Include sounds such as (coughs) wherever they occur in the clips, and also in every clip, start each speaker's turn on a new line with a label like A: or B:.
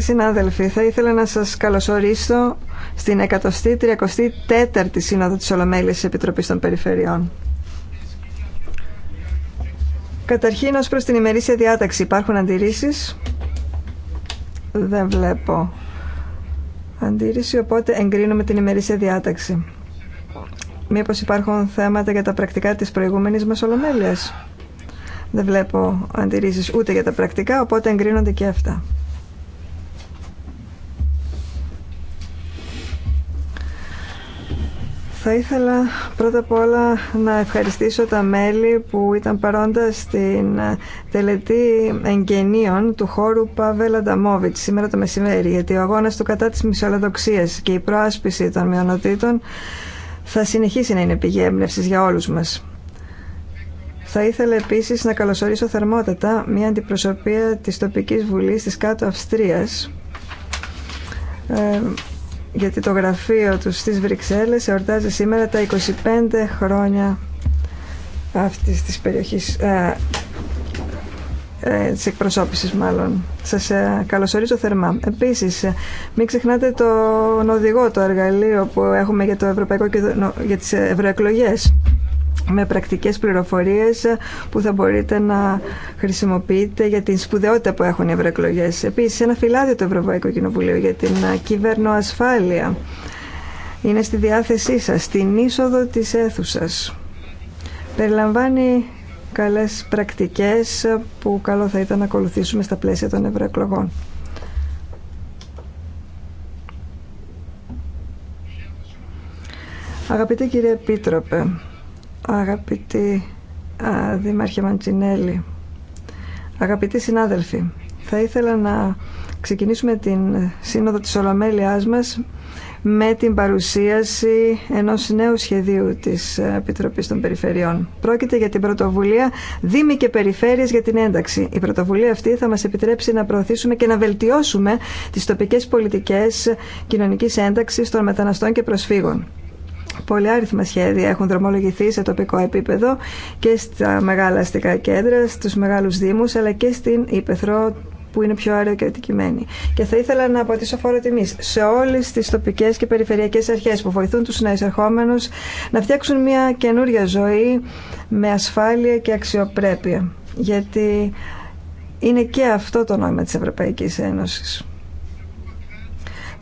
A: Συνάδελφοι, θα ήθελα να σας καλωσορίσω στην 134η Σύνοδο της Ολομέλειας της Επιτροπής των Περιφερειών. Καταρχήν, ως προς την ημερήσια διάταξη υπάρχουν αντιρρήσεις. Δεν βλέπω αντίρρηση, οπότε εγκρίνουμε την ημερήσια διάταξη. Μήπως υπάρχουν θέματα για τα πρακτικά της προηγούμενης μας Ολομέλειας. Δεν βλέπω αντιρρήσεις ούτε για τα πρακτικά, οπότε εγκρίνονται και αυτά. Θα ήθελα πρώτα απ' όλα να ευχαριστήσω τα μέλη που ήταν παρόντα στην ε, τελετή εγγενείων του χώρου Παβέλ Ανταμόβιτς σήμερα το μεσημέρι, γιατί ο αγώνας του κατά της μισολαδοξίας και η προάσπιση των μειονοτήτων θα συνεχίσει να είναι πηγή έμπνευση για όλους μας. Θα ήθελα επίσης να καλωσορίσω θερμότατα μια αντιπροσωπεία της τοπικής βουλής της Κάτω Αυστρίας ε, γιατί το γραφείο του στις Βρυξέλλες εορτάζει σήμερα τα 25 χρόνια αυτής της περιοχής ε, ε εκπροσώπησης μάλλον. Σας ε, καλωσορίζω θερμά. Επίσης, ε, μην ξεχνάτε τον οδηγό, το εργαλείο που έχουμε για, το ευρωπαϊκό, για τις ευρωεκλογές με πρακτικές πληροφορίες που θα μπορείτε να χρησιμοποιείτε για την σπουδαιότητα που έχουν οι ευρωεκλογέ. Επίσης, ένα φυλάδιο του Ευρωπαϊκό Κοινοβουλίου για την κυβερνοασφάλεια είναι στη διάθεσή σας, στην είσοδο της αίθουσας. Περιλαμβάνει καλές πρακτικές που καλό θα ήταν να ακολουθήσουμε στα πλαίσια των ευρωεκλογών. Αγαπητέ κύριε Επίτροπε, Αγαπητή Δήμαρχε Μαντζινέλη, αγαπητοί συνάδελφοι, θα ήθελα να ξεκινήσουμε την σύνοδο της Ολομέλειάς μας με την παρουσίαση ενός νέου σχεδίου της Επιτροπής των Περιφερειών. Πρόκειται για την πρωτοβουλία Δήμη και Περιφέρειες για την ένταξη. Η πρωτοβουλία αυτή θα μας επιτρέψει να προωθήσουμε και να βελτιώσουμε τις τοπικές πολιτικές κοινωνικής ένταξης των μεταναστών και προσφύγων άριθμα σχέδια έχουν δρομολογηθεί σε τοπικό επίπεδο και στα μεγάλα αστικά κέντρα, στους μεγάλους δήμους, αλλά και στην Ήπεθρο που είναι πιο άρεο Και θα ήθελα να αποτίσω φόρο τιμή σε όλε τι τοπικέ και περιφερειακέ αρχέ που βοηθούν του ερχόμενου να φτιάξουν μια καινούρια ζωή με ασφάλεια και αξιοπρέπεια. Γιατί είναι και αυτό το νόημα της Ευρωπαϊκής Ένωσης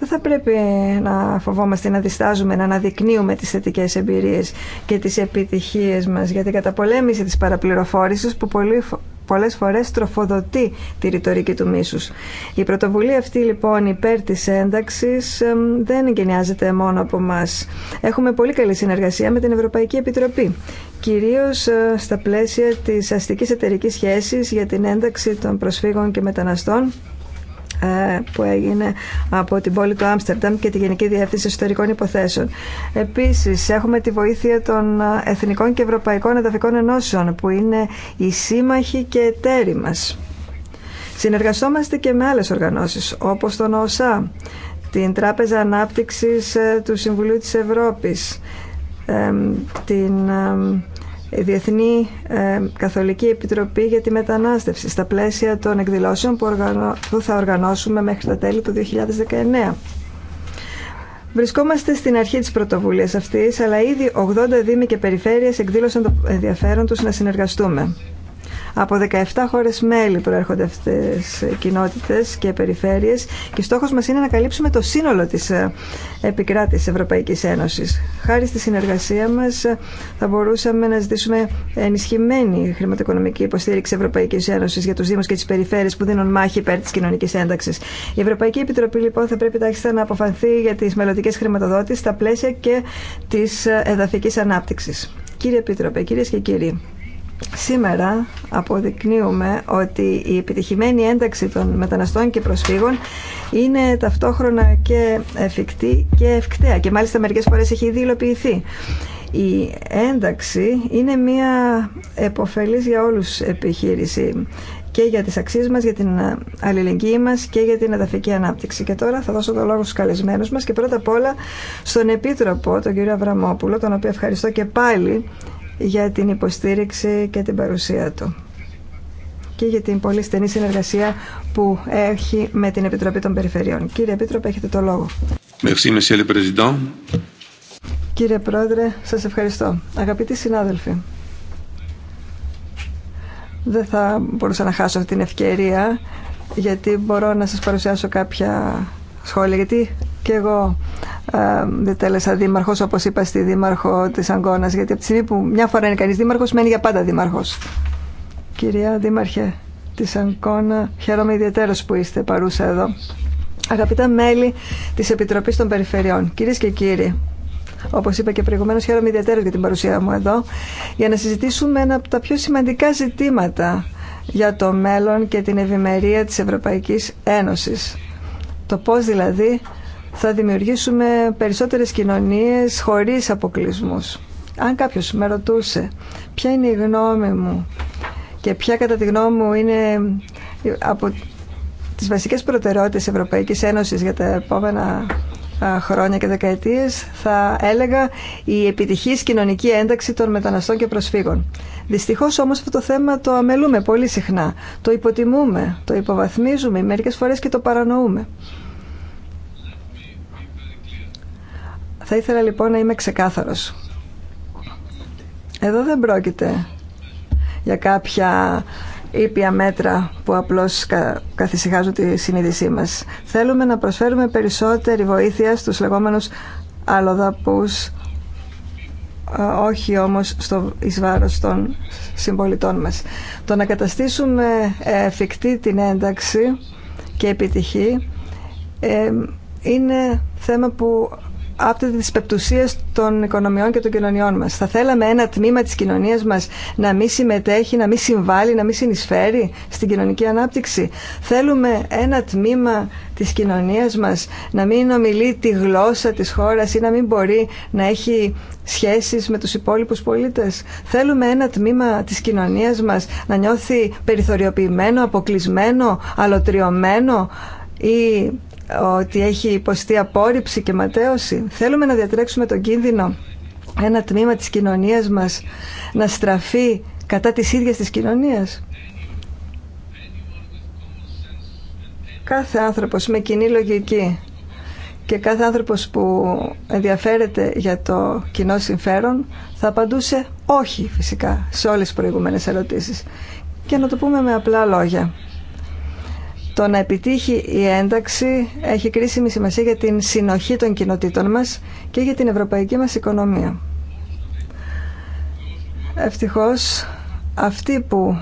A: δεν θα πρέπει να φοβόμαστε να διστάζουμε, να αναδεικνύουμε τις θετικές εμπειρίες και τις επιτυχίες μας για την καταπολέμηση της παραπληροφόρησης που πολύ, πολλές φορές τροφοδοτεί τη ρητορική του μίσους. Η πρωτοβουλία αυτή λοιπόν υπέρ της ένταξης δεν εγκαινιάζεται μόνο από μας. Έχουμε πολύ καλή συνεργασία με την Ευρωπαϊκή Επιτροπή, κυρίως ε, στα πλαίσια της αστικής εταιρικής σχέσης για την ένταξη των προσφύγων και μεταναστών ε, που έγινε από την πόλη του Άμστερνταμ και τη Γενική Διεύθυνση Ιστορικών Υποθέσεων. Επίσης, έχουμε τη βοήθεια των ε, Εθνικών και Ευρωπαϊκών Εδαφικών Ενώσεων, που είναι οι σύμμαχοι και εταίροι μας. Συνεργαζόμαστε και με άλλες οργανώσεις, όπως τον ΟΣΑ, την Τράπεζα Ανάπτυξης ε, του Συμβουλίου της Ευρώπης, την Διεθνή ε, Καθολική Επιτροπή για τη Μετανάστευση στα πλαίσια των εκδηλώσεων που θα οργανώσουμε μέχρι τα τέλη του 2019. Βρισκόμαστε στην αρχή της πρωτοβουλίας αυτής, αλλά ήδη 80 δήμοι και περιφέρειες εκδήλωσαν το ενδιαφέρον τους να συνεργαστούμε. Από 17 χώρε μέλη προέρχονται αυτέ αυτές κοινότητε και περιφέρειες και στόχο μα είναι να καλύψουμε το σύνολο τη ε, επικράτηση Ευρωπαϊκή Ένωση. Χάρη στη συνεργασία μα ε, θα μπορούσαμε να ζητήσουμε ενισχυμένη χρηματοοικονομική υποστήριξη Ευρωπαϊκή Ένωση για του Δήμου και τι περιφέρειες που δίνουν μάχη υπέρ τη κοινωνική ένταξη. Η Ευρωπαϊκή Επιτροπή λοιπόν θα πρέπει τάχιστα να αποφανθεί για τι μελλοντικέ χρηματοδότησει στα πλαίσια και τη ε, εδαφική ανάπτυξη. Κύριε Επίτροπε, κυρίε και κύριοι, Σήμερα αποδεικνύουμε ότι η επιτυχημένη ένταξη των μεταναστών και προσφύγων είναι ταυτόχρονα και εφικτή και ευκταία και μάλιστα μερικές φορές έχει ήδη υλοποιηθεί. Η ένταξη είναι μια εποφελής για όλους επιχείρηση και για τις αξίες μας, για την αλληλεγγύη μας και για την εδαφική ανάπτυξη. Και τώρα θα δώσω το λόγο στους καλεσμένους μας και πρώτα απ' όλα στον Επίτροπο, τον κύριο Αβραμόπουλο, τον οποίο ευχαριστώ και πάλι για την υποστήριξη και την παρουσία του και για την πολύ στενή συνεργασία που έχει με την Επιτροπή των Περιφερειών. Κύριε Επίτροπε, έχετε το λόγο.
B: Merci, Monsieur Président.
A: Κύριε Πρόεδρε, σας ευχαριστώ. Αγαπητοί συνάδελφοι, δεν θα μπορούσα να χάσω την ευκαιρία γιατί μπορώ να σας παρουσιάσω κάποια σχόλια, γιατί και εγώ ε, δεν τέλεσα δήμαρχο, όπω είπα στη δήμαρχο τη Αγκώνα. Γιατί από τη στιγμή που μια φορά είναι κανεί δήμαρχο, μένει για πάντα δήμαρχο. Κυρία Δήμαρχε τη Αγκώνα, χαίρομαι ιδιαίτερω που είστε παρούσα εδώ. Αγαπητά μέλη τη Επιτροπή των Περιφερειών, κυρίε και κύριοι, όπω είπα και προηγουμένω, χαίρομαι ιδιαίτερω για την παρουσία μου εδώ, για να συζητήσουμε ένα από τα πιο σημαντικά ζητήματα για το μέλλον και την ευημερία της Ευρωπαϊκής Ένωσης το πώς δηλαδή θα δημιουργήσουμε περισσότερες κοινωνίες χωρίς αποκλεισμούς. Αν κάποιος με ρωτούσε ποια είναι η γνώμη μου και ποια κατά τη γνώμη μου είναι από τις βασικές προτεραιότητες Ευρωπαϊκής Ένωσης για τα επόμενα χρόνια και δεκαετίες θα έλεγα η επιτυχής κοινωνική ένταξη των μεταναστών και προσφύγων. Δυστυχώς όμως αυτό το θέμα το αμελούμε πολύ συχνά. Το υποτιμούμε, το υποβαθμίζουμε, μερικές φορές και το παρανοούμε. Θα ήθελα λοιπόν να είμαι ξεκάθαρος. Εδώ δεν πρόκειται για κάποια ήπια μέτρα που απλώς καθησυχάζουν τη συνείδησή μας. Θέλουμε να προσφέρουμε περισσότερη βοήθεια στους λεγόμενους αλλοδαπούς, όχι όμως στο εις των συμπολιτών μας. Το να καταστήσουμε εφικτή την ένταξη και επιτυχή ε, είναι θέμα που από τη πεπτουσία των οικονομιών και των κοινωνιών μα. Θα θέλαμε ένα τμήμα τη κοινωνία μα να μην συμμετέχει, να μην συμβάλλει, να μην συνεισφέρει στην κοινωνική ανάπτυξη. Θέλουμε ένα τμήμα τη κοινωνία μα να μην ομιλεί τη γλώσσα τη χώρα ή να μην μπορεί να έχει σχέσει με του υπόλοιπου πολίτε. Θέλουμε ένα τμήμα τη κοινωνία μα να νιώθει περιθωριοποιημένο, αποκλεισμένο, αλωτριωμένο ή ότι έχει υποστεί απόρριψη και ματέωση. Θέλουμε να διατρέξουμε τον κίνδυνο ένα τμήμα της κοινωνίας μας να στραφεί κατά της ίδιας της κοινωνίας. Κάθε άνθρωπος με κοινή λογική και κάθε άνθρωπος που ενδιαφέρεται για το κοινό συμφέρον θα απαντούσε όχι φυσικά σε όλες τις προηγούμενες ερωτήσεις. Και να το πούμε με απλά λόγια. Το να επιτύχει η ένταξη έχει κρίσιμη σημασία για την συνοχή των κοινοτήτων μας και για την ευρωπαϊκή μας οικονομία. Ευτυχώς, αυτοί που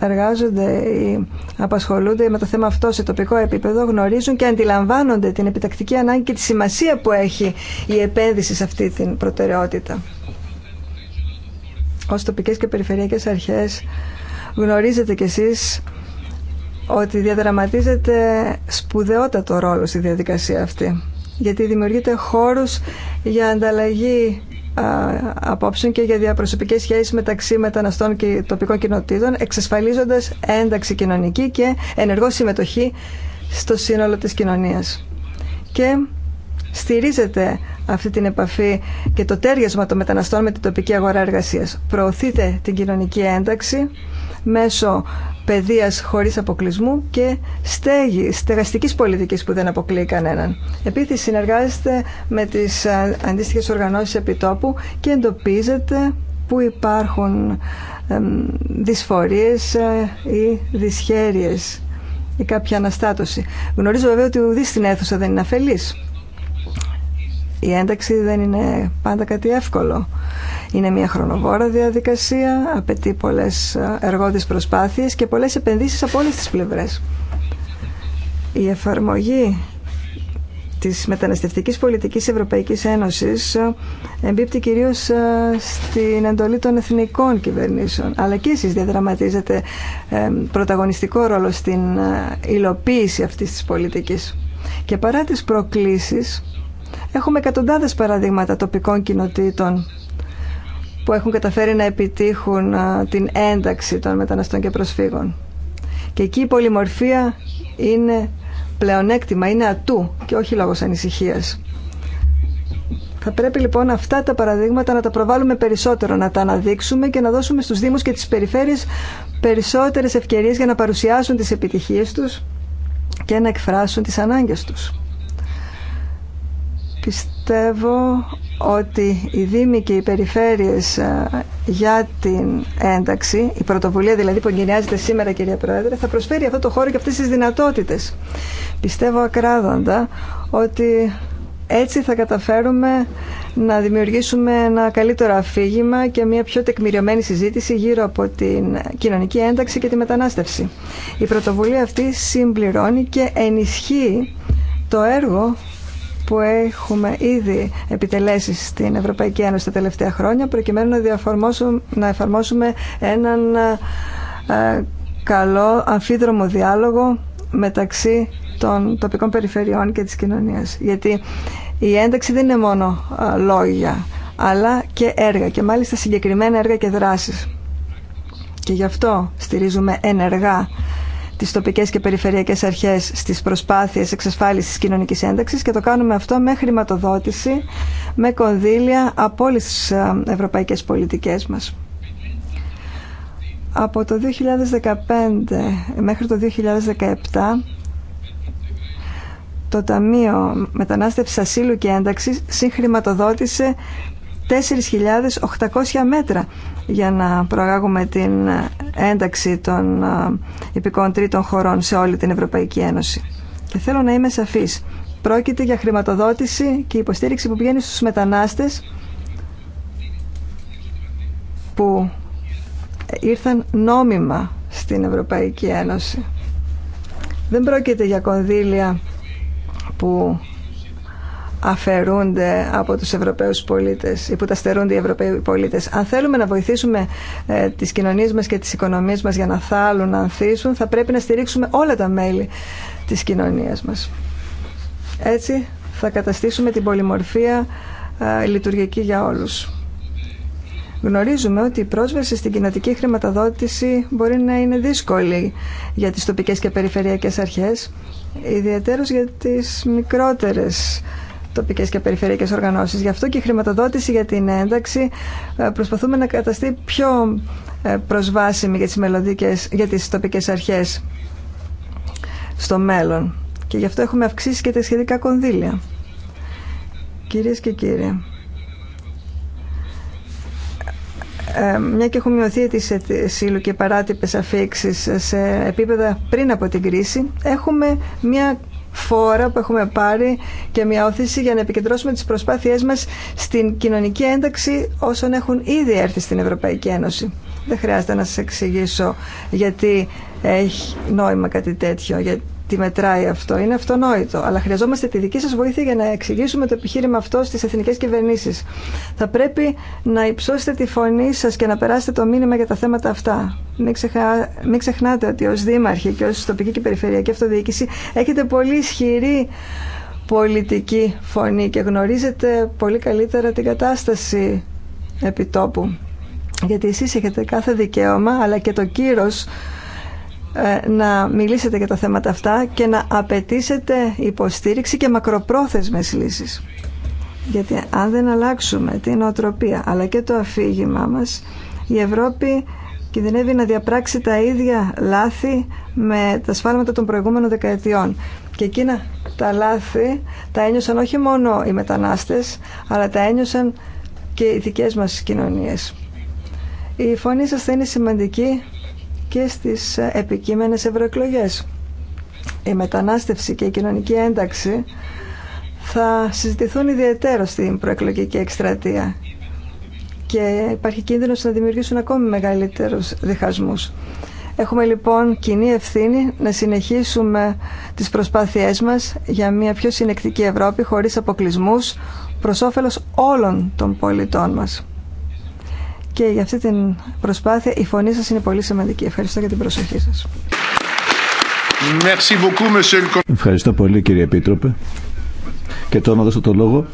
A: εργάζονται ή απασχολούνται με το θέμα αυτό σε τοπικό επίπεδο γνωρίζουν και αντιλαμβάνονται την επιτακτική ανάγκη και τη σημασία που έχει η επένδυση σε αυτή την προτεραιότητα. Ως τοπικές και περιφερειακές αρχές γνωρίζετε κι εσείς ότι διαδραματίζεται σπουδαιότατο ρόλο στη διαδικασία αυτή γιατί δημιουργείται χώρους για ανταλλαγή απόψεων και για διαπροσωπικές σχέσεις μεταξύ μεταναστών και τοπικών κοινοτήτων εξασφαλίζοντας ένταξη κοινωνική και ενεργό συμμετοχή στο σύνολο της κοινωνίας. Και στηρίζεται αυτή την επαφή και το τέριασμα των μεταναστών με την τοπική αγορά εργασίας. Προωθείται την κοινωνική ένταξη μέσω παιδείας χωρίς αποκλεισμού και στέγη, στεγαστικής πολιτικής που δεν αποκλείει κανέναν. Επίσης συνεργάζεστε με τις ε, αντίστοιχες οργανώσεις επιτόπου και εντοπίζετε που υπάρχουν δυσφορίες ε, ή δυσχέρειες ή κάποια αναστάτωση. Γνωρίζω βέβαια ότι ουδή στην αίθουσα δεν είναι αφελής. Η ένταξη δεν είναι πάντα κάτι εύκολο. Είναι μια χρονοβόρα διαδικασία, απαιτεί πολλές εργότες προσπάθειες και πολλές επενδύσεις από όλες τις πλευρές. Η εφαρμογή της μεταναστευτικής πολιτικής Ευρωπαϊκής Ένωσης ε, εμπίπτει κυρίως ε, στην εντολή των εθνικών κυβερνήσεων. Αλλά και εσείς διαδραματίζετε ε, πρωταγωνιστικό ρόλο στην υλοποίηση αυτής της πολιτικής. Και παρά τις προκλήσεις Έχουμε εκατοντάδε παραδείγματα τοπικών κοινοτήτων που έχουν καταφέρει να επιτύχουν την ένταξη των μεταναστών και προσφύγων. Και εκεί η πολυμορφία είναι πλεονέκτημα, είναι ατού και όχι λόγος ανησυχίας. Θα πρέπει λοιπόν αυτά τα παραδείγματα να τα προβάλλουμε περισσότερο, να τα αναδείξουμε και να δώσουμε στους Δήμους και τις περιφέρειες περισσότερες ευκαιρίες για να παρουσιάσουν τις επιτυχίες τους και να εκφράσουν τις ανάγκες τους. Πιστεύω ότι οι Δήμοι και οι Περιφέρειες ε, για την ένταξη, η πρωτοβουλία δηλαδή που εγκαινιάζεται σήμερα κυρία Πρόεδρε, θα προσφέρει αυτό το χώρο και αυτές τις δυνατότητες. Πιστεύω ακράδαντα ότι έτσι θα καταφέρουμε να δημιουργήσουμε ένα καλύτερο αφήγημα και μια πιο τεκμηριωμένη συζήτηση γύρω από την κοινωνική ένταξη και τη μετανάστευση. Η πρωτοβουλία αυτή συμπληρώνει και ενισχύει το έργο που έχουμε ήδη επιτελέσει στην Ευρωπαϊκή Ένωση τα τελευταία χρόνια προκειμένου να, εφαρμόσουμε έναν ε, καλό αμφίδρομο διάλογο μεταξύ των τοπικών περιφερειών και της κοινωνίας. Γιατί η ένταξη δεν είναι μόνο ε, λόγια, αλλά και έργα και μάλιστα συγκεκριμένα έργα και δράσεις. Και γι' αυτό στηρίζουμε ενεργά τις τοπικές και περιφερειακές αρχές στις προσπάθειες εξασφάλισης κοινωνικής ένταξης και το κάνουμε αυτό με χρηματοδότηση, με κονδύλια από όλες τις ε, ευρωπαϊκές πολιτικές μας. Από το 2015 μέχρι το 2017 το Ταμείο Μετανάστευσης Ασύλου και Ένταξης συγχρηματοδότησε 4.800 μέτρα για να προαγάγουμε την ένταξη των ε, υπηκών τρίτων χωρών σε όλη την Ευρωπαϊκή Ένωση. Και θέλω να είμαι σαφής. Πρόκειται για χρηματοδότηση και υποστήριξη που πηγαίνει στους μετανάστες που ήρθαν νόμιμα στην Ευρωπαϊκή Ένωση. Δεν πρόκειται για κονδύλια που αφαιρούνται από τους Ευρωπαίους πολίτες ή που τα στερούνται οι Ευρωπαίοι πολίτες. Αν θέλουμε να βοηθήσουμε ε, τις κοινωνίες μας και τις οικονομίες μας για να θάλουν, να ανθίσουν, θα πρέπει να στηρίξουμε όλα τα μέλη της κοινωνίας μας. Έτσι θα καταστήσουμε την πολυμορφία ε, λειτουργική για όλους. Γνωρίζουμε ότι η πρόσβαση στην κοινοτική χρηματοδότηση μπορεί να είναι δύσκολη για τις τοπικές και περιφερειακές αρχές, ιδιαίτερως για τις μικρότερες τοπικές και περιφερειακές οργανώσεις. Γι' αυτό και η χρηματοδότηση για την ένταξη ε, προσπαθούμε να καταστεί πιο ε, προσβάσιμη για τις, τοπικέ για τις τοπικές αρχές στο μέλλον. Και γι' αυτό έχουμε αυξήσει και τα σχετικά κονδύλια. Κυρίες και κύριοι, ε, μια και έχουν μειωθεί τις σύλλου και παράτυπες αφήξεις σε επίπεδα πριν από την κρίση, έχουμε μια φόρα που έχουμε πάρει και μια όθηση για να επικεντρώσουμε τις προσπάθειές μας στην κοινωνική ένταξη όσων έχουν ήδη έρθει στην Ευρωπαϊκή Ένωση. Δεν χρειάζεται να σας εξηγήσω γιατί έχει νόημα κάτι τέτοιο, τι μετράει αυτό. Είναι αυτονόητο. Αλλά χρειαζόμαστε τη δική σα βοήθεια για να εξηγήσουμε το επιχείρημα αυτό στι εθνικέ κυβερνήσει. Θα πρέπει να υψώσετε τη φωνή σα και να περάσετε το μήνυμα για τα θέματα αυτά. Μην, Μην ξεχνάτε ότι ω δήμαρχοι και ω τοπική και περιφερειακή αυτοδιοίκηση έχετε πολύ ισχυρή πολιτική φωνή και γνωρίζετε πολύ καλύτερα την κατάσταση επιτόπου. Γιατί εσείς έχετε κάθε δικαίωμα αλλά και το κύρος ε, να μιλήσετε για τα θέματα αυτά και να απαιτήσετε υποστήριξη και μακροπρόθεσμες λύσεις. Γιατί αν δεν αλλάξουμε την οτροπία αλλά και το αφήγημά μας, η Ευρώπη κινδυνεύει να διαπράξει τα ίδια λάθη με τα σφάλματα των προηγούμενων δεκαετιών. Και εκείνα τα λάθη τα ένιωσαν όχι μόνο οι μετανάστες, αλλά τα ένιωσαν και οι δικές μας κοινωνίες. Η φωνή σας θα είναι σημαντική και στις επικείμενες ευρωεκλογέ. Η μετανάστευση και η κοινωνική ένταξη θα συζητηθούν ιδιαίτερο στην προεκλογική εκστρατεία και υπάρχει κίνδυνος να δημιουργήσουν ακόμη μεγαλύτερους διχασμούς. Έχουμε λοιπόν κοινή ευθύνη να συνεχίσουμε τις προσπάθειές μας για μια πιο συνεκτική Ευρώπη χωρίς αποκλεισμούς προς όφελος όλων των πολιτών μας και για αυτή την προσπάθεια η φωνή σας είναι πολύ σημαντική. Ευχαριστώ για την προσοχή σας.
C: Ευχαριστώ πολύ κύριε Επίτροπε. Και τώρα να δώσω το λόγο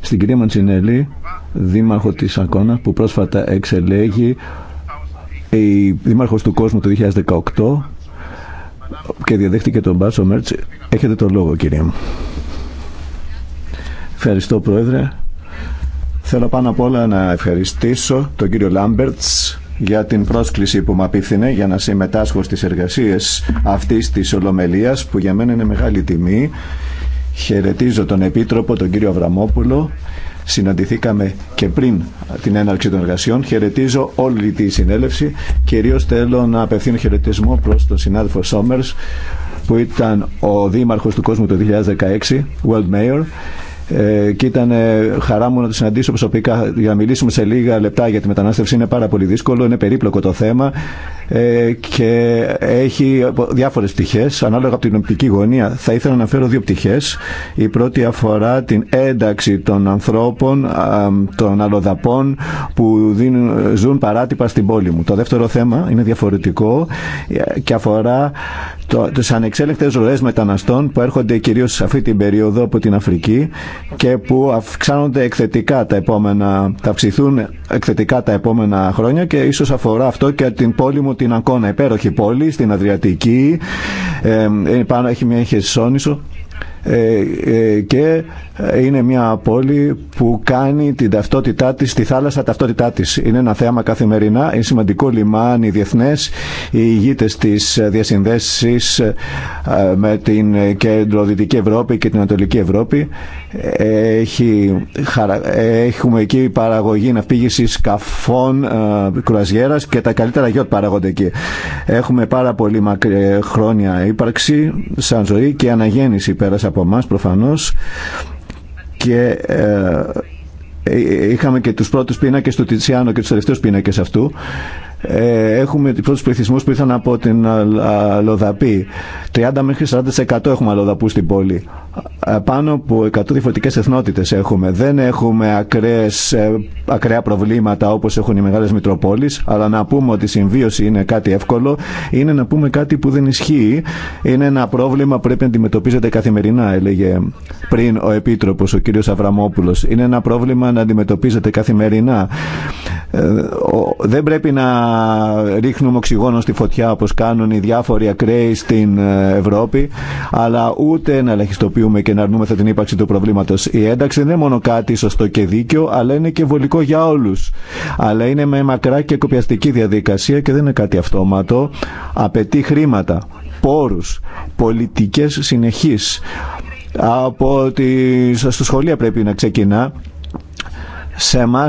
C: στην κυρία Μαντσινέλη, δήμαρχο της Ακόνα που πρόσφατα εξελέγει η δήμαρχος του κόσμου το 2018 και διαδέχτηκε τον Μπάσο Μέρτς. Έχετε το λόγο κυρία μου. Ευχαριστώ πρόεδρε. Θέλω πάνω απ' όλα να ευχαριστήσω τον κύριο Λάμπερτς για την πρόσκληση που μου απίθυνε για να συμμετάσχω στις εργασίες αυτής της Ολομελίας που για μένα είναι μεγάλη τιμή. Χαιρετίζω τον Επίτροπο, τον κύριο Αβραμόπουλο. Συναντηθήκαμε και πριν την έναρξη των εργασιών. Χαιρετίζω όλη τη συνέλευση. Κυρίως θέλω να απευθύνω χαιρετισμό προς τον συνάδελφο Σόμερς που ήταν ο δήμαρχος του κόσμου το 2016, World Mayor ε, και ήταν ε, χαρά μου να το συναντήσω προσωπικά για να μιλήσουμε σε λίγα λεπτά για τη μετανάστευση. Είναι πάρα πολύ δύσκολο, είναι περίπλοκο το θέμα ε, και έχει διάφορε πτυχέ. Ανάλογα από την οπτική γωνία, θα ήθελα να αναφέρω δύο πτυχέ. Η πρώτη αφορά την ένταξη των ανθρώπων, των αλλοδαπών που δίνουν, ζουν παράτυπα στην πόλη μου. Το δεύτερο θέμα είναι διαφορετικό ε, και αφορά τι ανεξέλεκτε ροέ μεταναστών που έρχονται κυρίω σε αυτή την περίοδο από την Αφρική και που αυξάνονται εκθετικά τα επόμενα, θα αυξηθούν εκθετικά τα επόμενα χρόνια και ίσως αφορά αυτό και την πόλη μου την Αγκώνα, υπέροχη πόλη στην Αδριατική, ε, έχει μια χεσόνησο ε, ε, και είναι μια πόλη που κάνει την ταυτότητά της, στη θάλασσα ταυτότητά της. Είναι ένα θέαμα καθημερινά, είναι σημαντικό λιμάνι διεθνές, οι ηγίτες της διασυνδέσεις ε, με την Δυτική Ευρώπη και την Ανατολική Ευρώπη. Έχει, έχουμε εκεί παραγωγή ναυπήγηση σκαφών κρουαζιέρας και τα καλύτερα γιότ παράγονται εκεί. Έχουμε πάρα πολύ μακρι, χρόνια ύπαρξη σαν ζωή και αναγέννηση πέρας από από εμά προφανώς και ε, ε, είχαμε και τους πρώτους πίνακες του Τιτσιάνο και τους τελευταίους πίνακες αυτού ε, έχουμε του πρώτου πληθυσμού που ήρθαν από την Αλοδαπή. 30 μέχρι 40% έχουμε Αλοδαπού στην πόλη. Ε, πάνω από 100 διαφορετικέ εθνότητε έχουμε. Δεν έχουμε ακραίες, ε, ακραία προβλήματα όπω έχουν οι μεγάλε Μητροπόλει, αλλά να πούμε ότι η συμβίωση είναι κάτι εύκολο είναι να πούμε κάτι που δεν ισχύει. Είναι ένα πρόβλημα που πρέπει να αντιμετωπίζεται καθημερινά, έλεγε πριν ο Επίτροπο, ο κ. Αβραμόπουλο. Είναι ένα πρόβλημα να αντιμετωπίζεται καθημερινά. Δεν πρέπει να ρίχνουμε οξυγόνο στη φωτιά όπως κάνουν οι διάφοροι ακραίοι στην ε, Ευρώπη αλλά ούτε να λαχιστοποιούμε και να αρνούμεθα την ύπαρξη του προβλήματος. Η ένταξη δεν είναι μόνο κάτι σωστό και δίκαιο αλλά είναι και βολικό για όλους. Αλλά είναι με μακρά και κοπιαστική διαδικασία και δεν είναι κάτι αυτόματο. Απαιτεί χρήματα, πόρους, πολιτικές συνεχείς από τη... στο σχολεία πρέπει να ξεκινά σε εμά,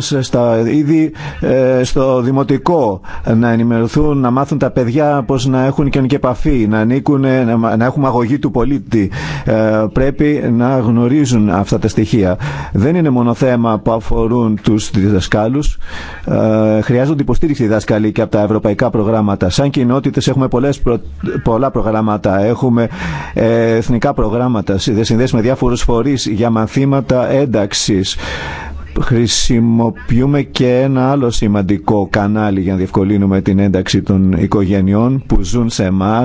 C: ήδη ε, στο δημοτικό, να ενημερωθούν, να μάθουν τα παιδιά πώ να έχουν και επαφή, να, ανήκουν, να έχουμε αγωγή του πολίτη. Ε, πρέπει να γνωρίζουν αυτά τα στοιχεία. Δεν είναι μόνο θέμα που αφορούν του διδασκάλου. Ε, χρειάζονται υποστήριξη διδασκαλή και από τα ευρωπαϊκά προγράμματα. Σαν κοινότητε έχουμε πολλές πολλά προγράμματα. Έχουμε εθνικά προγράμματα, συνδέσει με διάφορου φορεί για μαθήματα ένταξη Χρησιμοποιούμε και ένα άλλο σημαντικό κανάλι για να διευκολύνουμε την ένταξη των οικογενειών που ζουν σε εμά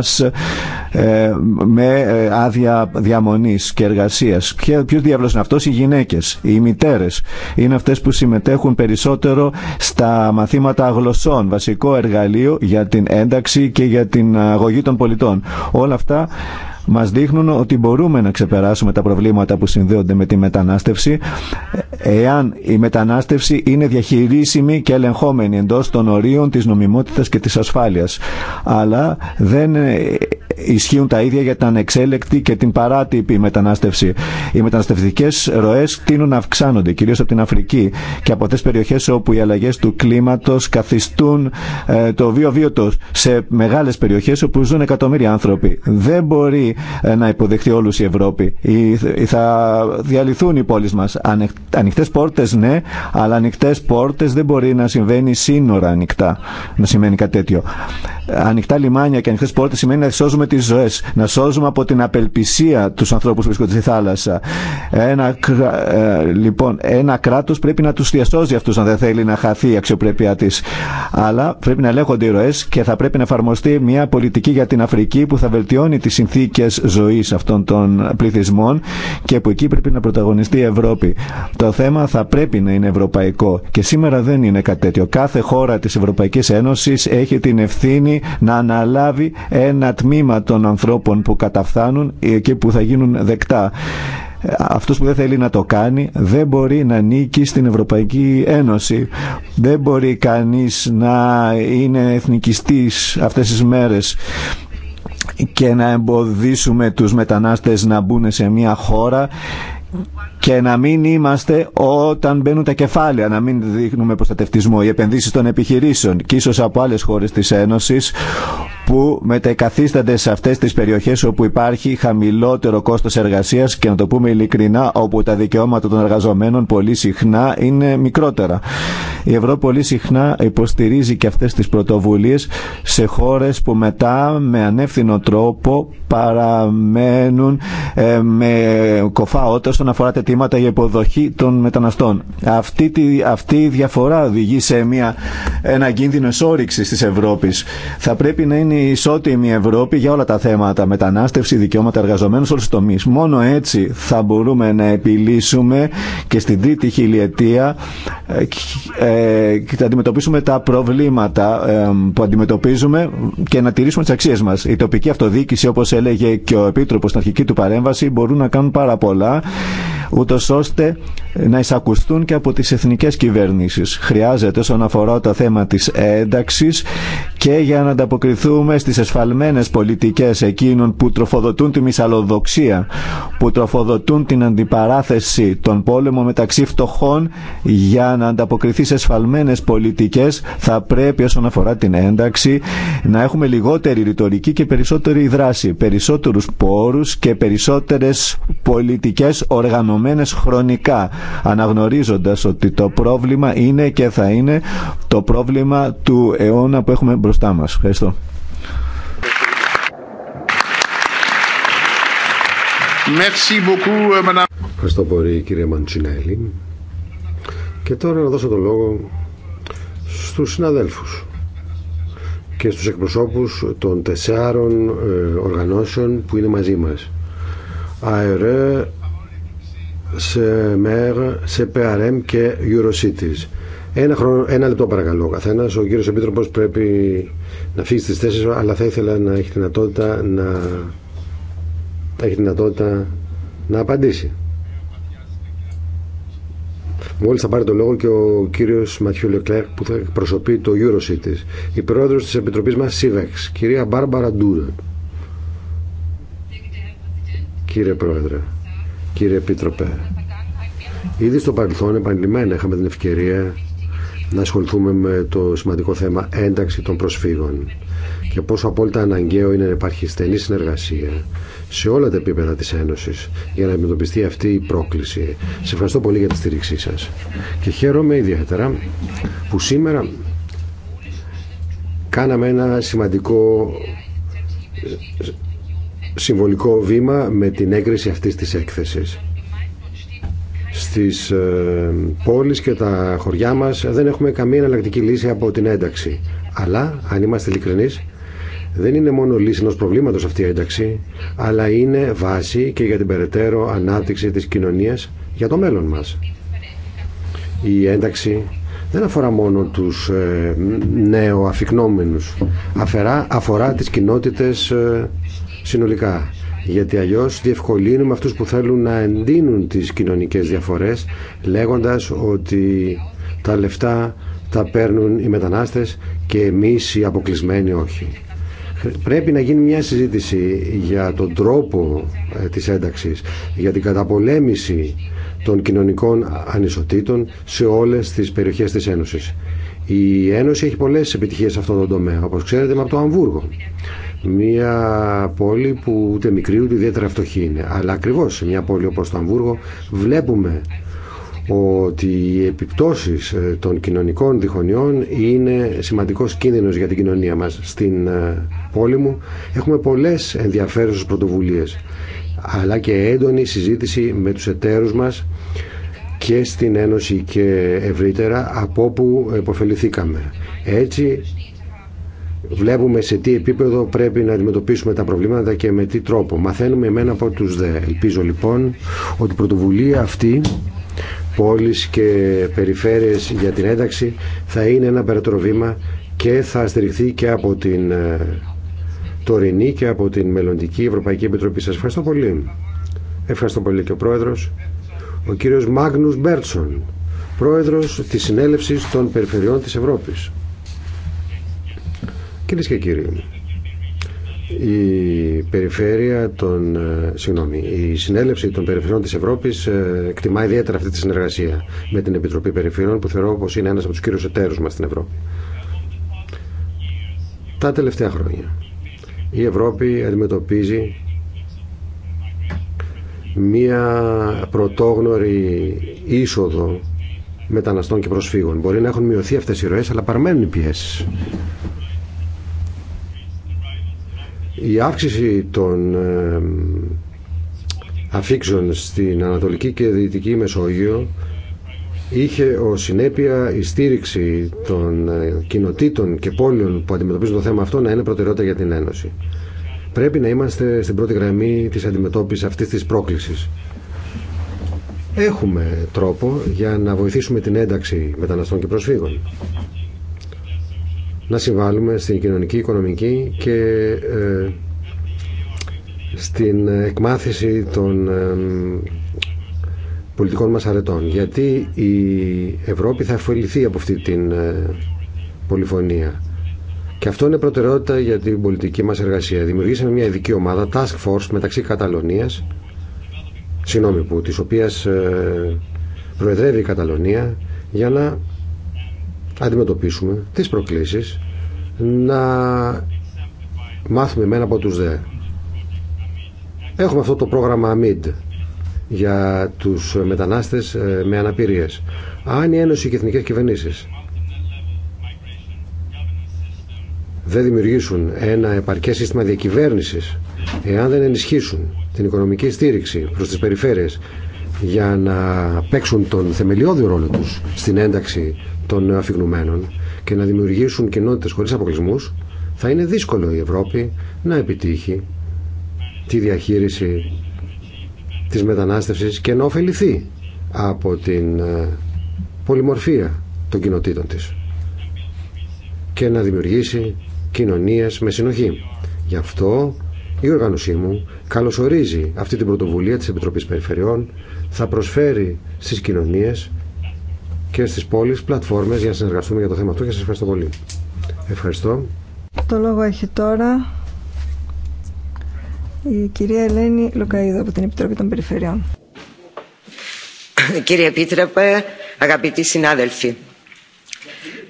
C: ε, με ε, άδεια διαμονής και εργασίας. Ποιος διάβλος είναι αυτός, οι γυναίκες, οι μητέρες. Είναι αυτές που συμμετέχουν περισσότερο στα μαθήματα γλωσσών, βασικό εργαλείο για την ένταξη και για την αγωγή των πολιτών. Όλα αυτά Μα δείχνουν ότι μπορούμε να ξεπεράσουμε τα προβλήματα που συνδέονται με τη μετανάστευση εάν η μετανάστευση είναι διαχειρίσιμη και ελεγχόμενη εντός των ορίων τη νομιμότητα και της ασφάλειας. Αλλά δεν ισχύουν τα ίδια για την ανεξέλεκτη και την παράτυπη μετανάστευση. Οι μεταναστευτικέ ροέ τείνουν να αυξάνονται, κυρίω από την Αφρική και από αυτέ τι περιοχέ όπου οι αλλαγέ του κλίματο καθιστούν ε, το βίο-βίο του σε μεγάλε περιοχέ όπου ζουν εκατομμύρια άνθρωποι. Δεν μπορεί ε, να υποδεχθεί όλου η Ευρώπη. ή Θα διαλυθούν οι πόλει μα. Ανοιχτέ πόρτε ναι, αλλά ανοιχτέ πόρτε δεν μπορεί να συμβαίνει σύνορα ανοιχτά. Να σημαίνει κάτι τέτοιο. Ανοιχτά λιμάνια και ανοιχτέ πόρτε σημαίνει να σώζουμε τις ζωές, να σώζουμε από την απελπισία τους ανθρώπους που βρίσκονται στη θάλασσα. Ένα, ε, λοιπόν, ένα κράτος πρέπει να τους διασώζει αυτούς αν δεν θέλει να χαθεί η αξιοπρέπειά της. Αλλά πρέπει να ελέγχονται οι ροές και θα πρέπει να εφαρμοστεί μια πολιτική για την Αφρική που θα βελτιώνει τις συνθήκες ζωής αυτών των πληθυσμών και που εκεί πρέπει να πρωταγωνιστεί η Ευρώπη. Το θέμα θα πρέπει να είναι ευρωπαϊκό και σήμερα δεν είναι κάτι τέτοιο. Κάθε χώρα της Ευρωπαϊκής Ένωσης έχει την ευθύνη να αναλάβει ένα τμήμα των ανθρώπων που καταφθάνουν ε, και που θα γίνουν δεκτά. Αυτός που δεν θέλει να το κάνει δεν μπορεί να νίκει στην Ευρωπαϊκή Ένωση. Δεν μπορεί κανείς να είναι εθνικιστής αυτές τις μέρες και να εμποδίσουμε τους μετανάστες να μπουν σε μια χώρα και να μην είμαστε όταν μπαίνουν τα κεφάλαια, να μην δείχνουμε προστατευτισμό, οι επενδύσει των επιχειρήσεων και ίσω από άλλε χώρε τη Ένωση, που μετεκαθίστανται σε αυτές τις περιοχές όπου υπάρχει χαμηλότερο κόστος εργασίας και να το πούμε ειλικρινά όπου τα δικαιώματα των εργαζομένων πολύ συχνά είναι μικρότερα. Η Ευρώπη πολύ συχνά υποστηρίζει και αυτές τις πρωτοβουλίες σε χώρες που μετά με ανεύθυνο τρόπο παραμένουν ε, με κοφά όταν αφορά τα για υποδοχή των μεταναστών. Αυτή, αυτή η διαφορά οδηγεί σε μια, ένα κίνδυνο σώριξη της Ευρώπης. Θα πρέπει να είναι γίνει ισότιμη η Ευρώπη για όλα τα θέματα, μετανάστευση, δικαιώματα εργαζομένων σε όλους τους τομείς. Μόνο έτσι θα μπορούμε να επιλύσουμε και στην τρίτη χιλιετία ε, ε και να αντιμετωπίσουμε τα προβλήματα ε, που αντιμετωπίζουμε και να τηρήσουμε τι αξίε μα. Η τοπική αυτοδιοίκηση, όπω έλεγε και ο επίτροπο στην αρχική του παρέμβαση, μπορούν να κάνουν πάρα πολλά ούτω ώστε να εισακουστούν και από τις εθνικές κυβερνήσεις. Χρειάζεται όσον αφορά το θέμα της ένταξης και για να ανταποκριθούμε στις εσφαλμένες πολιτικές εκείνων που τροφοδοτούν τη μυσαλλοδοξία, που τροφοδοτούν την αντιπαράθεση, των πόλεμο μεταξύ φτωχών για να ανταποκριθεί σε εσφαλμένες πολιτικές θα πρέπει όσον αφορά την ένταξη να έχουμε λιγότερη ρητορική και περισσότερη δράση, περισσότερους πόρους και περισσότερες πολιτικές οργανωμένες χρονικά αναγνωρίζοντας ότι το πρόβλημα είναι και θα είναι το πρόβλημα του αιώνα που έχουμε μπροστά Ευχαριστώ.
D: Euh, Ευχαριστώ πολύ κύριε Μαντσινέλη. Και τώρα να δώσω το λόγο στους συναδέλφους και στους εκπροσώπους των τεσσάρων ε, οργανώσεων που είναι μαζί μας. ΑΕΡΕ, ΣΕΜΕΡ, ΣΕΠΕΑΡΕΜ και EuroCities. Ένα, ένα λεπτό παρακαλώ καθένα. Ο κύριο Επίτροπο πρέπει να φύγει στι θέσει, αλλά θα ήθελα να έχει δυνατότητα να, να έχει δυνατότητα να απαντήσει. Μόλι θα πάρει το λόγο και ο κύριο Ματιού Λεκλέρ που θα εκπροσωπεί το EuroCities, η πρόεδρο τη Επιτροπή μα ΣΥΒΕΞ, κυρία Μπάρμπαρα Ντούρα. Κύριε Πρόεδρε, κύριε Επίτροπε, ήδη στο παρελθόν επανειλημμένα είχαμε την ευκαιρία να ασχοληθούμε με το σημαντικό θέμα ένταξη των προσφύγων και πόσο απόλυτα αναγκαίο είναι να υπάρχει στενή συνεργασία σε όλα τα επίπεδα της Ένωσης για να αντιμετωπιστεί αυτή η πρόκληση. Σε ευχαριστώ πολύ για τη στήριξή σας και χαίρομαι ιδιαίτερα που σήμερα κάναμε ένα σημαντικό ε, συμβολικό βήμα με την έγκριση αυτής της έκθεσης στις ε, πόλεις και τα χωριά μας δεν έχουμε καμία εναλλακτική λύση από την ένταξη. Αλλά, αν είμαστε ειλικρινεί, δεν είναι μόνο λύση ενό προβλήματος αυτή η ένταξη, αλλά είναι βάση και για την περαιτέρω ανάπτυξη της κοινωνίας για το μέλλον μας. Η ένταξη δεν αφορά μόνο τους ε, νέο αφικνόμενους, αφορά, αφορά τις κοινότητες ε, συνολικά γιατί αλλιώς διευκολύνουμε αυτούς που θέλουν να εντείνουν τις κοινωνικές διαφορές λέγοντας ότι τα λεφτά τα παίρνουν οι μετανάστες και εμείς οι αποκλεισμένοι όχι. Πρέπει να γίνει μια συζήτηση για τον τρόπο ε, της ένταξης, για την καταπολέμηση των κοινωνικών ανισοτήτων σε όλες τις περιοχές της Ένωσης. Η Ένωση έχει πολλές επιτυχίες σε αυτόν τον τομέα, όπως ξέρετε, με από το Αμβούργο. Μια πόλη που ούτε μικρή ούτε ιδιαίτερα φτωχή είναι. Αλλά ακριβώς σε μια πόλη όπως το Αμβούργο βλέπουμε ότι οι επιπτώσεις ε, των κοινωνικών διχονιών είναι σημαντικός κίνδυνος για την κοινωνία μας. Στην ε, πόλη μου έχουμε πολλές ενδιαφέρουσες πρωτοβουλίες αλλά και έντονη συζήτηση με τους εταίρους μας και στην Ένωση και ευρύτερα από όπου επωφεληθήκαμε. Έτσι βλέπουμε σε τι επίπεδο πρέπει να αντιμετωπίσουμε τα προβλήματα και με τι τρόπο. Μαθαίνουμε εμένα από τους δε. Ελπίζω λοιπόν ότι η πρωτοβουλία αυτή πόλεις και περιφέρειες για την ένταξη θα είναι ένα περαιτέρω βήμα και θα στηριχθεί και από την ε, τωρινή και από την μελλοντική Ευρωπαϊκή Επιτροπή. Σας ευχαριστώ πολύ. Ευχαριστώ πολύ και ο Πρόεδρος, ο κύριος Μάγνους Μπέρτσον, Πρόεδρος της Συνέλευσης των Περιφερειών της Ευρώπης. Κυρίε και κύριοι, η περιφέρεια των, ε, συγγνώμη, η συνέλευση των περιφερειών της Ευρώπης ε, εκτιμά ιδιαίτερα αυτή τη συνεργασία με την Επιτροπή Περιφερειών που θεωρώ πως είναι ένας από τους κύριους εταίρους μας στην Ευρώπη. Τα τελευταία χρόνια η Ευρώπη αντιμετωπίζει μία πρωτόγνωρη είσοδο μεταναστών και προσφύγων. Μπορεί να έχουν μειωθεί αυτές οι ροές, αλλά παραμένουν οι πιέσεις. Η αύξηση των αφήξεων στην Ανατολική και Δυτική Μεσόγειο είχε ω συνέπεια η στήριξη των ε, κοινοτήτων και πόλεων που αντιμετωπίζουν το θέμα αυτό να είναι προτεραιότητα για την Ένωση. Πρέπει να είμαστε στην πρώτη γραμμή της αντιμετώπισης αυτής της πρόκλησης. Έχουμε τρόπο για να βοηθήσουμε την ένταξη μεταναστών και προσφύγων να συμβάλλουμε στην κοινωνική, οικονομική και ε, στην εκμάθηση των ε, πολιτικών μας αρετών. Γιατί η Ευρώπη θα ωφεληθεί από αυτή την ε, πολυφωνία. Και αυτό είναι προτεραιότητα για την πολιτική μας εργασία. Δημιουργήσαμε μια ειδική ομάδα, Task Force, μεταξύ Καταλωνίας, συγγνώμη που, της οποίας προεδρεύει η Καταλωνία, για να αντιμετωπίσουμε τις προκλήσεις, να μάθουμε μένα από τους δε. Έχουμε αυτό το πρόγραμμα AMID για τους μετανάστες ε, με αναπηρίες. Αν η Ένωση και οι εθνικές κυβερνήσεις δεν δημιουργήσουν ένα επαρκέ σύστημα διακυβέρνησης, εάν δεν ενισχύσουν την οικονομική στήριξη προς τις περιφέρειες για να παίξουν τον θεμελιώδη ρόλο τους στην ένταξη των αφιγνουμένων και να δημιουργήσουν κοινότητες χωρίς αποκλεισμούς, θα είναι δύσκολο η Ευρώπη να επιτύχει τη διαχείριση της μετανάστευσης και να ωφεληθεί από την ε, πολυμορφία των κοινοτήτων της και να δημιουργήσει κοινωνίες με συνοχή. Γι' αυτό η οργάνωσή μου καλωσορίζει αυτή την πρωτοβουλία της Επιτροπής Περιφερειών θα προσφέρει στις κοινωνίες και στις πόλεις πλατφόρμες για να συνεργαστούμε για το θέμα αυτό και σας ευχαριστώ πολύ. Ευχαριστώ.
A: Το λόγο έχει τώρα η κυρία Ελένη Λουκαίδου από την Επιτροπή των Περιφερειών.
E: (coughs) Κύριε Επίτρεπε, αγαπητοί συνάδελφοι,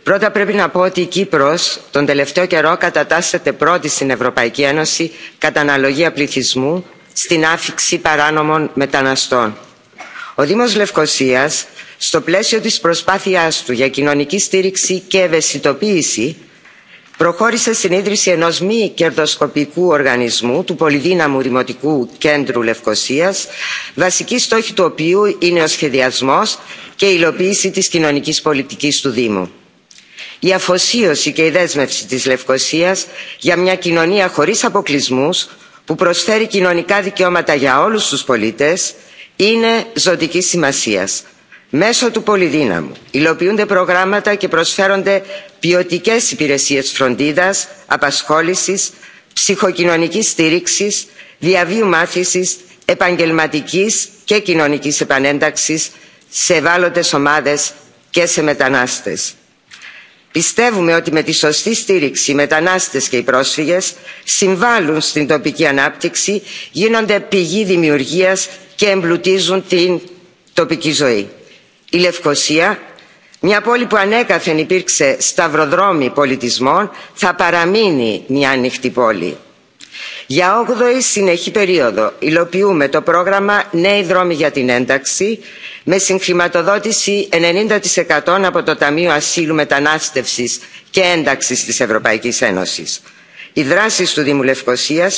E: πρώτα πρέπει να πω ότι η Κύπρος τον τελευταίο καιρό κατατάσσεται πρώτη στην Ευρωπαϊκή Ένωση κατά αναλογία πληθυσμού στην άφηξη παράνομων μεταναστών ο δήμος λευκοσίας στο πλαίσιο της προσπάθειάς του για κοινωνική στήριξη και ευαισθητοποίηση προχώρησε στην ίδρυση ενός μη κερδοσκοπικού οργανισμού του πολυδύναμου δημοτικού κέντρου λευκοσίας βασική στόχη του οποίου είναι ο σχεδιασμός και η υλοποίηση της κοινωνικής πολιτικής του δήμου. η αφοσίωση και η δέσμευση της λευκοσίας για μια κοινωνία χωρίς αποκλεισμούς που προσφέρει κοινωνικά δικαιώματα για όλους τους πολίτες είναι ζωτική σημασίας. Μέσω του πολυδύναμου υλοποιούνται προγράμματα και προσφέρονται ποιοτικέ υπηρεσίες φροντίδας, απασχόλησης, ψυχοκοινωνική στήριξης, διαβίου μάθηση, επαγγελματική και κοινωνικής επανένταξης σε ευάλωτε ομάδες και σε μετανάστες. Πιστεύουμε ότι με τη σωστή στήριξη οι μετανάστες και οι πρόσφυγες συμβάλλουν στην τοπική ανάπτυξη, γίνονται πηγή δημιουργίας και εμπλουτίζουν την τοπική ζωή. Η Λευκοσία, μια πόλη που ανέκαθεν υπήρξε σταυροδρόμι πολιτισμών, θα παραμείνει μια ανοιχτή πόλη. Για 8η συνεχή περίοδο υλοποιούμε το πρόγραμμα Νέοι δρόμοι για την ένταξη με συγχρηματοδότηση 90% από το Ταμείο Ασύλου Μετανάστευσης και Ένταξης της Ευρωπαϊκής Ένωσης οι δράσεις του δήμου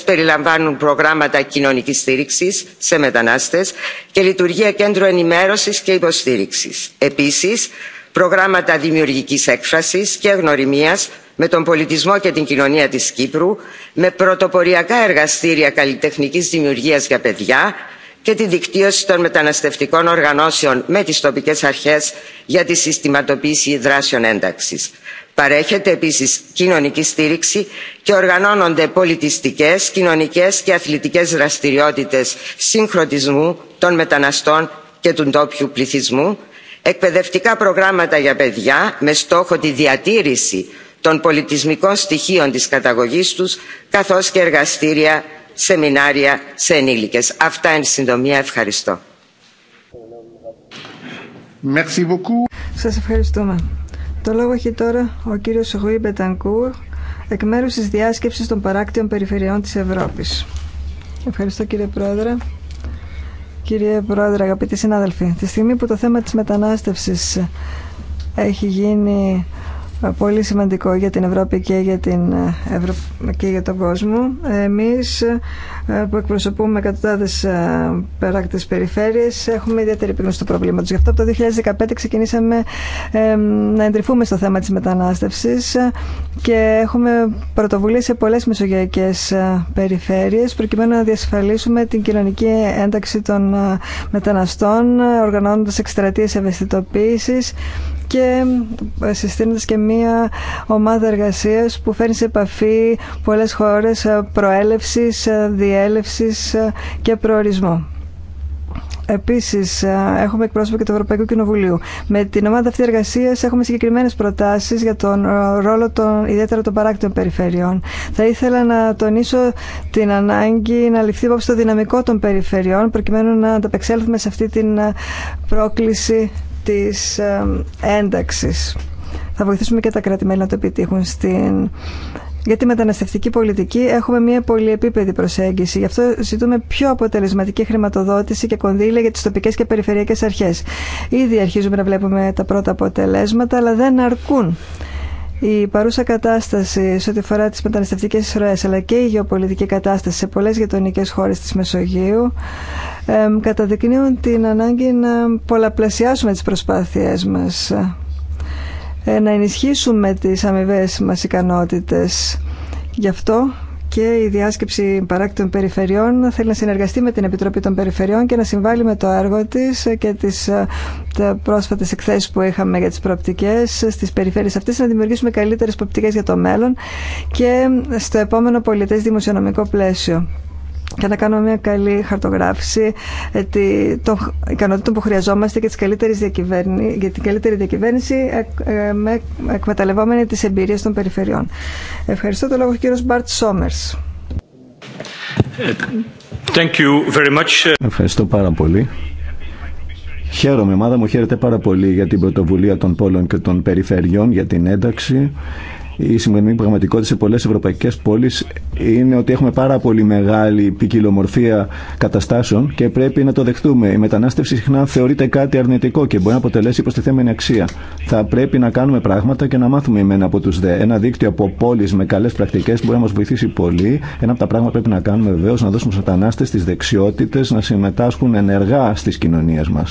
E: περιλαμβάνουν προγράμματα κοινωνικής στήριξης σε μετανάστες και λειτουργία κέντρου ενημέρωσης και υποστήριξης. επίσης προγράμματα δημιουργικής έκφρασης και γνωριμίας με τον πολιτισμό και την κοινωνία της κύπρου με πρωτοποριακά εργαστήρια καλλιτεχνικής δημιουργίας για παιδιά και τη δικτύωση των μεταναστευτικών οργανώσεων με τις τοπικές αρχές για τη συστηματοποίηση δράσεων ένταξης. Παρέχεται επίσης κοινωνική στήριξη και οργανώνονται πολιτιστικές, κοινωνικές και αθλητικές δραστηριότητες συγχρονισμού των μεταναστών και του ντόπιου πληθυσμού, εκπαιδευτικά προγράμματα για παιδιά με στόχο τη διατήρηση των πολιτισμικών στοιχείων της καταγωγής τους καθώς και εργαστήρια σεμινάρια σε ενήλικες. Αυτά εν συντομία. Ευχαριστώ. Merci
A: Σας ευχαριστούμε. Το λόγο έχει τώρα ο κύριος Γουί Μπετανκούρ εκ μέρους της διάσκεψης των παράκτιων περιφερειών της Ευρώπης. Ευχαριστώ κύριε Πρόεδρε. Κύριε Πρόεδρε, αγαπητοί συνάδελφοι, τη στιγμή που το θέμα της μετανάστευσης έχει γίνει πολύ σημαντικό για την Ευρώπη και για, την ε, Ευρω... και για τον κόσμο. Εμείς ε, που εκπροσωπούμε εκατοντάδες ε, περάκτες περιφέρειες έχουμε ιδιαίτερη επίγνωση του προβλήματος. Γι' αυτό από το 2015 ξεκινήσαμε να εντρυφούμε στο θέμα της μετανάστευσης και έχουμε πρωτοβουλία σε πολλές μεσογειακές περιφέρειες προκειμένου να διασφαλίσουμε την κοινωνική ένταξη των μεταναστών οργανώνοντας εκστρατείες ευαισθητοποίησης και συστήνεται και μία ομάδα εργασίας που φέρνει σε επαφή πολλές χώρες ε, προέλευσης, ε, διέλευσης ε, και προορισμό. Επίση, έχουμε εκπρόσωπο και του Ευρωπαϊκού Κοινοβουλίου. Με την ομάδα αυτή εργασία έχουμε συγκεκριμένε προτάσει για τον ρόλο των ιδιαίτερα των παράκτων περιφερειών. Θα ήθελα να τονίσω την ανάγκη να ληφθεί υπόψη το δυναμικό των περιφερειών, προκειμένου να ανταπεξέλθουμε σε αυτή την πρόκληση της ένταξης. Θα βοηθήσουμε και τα κράτη-μέλη να το επιτύχουν στην... Για τη μεταναστευτική πολιτική έχουμε μια πολυεπίπεδη προσέγγιση. Γι' αυτό ζητούμε πιο αποτελεσματική χρηματοδότηση και κονδύλια για τι τοπικέ και περιφερειακέ αρχέ. Ήδη αρχίζουμε να βλέπουμε τα πρώτα αποτελέσματα, αλλά δεν αρκούν η παρούσα κατάσταση σε ό,τι αφορά τι μεταναστευτικέ ροές αλλά και η γεωπολιτική κατάσταση σε πολλέ γειτονικέ χώρες της Μεσογείου καταδεικνύουν την ανάγκη να πολλαπλασιάσουμε τις προσπάθειές μας ε, να ενισχύσουμε τις αμοιβέ μας ικανότητες γι' αυτό και η διάσκεψη Παράκτητων περιφερειών θέλει να συνεργαστεί με την Επιτροπή των Περιφερειών και να συμβάλλει με το έργο τη και τι πρόσφατε πρόσφατες εκθέσεις που είχαμε για τι προοπτικέ στις περιφέρειες αυτές να δημιουργήσουμε καλύτερες προοπτικέ για το μέλλον και στο επόμενο πολιτέ δημοσιονομικό πλαίσιο και να κάνουμε μια καλή χαρτογράφηση ε, των ικανότητων που χρειαζόμαστε και, για την καλύτερη διακυβέρνηση ε, με εκμεταλλευόμενη τις εμπειρίες των περιφερειών. Ευχαριστώ το λόγο ο κύριος Μπάρτ Σόμερς.
C: Ευχαριστώ πάρα πολύ. Χαίρομαι, μάδα ομάδα μου χαίρεται πάρα πολύ για την πρωτοβουλία των πόλων και των περιφερειών, για την ένταξη η σημερινή πραγματικότητα σε πολλές ευρωπαϊκές πόλεις είναι ότι έχουμε πάρα πολύ μεγάλη ποικιλομορφία καταστάσεων και πρέπει να το δεχτούμε. Η μετανάστευση συχνά θεωρείται κάτι αρνητικό και μπορεί να αποτελέσει υποστηθέμενη αξία. Θα πρέπει να κάνουμε πράγματα και να μάθουμε εμένα από τους ΔΕ. Ένα δίκτυο από πόλεις με καλές πρακτικές μπορεί να μας βοηθήσει πολύ. Ένα από τα πράγματα που πρέπει να κάνουμε βεβαίω, να δώσουμε στους μετανάστες τις δεξιότητε, να συμμετάσχουν ενεργά στις κοινωνίες μα.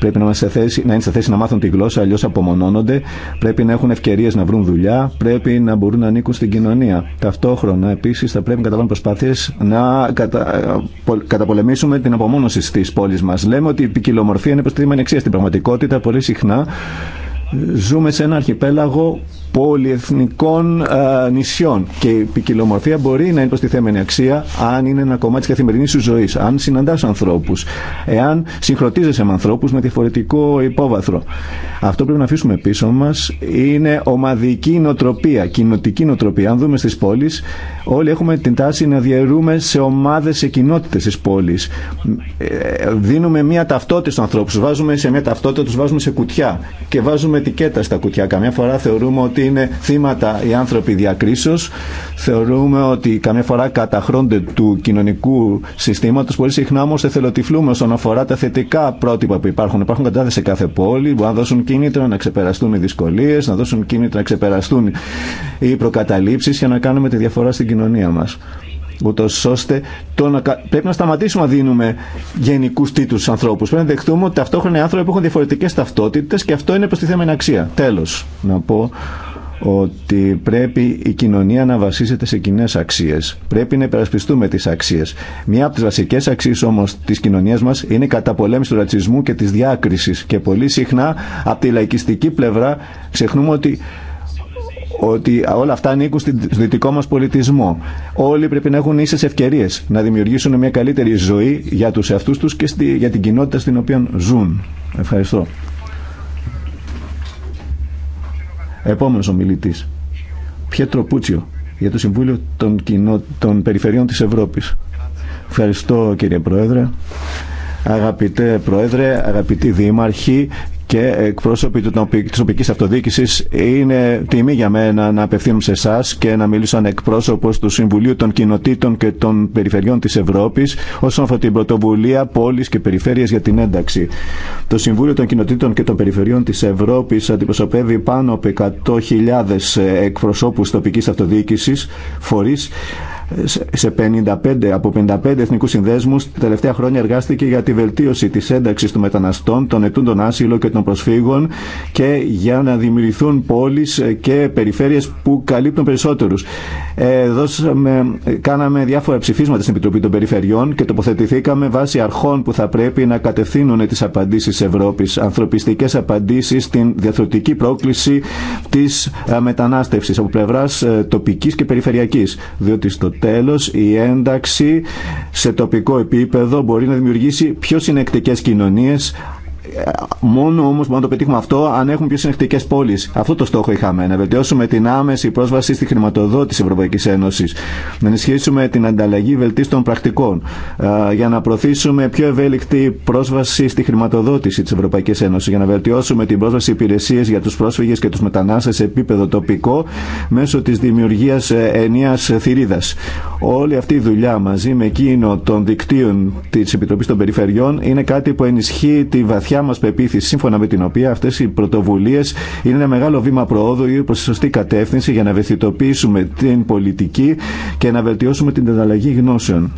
C: Πρέπει να, σε θέση, να είναι σε θέση να μάθουν τη γλώσσα, αλλιώς απομονώνονται. Πρέπει να έχουν ευκαιρίες να βρουν δουλειά πρέπει να μπορούν να ανήκουν στην κοινωνία. Ταυτόχρονα, επίση, θα πρέπει να καταβάλουμε προσπάθειε να καταπολεμήσουμε την απομόνωση τη πόλη μα. Λέμε ότι η ποικιλομορφία είναι προστιθέμενη αξία. Στην πραγματικότητα, πολύ συχνά ζούμε σε ένα αρχιπέλαγο πολυεθνικών ε, νησιών. Και η ποικιλομορφία μπορεί να είναι προστιθέμενη αξία αν είναι ένα κομμάτι τη καθημερινή σου ζωή, αν συναντά ανθρώπου, εάν συγχρονίζεσαι με ανθρώπου με διαφορετικό υπόβαθρο. Αυτό πρέπει να αφήσουμε πίσω μα είναι ομαδική νοοτροπία, κοινοτική νοοτροπία. Αν δούμε στι πόλει, όλοι έχουμε την τάση να διαιρούμε σε ομάδε, σε κοινότητε τη πόλη. Δίνουμε μία ταυτότητα στου ανθρώπου, βάζουμε σε μία ταυτότητα, του βάζουμε σε κουτιά και βάζουμε ετικέτα στα κουτιά. Καμιά φορά θεωρούμε ότι είναι θύματα οι άνθρωποι διακρίσεως. Θεωρούμε ότι καμιά φορά καταχρώνται του κοινωνικού συστήματος. Πολύ συχνά όμως εθελοτυφλούμε όσον αφορά τα θετικά πρότυπα που υπάρχουν. Υπάρχουν κατάδε σε κάθε πόλη που να δώσουν κίνητρα να ξεπεραστούν οι δυσκολίες, να δώσουν κίνητρα να ξεπεραστούν οι προκαταλήψεις για να κάνουμε τη διαφορά στην κοινωνία μας ούτω ώστε το πρέπει να σταματήσουμε να δίνουμε γενικού τίτλου στου ανθρώπου. Πρέπει να δεχτούμε ότι ταυτόχρονα οι άνθρωποι έχουν διαφορετικέ ταυτότητε και αυτό είναι προστιθέμενη αξία. Τέλο, να πω ότι πρέπει η κοινωνία να βασίζεται σε κοινέ αξίε. Πρέπει να υπερασπιστούμε τι αξίε. Μία από τι βασικέ αξίε όμω τη κοινωνία μα είναι η καταπολέμηση του ρατσισμού και τη διάκριση. Και πολύ συχνά από τη λαϊκιστική πλευρά ξεχνούμε ότι ότι όλα αυτά ανήκουν στο δυτικό μας πολιτισμό. Όλοι πρέπει να έχουν ίσες ευκαιρίες να δημιουργήσουν μια καλύτερη ζωή για τους εαυτούς τους και για την κοινότητα στην οποία ζουν. Ευχαριστώ. Επόμενος ομιλητή, Πιέτρο Πούτσιο για το Συμβούλιο των, Κοινο... των Περιφερειών της Ευρώπης. Ευχαριστώ κύριε Πρόεδρε. Αγαπητέ Πρόεδρε, αγαπητοί Δήμαρχοι, και εκπρόσωποι τη τοπική αυτοδιοίκησης είναι τιμή για μένα να απευθύνω σε εσά και να μιλήσω σαν εκπρόσωπο του Συμβουλίου των Κοινοτήτων και των Περιφερειών της Ευρώπης όσον αφορά την πρωτοβουλία πόλη και περιφέρειες για την ένταξη. Το Συμβούλιο των Κοινοτήτων και των Περιφερειών της Ευρώπης αντιπροσωπεύει πάνω από 100.000 εκπροσώπου τοπική αυτοδιοίκησης, φορεί σε 55, από 55 εθνικού συνδέσμου, τα τελευταία χρόνια εργάστηκε για τη βελτίωση τη ένταξη των μεταναστών, των ετούντων άσυλο και των προσφύγων και για να δημιουργηθούν πόλει και περιφέρειες που καλύπτουν περισσότερου. Ε, κάναμε διάφορα ψηφίσματα στην Επιτροπή των Περιφερειών και τοποθετηθήκαμε βάσει αρχών που θα πρέπει να κατευθύνουν τι απαντήσεις Ευρώπη, ανθρωπιστικέ απαντήσει στην διαθροτική πρόκληση τη ε, μετανάστευση, από πλευρά ε, τοπική και περιφερειακή, διότι στο Τέλος, η ένταξη σε τοπικό επίπεδο μπορεί να δημιουργήσει πιο συνεκτικές κοινωνίες, Μόνο όμω μπορούμε να το πετύχουμε αυτό αν έχουμε πιο συνεχτικέ πόλει. Αυτό το στόχο είχαμε. Να βελτιώσουμε την άμεση πρόσβαση στη χρηματοδότηση Ευρωπαϊκή Ένωση. Να ενισχύσουμε την ανταλλαγή βελτίστων πρακτικών. Ε, για να προωθήσουμε πιο ευέλικτη πρόσβαση στη χρηματοδότηση τη Ευρωπαϊκή Ένωση. Για να βελτιώσουμε την πρόσβαση υπηρεσίε για του πρόσφυγε και του μετανάστε σε επίπεδο τοπικό μέσω τη δημιουργία ε, ενία θηρίδα. Όλη αυτή η δουλειά μαζί με εκείνο των δικτύων τη Επιτροπή των Περιφερειών είναι κάτι που ενισχύει τη βαθιά δικιά μα σύμφωνα με την οποία αυτέ οι πρωτοβουλίε είναι ένα μεγάλο βήμα προόδου ή προ τη σωστή κατεύθυνση για να ευαισθητοποιήσουμε την πολιτική και να βελτιώσουμε την ανταλλαγή γνώσεων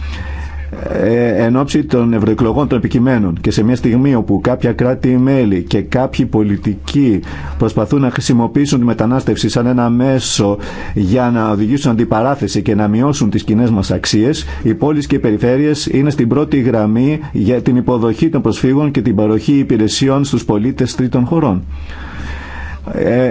C: ε, εν ώψη των ευρωεκλογών των επικειμένων και σε μια στιγμή όπου κάποια κράτη-μέλη και κάποιοι πολιτικοί προσπαθούν να χρησιμοποιήσουν τη μετανάστευση σαν ένα μέσο για να οδηγήσουν αντιπαράθεση και να μειώσουν τις κοινέ μα αξίε, οι πόλεις και οι περιφέρειες είναι στην πρώτη γραμμή για την υποδοχή των προσφύγων και την παροχή υπηρεσιών στου πολίτε τρίτων χωρών. Ε,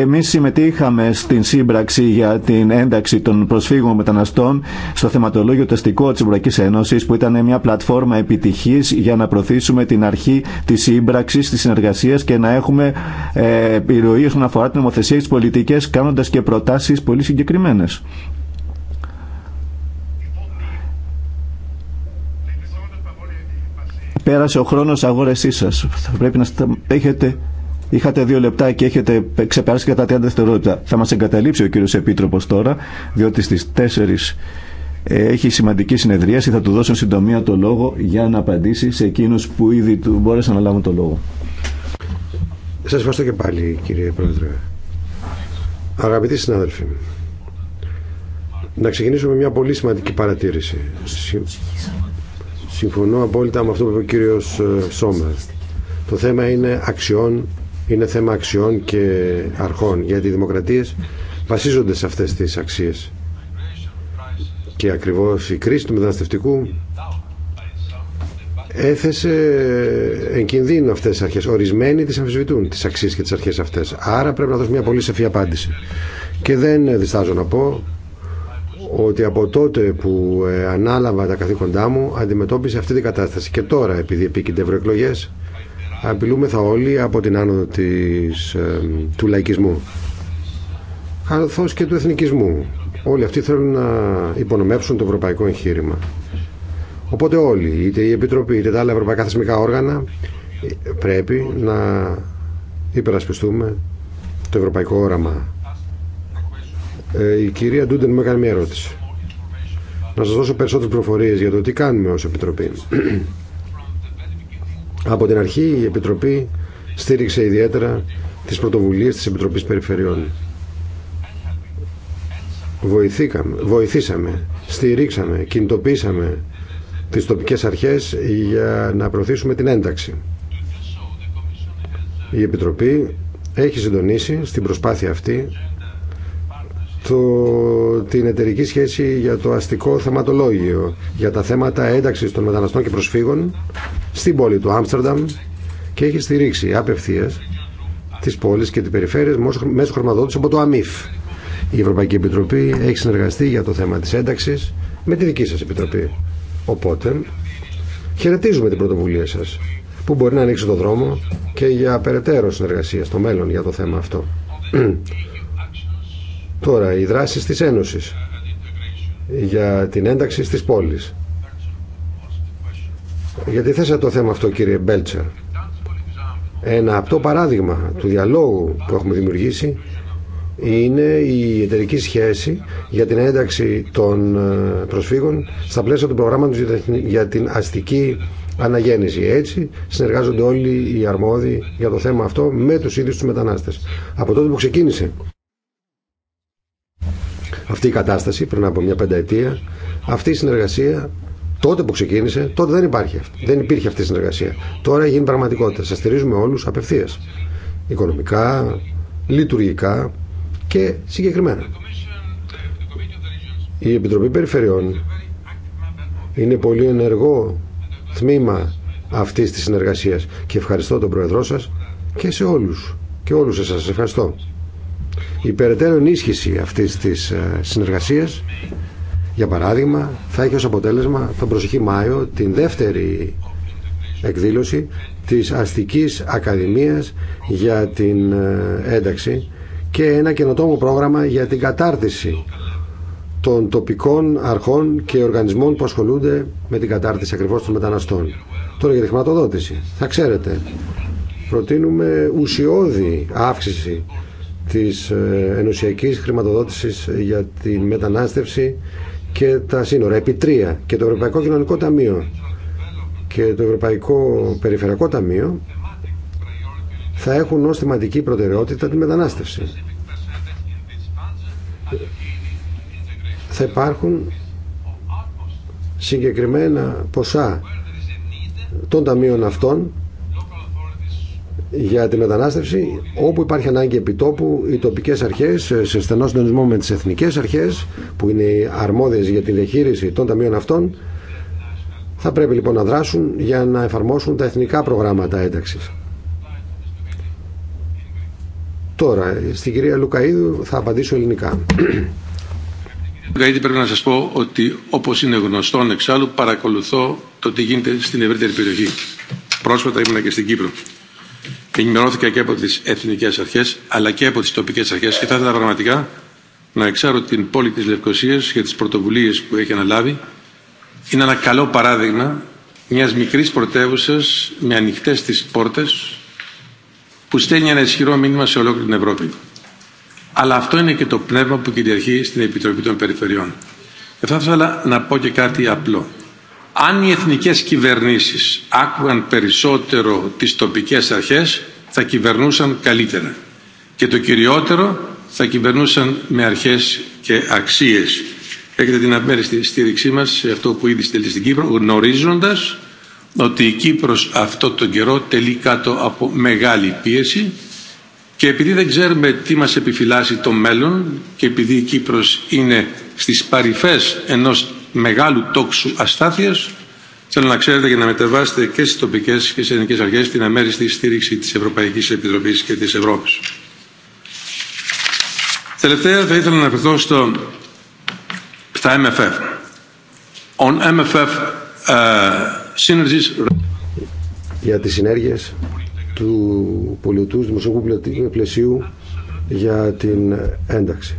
C: εμείς συμμετείχαμε στην σύμπραξη για την ένταξη των προσφύγων μεταναστών στο θεματολόγιο τεστικό της Ευρωπαϊκής Ένωσης που ήταν μια πλατφόρμα επιτυχής για να προωθήσουμε την αρχή της σύμπραξης, της συνεργασίας και να έχουμε ε, επιρροή όσον αφορά την νομοθεσία της πολιτικές κάνοντας και προτάσεις πολύ συγκεκριμένες. Πέρασε ο χρόνος αγορεσή σας. Θα πρέπει να έχετε Είχατε δύο λεπτά και έχετε ξεπεράσει κατά 30 δευτερόλεπτα. Θα μα εγκαταλείψει ο κύριο Επίτροπο τώρα, διότι στι 4 ε, έχει σημαντική συνεδρίαση. Θα του δώσω συντομία το λόγο για να απαντήσει σε εκείνου που ήδη του μπόρεσαν να λάβουν το λόγο.
D: Σα ευχαριστώ και πάλι κύριε Πρόεδρε. Αγαπητοί συνάδελφοι, να ξεκινήσω με μια πολύ σημαντική παρατήρηση. Συμφωνώ απόλυτα με αυτό που είπε ο κύριος ε, Σόμερ. Το θέμα είναι αξιών είναι θέμα αξιών και αρχών, γιατί οι δημοκρατίες βασίζονται σε αυτές τις αξίες. Και ακριβώς η κρίση του μεταναστευτικού έθεσε εν κινδύνο αυτές τις αρχές. Ορισμένοι τις αμφισβητούν, τις αξίες και τις αρχές αυτές. Άρα πρέπει να δώσουμε μια πολύ σαφή απάντηση. Και δεν διστάζω να πω ότι από τότε που ε, ανάλαβα τα καθήκοντά μου αντιμετώπισε αυτή την κατάσταση. Και τώρα, επειδή επίκυνται ευρωεκλογές, απειλούμεθα όλοι από την άνοδο της, ε, του λαϊκισμού καθώ και του εθνικισμού. Όλοι αυτοί θέλουν να υπονομεύσουν το ευρωπαϊκό εγχείρημα. Οπότε όλοι, είτε η Επιτροπή είτε τα άλλα ευρωπαϊκά θεσμικά όργανα, πρέπει να υπερασπιστούμε το ευρωπαϊκό όραμα. Ε, η κυρία Ντούντεν μου έκανε μια ερώτηση. Να σας δώσω περισσότερες προφορίες για το τι κάνουμε ως Επιτροπή. Από την αρχή η Επιτροπή στήριξε ιδιαίτερα τις πρωτοβουλίες της Επιτροπής Περιφερειών. Βοηθήκαμε, βοηθήσαμε, στηρίξαμε, κινητοποίησαμε τις τοπικές αρχές για να προωθήσουμε την ένταξη. Η Επιτροπή έχει συντονίσει στην προσπάθεια αυτή το, την εταιρική σχέση για το αστικό θεματολόγιο, για τα θέματα ένταξης των μεταναστών και προσφύγων στην πόλη του Άμστερνταμ και έχει στηρίξει απευθείας τις πόλεις και τις περιφέρειες μέσω χρηματοδότηση από το ΑΜΙΦ. Η Ευρωπαϊκή Επιτροπή έχει συνεργαστεί για το θέμα της ένταξης με τη δική σας Επιτροπή. Οπότε, χαιρετίζουμε την πρωτοβουλία σας που μπορεί να ανοίξει το δρόμο και για περαιτέρω συνεργασία στο μέλλον για το θέμα αυτό. Τώρα, οι δράσεις της Ένωσης για την ένταξη στις πόλεις. Γιατί θέσατε το θέμα αυτό κύριε Μπέλτσα. Ένα απτό παράδειγμα του διαλόγου που έχουμε δημιουργήσει είναι η εταιρική σχέση για την ένταξη των ε, προσφύγων στα πλαίσια του προγράμματος για την αστική αναγέννηση. Έτσι συνεργάζονται όλοι οι αρμόδιοι για το θέμα αυτό με τους ίδιους τους μετανάστες. Από τότε που ξεκίνησε αυτή η κατάσταση πριν από μια πενταετία, αυτή η συνεργασία τότε που ξεκίνησε, τότε δεν, υπάρχει, δεν υπήρχε αυτή η συνεργασία. Τώρα γίνει πραγματικότητα. Σα στηρίζουμε όλου απευθεία. Οικονομικά, λειτουργικά και συγκεκριμένα. Η Επιτροπή Περιφερειών είναι πολύ ενεργό τμήμα αυτής της συνεργασίας και ευχαριστώ τον Πρόεδρό σας και σε όλους και όλους εσάς ευχαριστώ η περαιτέρω ενίσχυση αυτής της ε, συνεργασίας για παράδειγμα θα έχει ως αποτέλεσμα τον προσεχή Μάιο την δεύτερη εκδήλωση της Αστικής Ακαδημίας για την ε, ένταξη και ένα καινοτόμο πρόγραμμα για την κατάρτιση των τοπικών αρχών και οργανισμών που ασχολούνται με την κατάρτιση ακριβώς των μεταναστών. Τώρα για τη χρηματοδότηση. Θα ξέρετε, προτείνουμε ουσιώδη αύξηση της ε, ενωσιακής χρηματοδότησης για τη μετανάστευση και τα σύνορα, επί τρία, και το Ευρωπαϊκό Κοινωνικό Ταμείο και το Ευρωπαϊκό Περιφερειακό Ταμείο θα έχουν ως θεματική προτεραιότητα τη μετανάστευση. Θα υπάρχουν συγκεκριμένα ποσά των ταμείων αυτών για τη μετανάστευση όπου υπάρχει ανάγκη επιτόπου οι τοπικές αρχές σε στενό συντονισμό με τις εθνικές αρχές που είναι αρμόδιες για τη διαχείριση των ταμείων αυτών θα πρέπει λοιπόν να δράσουν για να εφαρμόσουν τα εθνικά προγράμματα ένταξης. Τώρα, στην κυρία Λουκαίδου θα απαντήσω ελληνικά.
B: Λουκαίδη πρέπει να σας πω ότι όπως είναι γνωστόν εξάλλου παρακολουθώ το τι γίνεται στην ευρύτερη περιοχή. Πρόσφατα ήμουν και στην Κύπρο ενημερώθηκα και από τις εθνικές αρχές αλλά και από τις τοπικές αρχές και θα ήθελα πραγματικά να εξάρω την πόλη της Λευκοσίας για τις πρωτοβουλίες που έχει αναλάβει. Είναι ένα καλό παράδειγμα μιας μικρής πρωτεύουσα με ανοιχτές τις πόρτες που στέλνει ένα ισχυρό μήνυμα σε ολόκληρη την Ευρώπη. Αλλά αυτό είναι και το πνεύμα που κυριαρχεί στην Επιτροπή των Περιφερειών. θα ήθελα να πω και κάτι απλό. Αν οι εθνικές κυβερνήσεις άκουγαν περισσότερο τις τοπικές αρχές θα κυβερνούσαν καλύτερα και το κυριότερο θα κυβερνούσαν με αρχές και αξίες. Έχετε την απέριστη στήριξή μας σε αυτό που ήδη στέλνει στην Κύπρο γνωρίζοντας ότι η Κύπρος αυτό τον καιρό τελεί κάτω από μεγάλη πίεση και επειδή δεν ξέρουμε τι μας επιφυλάσσει το μέλλον και επειδή η Κύπρος είναι στις παρυφές ενός μεγάλου τόξου αστάθειας θέλω να ξέρετε και να μετεβάσετε και στι τοπικέ και στις ελληνικέ αρχές την αμέριστη στήριξη της Ευρωπαϊκής Επιτροπή και της Ευρώπης. Τελευταία θα ήθελα να αναφερθώ στο, στα MFF. On MFF uh, ε, synergies...
D: Για τις συνέργειες του πολιτού δημοσιογραφικού πλαισίου για την ένταξη.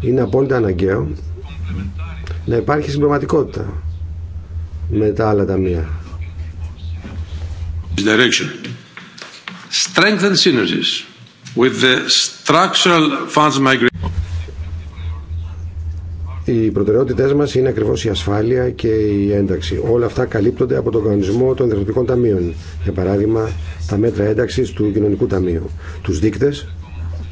D: Είναι απόλυτα αναγκαίο να υπάρχει συμπληρωματικότητα με τα άλλα ταμεία.
B: Direction. synergies with the structural funds migration.
D: Οι προτεραιότητέ μα είναι ακριβώ η ασφάλεια και η ένταξη. Όλα αυτά καλύπτονται από τον κανονισμό των διευθυντικών ταμείων. Για παράδειγμα, τα μέτρα ένταξη του κοινωνικού ταμείου, του δείκτε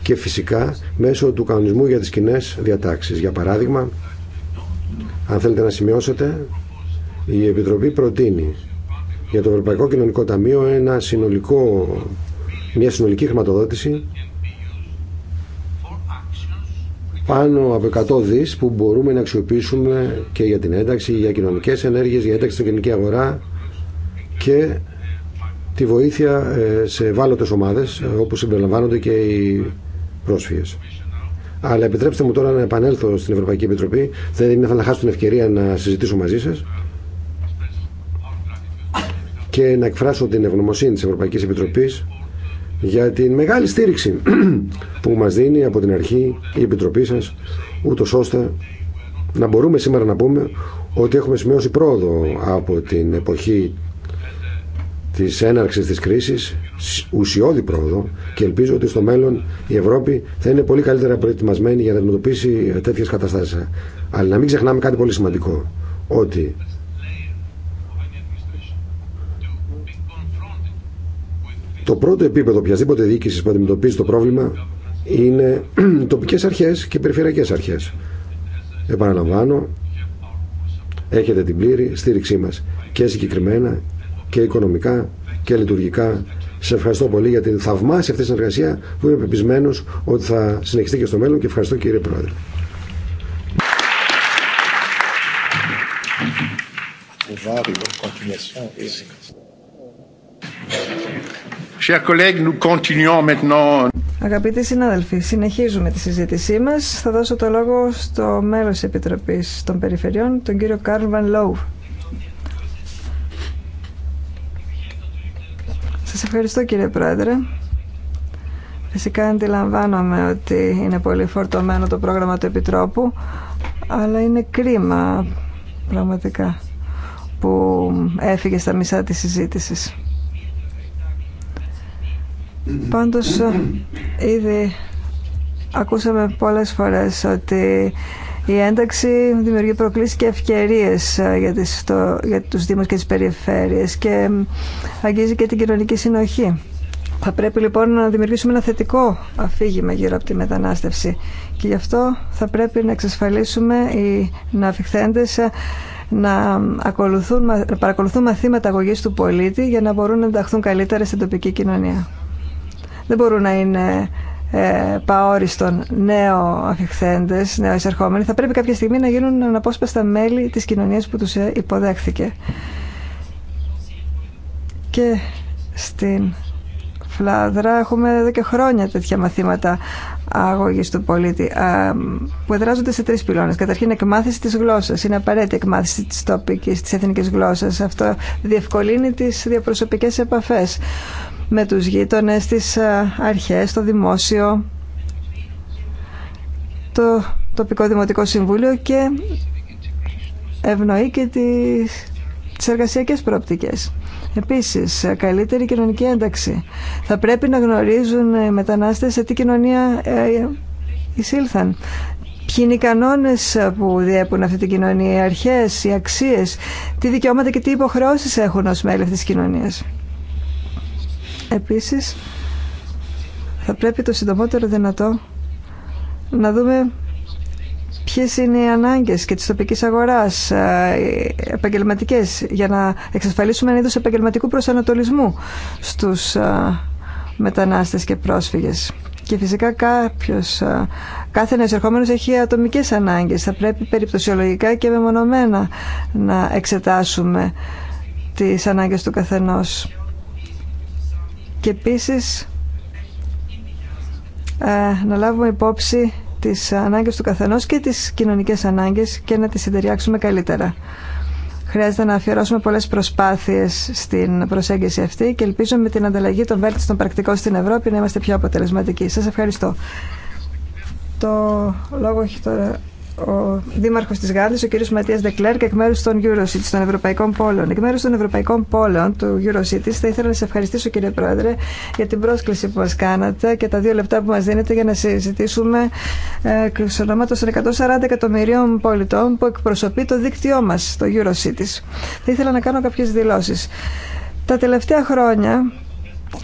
D: και φυσικά μέσω του κανονισμού για τι κοινέ διατάξει. Για παράδειγμα, αν θέλετε να σημειώσετε, η Επιτροπή προτείνει για το Ευρωπαϊκό Κοινωνικό Ταμείο ένα συνολικό, μια συνολική χρηματοδότηση πάνω από 100 δις που μπορούμε να αξιοποιήσουμε και για την ένταξη, για κοινωνικές ενέργειες, για ένταξη στην κοινωνική αγορά και τη βοήθεια ε, σε ευάλωτες ομάδες ε, όπως συμπεριλαμβάνονται και οι πρόσφυγες. Αλλά επιτρέψτε μου τώρα να επανέλθω στην Ευρωπαϊκή Επιτροπή. Δεν θα να χάσω την ευκαιρία να συζητήσω μαζί σα και να εκφράσω την ευγνωμοσύνη τη Ευρωπαϊκή Επιτροπή για την μεγάλη στήριξη (clears throat) που μας δίνει από την αρχή η Επιτροπή σα, ούτω ώστε να μπορούμε σήμερα να πούμε ότι έχουμε σημειώσει πρόοδο από την εποχή τη έναρξη της κρίσης ουσιώδη πρόοδο και ελπίζω ότι στο μέλλον η Ευρώπη θα είναι πολύ καλύτερα προετοιμασμένη για να αντιμετωπίσει τέτοιες καταστάσεις. Αλλά να μην ξεχνάμε κάτι πολύ σημαντικό, ότι το πρώτο επίπεδο οποιασδήποτε διοίκηση που αντιμετωπίζει το πρόβλημα είναι (clears throat) τοπικέ αρχέ και περιφερειακές αρχές. Επαναλαμβάνω, έχετε την πλήρη στήριξή μα και συγκεκριμένα και οικονομικά και λειτουργικά. Σε ευχαριστώ πολύ για την θαυμάσια αυτή συνεργασία που είμαι πεπισμένο ότι θα συνεχιστεί και στο μέλλον και ευχαριστώ κύριε Πρόεδρε.
A: Αγαπητοί συνάδελφοι, συνεχίζουμε τη συζήτησή μας. Θα δώσω το λόγο στο μέλος της Επιτροπής των Περιφερειών, τον κύριο Κάρλ Βαν Λόου. Σας ευχαριστώ κύριε Πρόεδρε. Φυσικά αντιλαμβάνομαι ότι είναι πολύ φορτωμένο το πρόγραμμα του Επιτρόπου, αλλά είναι κρίμα πραγματικά που έφυγε στα μισά της συζήτησης. Πάντως, ήδη ακούσαμε πολλές φορές ότι η ένταξη δημιουργεί προκλήσεις και ευκαιρίες ε, για, τις, το, για τους Δήμους και τις περιφέρειες και αγγίζει και την κοινωνική συνοχή. Θα πρέπει λοιπόν να δημιουργήσουμε ένα θετικό αφήγημα γύρω από τη μετανάστευση και γι' αυτό θα πρέπει να εξασφαλίσουμε οι ναυηχθέντες ε, να, να παρακολουθούν μαθήματα αγωγής του πολίτη για να μπορούν να ενταχθούν καλύτερα στην τοπική κοινωνία. Δεν μπορούν να είναι ε, παόριστον νέο αφιχθέντες, νέο εισερχόμενοι, θα πρέπει κάποια στιγμή να γίνουν αναπόσπαστα μέλη της κοινωνίας που τους ε, υποδέχθηκε. Και στην Φλάδρα έχουμε εδώ και χρόνια τέτοια μαθήματα αγωγής του πολίτη που εδράζονται σε τρεις πυλώνες. Καταρχήν εκμάθηση της γλώσσας. Είναι απαραίτητη εκμάθηση της τοπικής, της εθνικής γλώσσας. Αυτό διευκολύνει τις διαπροσωπικές επαφές με τους γείτονες, τις ε, αρχές, το δημόσιο, το τοπικό δημοτικό συμβούλιο και ευνοεί και τις, τις εργασιακές προοπτικές. Επίσης, ε, καλύτερη κοινωνική ένταξη. Θα πρέπει να γνωρίζουν οι μετανάστες σε τι κοινωνία ε, εισήλθαν. Ποιοι είναι οι κανόνες που διέπουν αυτή την κοινωνία, οι αρχές, οι αξίες, τι δικαιώματα και τι υποχρεώσει έχουν ω μέλη αυτής της κοινωνίας. Επίσης, θα πρέπει το συντομότερο δυνατό να δούμε ποιες είναι οι ανάγκες και της τοπικής αγοράς ε, επαγγελματικές για να εξασφαλίσουμε ένα είδος επαγγελματικού προσανατολισμού στους ε, μετανάστες και πρόσφυγες. Και φυσικά κάποιος, ε, κάθε ένας ερχόμενος έχει ατομικές ανάγκες. Θα πρέπει περιπτωσιολογικά και μεμονωμένα να εξετάσουμε τις ανάγκες του καθενός και επίσης ε, να λάβουμε υπόψη τις ανάγκες του καθενός και τις κοινωνικές ανάγκες και να τις συντεριάξουμε καλύτερα. Χρειάζεται να αφιερώσουμε πολλές προσπάθειες στην προσέγγιση αυτή και ελπίζω με την ανταλλαγή των βέλτιστων πρακτικών στην Ευρώπη να είμαστε πιο αποτελεσματικοί. Σας ευχαριστώ. Το λόγο έχει ο Δήμαρχο τη Γάλλη, ο κ. Ματία Δεκλέρκ, εκ μέρου των EuroCities, των Ευρωπαϊκών Πόλεων. Εκ μέρου των Ευρωπαϊκών Πόλεων του EuroCities θα ήθελα να σα ευχαριστήσω κύριε Πρόεδρε για την πρόσκληση που μα κάνατε και τα δύο λεπτά που μα δίνετε για να συζητήσουμε ε, εξ των 140 εκατομμυρίων πολιτών που εκπροσωπεί το δίκτυό μα το EuroCities. Θα ήθελα να κάνω κάποιε δηλώσει. Τα τελευταία χρόνια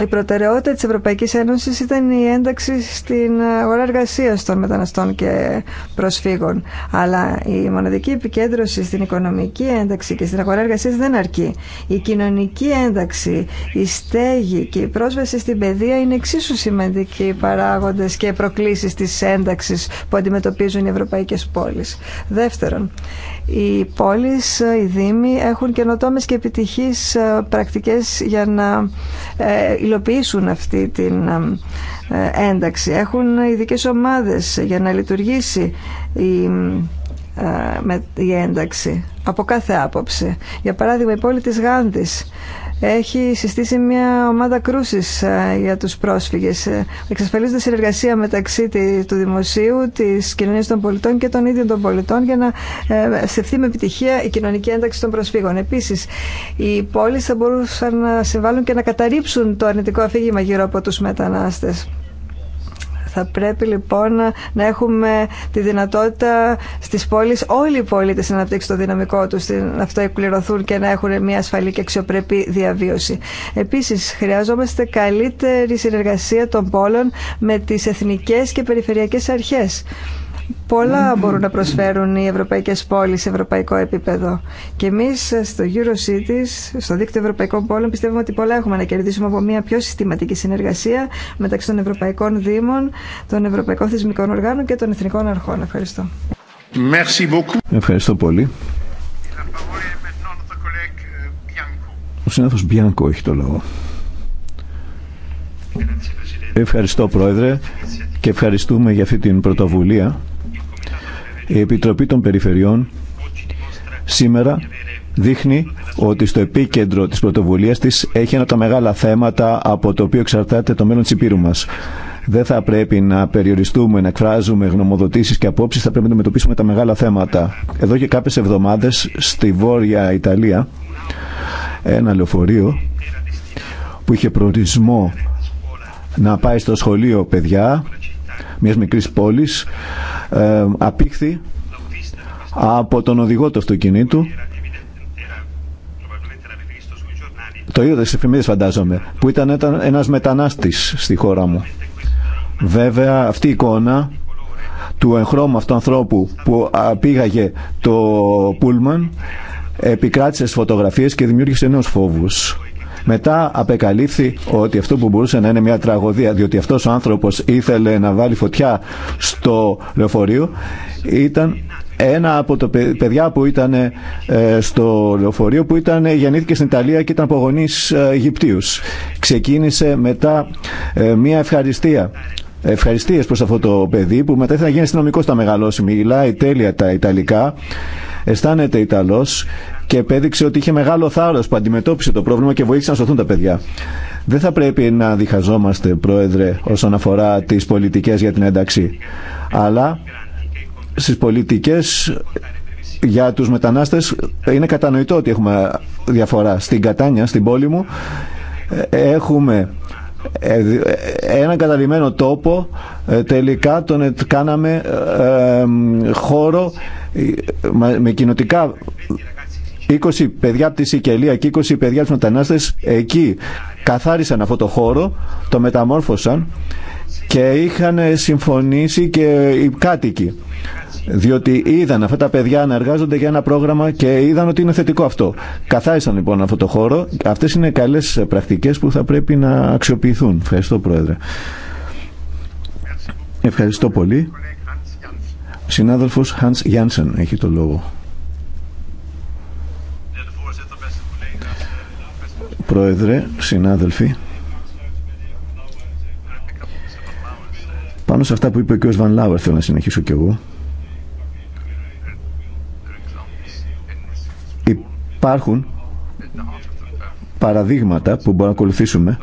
A: η προτεραιότητα της Ευρωπαϊκής Ένωσης ήταν η ένταξη στην αγορά εργασία των μεταναστών και προσφύγων. Αλλά η μοναδική επικέντρωση στην οικονομική ένταξη και στην αγορά εργασία δεν αρκεί. Η κοινωνική ένταξη, η στέγη και η πρόσβαση στην παιδεία είναι εξίσου σημαντικοί παράγοντες και προκλήσεις της ένταξης που αντιμετωπίζουν οι ευρωπαϊκές πόλεις. Δεύτερον, οι πόλεις, οι δήμοι έχουν καινοτόμες και επιτυχείς ε, πρακτικές για να ε, υλοποιήσουν αυτή την ε, ένταξη. Έχουν ειδικές ομάδες για να λειτουργήσει η η ένταξη από κάθε άποψη. Για παράδειγμα η πόλη της Γάνδης έχει συστήσει μια ομάδα κρούσης ε, για τους πρόσφυγες. Ε, εξασφαλίζεται συνεργασία μεταξύ του δημοσίου, της κοινωνίας των πολιτών και των ίδιων των πολιτών για να ε, στεφθεί με επιτυχία η κοινωνική ένταξη των προσφύγων. Επίσης, οι πόλεις θα μπορούσαν να συμβάλλουν και να καταρρύψουν το αρνητικό αφήγημα γύρω από τους μετανάστες. Θα πρέπει λοιπόν να έχουμε τη δυνατότητα στις πόλεις όλοι οι πολίτες να αναπτύξουν το δυναμικό τους, να αυτό εκπληρωθούν και να έχουν μια ασφαλή και αξιοπρεπή διαβίωση. Επίσης χρειαζόμαστε καλύτερη συνεργασία των πόλων με τις εθνικές και περιφερειακές αρχές Πολλά μπορούν να προσφέρουν οι ευρωπαϊκές πόλεις σε ευρωπαϊκό επίπεδο. Και εμείς στο EuroCities, στο δίκτυο ευρωπαϊκών πόλων, πιστεύουμε ότι πολλά έχουμε να κερδίσουμε από μια πιο συστηματική συνεργασία μεταξύ των ευρωπαϊκών δήμων, των ευρωπαϊκών θεσμικών οργάνων και των εθνικών αρχών. Ευχαριστώ.
C: Ευχαριστώ πολύ. Ο συνάδελφος Μπιάνκο έχει το λόγο. Ευχαριστώ Πρόεδρε και ευχαριστούμε για αυτή την πρωτοβουλία. Η Επιτροπή των Περιφερειών σήμερα δείχνει ότι στο επίκεντρο της πρωτοβουλίας της έχει ένα από τα μεγάλα θέματα από το οποίο εξαρτάται το μέλλον της Υπήρου μας. Δεν θα πρέπει να περιοριστούμε, να εκφράζουμε γνωμοδοτήσεις και απόψεις, θα πρέπει να αντιμετωπίσουμε τα μεγάλα θέματα. Εδώ και κάποιες εβδομάδες στη Βόρεια Ιταλία ένα λεωφορείο που είχε προορισμό να πάει στο σχολείο παιδιά μιας μικρής πόλης ε, απήχθη από τον οδηγό του αυτοκινήτου το είδατε στις εφημερίδες φαντάζομαι που ήταν ένας μετανάστης στη χώρα μου βέβαια αυτή η εικόνα του εγχρώμου αυτού ανθρώπου που πήγαγε το Πούλμαν επικράτησε στις φωτογραφίες και δημιούργησε νέους φόβους μετά απεκαλύφθη ότι αυτό που μπορούσε να είναι μια τραγωδία, διότι αυτός ο άνθρωπος ήθελε να βάλει φωτιά στο λεωφορείο, ήταν ένα από τα παιδιά που ήταν ε, στο λεωφορείο που ήταν, ε, γεννήθηκε στην Ιταλία και ήταν από γονείς ε, Αιγυπτίους. Ξεκίνησε μετά μια ευχαριστία Ευχαριστίε προ αυτό το παιδί που μετά ήθελε να γίνει αστυνομικό στα μεγαλώσει. Μιλάει τέλεια τα Ιταλικά, αισθάνεται Ιταλό και επέδειξε ότι είχε μεγάλο θάρρο που αντιμετώπισε το πρόβλημα και βοήθησε να σωθούν τα παιδιά. Δεν θα πρέπει να διχαζόμαστε, Πρόεδρε, όσον αφορά τι πολιτικέ για την ένταξη. Αλλά στι πολιτικέ για τους μετανάστες είναι κατανοητό ότι έχουμε διαφορά. Στην Κατάνια, στην πόλη μου, έχουμε έναν καταλημμένο τόπο ε, τελικά τον ε, κάναμε ε, χώρο με κοινοτικά 20 παιδιά από τη Σικελία και 20 παιδιά από του μετανάστε εκεί καθάρισαν αυτό το χώρο, το μεταμόρφωσαν και είχαν συμφωνήσει και οι κάτοικοι. Διότι είδαν αυτά τα παιδιά να εργάζονται για ένα πρόγραμμα και είδαν ότι είναι θετικό αυτό. Καθάρισαν λοιπόν αυτό το χώρο. Αυτές είναι καλές πρακτικές που θα πρέπει να αξιοποιηθούν. Ευχαριστώ Πρόεδρε. Ευχαριστώ πολύ. συνάδελφος Hans Janssen έχει το λόγο. Πρόεδρε, συνάδελφοι, πάνω σε αυτά που είπε ο κ. Βαν Λάουερ θέλω να συνεχίσω κι εγώ. Υπάρχουν παραδείγματα που μπορούμε να ακολουθήσουμε.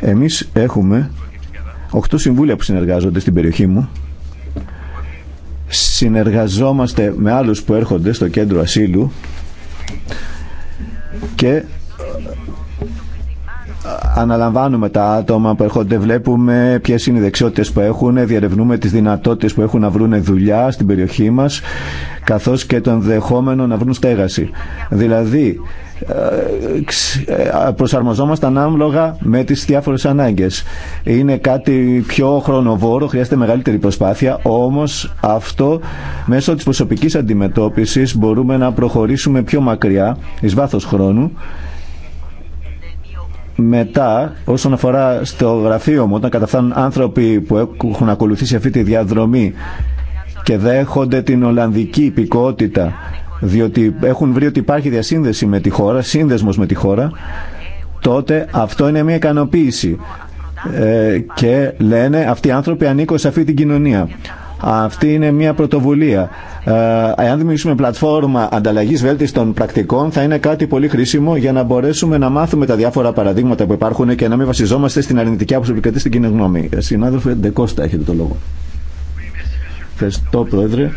C: Εμείς έχουμε 8 συμβούλια που συνεργάζονται στην περιοχή μου. Συνεργαζόμαστε με άλλους που έρχονται στο κέντρο ασύλου και αναλαμβάνουμε τα άτομα που έρχονται, βλέπουμε ποιε είναι οι δεξιότητε που έχουν, διαρευνούμε τι δυνατότητε που έχουν να βρουν δουλειά στην περιοχή μα, καθώ και το ενδεχόμενο να βρουν στέγαση. Δηλαδή, ε, ε, προσαρμοζόμαστε ανάλογα με τις διάφορες ανάγκες. Είναι κάτι πιο χρονοβόρο, χρειάζεται μεγαλύτερη προσπάθεια, όμως αυτό μέσω της προσωπικής αντιμετώπισης μπορούμε να προχωρήσουμε πιο μακριά, εις βάθος χρόνου, μετά, όσον αφορά στο γραφείο μου, όταν καταφθάνουν άνθρωποι που έχουν ακολουθήσει αυτή τη διαδρομή και δέχονται την Ολλανδική υπηκότητα, διότι έχουν βρει ότι υπάρχει διασύνδεση με τη χώρα, σύνδεσμος με τη χώρα, τότε αυτό είναι μια ικανοποίηση. Ε, και λένε αυτοί οι άνθρωποι ανήκουν σε αυτή την κοινωνία. Αυτή είναι μια πρωτοβουλία. Αν ε, δημιουργήσουμε πλατφόρμα ανταλλαγή βέλτιστων πρακτικών, θα είναι κάτι πολύ χρήσιμο για να μπορέσουμε να μάθουμε τα διάφορα παραδείγματα που υπάρχουν και να μην βασιζόμαστε στην αρνητική άποψη που επικρατεί στην κοινή γνώμη. Ε, συνάδελφε Ντεκώστα, έχετε το λόγο. Ευχαριστώ, Πρόεδρε.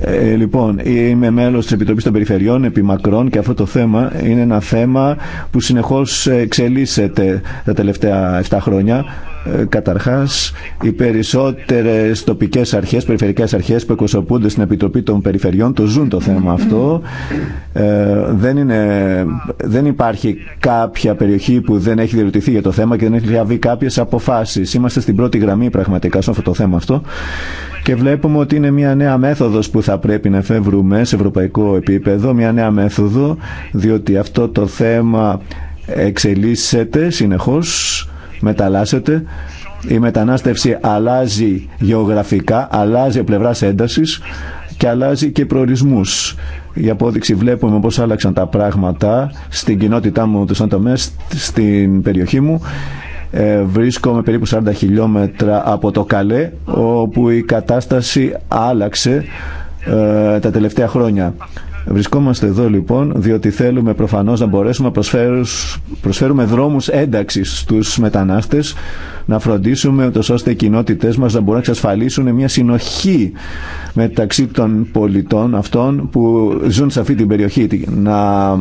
C: Ε, λοιπόν, είμαι μέλο τη Επιτροπή των Περιφερειών επί Μακρόν και αυτό το θέμα είναι ένα θέμα που συνεχώ εξελίσσεται τα τελευταία 7 χρόνια. Ε, καταρχάς, οι περισσότερες τοπικές αρχές, περιφερειακές αρχές που εκπροσωπούνται στην Επιτροπή των Περιφερειών το ζουν το θέμα αυτό. Ε, δεν, είναι, δεν υπάρχει κάποια περιοχή που δεν έχει διερωτηθεί για το θέμα και δεν έχει διαβεί κάποιες αποφάσεις. Είμαστε στην πρώτη γραμμή πραγματικά σε αυτό το θέμα αυτό και βλέπουμε ότι είναι μια νέα μέθοδος που θα πρέπει να εφεύρουμε σε ευρωπαϊκό επίπεδο, μια νέα μέθοδο διότι αυτό το θέμα εξελίσσεται συνεχώς μεταλλάσσεται, η μετανάστευση αλλάζει γεωγραφικά, αλλάζει πλευρά ένταση και αλλάζει και προορισμού. Για απόδειξη βλέπουμε πώς άλλαξαν τα πράγματα στην κοινότητά μου του Σαντομέ, στην περιοχή μου. Ε, βρίσκομαι περίπου 40 χιλιόμετρα από το Καλέ, όπου η κατάσταση άλλαξε ε, τα τελευταία χρόνια. Βρισκόμαστε εδώ λοιπόν διότι θέλουμε προφανώς να μπορέσουμε να προσφέρουμε δρόμους ένταξης στους μετανάστες, να φροντίσουμε ώστε οι κοινότητές μας να μπορούν να εξασφαλίσουν μια συνοχή μεταξύ των πολιτών αυτών που ζουν σε αυτή την περιοχή. Να,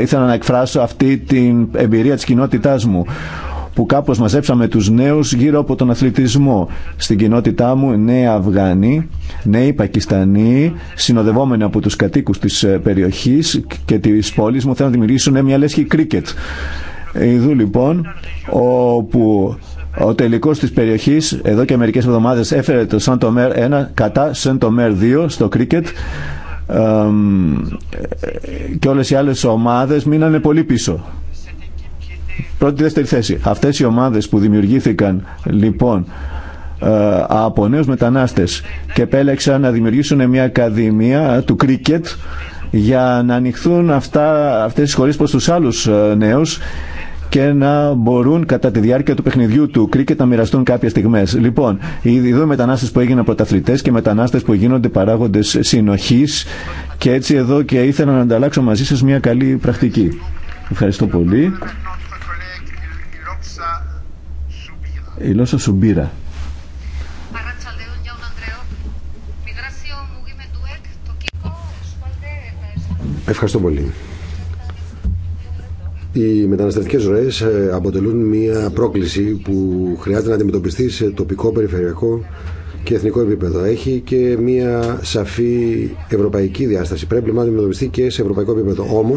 C: ήθελα να εκφράσω αυτή την εμπειρία της κοινότητάς μου που κάπως μαζέψαμε τους νέους γύρω από τον αθλητισμό. Στην κοινότητά μου νέοι Αυγάνοι, νέοι Πακιστανοί, συνοδευόμενοι από τους κατοίκους της ε, περιοχής και της πόλης μου θέλουν να δημιουργήσουν μια λέσχη κρίκετ. Ειδού λοιπόν όπου ο τελικό τη περιοχή εδώ και μερικέ εβδομάδε έφερε το Σαν Τομέρ 1 κατά Σαν Τομέρ 2 στο κρίκετ ε, ε, και όλες οι άλλες ομάδες μείνανε πολύ πίσω πρώτη δεύτερη θέση. Αυτές οι ομάδες που δημιουργήθηκαν λοιπόν ε, από νέους μετανάστες και επέλεξαν να δημιουργήσουν μια ακαδημία του κρίκετ για να ανοιχθούν αυτά, αυτές οι σχολείς προς τους άλλους ε, νέους και να μπορούν κατά τη διάρκεια του παιχνιδιού του κρίκετ να μοιραστούν κάποιε στιγμές. Λοιπόν, οι δύο μετανάστε που έγιναν πρωταθλητές και μετανάστες που γίνονται παράγοντες συνοχή και έτσι εδώ και ήθελα να ανταλλάξω μαζί σα μια καλή πρακτική. Ευχαριστώ πολύ. σου Σουμπίρα.
D: Ευχαριστώ πολύ. Οι μεταναστευτικέ ροέ ε, αποτελούν μια πρόκληση που χρειάζεται να αντιμετωπιστεί σε τοπικό, περιφερειακό και εθνικό επίπεδο. Έχει και μια σαφή ευρωπαϊκή διάσταση. Πρέπει να αντιμετωπιστεί και σε ευρωπαϊκό επίπεδο. Όμω,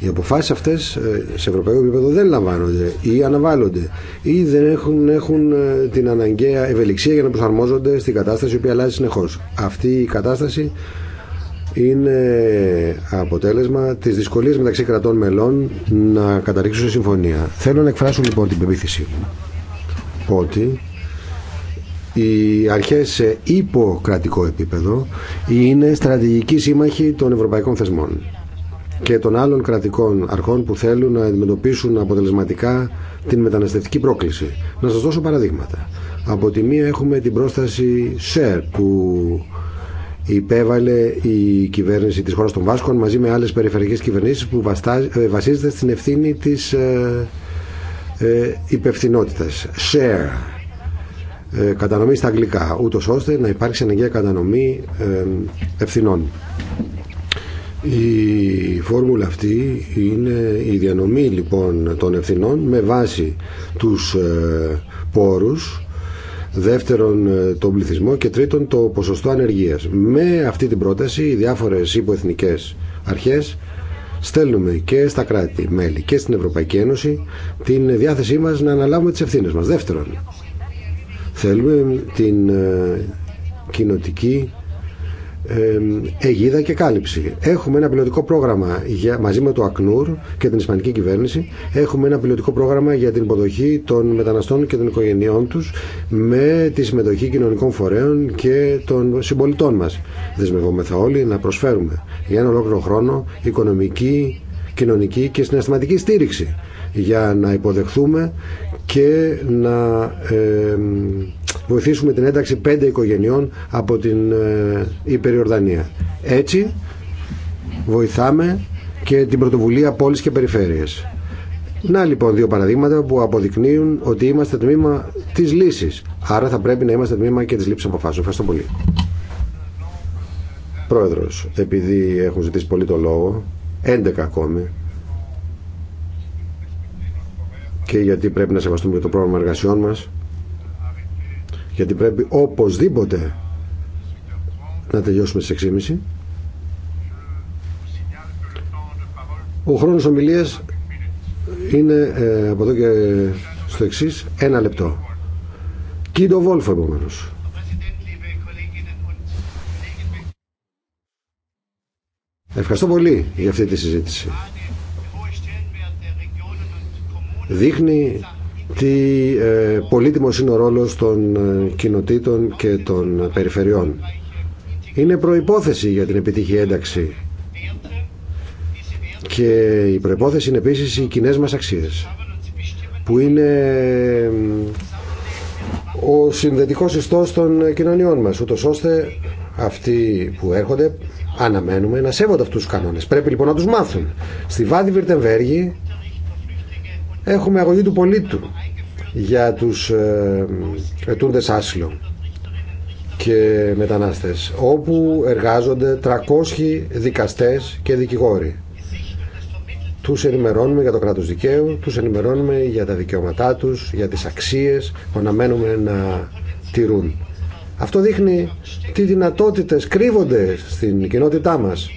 D: οι αποφάσεις αυτές ε, σε ευρωπαϊκό επίπεδο δεν λαμβάνονται ή αναβάλλονται ή δεν έχουν, έχουν ε, την αναγκαία ευελιξία για να προσαρμόζονται στην κατάσταση η οποία αλλάζει συνεχώ. Αυτή η κατάσταση είναι αποτέλεσμα της δυσκολίας μεταξύ κρατών μελών να καταρρίξουν σε συμφωνία. Θέλω να εκφράσω λοιπόν την πεποίθησή μου ότι οι αρχές σε υποκρατικό επίπεδο είναι στρατηγική σύμμαχοι των ευρωπαϊκών θεσμών και των άλλων κρατικών αρχών που θέλουν να αντιμετωπίσουν αποτελεσματικά την μεταναστευτική πρόκληση. Να σας δώσω παραδείγματα. Από τη μία έχουμε την πρόσταση ΣΕΡ που υπέβαλε η κυβέρνηση της χώρας των Βάσκων μαζί με άλλες περιφερειακές κυβερνήσεις που ε, βασίζεται στην ευθύνη της ε, ε, υπευθυνότητας. Share. κατανομή στα αγγλικά, ούτως ώστε να υπάρξει αναγκαία κατανομή ευθυνών. Η φόρμουλα αυτή είναι η διανομή λοιπόν των ευθυνών με βάση τους ε, πόρους, δεύτερον ε, τον πληθυσμό και τρίτον το ποσοστό ανεργίας. Με αυτή την πρόταση οι διάφορες υποεθνικές αρχές στέλνουμε και στα κράτη-μέλη και στην Ευρωπαϊκή Ένωση την διάθεσή μας να αναλάβουμε τις ευθύνες μας. Δεύτερον, θέλουμε την ε, κοινοτική αιγίδα και κάλυψη. Έχουμε ένα πιλωτικό πρόγραμμα για, μαζί με το ΑΚΝΟΥΡ και την Ισπανική κυβέρνηση. Έχουμε ένα πιλωτικό πρόγραμμα για την υποδοχή των μεταναστών και των οικογενειών του με τη συμμετοχή κοινωνικών φορέων και των συμπολιτών μα. Δεσμευόμεθα όλοι να προσφέρουμε για ένα ολόκληρο χρόνο οικονομική, κοινωνική και συναισθηματική στήριξη για να υποδεχθούμε και να βοηθήσουμε την ένταξη πέντε οικογενειών από την Υπεριορδανία. Ε, Έτσι βοηθάμε και την πρωτοβουλία πόλης και περιφέρειες. Να λοιπόν δύο παραδείγματα που αποδεικνύουν ότι είμαστε τμήμα της λύσης. Άρα θα πρέπει να είμαστε τμήμα και της λήψης αποφάσεων. Ευχαριστώ πολύ. Πρόεδρος, επειδή έχουν ζητήσει πολύ το λόγο, 11 ακόμη, και γιατί πρέπει να σεβαστούμε το πρόγραμμα εργασιών μας, γιατί πρέπει οπωσδήποτε να τελειώσουμε στις 6.30. Ο χρόνος ομιλίας είναι ε, από εδώ και στο εξή ένα λεπτό. Κίντο Βόλφο επομένως. Ευχαριστώ πολύ για αυτή τη συζήτηση. Δείχνει τι ε, πολύτιμος είναι ο ρόλος των ε, κοινοτήτων και των περιφερειών. Είναι προϋπόθεση για την επιτυχή ένταξη και η προϋπόθεση είναι επίσης οι κοινέ μας αξίες που είναι ε, ο συνδετικός ιστός των κοινωνιών μας ούτως ώστε αυτοί που έρχονται αναμένουμε να σέβονται αυτούς τους κανόνες. Πρέπει λοιπόν να τους μάθουν. Στη Βάδη Βιρτεμβέργη Έχουμε αγωγή του πολίτου για τους ε, ετούντες άσυλο και μετανάστες όπου εργάζονται 300 δικαστές και δικηγόροι. Τους ενημερώνουμε για το κράτος δικαίου, τους ενημερώνουμε για τα δικαιώματά τους, για τις αξίες που αναμένουμε να τηρούν. Αυτό δείχνει τι δυνατότητες κρύβονται στην κοινότητά μας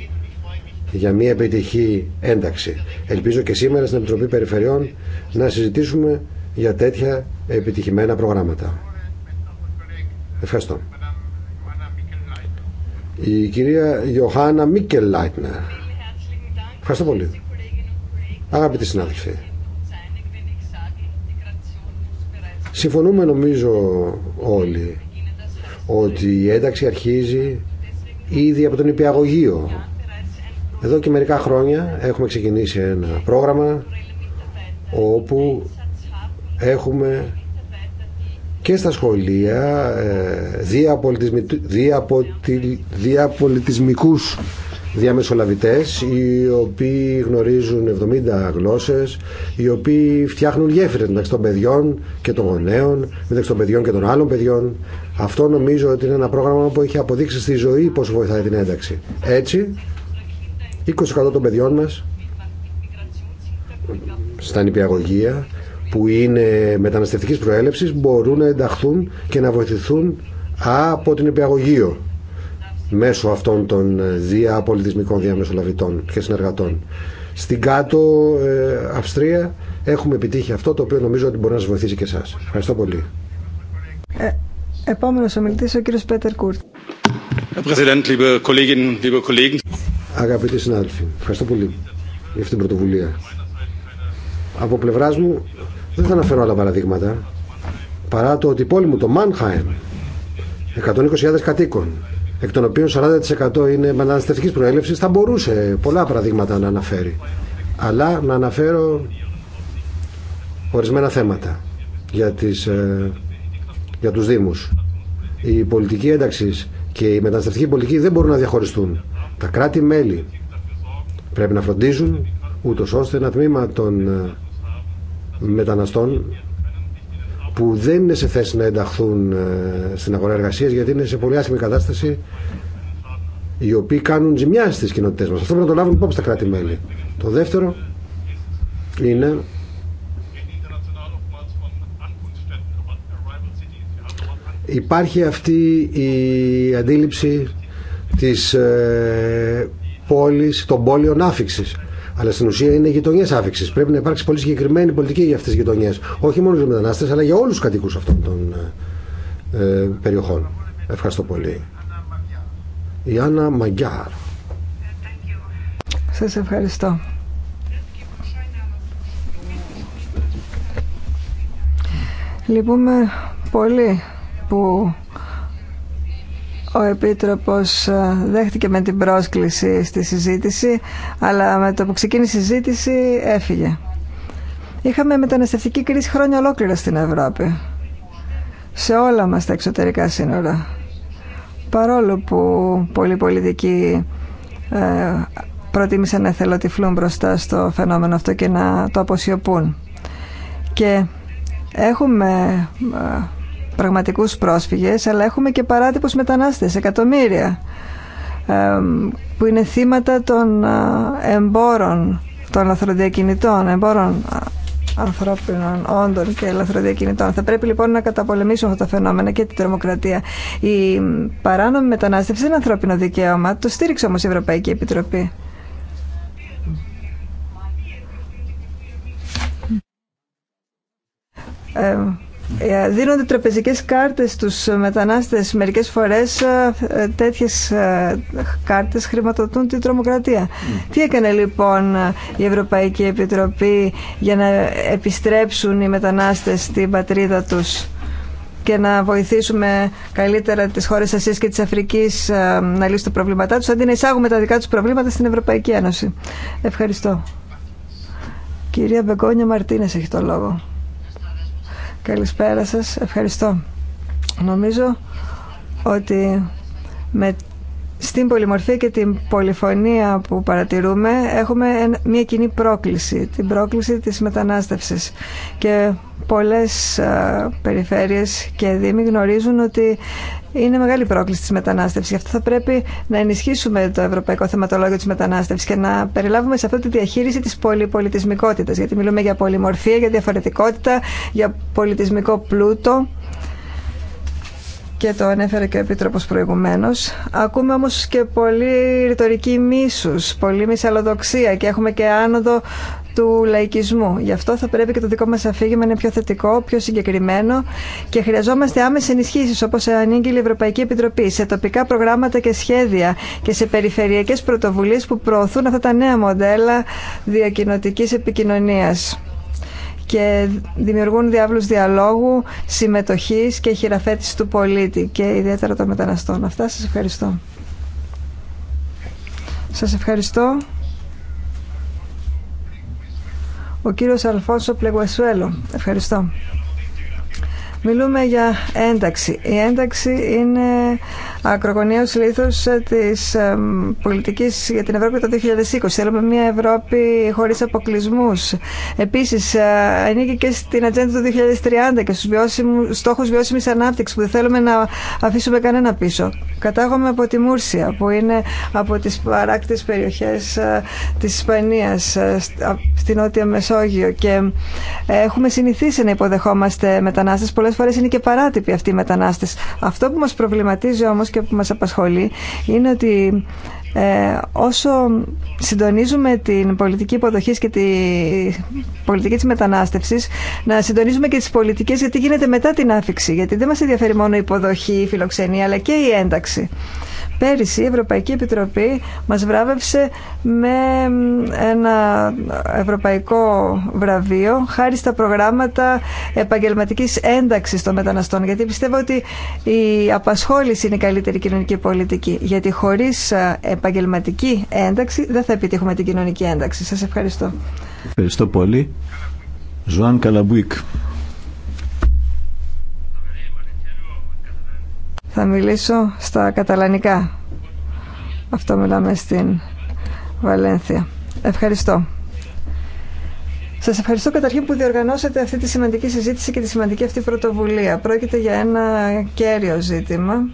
D: για μια επιτυχή ένταξη. Ελπίζω και σήμερα στην Επιτροπή Περιφερειών να συζητήσουμε για τέτοια επιτυχημένα προγράμματα. Ευχαριστώ. Η κυρία Ιωάννα Μίκελ Λάιτνερ. Ευχαριστώ πολύ. Αγαπητοί συνάδελφοι. Συμφωνούμε νομίζω όλοι ότι η ένταξη αρχίζει ήδη από τον υπηαγωγείο εδώ και μερικά χρόνια έχουμε ξεκινήσει ένα πρόγραμμα όπου έχουμε και στα σχολεία ε, διαπολιτισμικούς διαμεσολαβητές οι οποίοι γνωρίζουν 70 γλώσσες οι οποίοι φτιάχνουν γέφυρες μεταξύ των παιδιών και των γονέων μεταξύ των παιδιών και των άλλων παιδιών αυτό νομίζω ότι είναι ένα πρόγραμμα που έχει αποδείξει στη ζωή πόσο βοηθάει την ένταξη έτσι 20% των παιδιών μας στα νηπιαγωγεία που είναι μεταναστευτικής προέλευσης μπορούν να ενταχθούν και να βοηθηθούν από την νηπιαγωγείο μέσω αυτών των ε, διαπολιτισμικών διαμεσολαβητών και συνεργατών. Στην κάτω ε, Αυστρία έχουμε επιτύχει αυτό το οποίο νομίζω ότι μπορεί να σας βοηθήσει και εσάς. Ευχαριστώ πολύ. Ε, Αγαπητοί συνάδελφοι, ευχαριστώ πολύ για αυτή την πρωτοβουλία. Από πλευρά μου δεν θα αναφέρω άλλα παραδείγματα παρά το ότι η πόλη μου, το Μάνχαεμ, 120.000 κατοίκων, εκ των οποίων 40% είναι μεταναστευτική προέλευση, θα μπορούσε πολλά παραδείγματα να αναφέρει. Αλλά να αναφέρω ορισμένα θέματα για, τις, ε, για τους Δήμους. Η πολιτική ένταξη και η μεταναστευτική πολιτική δεν μπορούν να διαχωριστούν. Τα κράτη-μέλη πρέπει να φροντίζουν ούτως ώστε ένα τμήμα των ε, μεταναστών που δεν είναι σε θέση να ενταχθούν ε, στην αγορά εργασία γιατί είναι σε πολύ άσχημη κατάσταση οι οποίοι κάνουν ζημιά στις κοινότητες μας. Αυτό πρέπει να το λάβουν υπόψη τα κράτη-μέλη. Το δεύτερο είναι υπάρχει αυτή η αντίληψη της ε, πόλης, των πόλεων άφηξης. Αλλά στην ουσία είναι γειτονιές άφηξη. Πρέπει να υπάρξει πολύ συγκεκριμένη πολιτική για αυτές τις γειτονίες. Όχι μόνο για μετανάστες, αλλά για όλους του κατοίκου αυτών των ε, ε, περιοχών. Ευχαριστώ πολύ. Η Άννα Μαγκιάρ.
A: Σας ευχαριστώ. Λυπούμε πολύ που ο Επίτροπος ε, δέχτηκε με την πρόσκληση στη συζήτηση, αλλά με το που ξεκίνησε η συζήτηση έφυγε. Είχαμε μεταναστευτική κρίση χρόνια ολόκληρα στην Ευρώπη. Σε όλα μας τα εξωτερικά σύνορα. Παρόλο που πολλοί πολιτικοί ε, προτίμησαν να εθελοτυφλούν μπροστά στο φαινόμενο αυτό και να το αποσιωπούν. Και έχουμε ε, Πραγματικού πρόσφυγε, αλλά έχουμε και παράτυπου μετανάστες, εκατομμύρια, που είναι θύματα των εμπόρων, των λαθροδιακινητών, εμπόρων ανθρώπινων όντων και λαθροδιακινητών. Θα πρέπει λοιπόν να καταπολεμήσουμε αυτά τα φαινόμενα και την τρομοκρατία. Η παράνομη μετανάστευση είναι ανθρώπινο δικαίωμα. Το στήριξε όμω η Ευρωπαϊκή Επιτροπή. Ε, ε, δίνονται τραπεζικές κάρτες στους μετανάστες μερικές φορές ε, τέτοιες ε, κάρτες χρηματοδοτούν την τρομοκρατία mm. τι έκανε λοιπόν η Ευρωπαϊκή Επιτροπή για να επιστρέψουν οι μετανάστες στην πατρίδα τους και να βοηθήσουμε καλύτερα τις χώρες Ασίας και της Αφρικής να λύσουν τα προβλήματά τους αντί να εισάγουμε τα δικά τους προβλήματα στην Ευρωπαϊκή Ένωση Ευχαριστώ Κυρία Μπεκόνια Μαρτίνες έχει το λόγο Καλησπέρα σας. Ευχαριστώ. Νομίζω ότι με στην πολυμορφία και την πολυφωνία που παρατηρούμε έχουμε μια κοινή πρόκληση, την πρόκληση της μετανάστευσης. Και πολλές ε, περιφέρειες και δήμοι γνωρίζουν ότι είναι μεγάλη πρόκληση τη μετανάστευση. Γι' αυτό θα πρέπει να ενισχύσουμε το ευρωπαϊκό θεματολόγιο τη μετανάστευση και να περιλάβουμε σε αυτό τη διαχείριση τη πολυπολιτισμικότητα. Γιατί μιλούμε για πολυμορφία, για διαφορετικότητα, για πολιτισμικό πλούτο και το ανέφερε και ο επίτροπο προηγουμένω. Ακούμε όμω και πολύ ρητορική μίσου, πολύ μυσαλλοδοξία και έχουμε και άνοδο του λαϊκισμού. Γι' αυτό θα πρέπει και το δικό μα αφήγημα να είναι πιο θετικό, πιο συγκεκριμένο και χρειαζόμαστε άμεσε ενισχύσει όπω ανήγγειλε η Ευρωπαϊκή Επιτροπή σε τοπικά προγράμματα και σχέδια και σε περιφερειακέ πρωτοβουλίε που προωθούν αυτά τα νέα μοντέλα διακοινωτικής επικοινωνία και δημιουργούν διάβλους διαλόγου, συμμετοχής και χειραφέτηση του πολίτη και ιδιαίτερα των μεταναστών. Αυτά σας ευχαριστώ. Σας ευχαριστώ. Ο κύριος Αλφόνσο Πλεγουεσουέλο. Ευχαριστώ. Μιλούμε για ένταξη. Η ένταξη είναι ακρογωνίως λήθος της πολιτικής για την Ευρώπη το 2020. Θέλουμε μια Ευρώπη χωρίς αποκλεισμούς. Επίσης, ανήκει ε, και στην ατζέντα του 2030 και στους βιώσιμους, στόχους βιώσιμης ανάπτυξης που δεν θέλουμε να αφήσουμε κανένα πίσω. Κατάγομαι από τη Μούρσια, που είναι από τις παράκτητες περιοχές ε, της Ισπανίας, ε, στην Νότια Μεσόγειο και έχουμε συνηθίσει να υποδεχόμαστε μετανάστες πολλές φορές είναι και παράτυποι αυτοί οι μετανάστες. Αυτό που μας προβληματίζει όμως και που μας απασχολεί είναι ότι ε, όσο συντονίζουμε την πολιτική υποδοχής και τη πολιτική της μετανάστευσης να συντονίζουμε και τις πολιτικές γιατί γίνεται μετά την άφηξη γιατί δεν μας ενδιαφέρει μόνο η υποδοχή, η φιλοξενία αλλά και η ένταξη. Πέρυσι η Ευρωπαϊκή Επιτροπή μας βράβευσε με ένα ευρωπαϊκό βραβείο χάρη στα προγράμματα επαγγελματικής ένταξης των μεταναστών γιατί πιστεύω ότι η απασχόληση είναι η καλύτερη κοινωνική πολιτική γιατί χωρίς ε, επαγγελματική ένταξη δεν θα επιτύχουμε την κοινωνική ένταξη. Σας ευχαριστώ.
C: Ευχαριστώ πολύ. Καλαμπουίκ.
A: Θα μιλήσω στα καταλανικά. Αυτό μιλάμε στην Βαλένθια. Ευχαριστώ. Σα ευχαριστώ καταρχήν που διοργανώσατε αυτή τη σημαντική συζήτηση και τη σημαντική αυτή πρωτοβουλία. Πρόκειται για ένα κέριο ζήτημα.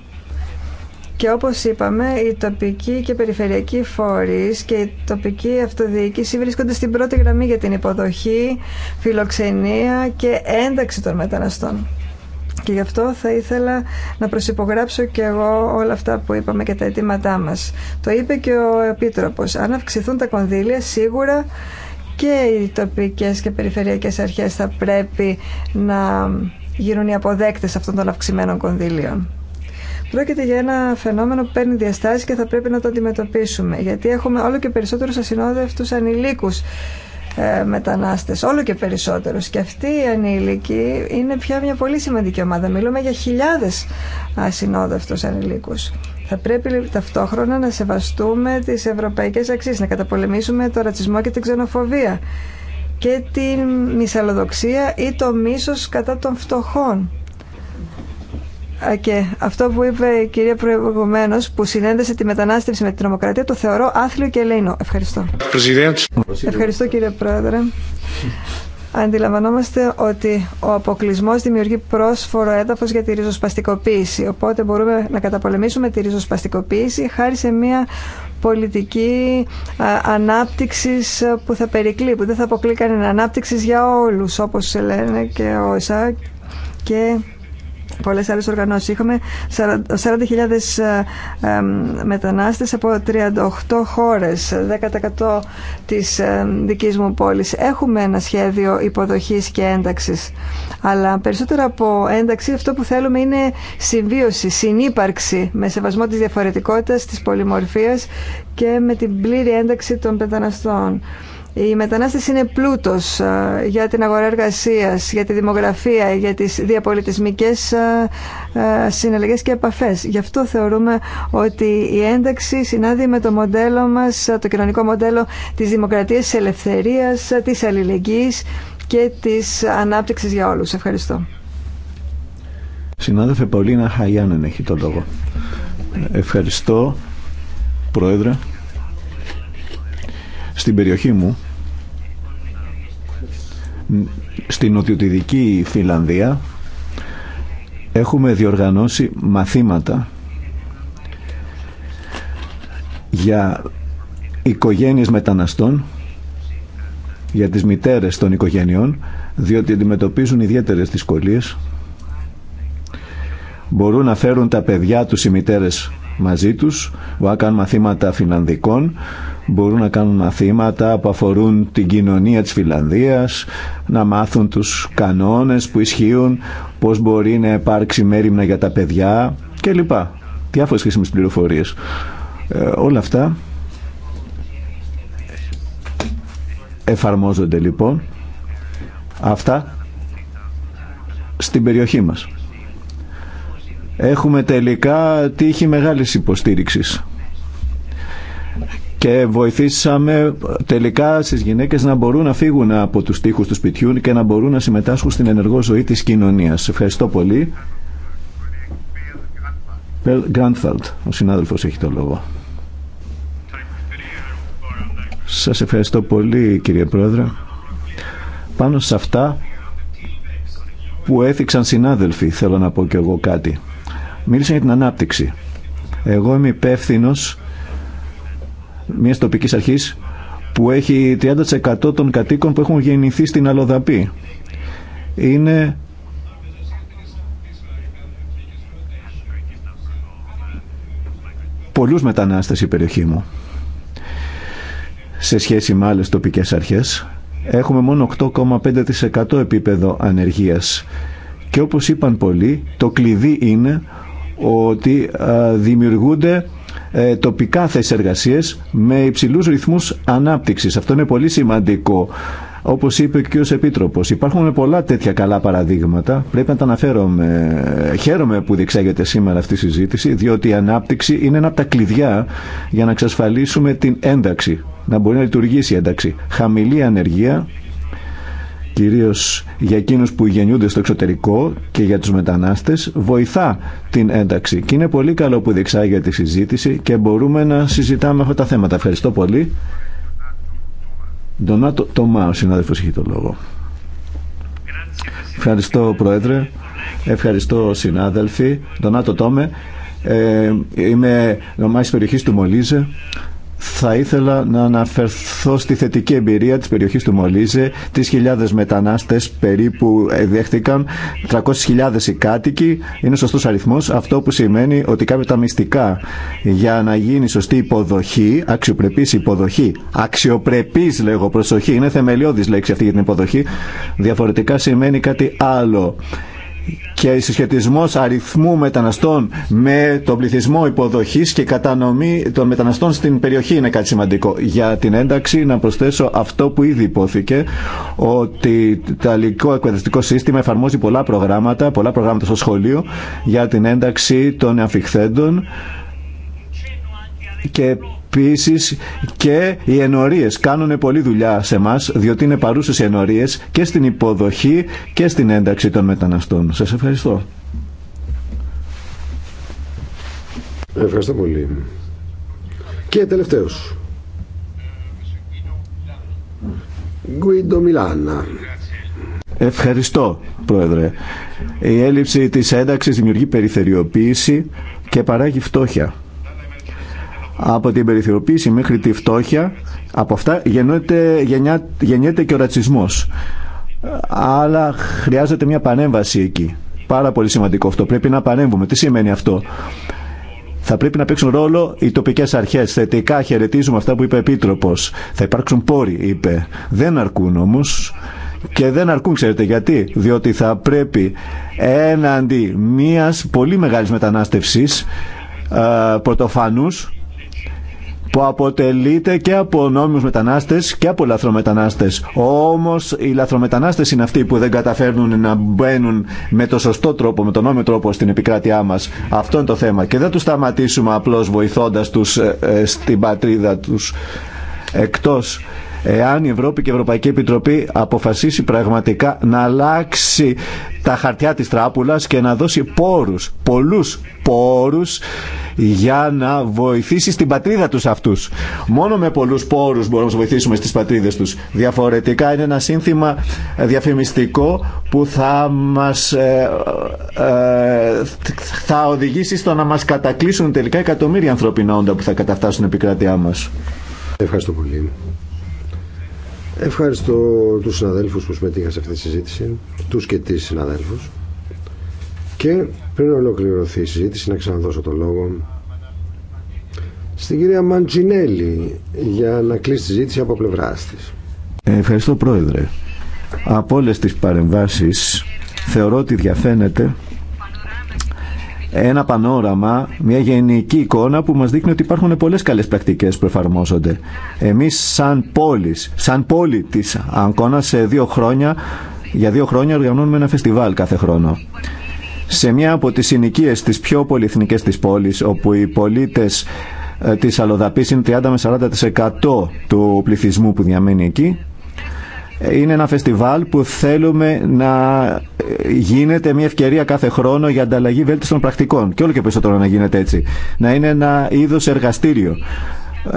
A: Και όπως είπαμε, οι τοπικοί και περιφερειακοί φορείς και η τοπική αυτοδιοίκηση βρίσκονται στην πρώτη γραμμή για την υποδοχή, φιλοξενία και ένταξη των μεταναστών. Και γι' αυτό θα ήθελα να προσυπογράψω και εγώ όλα αυτά που είπαμε και τα αιτήματά μας. Το είπε και ο Επίτροπος. Αν αυξηθούν τα κονδύλια, σίγουρα και οι τοπικές και περιφερειακές αρχές θα πρέπει να γίνουν οι αποδέκτες αυτών των αυξημένων κονδύλιων. Πρόκειται για ένα φαινόμενο που παίρνει διαστάσεις και θα πρέπει να το αντιμετωπίσουμε, γιατί έχουμε όλο και περισσότερους ασυνόδευτους ανηλίκους ε, μετανάστες, όλο και περισσότερους. Και αυτοί οι ανήλικοι είναι πια μια πολύ σημαντική ομάδα. Μιλούμε για χιλιάδες ασυνόδευτους ανηλίκους. Θα πρέπει ταυτόχρονα να σεβαστούμε τις ευρωπαϊκές αξίες, να καταπολεμήσουμε το ρατσισμό και την ξενοφοβία και την μυσαλλοδοξία ή το μίσος κατά των φτωχών. Και αυτό που είπε η κυρία προηγουμένω, που συνέντεσε τη μετανάστευση με την τρομοκρατία, το θεωρώ άθλιο και ελεηνό. Ευχαριστώ. Ευχαριστώ κύριε Πρόεδρε. Αντιλαμβανόμαστε ότι ο αποκλεισμό δημιουργεί πρόσφορο έδαφο για τη ριζοσπαστικοποίηση. Οπότε μπορούμε να καταπολεμήσουμε τη ριζοσπαστικοποίηση χάρη σε μια πολιτική ανάπτυξη που θα περικλεί, που δεν θα αποκλεί κανένα ανάπτυξη για όλου, όπω λένε και όσα. Και πολλές άλλες οργανώσεις. Είχαμε 40.000 ε, ε, μετανάστες από 38 χώρες, 10% της ε, δικής μου πόλης. Έχουμε ένα σχέδιο υποδοχής και ένταξης, αλλά περισσότερο από ένταξη αυτό που θέλουμε είναι συμβίωση, συνύπαρξη με σεβασμό της διαφορετικότητας, της πολυμορφίας και με την πλήρη ένταξη των μεταναστών. Η μετανάστευση είναι πλούτος ε, για την αγορά εργασίας, για τη δημογραφία, για τις διαπολιτισμικές ε, ε, συναλλαγές και επαφές. Γι' αυτό θεωρούμε ότι η ένταξη συνάδει με το μοντέλο μας, το κοινωνικό μοντέλο της δημοκρατίας, της ελευθερίας, της αλληλεγγύης και της ανάπτυξης για όλους. Ευχαριστώ.
C: Συνάδελφε Πολίνα Χαϊάννεν έχει το λόγο. Ευχαριστώ, Πρόεδρε. Στην περιοχή μου στην νοτιοτιδική Φιλανδία έχουμε διοργανώσει μαθήματα για οικογένειες μεταναστών για τις μητέρες των οικογένειών διότι αντιμετωπίζουν ιδιαίτερες δυσκολίες μπορούν να φέρουν τα παιδιά τους οι μητέρες μαζί τους να κάνουν μαθήματα φιλανδικών μπορούν να κάνουν μαθήματα που αφορούν την κοινωνία της Φιλανδίας, να μάθουν τους κανόνες που ισχύουν, πώς μπορεί να υπάρξει μέρημνα για τα παιδιά κλπ. Διάφορες χρήσιμες πληροφορίες. Ε, όλα αυτά εφαρμόζονται λοιπόν αυτά στην περιοχή μας. Έχουμε τελικά τύχη μεγάλης υποστήριξης και βοηθήσαμε τελικά στις γυναίκες να μπορούν να φύγουν από τους τοίχους του σπιτιού και να μπορούν να συμμετάσχουν στην ενεργό ζωή της κοινωνίας. Ευχαριστώ πολύ. Πελ Γκραντφαλτ, ο συνάδελφος έχει το λόγο. Σας ευχαριστώ πολύ κύριε Πρόεδρε. Πάνω σε αυτά που έθιξαν συνάδελφοι θέλω να πω και εγώ κάτι. Μίλησα για την ανάπτυξη. Εγώ είμαι υπεύθυνο μια τοπική αρχή που έχει 30% των κατοίκων που έχουν γεννηθεί στην Αλοδαπή. Είναι πολλούς μετανάστες η περιοχή μου σε σχέση με άλλες τοπικές αρχές. Έχουμε μόνο 8,5% επίπεδο ανεργίας. Και όπως είπαν πολλοί, το κλειδί είναι ότι δημιουργούνται ε, τοπικά θέσει εργασίε με υψηλού ρυθμού ανάπτυξη. Αυτό είναι πολύ σημαντικό. Όπω είπε και ο Επίτροπο, υπάρχουν πολλά τέτοια καλά παραδείγματα. Πρέπει να τα αναφέρομαι. Χαίρομαι που διεξάγεται σήμερα αυτή η συζήτηση, διότι η ανάπτυξη είναι ένα από τα κλειδιά για να εξασφαλίσουμε την ένταξη. Να μπορεί να λειτουργήσει η ένταξη. Χαμηλή ανεργία, κυρίως για εκείνους που γεννιούνται στο εξωτερικό και για τους μετανάστες, βοηθά την ένταξη. Και είναι πολύ καλό που διεξάγει τη συζήτηση και μπορούμε να συζητάμε αυτά τα θέματα. Ευχαριστώ πολύ. Ντονάτο Τωμά, ο συνάδελφος έχει το λόγο. Ευχαριστώ, Πρόεδρε. Ευχαριστώ, συνάδελφοι. Ντονάτο Τόμε. Ε, είμαι νομάς περιοχής του Μολίζε θα ήθελα να αναφερθώ στη θετική εμπειρία της περιοχής του Μολύζε. χιλιάδες μετανάστες περίπου ε, δέχτηκαν, 300.000 οι κάτοικοι. Είναι σωστός αριθμός, αυτό που σημαίνει ότι κάποια τα μυστικά για να γίνει σωστή υποδοχή, αξιοπρεπής υποδοχή, αξιοπρεπής λέγω προσοχή, είναι θεμελιώδης λέξη αυτή για την υποδοχή, διαφορετικά σημαίνει κάτι άλλο και συσχετισμό αριθμού μεταναστών με τον πληθυσμό υποδοχής και κατανομή των μεταναστών στην περιοχή είναι κάτι σημαντικό. Για την ένταξη να προσθέσω αυτό που ήδη υπόθηκε ότι το Ιταλικό εκπαιδευτικό σύστημα εφαρμόζει πολλά προγράμματα, πολλά προγράμματα στο σχολείο για την ένταξη των αμφιχθέντων και επίση και οι ενορίε κάνουν πολλή δουλειά σε εμά, διότι είναι παρούσε οι ενορίε και στην υποδοχή και στην ένταξη των μεταναστών. Σα ευχαριστώ.
D: Ευχαριστώ πολύ. Και τελευταίος. Μιλάνα.
C: Ευχαριστώ, Πρόεδρε. Η έλλειψη της ένταξης δημιουργεί περιθεριοποίηση και παράγει φτώχεια από την περιθυροποίηση μέχρι τη φτώχεια, από αυτά γεννιέται, γεννιέται και ο ρατσισμός. Αλλά χρειάζεται μια πανέμβαση εκεί. Πάρα πολύ σημαντικό αυτό. Πρέπει να πανέμβουμε. Τι σημαίνει αυτό. Θα πρέπει να παίξουν ρόλο οι τοπικέ αρχέ. Θετικά χαιρετίζουμε αυτά που είπε ο Επίτροπο. Θα υπάρξουν πόροι, είπε. Δεν αρκούν όμω. Και δεν αρκούν, ξέρετε γιατί. Διότι θα πρέπει έναντι μια πολύ μεγάλη μετανάστευση ε, πρωτοφάνου που αποτελείται και από νόμιμους μετανάστες και από λαθρομετανάστες. Όμως οι λαθρομετανάστες είναι αυτοί που δεν καταφέρνουν να μπαίνουν με το σωστό τρόπο, με τον νόμιμο τρόπο στην επικράτειά μας. Αυτό είναι το θέμα. Και δεν τους σταματήσουμε απλώς βοηθώντας τους ε, ε, στην πατρίδα τους εκτός Εάν η Ευρώπη και η Ευρωπαϊκή Επιτροπή αποφασίσει πραγματικά να αλλάξει τα χαρτιά της τράπουλας και να δώσει πόρους, πολλούς πόρους για να βοηθήσει στην πατρίδα τους αυτούς. Μόνο με πολλούς πόρους μπορούμε να βοηθήσουμε στις πατρίδες τους. Διαφορετικά είναι ένα σύνθημα διαφημιστικό που θα μας ε, ε, θα οδηγήσει στο να μας κατακλείσουν τελικά εκατομμύρια ανθρωπινά που θα καταφτάσουν επικράτειά μας. Ευχαριστώ πολύ.
D: Ευχαριστώ τους συναδέλφους που συμμετείχαν σε αυτή τη συζήτηση, τους και τις συναδέλφους. Και πριν ολοκληρωθεί η συζήτηση, να ξαναδώσω το λόγο στην κυρία Μαντζινέλη για να κλείσει τη συζήτηση από πλευρά τη.
C: Ευχαριστώ Πρόεδρε. Από όλε τις παρεμβάσεις θεωρώ ότι διαφαίνεται ένα πανόραμα, μια γενική εικόνα που μας δείχνει ότι υπάρχουν πολλές καλές πρακτικές που εφαρμόζονται. Εμείς σαν πόλη, σαν πόλη της Αγκώνας σε δύο χρόνια, για δύο χρόνια οργανώνουμε ένα φεστιβάλ κάθε χρόνο. Σε μια από τις συνοικίες της πιο πολυεθνικές της πόλης, όπου οι πολίτες ε, της Αλοδαπής είναι 30 με 40% του πληθυσμού που διαμένει εκεί, είναι ένα φεστιβάλ που θέλουμε να γίνεται μια ευκαιρία κάθε χρόνο για ανταλλαγή βέλτιστων πρακτικών και όλο και περισσότερο να γίνεται έτσι. Να είναι ένα είδος εργαστήριο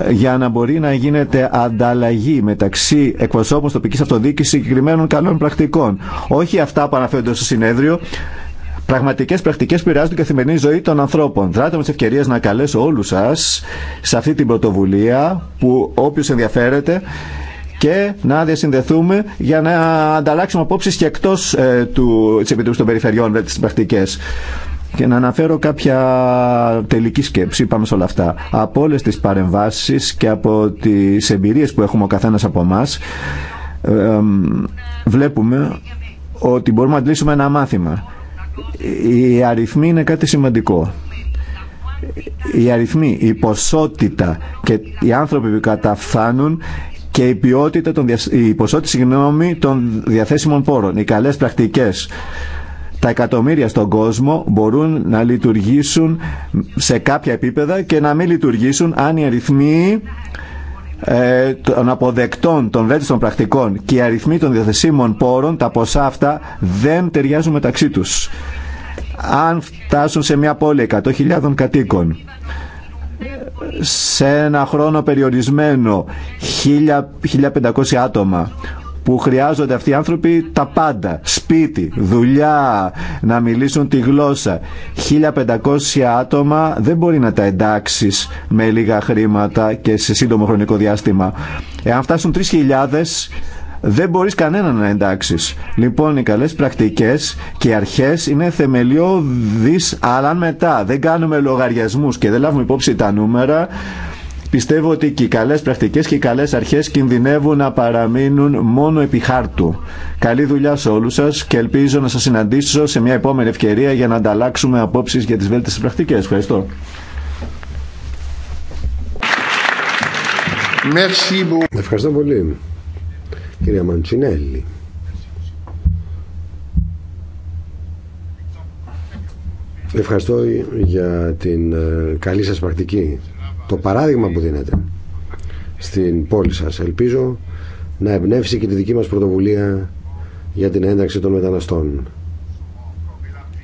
C: ε, για να μπορεί να γίνεται ανταλλαγή μεταξύ εκπροσώπων τοπική αυτοδιοίκηση συγκεκριμένων καλών πρακτικών. Όχι αυτά που αναφέρονται στο συνέδριο. Πραγματικέ πρακτικέ που επηρεάζουν την καθημερινή ζωή των ανθρώπων. Δράτε με τι ευκαιρίε να καλέσω όλου σα σε αυτή την πρωτοβουλία που όποιο ενδιαφέρεται και να διασυνδεθούμε για να ανταλλάξουμε απόψεις και εκτός ε, του, της Επιτροπής των Περιφερειών με τις πρακτικές. Και να αναφέρω κάποια τελική σκέψη πάμε σε όλα αυτά. Από όλε τι παρεμβάσει και από τι εμπειρίε που έχουμε ο καθένα από εμά, βλέπουμε ότι μπορούμε να αντλήσουμε ένα μάθημα. η αριθμοί είναι κάτι σημαντικό. Οι αριθμοί, η ποσότητα και οι άνθρωποι που καταφθάνουν και η, ποιότητα των, η ποσότητα των διαθέσιμων πόρων, οι καλές πρακτικές. Τα εκατομμύρια στον κόσμο μπορούν να λειτουργήσουν σε κάποια επίπεδα και να μην λειτουργήσουν αν οι αριθμοί ε, των αποδεκτών των βέλτιστων πρακτικών και οι αριθμοί των διαθεσίμων πόρων, τα ποσά αυτά δεν ταιριάζουν μεταξύ τους. Αν φτάσουν σε μια πόλη 100.000 κατοίκων σε ένα χρόνο περιορισμένο 1500 άτομα που χρειάζονται αυτοί οι άνθρωποι τα πάντα. Σπίτι, δουλειά, να μιλήσουν τη γλώσσα. 1500 άτομα δεν μπορεί να τα εντάξεις με λίγα χρήματα και σε σύντομο χρονικό διάστημα. Εάν φτάσουν 3000 δεν μπορείς κανέναν να εντάξεις. Λοιπόν, οι καλές πρακτικές και οι αρχές είναι θεμελιώδεις, αλλά αν μετά δεν κάνουμε λογαριασμούς και δεν λάβουμε υπόψη τα νούμερα, πιστεύω ότι και οι καλές πρακτικές και οι καλές αρχές κινδυνεύουν να παραμείνουν μόνο επί χάρτου. Καλή δουλειά σε όλους σας και ελπίζω να σας συναντήσω σε μια επόμενη ευκαιρία για να ανταλλάξουμε απόψεις για τις βέλτιστες πρακτικές. Ευχαριστώ.
D: Ευχαριστώ πολύ. Κυρία Μαντσινέλη. Ευχαριστώ για την ε, καλή σας πρακτική. Το παράδειγμα που δίνετε στην πόλη σας. Ελπίζω να εμπνεύσει και τη δική μας πρωτοβουλία για την ένταξη των μεταναστών.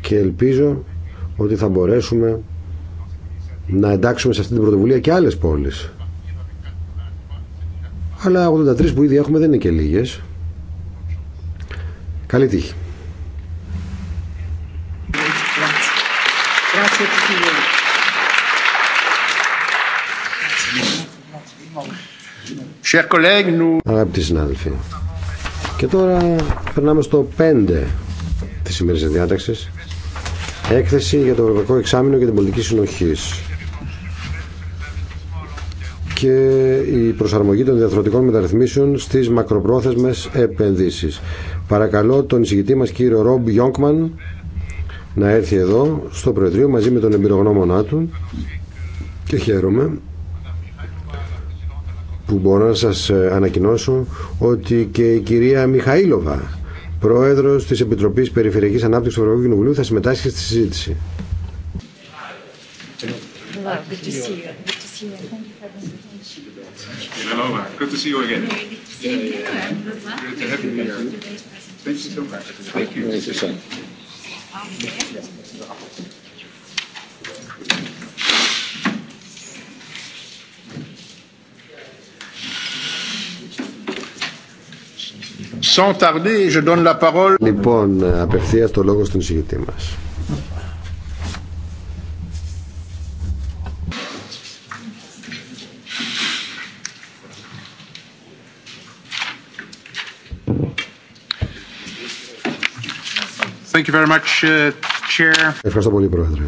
D: Και ελπίζω ότι θα μπορέσουμε να εντάξουμε σε αυτή την πρωτοβουλία και άλλες πόλεις αλλά 83 που ήδη έχουμε δεν είναι και λίγε. Καλή τύχη. Αγαπητοί συνάδελφοι, και τώρα περνάμε στο 5 της σημερινής διάταξης. Έκθεση για το Ευρωπαϊκό Εξάμεινο και την Πολιτική Συνοχής και η προσαρμογή των διαθροτικών μεταρρυθμίσεων στις μακροπρόθεσμες επενδύσεις. Παρακαλώ τον εισηγητή μας κύριο Ρόμπ Γιόγκμαν να έρθει εδώ στο Προεδρείο μαζί με τον εμπειρογνώμονά του και χαίρομαι που μπορώ να σας ε, ανακοινώσω ότι και η κυρία Μιχαήλοβα, πρόεδρος της Επιτροπής Περιφερειακής Ανάπτυξης του Ευρωπαϊκού Κοινοβουλίου, θα συμμετάσχει στη συζήτηση you and thank you for the Thank you Sans tarder, je donne la parole. Λοιπόν, το λόγο εισηγητή
B: Thank you very much, uh, Chair.
D: Ευχαριστώ πολύ, Πρόεδρε.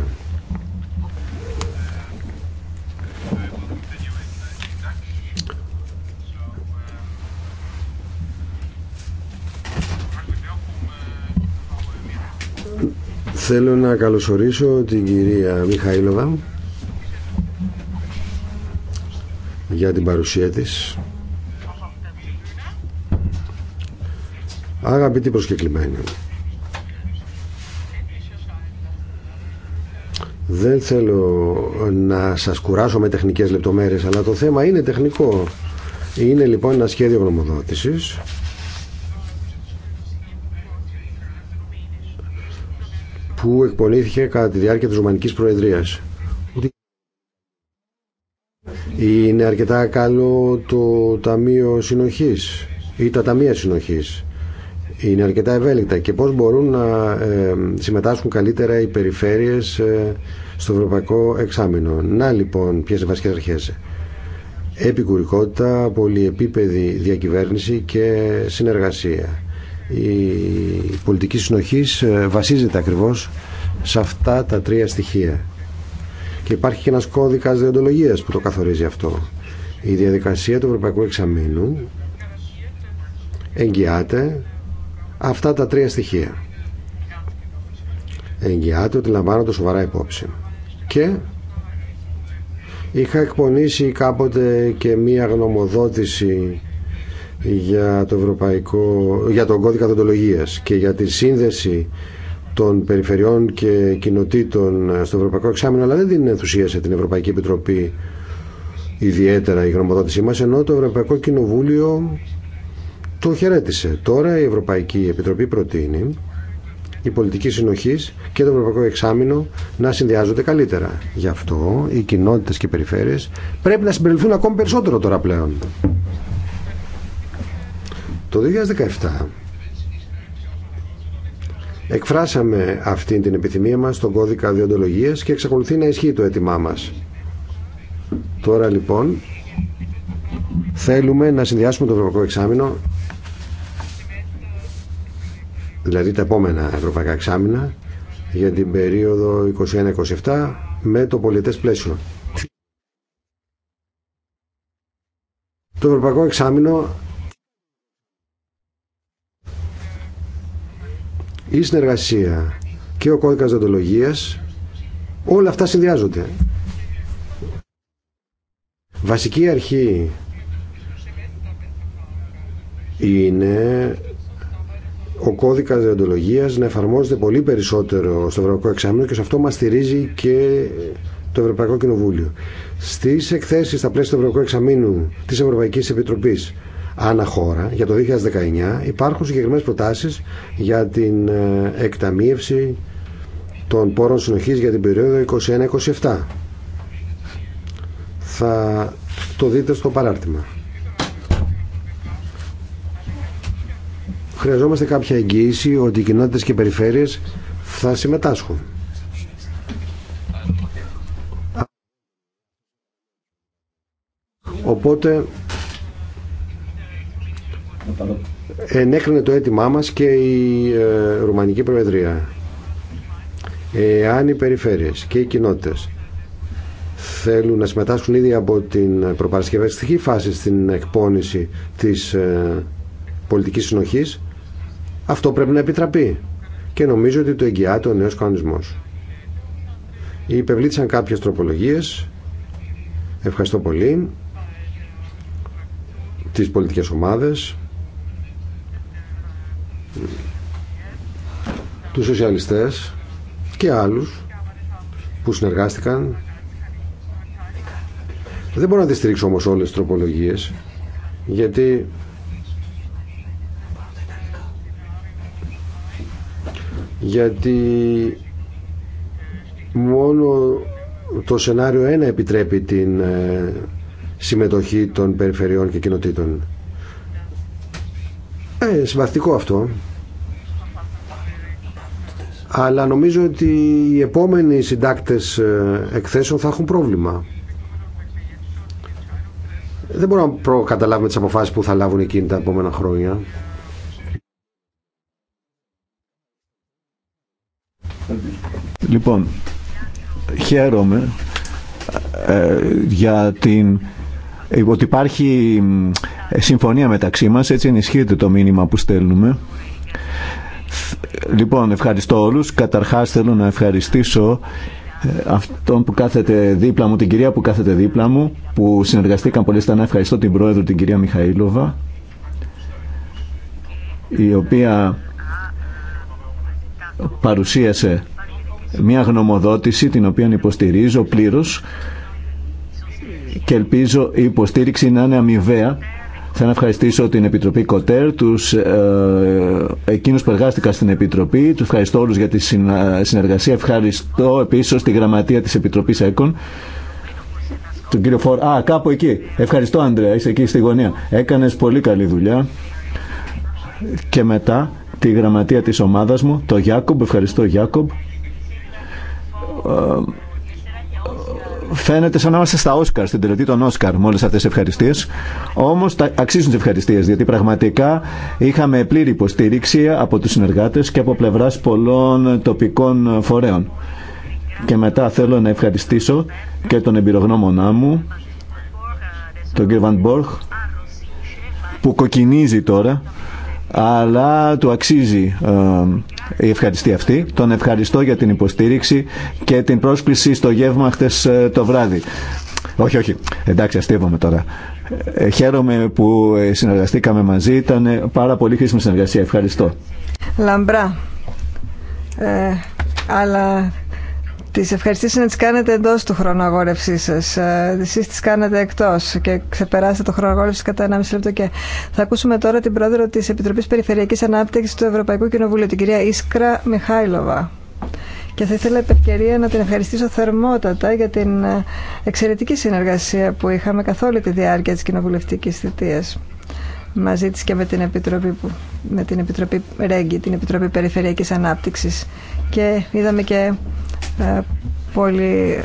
D: Θέλω να καλωσορίσω την κυρία Μιχαήλοβα για την παρουσία της. Αγαπητοί προσκεκλημένοι, Δεν θέλω να σας κουράσω με τεχνικές λεπτομέρειες, αλλά το θέμα είναι τεχνικό. Είναι λοιπόν ένα σχέδιο γνωμοδότησης που εκπονήθηκε κατά τη διάρκεια της Ρουμανικής Προεδρίας. Είναι αρκετά καλό το Ταμείο Συνοχής ή τα Ταμεία Συνοχής είναι αρκετά ευέλικτα και πώς μπορούν να συμμετάσχουν καλύτερα οι περιφέρειες ε, στο ευρωπαϊκό εξάμεινο. Να λοιπόν ποιες είναι οι βασικές αρχές. Επικουρικότητα, πολυεπίπεδη διακυβέρνηση και συνεργασία. Η πολιτική συνοχής ε, βασίζεται ακριβώς σε αυτά τα τρία στοιχεία. Και υπάρχει και ένας κώδικας διοντολογίας που το καθορίζει αυτό. Η διαδικασία του Ευρωπαϊκού Εξαμήνου εγγυάται αυτά τα τρία στοιχεία. Εγγυάται ότι λαμβάνονται σοβαρά υπόψη. Και είχα εκπονήσει κάποτε και μία γνωμοδότηση για, το ευρωπαϊκό, για τον κώδικα δοντολογίας και για τη σύνδεση των περιφερειών και κοινοτήτων στο Ευρωπαϊκό Εξάμεινο, αλλά δεν την ενθουσίασε την Ευρωπαϊκή Επιτροπή ιδιαίτερα η γνωμοδότησή μας, ενώ το Ευρωπαϊκό Κοινοβούλιο το χαιρέτησε. Τώρα η Ευρωπαϊκή Επιτροπή προτείνει η πολιτική συνοχή και το ευρωπαϊκό εξάμεινο να συνδυάζονται καλύτερα. Γι' αυτό οι κοινότητε και οι περιφέρειε πρέπει να συμπεριληφθούν ακόμη περισσότερο τώρα πλέον. Το 2017 εκφράσαμε αυτή την επιθυμία μας στον κώδικα διοντολογίας και εξακολουθεί να ισχύει το αίτημά μας. Τώρα λοιπόν θέλουμε να συνδυάσουμε το ευρωπαϊκό εξάμεινο δηλαδή τα επόμενα ευρωπαϊκά εξάμεινα για την περίοδο 21-27 με το πολιτές πλαίσιο. Το ευρωπαϊκό εξάμεινο η συνεργασία και ο κώδικας δοντολογίας όλα αυτά συνδυάζονται. Βασική αρχή είναι ο κώδικα διοντολογία να εφαρμόζεται πολύ περισσότερο στο Ευρωπαϊκό Εξάμεινο και σε αυτό μα στηρίζει και το Ευρωπαϊκό Κοινοβούλιο. Στι εκθέσει στα πλαίσια του Ευρωπαϊκού Εξαμήνου τη Ευρωπαϊκή Επιτροπή ανά χώρα για το 2019 υπάρχουν συγκεκριμένε προτάσει για την ε, εκταμείευση των πόρων συνοχή για την περίοδο 21-27. Θα το δείτε στο παράρτημα. χρειαζόμαστε κάποια εγγύηση ότι οι κοινότητες και οι περιφέρειες θα συμμετάσχουν. Οπότε ενέκρινε το αίτημά μας και η ε, Ρουμανική Προεδρία. Εάν οι περιφέρειες και οι κοινότητες θέλουν να συμμετάσχουν ήδη από την προπαρασκευαστική φάση στην εκπόνηση της ε, πολιτικής συνοχής αυτό πρέπει να επιτραπεί. Και νομίζω ότι το εγγυάται ο νέος κανονισμός. Υπευλήθησαν κάποιες τροπολογίες. Ευχαριστώ πολύ τι πολιτικές ομάδες Του σοσιαλιστές και άλλους που συνεργάστηκαν δεν μπορώ να τη στηρίξω όμω όλες τις τροπολογίες γιατί γιατί μόνο το σενάριο 1 επιτρέπει την ε, συμμετοχή των περιφερειών και κοινοτήτων. Ε, συμπαθητικό αυτό. Αλλά νομίζω ότι οι επόμενοι συντάκτες ε, εκθέσεων θα έχουν πρόβλημα. Δεν μπορούμε να προκαταλάβουμε τις αποφάσεις που θα λάβουν εκείνη τα επόμενα χρόνια. Λοιπόν, χαίρομαι
C: ε, για την ε, ότι υπάρχει ε, συμφωνία μεταξύ μας, έτσι ενισχύεται το μήνυμα που στέλνουμε. Λοιπόν, ευχαριστώ όλους. Καταρχάς θέλω να ευχαριστήσω αυτόν που κάθεται δίπλα μου, την κυρία που κάθεται δίπλα μου, που συνεργαστήκαν πολύ στενά. Ευχαριστώ την πρόεδρο, την κυρία Μιχαήλοβα, η οποία παρουσίασε μια γνωμοδότηση την οποία υποστηρίζω πλήρως και ελπίζω η υποστήριξη να είναι αμοιβαία. θα να ευχαριστήσω την Επιτροπή Κοτέρ, τους ε, εκείνους που εργάστηκαν στην Επιτροπή, τους ευχαριστώ όλους για τη συνεργασία, ευχαριστώ επίσης τη γραμματεία της Επιτροπής ΕΚΟΝ, τον κύριο Φορ, α κάπου εκεί, ευχαριστώ Ανδρέα είσαι εκεί στη γωνία, έκανες πολύ καλή δουλειά και μετά τη γραμματεία της ομάδας μου, το Γιάκομπ, ευχαριστώ Γιάκομπ, ε, φαίνεται σαν να είμαστε στα Όσκαρ, στην τελετή των Όσκαρ με όλε αυτέ τι ευχαριστίε. Όμω αξίζουν τι ευχαριστίε, γιατί πραγματικά είχαμε πλήρη υποστήριξη από του συνεργάτε και από πλευρά πολλών τοπικών φορέων. Και μετά θέλω να ευχαριστήσω και τον εμπειρογνώμονά μου, τον κ. Βαν Μπόρχ, που κοκκινίζει τώρα αλλά του αξίζει ε, η ευχαριστή αυτή. Τον ευχαριστώ για την υποστήριξη και την πρόσκληση στο γεύμα χτες ε, το βράδυ. Όχι, όχι. Εντάξει, αστείευομαι τώρα. Ε, χαίρομαι που συνεργαστήκαμε μαζί. Ήταν πάρα πολύ χρήσιμη συνεργασία. Ευχαριστώ.
A: Λαμπρά. αλλά Τις ευχαριστήσω να τι κάνετε εντό του χρόνου αγόρευσή σας. Ε, εσείς τις κάνετε εκτός και ξεπεράσετε το χρόνο κατά 1,5 λεπτό και θα ακούσουμε τώρα την πρόεδρο τη Επιτροπή Περιφερειακή Ανάπτυξη του Ευρωπαϊκού Κοινοβουλίου, την κυρία Ίσκρα Μιχάηλοβα. Και θα ήθελα επ' να την ευχαριστήσω θερμότατα για την ε, εξαιρετική συνεργασία που είχαμε καθ' όλη τη διάρκεια τη κοινοβουλευτική θητεία μαζί της και με την Επιτροπή, που, με την Επιτροπή Ρέγγι, την Επιτροπή Περιφερειακής Και είδαμε και ε, πολύ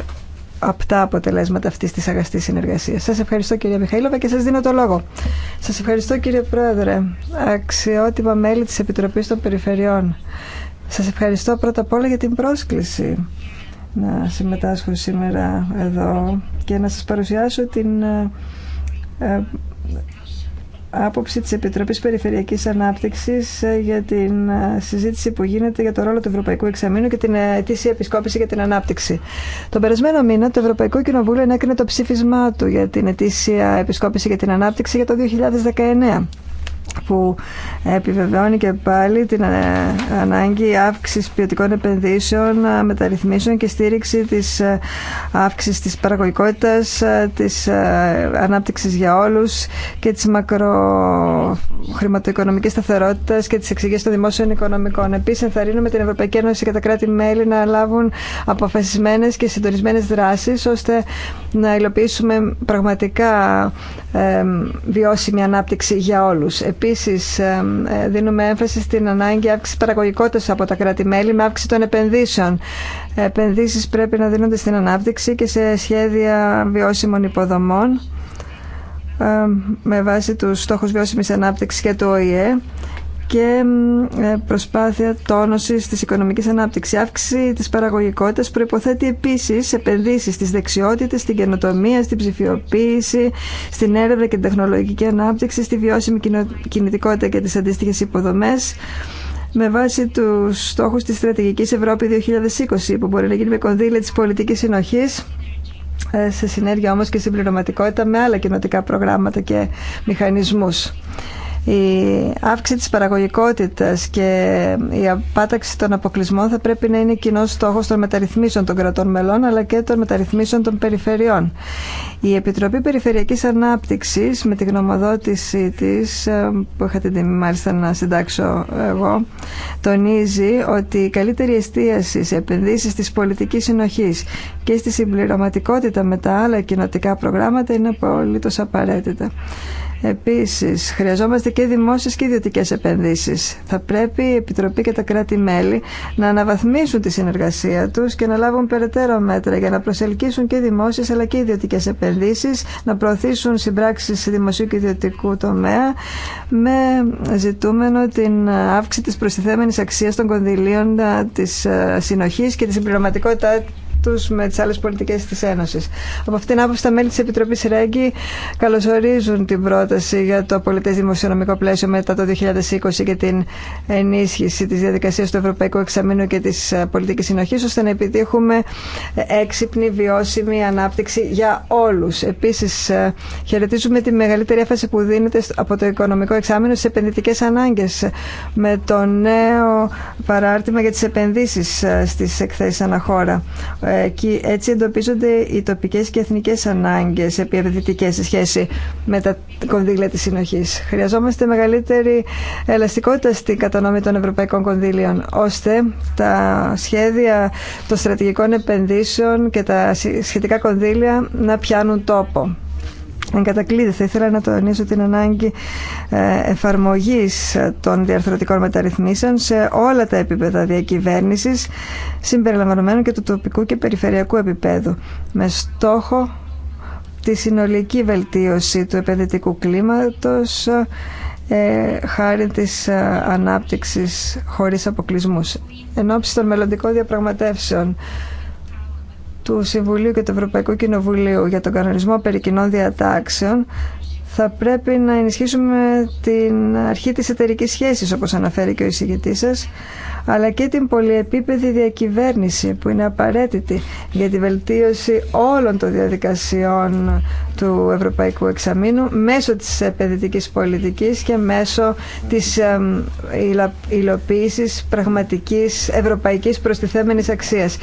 A: απτά αποτελέσματα αυτής της αγαστής συνεργασίας. Σας ευχαριστώ κυρία Μιχαήλοβα και σας δίνω το λόγο. Σας ευχαριστώ κύριε Πρόεδρε, αξιότιμα μέλη της Επιτροπής των Περιφερειών. Σας ευχαριστώ πρώτα απ' όλα για την πρόσκληση να συμμετάσχω σήμερα εδώ και να σας παρουσιάσω την ε, άποψη της Επιτροπής Περιφερειακής Ανάπτυξης ε, για την ε, συζήτηση που γίνεται για το ρόλο του Ευρωπαϊκού Εξαμήνου και την ετήσια επισκόπηση για την ανάπτυξη. Τον περασμένο μήνα το Ευρωπαϊκό Κοινοβούλιο ενέκρινε το ψήφισμά του για την ετήσια επισκόπηση για την ανάπτυξη για το 2019 που επιβεβαιώνει και πάλι την ε, ανάγκη αύξησης ποιοτικών επενδύσεων, ε, μεταρρυθμίσεων και στήριξη της ε, αύξησης της παραγωγικότητας, της ανάπτυξης για όλους και της μακροχρηματοοικονομικής σταθερότητας και της εξηγήσης των δημόσιων οικονομικών. Επίσης, ενθαρρύνουμε την Ευρωπαϊκή Ένωση και τα κράτη-μέλη να λάβουν αποφασισμένες και συντονισμένες δράσεις, ώστε να υλοποιήσουμε πραγματικά βιώσιμη ανάπτυξη για όλους. Επίσης, ε, δίνουμε έμφαση στην ανάγκη αύξηση παραγωγικότητας από τα κράτη-μέλη με αύξηση των επενδύσεων. Επενδύσεις πρέπει να δίνονται στην ανάπτυξη και σε σχέδια βιώσιμων υποδομών με βάση τους στόχους βιώσιμης ανάπτυξης και του ΟΗΕ και ε, προσπάθεια τόνωσης της οικονομικής ανάπτυξης. Αύξηση τη παραγωγικότητα, προποθέτει επίση επενδύσει στι δεξιότητε, στην καινοτομία, στην ψηφιοποίηση, στην έρευνα και την τεχνολογική ανάπτυξη, στη βιώσιμη κινητικότητα και τι αντίστοιχε υποδομέ με βάση του στόχου τη στρατηγική Ευρώπη 2020 που μπορεί να γίνει με κονδύλια τη πολιτική συνοχή ε, σε συνέργεια όμως και συμπληρωματικότητα με άλλα κοινοτικά προγράμματα και μηχανισμού. Η αύξηση της παραγωγικότητας και η απάταξη των αποκλεισμών θα πρέπει να είναι κοινό στόχος των μεταρρυθμίσεων των κρατών μελών αλλά και των μεταρρυθμίσεων των περιφερειών. Η Επιτροπή Περιφερειακής Ανάπτυξης με τη γνωμοδότησή της ε, που είχα την τιμή μάλιστα να συντάξω εγώ τονίζει ότι η καλύτερη εστίαση σε επενδύσεις της πολιτικής συνοχής και στη συμπληρωματικότητα με τα άλλα κοινοτικά προγράμματα είναι απολύτως απαραίτητα. Επίσης, χρειαζόμαστε και δημόσιες και ιδιωτικές επενδύσεις. Θα πρέπει η Επιτροπή και τα κράτη-μέλη να αναβαθμίσουν τη συνεργασία τους και να λάβουν περαιτέρω μέτρα για να προσελκύσουν και δημόσιες αλλά και ιδιωτικές επενδύσεις, να προωθήσουν συμπράξεις σε δημοσίου και ιδιωτικού τομέα με ζητούμενο την αύξηση της προστιθέμενης αξίας των κονδυλίων ε, της ε, συνοχής και της συμπληρωματικότητα του με τι άλλε πολιτικέ τη Ένωση. Από αυτήν την άποψη τα μέλη τη Επιτροπή Ρέγκη καλωσορίζουν την πρόταση για το πολιτέ δημοσιονομικό πλαίσιο μετά το 2020 και την ενίσχυση τη διαδικασία του Ευρωπαϊκού Εξαμήνου και τη ε, Πολιτική συνοχή, ώστε να επιτύχουμε ε, έξυπνη βιώσιμη ανάπτυξη για όλου. Επίση, ε, χαιρετίζουμε τη μεγαλύτερη έφαση που δίνεται από το οικονομικό εξάμεινο στι επενδυτικέ ανάγκε, με το νέο παράρτημα για τι επενδύσει στι εκθέσει αναχώρα και έτσι εντοπίζονται οι τοπικές και εθνικές ανάγκες επιδετικές σε σχέση με τα κονδύλια της συνοχής. Χρειαζόμαστε μεγαλύτερη ελαστικότητα στην κατανομή των ευρωπαϊκών κονδύλιων, ώστε τα σχέδια των στρατηγικών επενδύσεων και τα σχετικά κονδύλια να πιάνουν τόπο. Εν κατακλείδη, θα ήθελα να τονίσω την ανάγκη ε, εφαρμογής των διαρθρωτικών μεταρρυθμίσεων σε όλα τα επίπεδα διακυβέρνησης, συμπεριλαμβανομένου και του τοπικού και περιφερειακού επίπεδου, με στόχο τη συνολική βελτίωση του επενδυτικού κλίματος ε, χάρη της ε, ανάπτυξης χωρίς αποκλεισμούς. Εν ώψη των μελλοντικών διαπραγματεύσεων του Συμβουλίου και του Ευρωπαϊκού Κοινοβουλίου για τον κανονισμό περί κοινών διατάξεων θα πρέπει να ενισχύσουμε την αρχή της εταιρικής σχέσης όπως αναφέρει και ο εισηγητής σας αλλά και την πολυεπίπεδη διακυβέρνηση που είναι απαραίτητη για τη βελτίωση όλων των διαδικασιών του Ευρωπαϊκού Εξαμήνου μέσω της επενδυτικής πολιτικής και μέσω της υλοποίησης πραγματικής ευρωπαϊκής προστιθέμενης αξίας.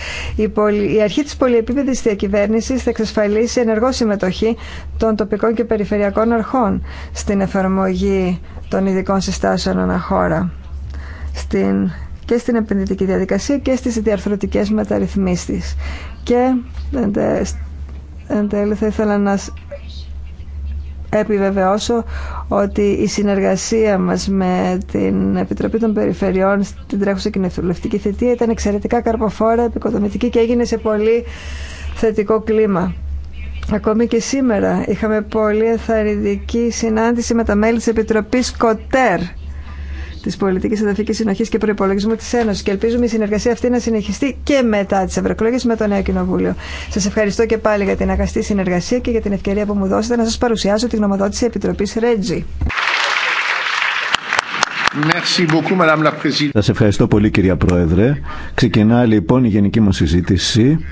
A: Η αρχή της πολυεπίπεδης διακυβέρνησης θα εξασφαλίσει ενεργό συμμετοχή των τοπικών και περιφερειακών αρχών στην εφαρμογή των ειδικών συστάσεων αναχώρα στην, και στην επενδυτική διαδικασία και στις διαρθρωτικές μεταρρυθμίσεις και εν τέλει θα ήθελα να επιβεβαιώσω ότι η συνεργασία μας με την Επιτροπή των Περιφερειών στην τρέχουσα κοινοβουλευτική θετία ήταν εξαιρετικά καρποφόρα, επικοδομητική και έγινε σε πολύ θετικό κλίμα. Ακόμη και σήμερα είχαμε πολύ εθαρρυντική συνάντηση με τα μέλη της Επιτροπής ΚΟΤΕΡ τη πολιτική εδαφική συνοχή και προπολογισμού τη Ένωση. Και ελπίζουμε η συνεργασία αυτή να συνεχιστεί και μετά τι ευρωεκλογέ με το νέο Κοινοβούλιο. Σα ευχαριστώ και πάλι για την αγαστή συνεργασία και για την ευκαιρία που μου δώσετε να σα παρουσιάσω τη γνωμοδότηση Επιτροπή Ρέτζι.
C: Σας ευχαριστώ πολύ κυρία Πρόεδρε. Ξεκινά λοιπόν η γενική μου συζήτηση.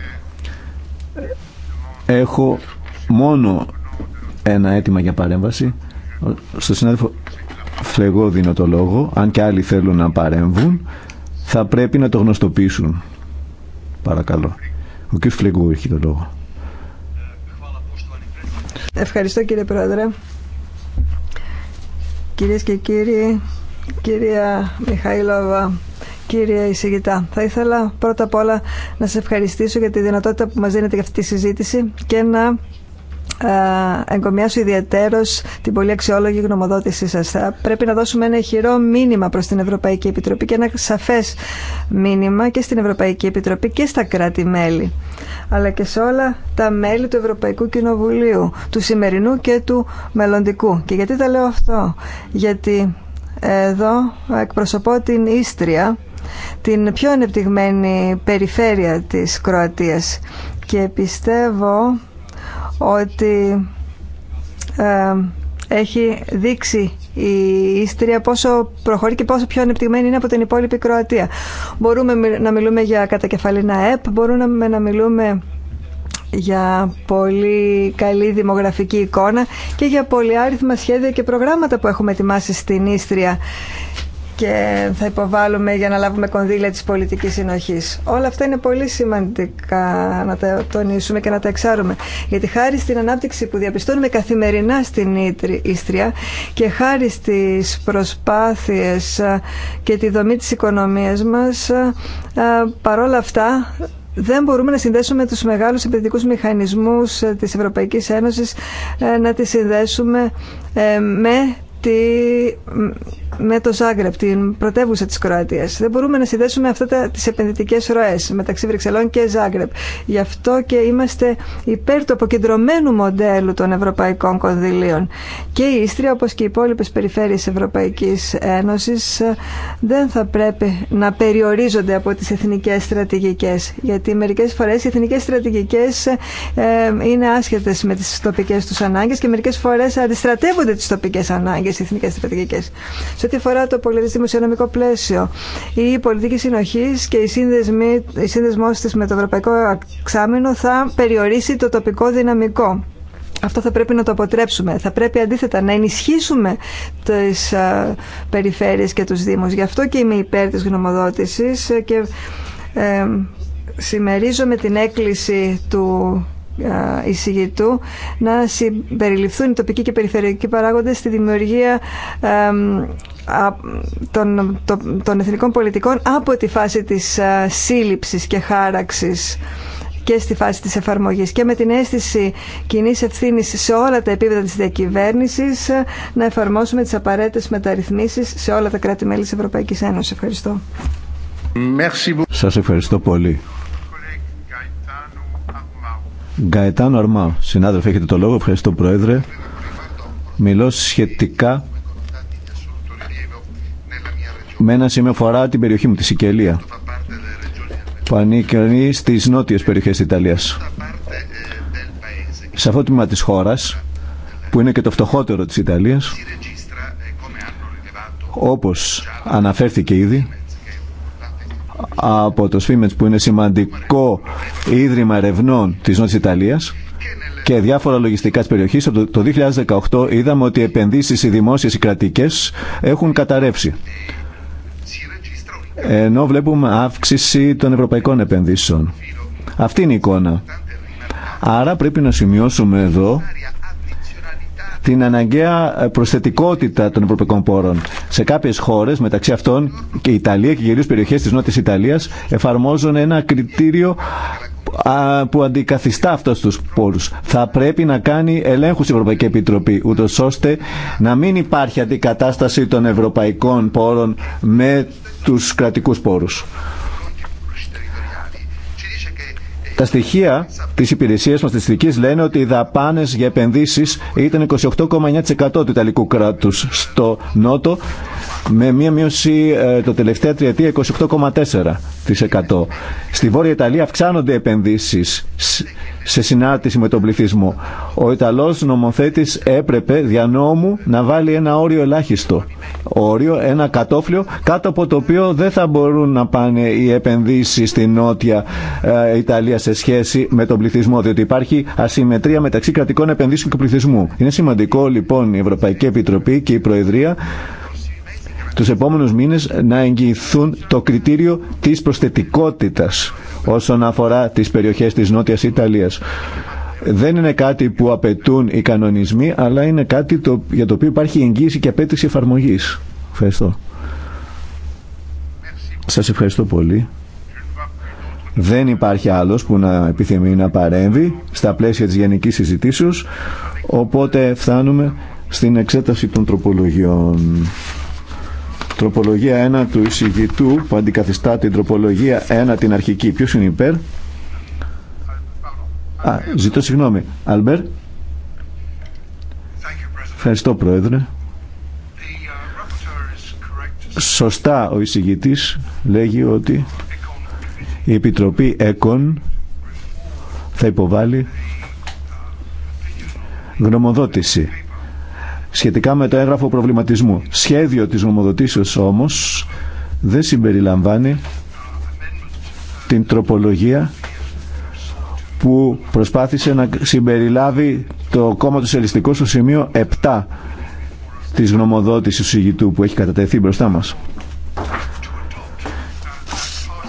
C: Έχω μόνο ένα αίτημα για παρέμβαση. Στο συνάδελφο φλεγό δίνω το λόγο, αν και άλλοι θέλουν να παρέμβουν, θα πρέπει να το γνωστοποιήσουν. Παρακαλώ. Ο κ. Φλεγού έχει το λόγο.
A: Ευχαριστώ κύριε Πρόεδρε. Κυρίες και κύριοι, κυρία Μιχαήλοβα, κύρια Ισηγητά. Θα ήθελα πρώτα απ' όλα να σα ευχαριστήσω για τη δυνατότητα που μας δίνετε για αυτή τη συζήτηση και να ε, εγκομιάσω ιδιαίτερω την πολύ αξιόλογη γνωμοδότησή σα. πρέπει να δώσουμε ένα χειρό μήνυμα προ την Ευρωπαϊκή Επιτροπή και ένα σαφέ μήνυμα και στην Ευρωπαϊκή Επιτροπή και στα κράτη-μέλη, αλλά και σε όλα τα μέλη του Ευρωπαϊκού Κοινοβουλίου, του σημερινού και του μελλοντικού. Και γιατί τα λέω αυτό, Γιατί εδώ εκπροσωπώ την Ίστρια, την πιο ανεπτυγμένη περιφέρεια της Κροατίας και πιστεύω ότι ε, έχει δείξει η Ιστρία πόσο προχωρεί και πόσο πιο ανεπτυγμένη είναι από την υπόλοιπη Κροατία. Μπορούμε να μιλούμε για κατακεφαλήνα ΕΠ, μπορούμε να μιλούμε για πολύ καλή δημογραφική εικόνα και για πολυάριθμα σχέδια και προγράμματα που έχουμε ετοιμάσει στην Ίστρια και θα υποβάλουμε για να λάβουμε κονδύλια της πολιτικής συνοχής. Όλα αυτά είναι πολύ σημαντικά να τα τονίσουμε και να τα εξάρουμε. Γιατί χάρη στην ανάπτυξη που διαπιστώνουμε καθημερινά στην Ίστρια και χάρη στις προσπάθειες και τη δομή της οικονομίας μας, παρόλα αυτά δεν μπορούμε να συνδέσουμε τους μεγάλους επενδυτικούς μηχανισμούς ε, της Ευρωπαϊκής Ένωσης, ε, να τις συνδέσουμε ε, με τη με το Ζάγκρεπ, την πρωτεύουσα τη Κροατία. Δεν μπορούμε να συνδέσουμε αυτά τι επενδυτικέ επενδυτικές μεταξύ Βρυξελών και Ζάγκρεπ. Γι' αυτό και είμαστε υπέρ του αποκεντρωμένου μοντέλου των ευρωπαϊκών κονδυλίων. Και η Ιστρία, όπω και οι υπόλοιπε περιφέρειε Ευρωπαϊκή Ένωση δεν θα πρέπει να περιορίζονται από τι εθνικέ στρατηγικέ. Γιατί μερικέ φορέ οι εθνικές στρατηγικές ε, είναι άσχετε με τι τοπικέ του ανάγκε, και μερικέ φορέ αντιστρατεύονται τι τοπικέ ανάγκε οι εθνικέ στρατηγικέ ό,τι αφορά το πολιτικό δημοσιονομικό πλαίσιο, η πολιτική συνοχή και η, σύνδεσμό τη με το ευρωπαϊκό εξάμεινο θα περιορίσει το τοπικό δυναμικό. Αυτό θα πρέπει να το αποτρέψουμε. Θα πρέπει αντίθετα να ενισχύσουμε τις περιφέρειες και τους Δήμους. Γι' αυτό και είμαι υπέρ της γνωμοδότησης και ε, συμμερίζομαι την έκκληση του εισηγητού να συμπεριληφθούν οι τοπικοί και περιφερειακοί παράγοντες στη δημιουργία των, των εθνικών πολιτικών από τη φάση της σύλληψης και χάραξης και στη φάση της εφαρμογής και με την αίσθηση κοινή ευθύνη σε όλα τα επίπεδα της διακυβέρνησης να εφαρμόσουμε τις απαραίτητες μεταρρυθμίσεις σε όλα τα κράτη-μέλη της Ευρωπαϊκής Ένωσης. Ευχαριστώ.
C: Σας ευχαριστώ πολύ. Γκαετάνο Αρμά, συνάδελφε, έχετε το λόγο. Ευχαριστώ, Πρόεδρε. Μιλώ σχετικά με ένα σημείο φορά την περιοχή μου, τη Σικελία, που ανήκει στι νότιε περιοχέ της Ιταλίας. Σε αυτό το τμήμα της χώρας, που είναι και το φτωχότερο τη Ιταλία, όπως αναφέρθηκε ήδη, από το Σφίμετς που είναι σημαντικό ίδρυμα ερευνών της Νότιας Ιταλίας και διάφορα λογιστικά της περιοχής. Το 2018 είδαμε ότι οι επενδύσεις οι δημόσιες οι κρατικές έχουν καταρρεύσει. Ενώ βλέπουμε αύξηση των ευρωπαϊκών επενδύσεων. Αυτή είναι η εικόνα. Άρα πρέπει να σημειώσουμε εδώ την αναγκαία ε, προσθετικότητα των ευρωπαϊκών πόρων. Σε κάποιε χώρε, μεταξύ αυτών και η Ιταλία και κυρίω περιοχέ τη Νότια Ιταλία, εφαρμόζουν ένα κριτήριο που αντικαθιστά αυτό του πόρου. Θα πρέπει να κάνει ελέγχου η Ευρωπαϊκή Επιτροπή, ούτω ώστε να μην υπάρχει αντικατάσταση των ευρωπαϊκών πόρων με του κρατικού πόρου. Τα στοιχεία τη υπηρεσία μα τη λένε ότι οι δαπάνε για επενδύσει ήταν 28,9% του Ιταλικού κράτου στο Νότο, με μία μείωση ε, το τελευταίο τριετία 28,4%. Στη Βόρεια Ιταλία αυξάνονται οι επενδύσει σε συνάρτηση με τον πληθυσμό. Ο Ιταλός νομοθέτης έπρεπε δια νόμου να βάλει ένα όριο ελάχιστο. Όριο, ένα κατόφλιο κάτω από το οποίο δεν θα μπορούν να πάνε οι επενδύσεις στην νότια ε, Ιταλία σε σχέση με τον πληθυσμό διότι υπάρχει ασυμμετρία μεταξύ κρατικών επενδύσεων και πληθυσμού. Είναι σημαντικό λοιπόν η Ευρωπαϊκή Επιτροπή και η Προεδρία τους επόμενους μήνες να εγγυηθούν το κριτήριο της προσθετικότητας όσον αφορά τις περιοχές της Νότιας Ιταλίας. Δεν είναι κάτι που απαιτούν οι κανονισμοί, αλλά είναι κάτι το, για το οποίο υπάρχει εγγύηση και απέτηση εφαρμογή. Ευχαριστώ. Σας ευχαριστώ πολύ. Δεν υπάρχει άλλος που να επιθυμεί να παρέμβει στα πλαίσια της γενικής συζητήσεως, οπότε φτάνουμε στην εξέταση των τροπολογιών. Τροπολογία 1 του εισηγητού που αντικαθιστά την τροπολογία 1 την αρχική. Ποιος είναι υπέρ? Α, ζητώ συγγνώμη. Αλμπέρ. Ευχαριστώ Πρόεδρε. Σωστά ο εισηγητής λέγει ότι η Επιτροπή ΕΚΟΝ θα υποβάλει γνωμοδότηση σχετικά με το έγγραφο προβληματισμού. Σχέδιο της νομοδοτήσεως όμως δεν συμπεριλαμβάνει την τροπολογία που προσπάθησε να συμπεριλάβει το κόμμα του Σελιστικού στο σημείο 7 της γνωμοδότησης του συγητού που έχει κατατεθεί μπροστά μας.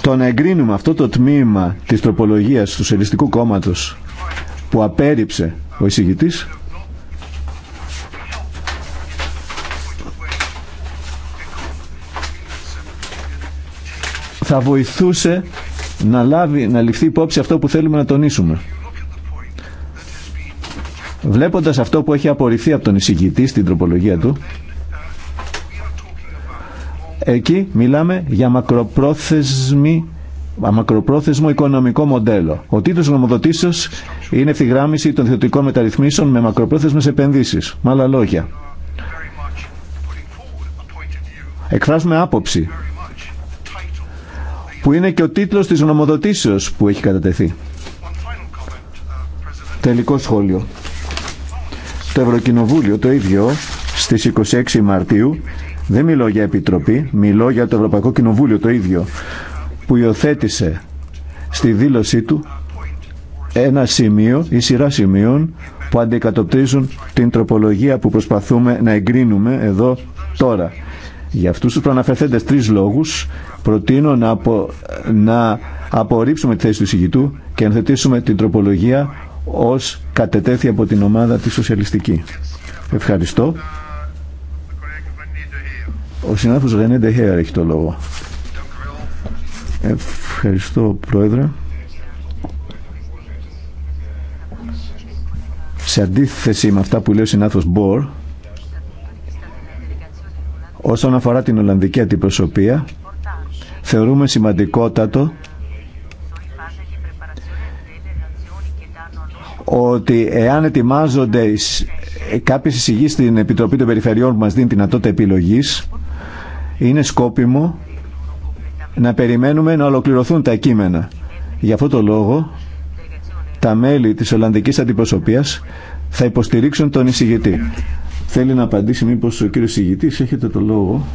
C: Το να εγκρίνουμε αυτό το τμήμα της τροπολογίας του Σελιστικού Κόμματος που απέρριψε ο εισηγητής θα βοηθούσε να, λάβει, να ληφθεί υπόψη αυτό που θέλουμε να τονίσουμε. Βλέποντας αυτό που έχει απορριφθεί από τον εισηγητή στην τροπολογία του, εκεί μιλάμε για μακροπρόθεσμη μακροπρόθεσμο οικονομικό μοντέλο. Ο τίτλος νομοδοτήσεως είναι ευθυγράμμιση των θεωτικών μεταρρυθμίσεων με μακροπρόθεσμες επενδύσεις. Με άλλα λόγια. Εκφράζουμε άποψη που είναι και ο τίτλος της νομοδοτήσεως που έχει κατατεθεί. Τελικό σχόλιο. Το Ευρωκοινοβούλιο το ίδιο στις 26 Μαρτίου, δεν μιλώ για Επιτροπή, μιλώ για το Ευρωπαϊκό Κοινοβούλιο το ίδιο, που υιοθέτησε στη δήλωσή του ένα σημείο ή σειρά σημείων που αντικατοπτρίζουν την τροπολογία που προσπαθούμε να εγκρίνουμε εδώ τώρα. Για αυτούς τους προαναφερθέντες τρεις λόγους προτείνω να, απο, να απορρίψουμε τη θέση του εισηγητού και να θετήσουμε την τροπολογία ως κατετέθη από την ομάδα τη Σοσιαλιστική. Ευχαριστώ. Ο συνάδελφος Γενέντε Χέαρ έχει το λόγο. Ευχαριστώ, Πρόεδρε. Σε αντίθεση με αυτά που λέει ο συνάδελφος Μπορ, Όσον αφορά την Ολλανδική αντιπροσωπεία, θεωρούμε σημαντικότατο ότι εάν ετοιμάζονται κάποιες εισηγήσεις στην Επιτροπή των Περιφερειών που μας δίνει δυνατότητα επιλογής, είναι σκόπιμο να περιμένουμε να ολοκληρωθούν τα κείμενα. Γι' αυτό το λόγο τα μέλη της Ολλανδικής Αντιπροσωπείας θα υποστηρίξουν τον εισηγητή. Θέλει να απαντήσει μήπως ο κύριος ηγητής. Έχετε το λόγο.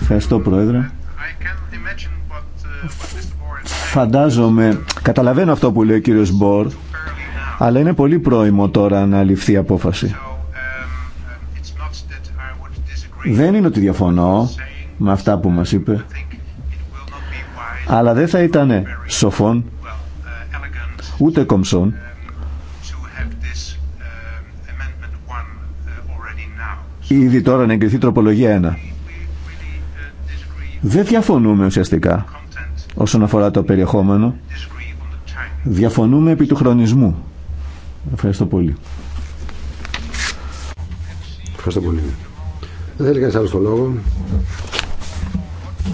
C: Ευχαριστώ Πρόεδρε. Uh, Φαντάζομαι, καταλαβαίνω αυτό που λέει ο κύριος Μπορ, αλλά είναι πολύ πρόημο τώρα να ληφθεί απόφαση. Um, δεν είναι ότι διαφωνώ με αυτά που μας είπε, αλλά δεν θα ήταν σοφόν, uh, ούτε κομψόν, uh, Ήδη τώρα να εγκριθεί τροπολογία 1. Δεν διαφωνούμε ουσιαστικά όσον αφορά το περιεχόμενο. Διαφωνούμε επί του χρονισμού.
D: Ευχαριστώ πολύ. Ευχαριστώ πολύ. Δεν θέλει κανείς άλλο το λόγο.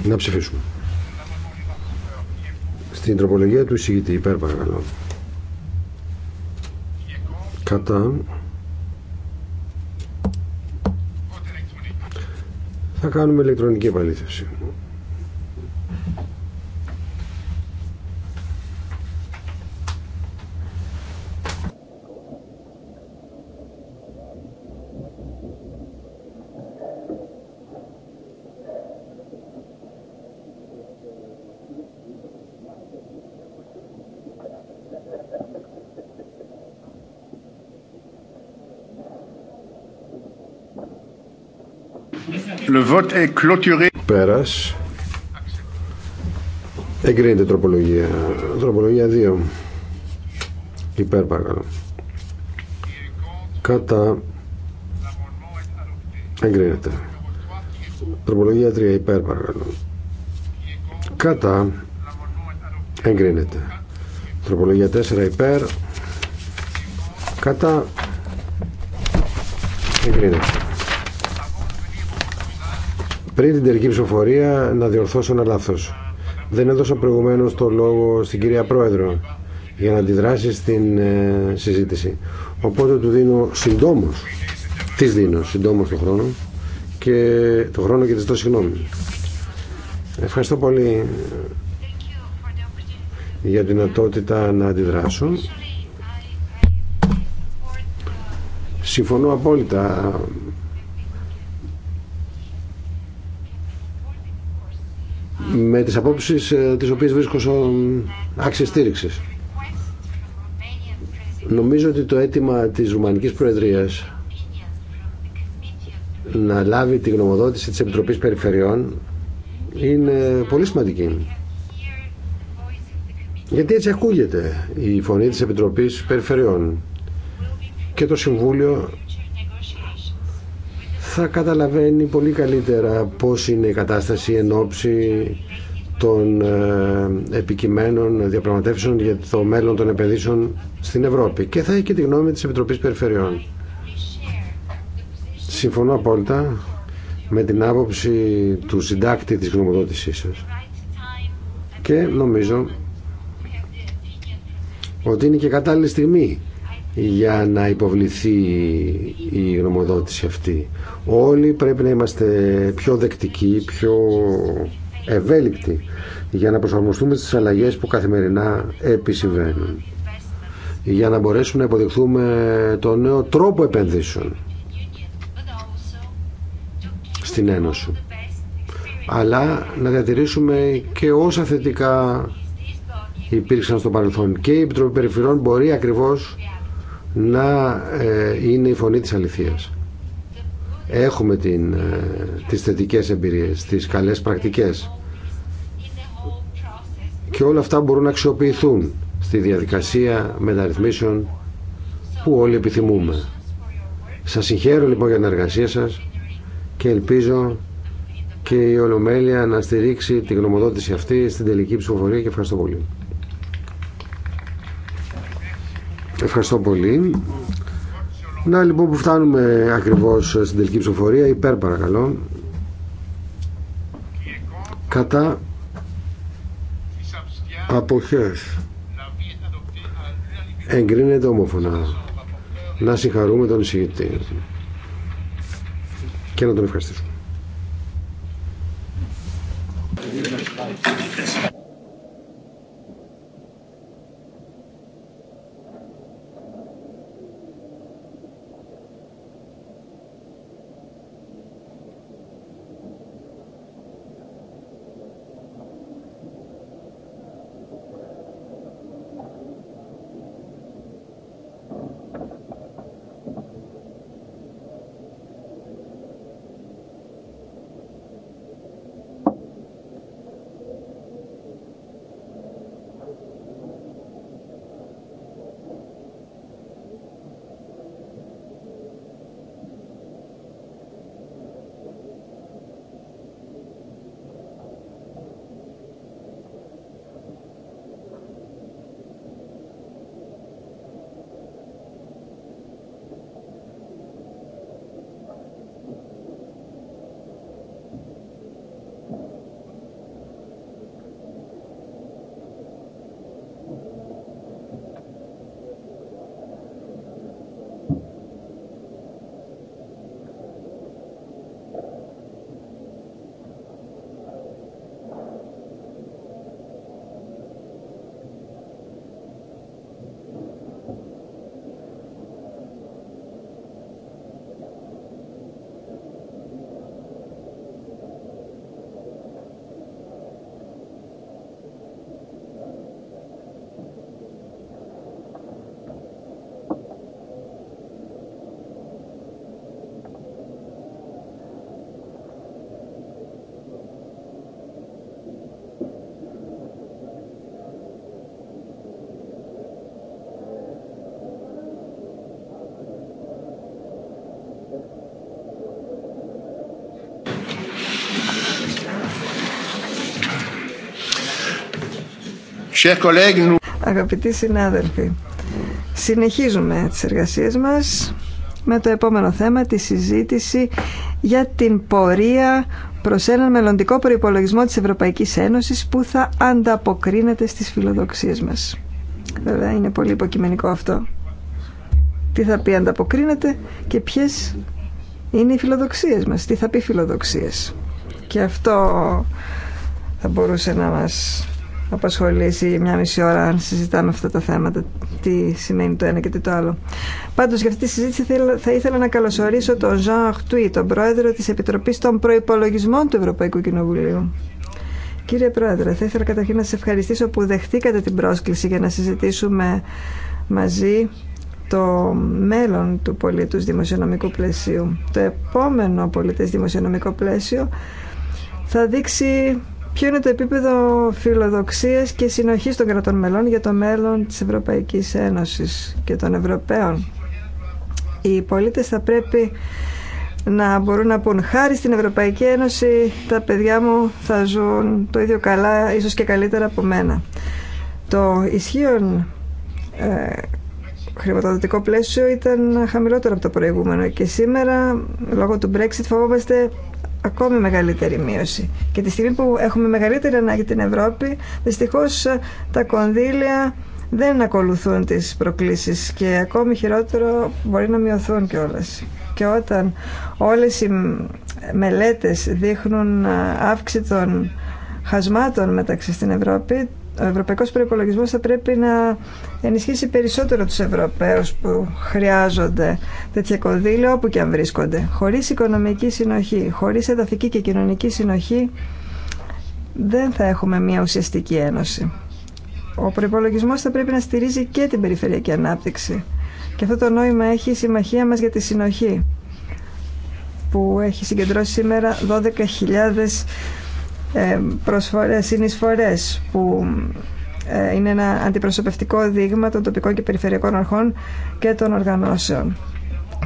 D: Να ψηφίσουμε. Στην τροπολογία του εισηγητή υπέρ παρακαλώ. Κατά. Θα κάνουμε ηλεκτρονική επαλήθευση. Le Πέρας. Εγκρίνεται τροπολογία. Τροπολογία 2. Υπέρ παρακαλώ. Κατά. Εγκρίνεται. Τροπολογία 3. Υπέρ παρακαλώ. Κατά. Εγκρίνεται. Τροπολογία 4. Υπέρ. Κατά. Εγκρίνεται πριν την τελική ψηφοφορία να διορθώσω ένα λάθο. Δεν έδωσα προηγουμένω το λόγο στην κυρία Πρόεδρο για να αντιδράσει στην ε, συζήτηση. Οπότε του δίνω συντόμω. της δίνω συντόμω το χρόνο και το χρόνο και της το συγγνώμη. Ευχαριστώ πολύ για την δυνατότητα να αντιδράσω. Συμφωνώ απόλυτα με τις απόψεις ε, τις οποίες βρίσκω σαν άξιες Νομίζω ότι το αίτημα της Ρουμανικής Προεδρίας να λάβει τη γνωμοδότηση της Επιτροπής Περιφερειών είναι πολύ σημαντική. Γιατί έτσι ακούγεται η φωνή της Επιτροπής Περιφερειών και το Συμβούλιο θα καταλαβαίνει πολύ καλύτερα πώς είναι η κατάσταση εν ώψη των ε, επικειμένων διαπραγματεύσεων για το μέλλον των επενδύσεων στην Ευρώπη και θα έχει και τη γνώμη της Επιτροπής Περιφερειών. Συμφωνώ απόλυτα με την άποψη του συντάκτη της γνωμοδότησής σας και νομίζω ότι είναι και κατάλληλη στιγμή για να υποβληθεί η γνωμοδότηση αυτή. Όλοι πρέπει να είμαστε πιο δεκτικοί, πιο ευέλικτοι για να προσαρμοστούμε στις αλλαγές που καθημερινά επισυμβαίνουν για να μπορέσουμε να υποδεχθούμε τον νέο τρόπο επενδύσεων στην Ένωση αλλά να διατηρήσουμε και όσα θετικά υπήρξαν στο παρελθόν και η Επιτροπή Περιφυρών μπορεί ακριβώς να ε, είναι η φωνή της αληθείας. Έχουμε την, ε, τις θετικές εμπειρίες, τις καλές πρακτικές και όλα αυτά μπορούν να αξιοποιηθούν στη διαδικασία μεταρρυθμίσεων που όλοι επιθυμούμε. Σας συγχαίρω λοιπόν για την εργασία σας και ελπίζω και η Ολομέλεια να στηρίξει τη γνωμοδότηση αυτή στην τελική ψηφοφορία και ευχαριστώ πολύ. Ευχαριστώ πολύ. Να λοιπόν που φτάνουμε ακριβώς στην τελική ψηφοφορία. Υπέρ παρακαλώ. Κατά αποχές. Εγκρίνεται ομόφωνα. Να συγχαρούμε τον εισηγητή. Και να τον ευχαριστήσουμε.
A: Αγαπητοί συνάδελφοι, συνεχίζουμε τις εργασίες μας με το επόμενο θέμα, τη συζήτηση για την πορεία προς έναν μελλοντικό προϋπολογισμό της Ευρωπαϊκής Ένωσης που θα ανταποκρίνεται στις φιλοδοξίες μας. Βέβαια είναι πολύ υποκειμενικό αυτό. Τι θα πει ανταποκρίνεται και ποιες είναι οι φιλοδοξίες μας, τι θα πει φιλοδοξίες. Και αυτό θα μπορούσε να μας απασχολήσει μια μισή ώρα αν συζητάμε αυτά τα θέματα, τι σημαίνει το ένα και τι το άλλο. Πάντως για αυτή τη συζήτηση θα ήθελα να καλωσορίσω τον Ζαν Αχτουή, τον πρόεδρο της Επιτροπής των Προϋπολογισμών του Ευρωπαϊκού Κοινοβουλίου. Κύριε Πρόεδρε, θα ήθελα καταρχήν να σας ευχαριστήσω που δεχτήκατε την πρόσκληση για να συζητήσουμε μαζί το μέλλον του πολίτους δημοσιονομικού πλαισίου. Το επόμενο πολίτες δημοσιονομικό πλαίσιο θα δείξει ποιο είναι το επίπεδο φιλοδοξίας και συνοχής των κρατών μελών για το μέλλον της Ευρωπαϊκής Ένωσης και των Ευρωπαίων. Οι πολίτες θα πρέπει να μπορούν να πούν χάρη στην Ευρωπαϊκή Ένωση τα παιδιά μου θα ζουν το ίδιο καλά, ίσως και καλύτερα από μένα. Το ισχύον ε, χρηματοδοτικό πλαίσιο ήταν χαμηλότερο από το προηγούμενο και σήμερα λόγω του Brexit φοβόμαστε ακόμη μεγαλύτερη μείωση. Και τη στιγμή που έχουμε μεγαλύτερη ανάγκη την Ευρώπη, δυστυχώς ε, τα κονδύλια δεν ακολουθούν τις προκλήσεις και ακόμη χειρότερο μπορεί να μειωθούν κιόλα. Και όταν όλες οι μελέτες δείχνουν ε, αύξηση των χασμάτων μεταξύ στην Ευρώπη, ο ευρωπαϊκός προϋπολογισμός θα πρέπει να ενισχύσει περισσότερο τους Ευρωπαίους που χρειάζονται τέτοια κονδύλια όπου και αν βρίσκονται. Χωρίς οικονομική συνοχή, χωρίς εδαφική και κοινωνική συνοχή δεν θα έχουμε μια ουσιαστική ένωση. Ο προϋπολογισμός θα πρέπει να στηρίζει και την περιφερειακή ανάπτυξη. Και αυτό το νόημα έχει η συμμαχία μας για τη συνοχή που έχει συγκεντρώσει σήμερα 12.000 ε, προσφορές, συνεισφορές που ε, είναι ένα αντιπροσωπευτικό δείγμα των τοπικών και περιφερειακών αρχών και των οργανώσεων.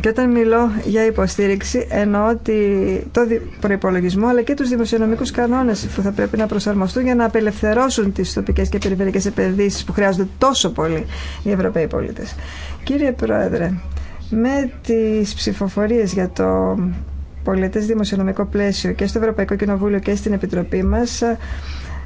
A: Και όταν μιλώ για υποστήριξη, εννοώ ότι το προπολογισμό αλλά και του δημοσιονομικού κανόνε που θα πρέπει να προσαρμοστούν για να απελευθερώσουν τι τοπικέ και περιφερειακές επενδύσει που χρειάζονται τόσο πολύ οι Ευρωπαίοι πολίτε. Κύριε Πρόεδρε, με τι ψηφοφορίε για το πολίτε, δημοσιονομικό πλαίσιο και στο Ευρωπαϊκό Κοινοβούλιο και στην Επιτροπή μα,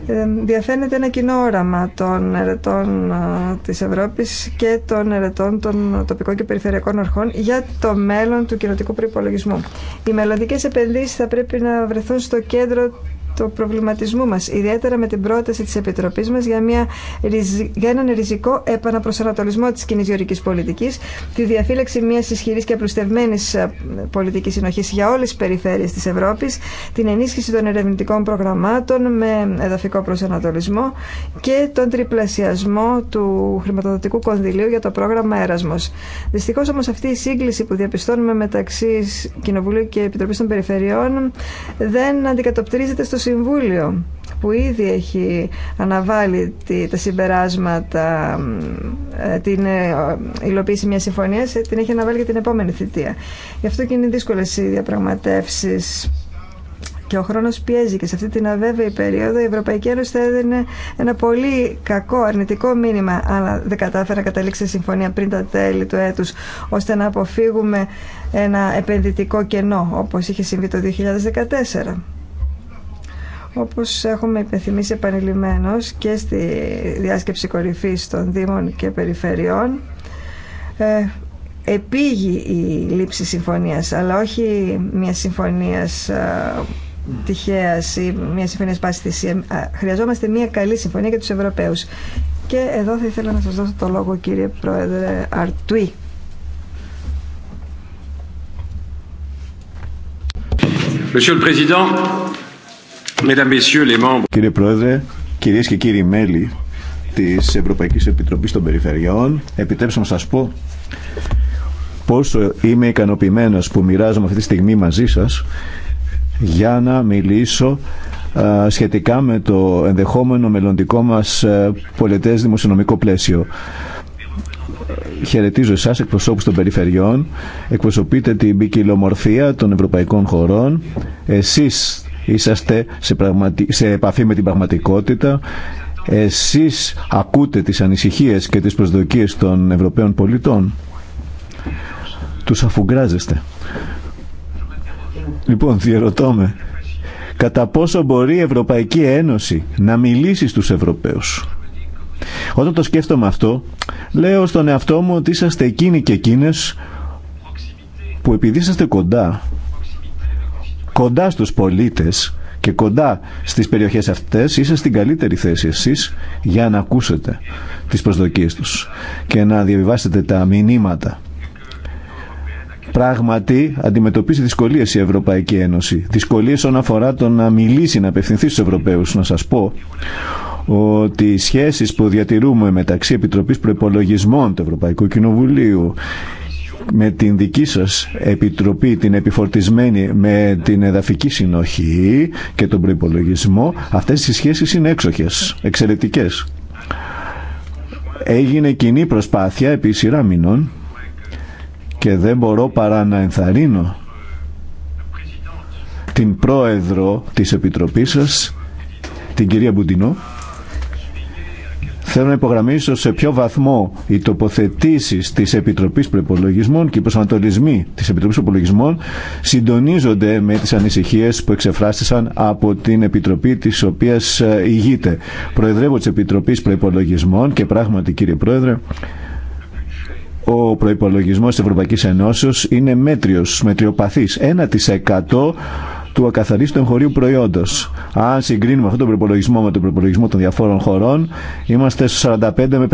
A: ε, διαφαίνεται ένα κοινό όραμα των ερετών ε, της Ευρώπης και των ερετών των τοπικών και περιφερειακών αρχών για το μέλλον του κοινοτικού προϋπολογισμού. Οι μελλοντικέ επενδύσεις θα πρέπει να βρεθούν στο κέντρο το προβληματισμό μας, ιδιαίτερα με την πρόταση της Επιτροπής μας για, μια, για έναν ριζικό επαναπροσανατολισμό της κοινή γεωρικής πολιτικής, τη διαφύλαξη μιας ισχυρής και απλουστευμένης ε, πολιτικής συνοχής για όλες τις περιφέρειες της Ευρώπης, την ενίσχυση των ερευνητικών προγραμμάτων με εδαφικό προσανατολισμό και τον τριπλασιασμό του χρηματοδοτικού κονδυλίου για το πρόγραμμα Έρασμος. Δυστυχώς όμως αυτή η σύγκληση που διαπιστώνουμε μεταξύ Κοινοβουλίου και Επιτροπής των Περιφερειών δεν αντικατοπτρίζεται στο Συμβούλιο που ήδη έχει αναβάλει τα συμπεράσματα, ε, την ε, υλοποίηση μια συμφωνία, ε, την έχει αναβάλει για την επόμενη θητεία. Γι' αυτό και είναι δύσκολε οι διαπραγματεύσει και ο χρόνο πιέζει και σε αυτή την αβέβαιη περίοδο η Ευρωπαϊκή Ένωση θα έδινε ένα πολύ κακό αρνητικό μήνυμα αν δεν κατάφερε να καταλήξει συμφωνία πριν τα τέλη του έτου, ώστε να αποφύγουμε ένα επενδυτικό κενό όπω είχε συμβεί το 2014 όπως έχουμε υπενθυμίσει επανειλημμένως και στη διάσκεψη κορυφής των Δήμων και Περιφερειών ε, επήγει η λήψη συμφωνίας αλλά όχι μια συμφωνίας ε, τυχαία ή μια συμφωνία πάση θυσία. Χρειαζόμαστε μια καλή συμφωνία για τους Ευρωπαίους. Και εδώ θα ήθελα να σας δώσω το λόγο, κύριε Πρόεδρε Αρτουή.
D: Monsieur le Président,
C: Κύριε Πρόεδρε, κυρίες και κύριοι μέλη της Ευρωπαϊκής Επιτροπής των Περιφερειών, επιτρέψτε να σας πω πόσο είμαι ικανοποιημένος που μοιράζομαι αυτή τη στιγμή μαζί σας για να μιλήσω σχετικά με το ενδεχόμενο μελλοντικό μας πολιτές δημοσιονομικό πλαίσιο. Χαιρετίζω εσάς εκπροσώπους των περιφερειών, εκπροσωπείτε την ποικιλομορφία των ευρωπαϊκών χωρών, εσείς είσαστε σε, πραγματι... σε επαφή με την πραγματικότητα εσείς ακούτε τις ανησυχίες και τις προσδοκίες των Ευρωπαίων πολιτών τους αφουγκράζεστε λοιπόν διαρωτώ με κατά πόσο μπορεί η Ευρωπαϊκή Ένωση να μιλήσει στους Ευρωπαίους όταν το σκέφτομαι αυτό λέω στον εαυτό μου ότι είσαστε εκείνοι και εκείνες που επειδή είσαστε κοντά κοντά στους πολίτες και κοντά στις περιοχές αυτές είστε στην καλύτερη θέση εσείς για να ακούσετε τις προσδοκίες τους και να διαβιβάσετε τα μηνύματα. Πράγματι, αντιμετωπίζει δυσκολίες η Ευρωπαϊκή Ένωση. Δυσκολίες όσον αφορά το να μιλήσει, να απευθυνθεί στους Ευρωπαίους. Να σας πω ότι οι σχέσεις που διατηρούμε μεταξύ Επιτροπής Προπολογισμών του Ευρωπαϊκού Κοινοβουλίου με την δική σας επιτροπή, την επιφορτισμένη με την εδαφική συνοχή και τον προϋπολογισμό, αυτές οι σχέσεις είναι έξοχες, εξαιρετικές. Έγινε κοινή προσπάθεια επί σειρά μηνών και δεν μπορώ παρά να ενθαρρύνω την πρόεδρο της Επιτροπής σας, την κυρία Μπουντινό, Θέλω να υπογραμμίσω σε ποιο βαθμό οι τοποθετήσει τη Επιτροπή Προπολογισμών και οι προσανατολισμοί τη Επιτροπή Προπολογισμών συντονίζονται με τι ανησυχίε που εξεφράστησαν από την Επιτροπή τη οποία ε, ηγείται. Προεδρεύω τη Επιτροπή Προπολογισμών και πράγματι, κύριε Πρόεδρε, ο προπολογισμό τη Ευρωπαϊκή Ενώσεω είναι μέτριο, μετριοπαθή. 1% του ακαθαρίστου εγχωρίου προϊόντο. Αν συγκρίνουμε αυτόν τον προπολογισμό με τον προπολογισμό των διαφόρων χωρών, είμαστε στο 45 με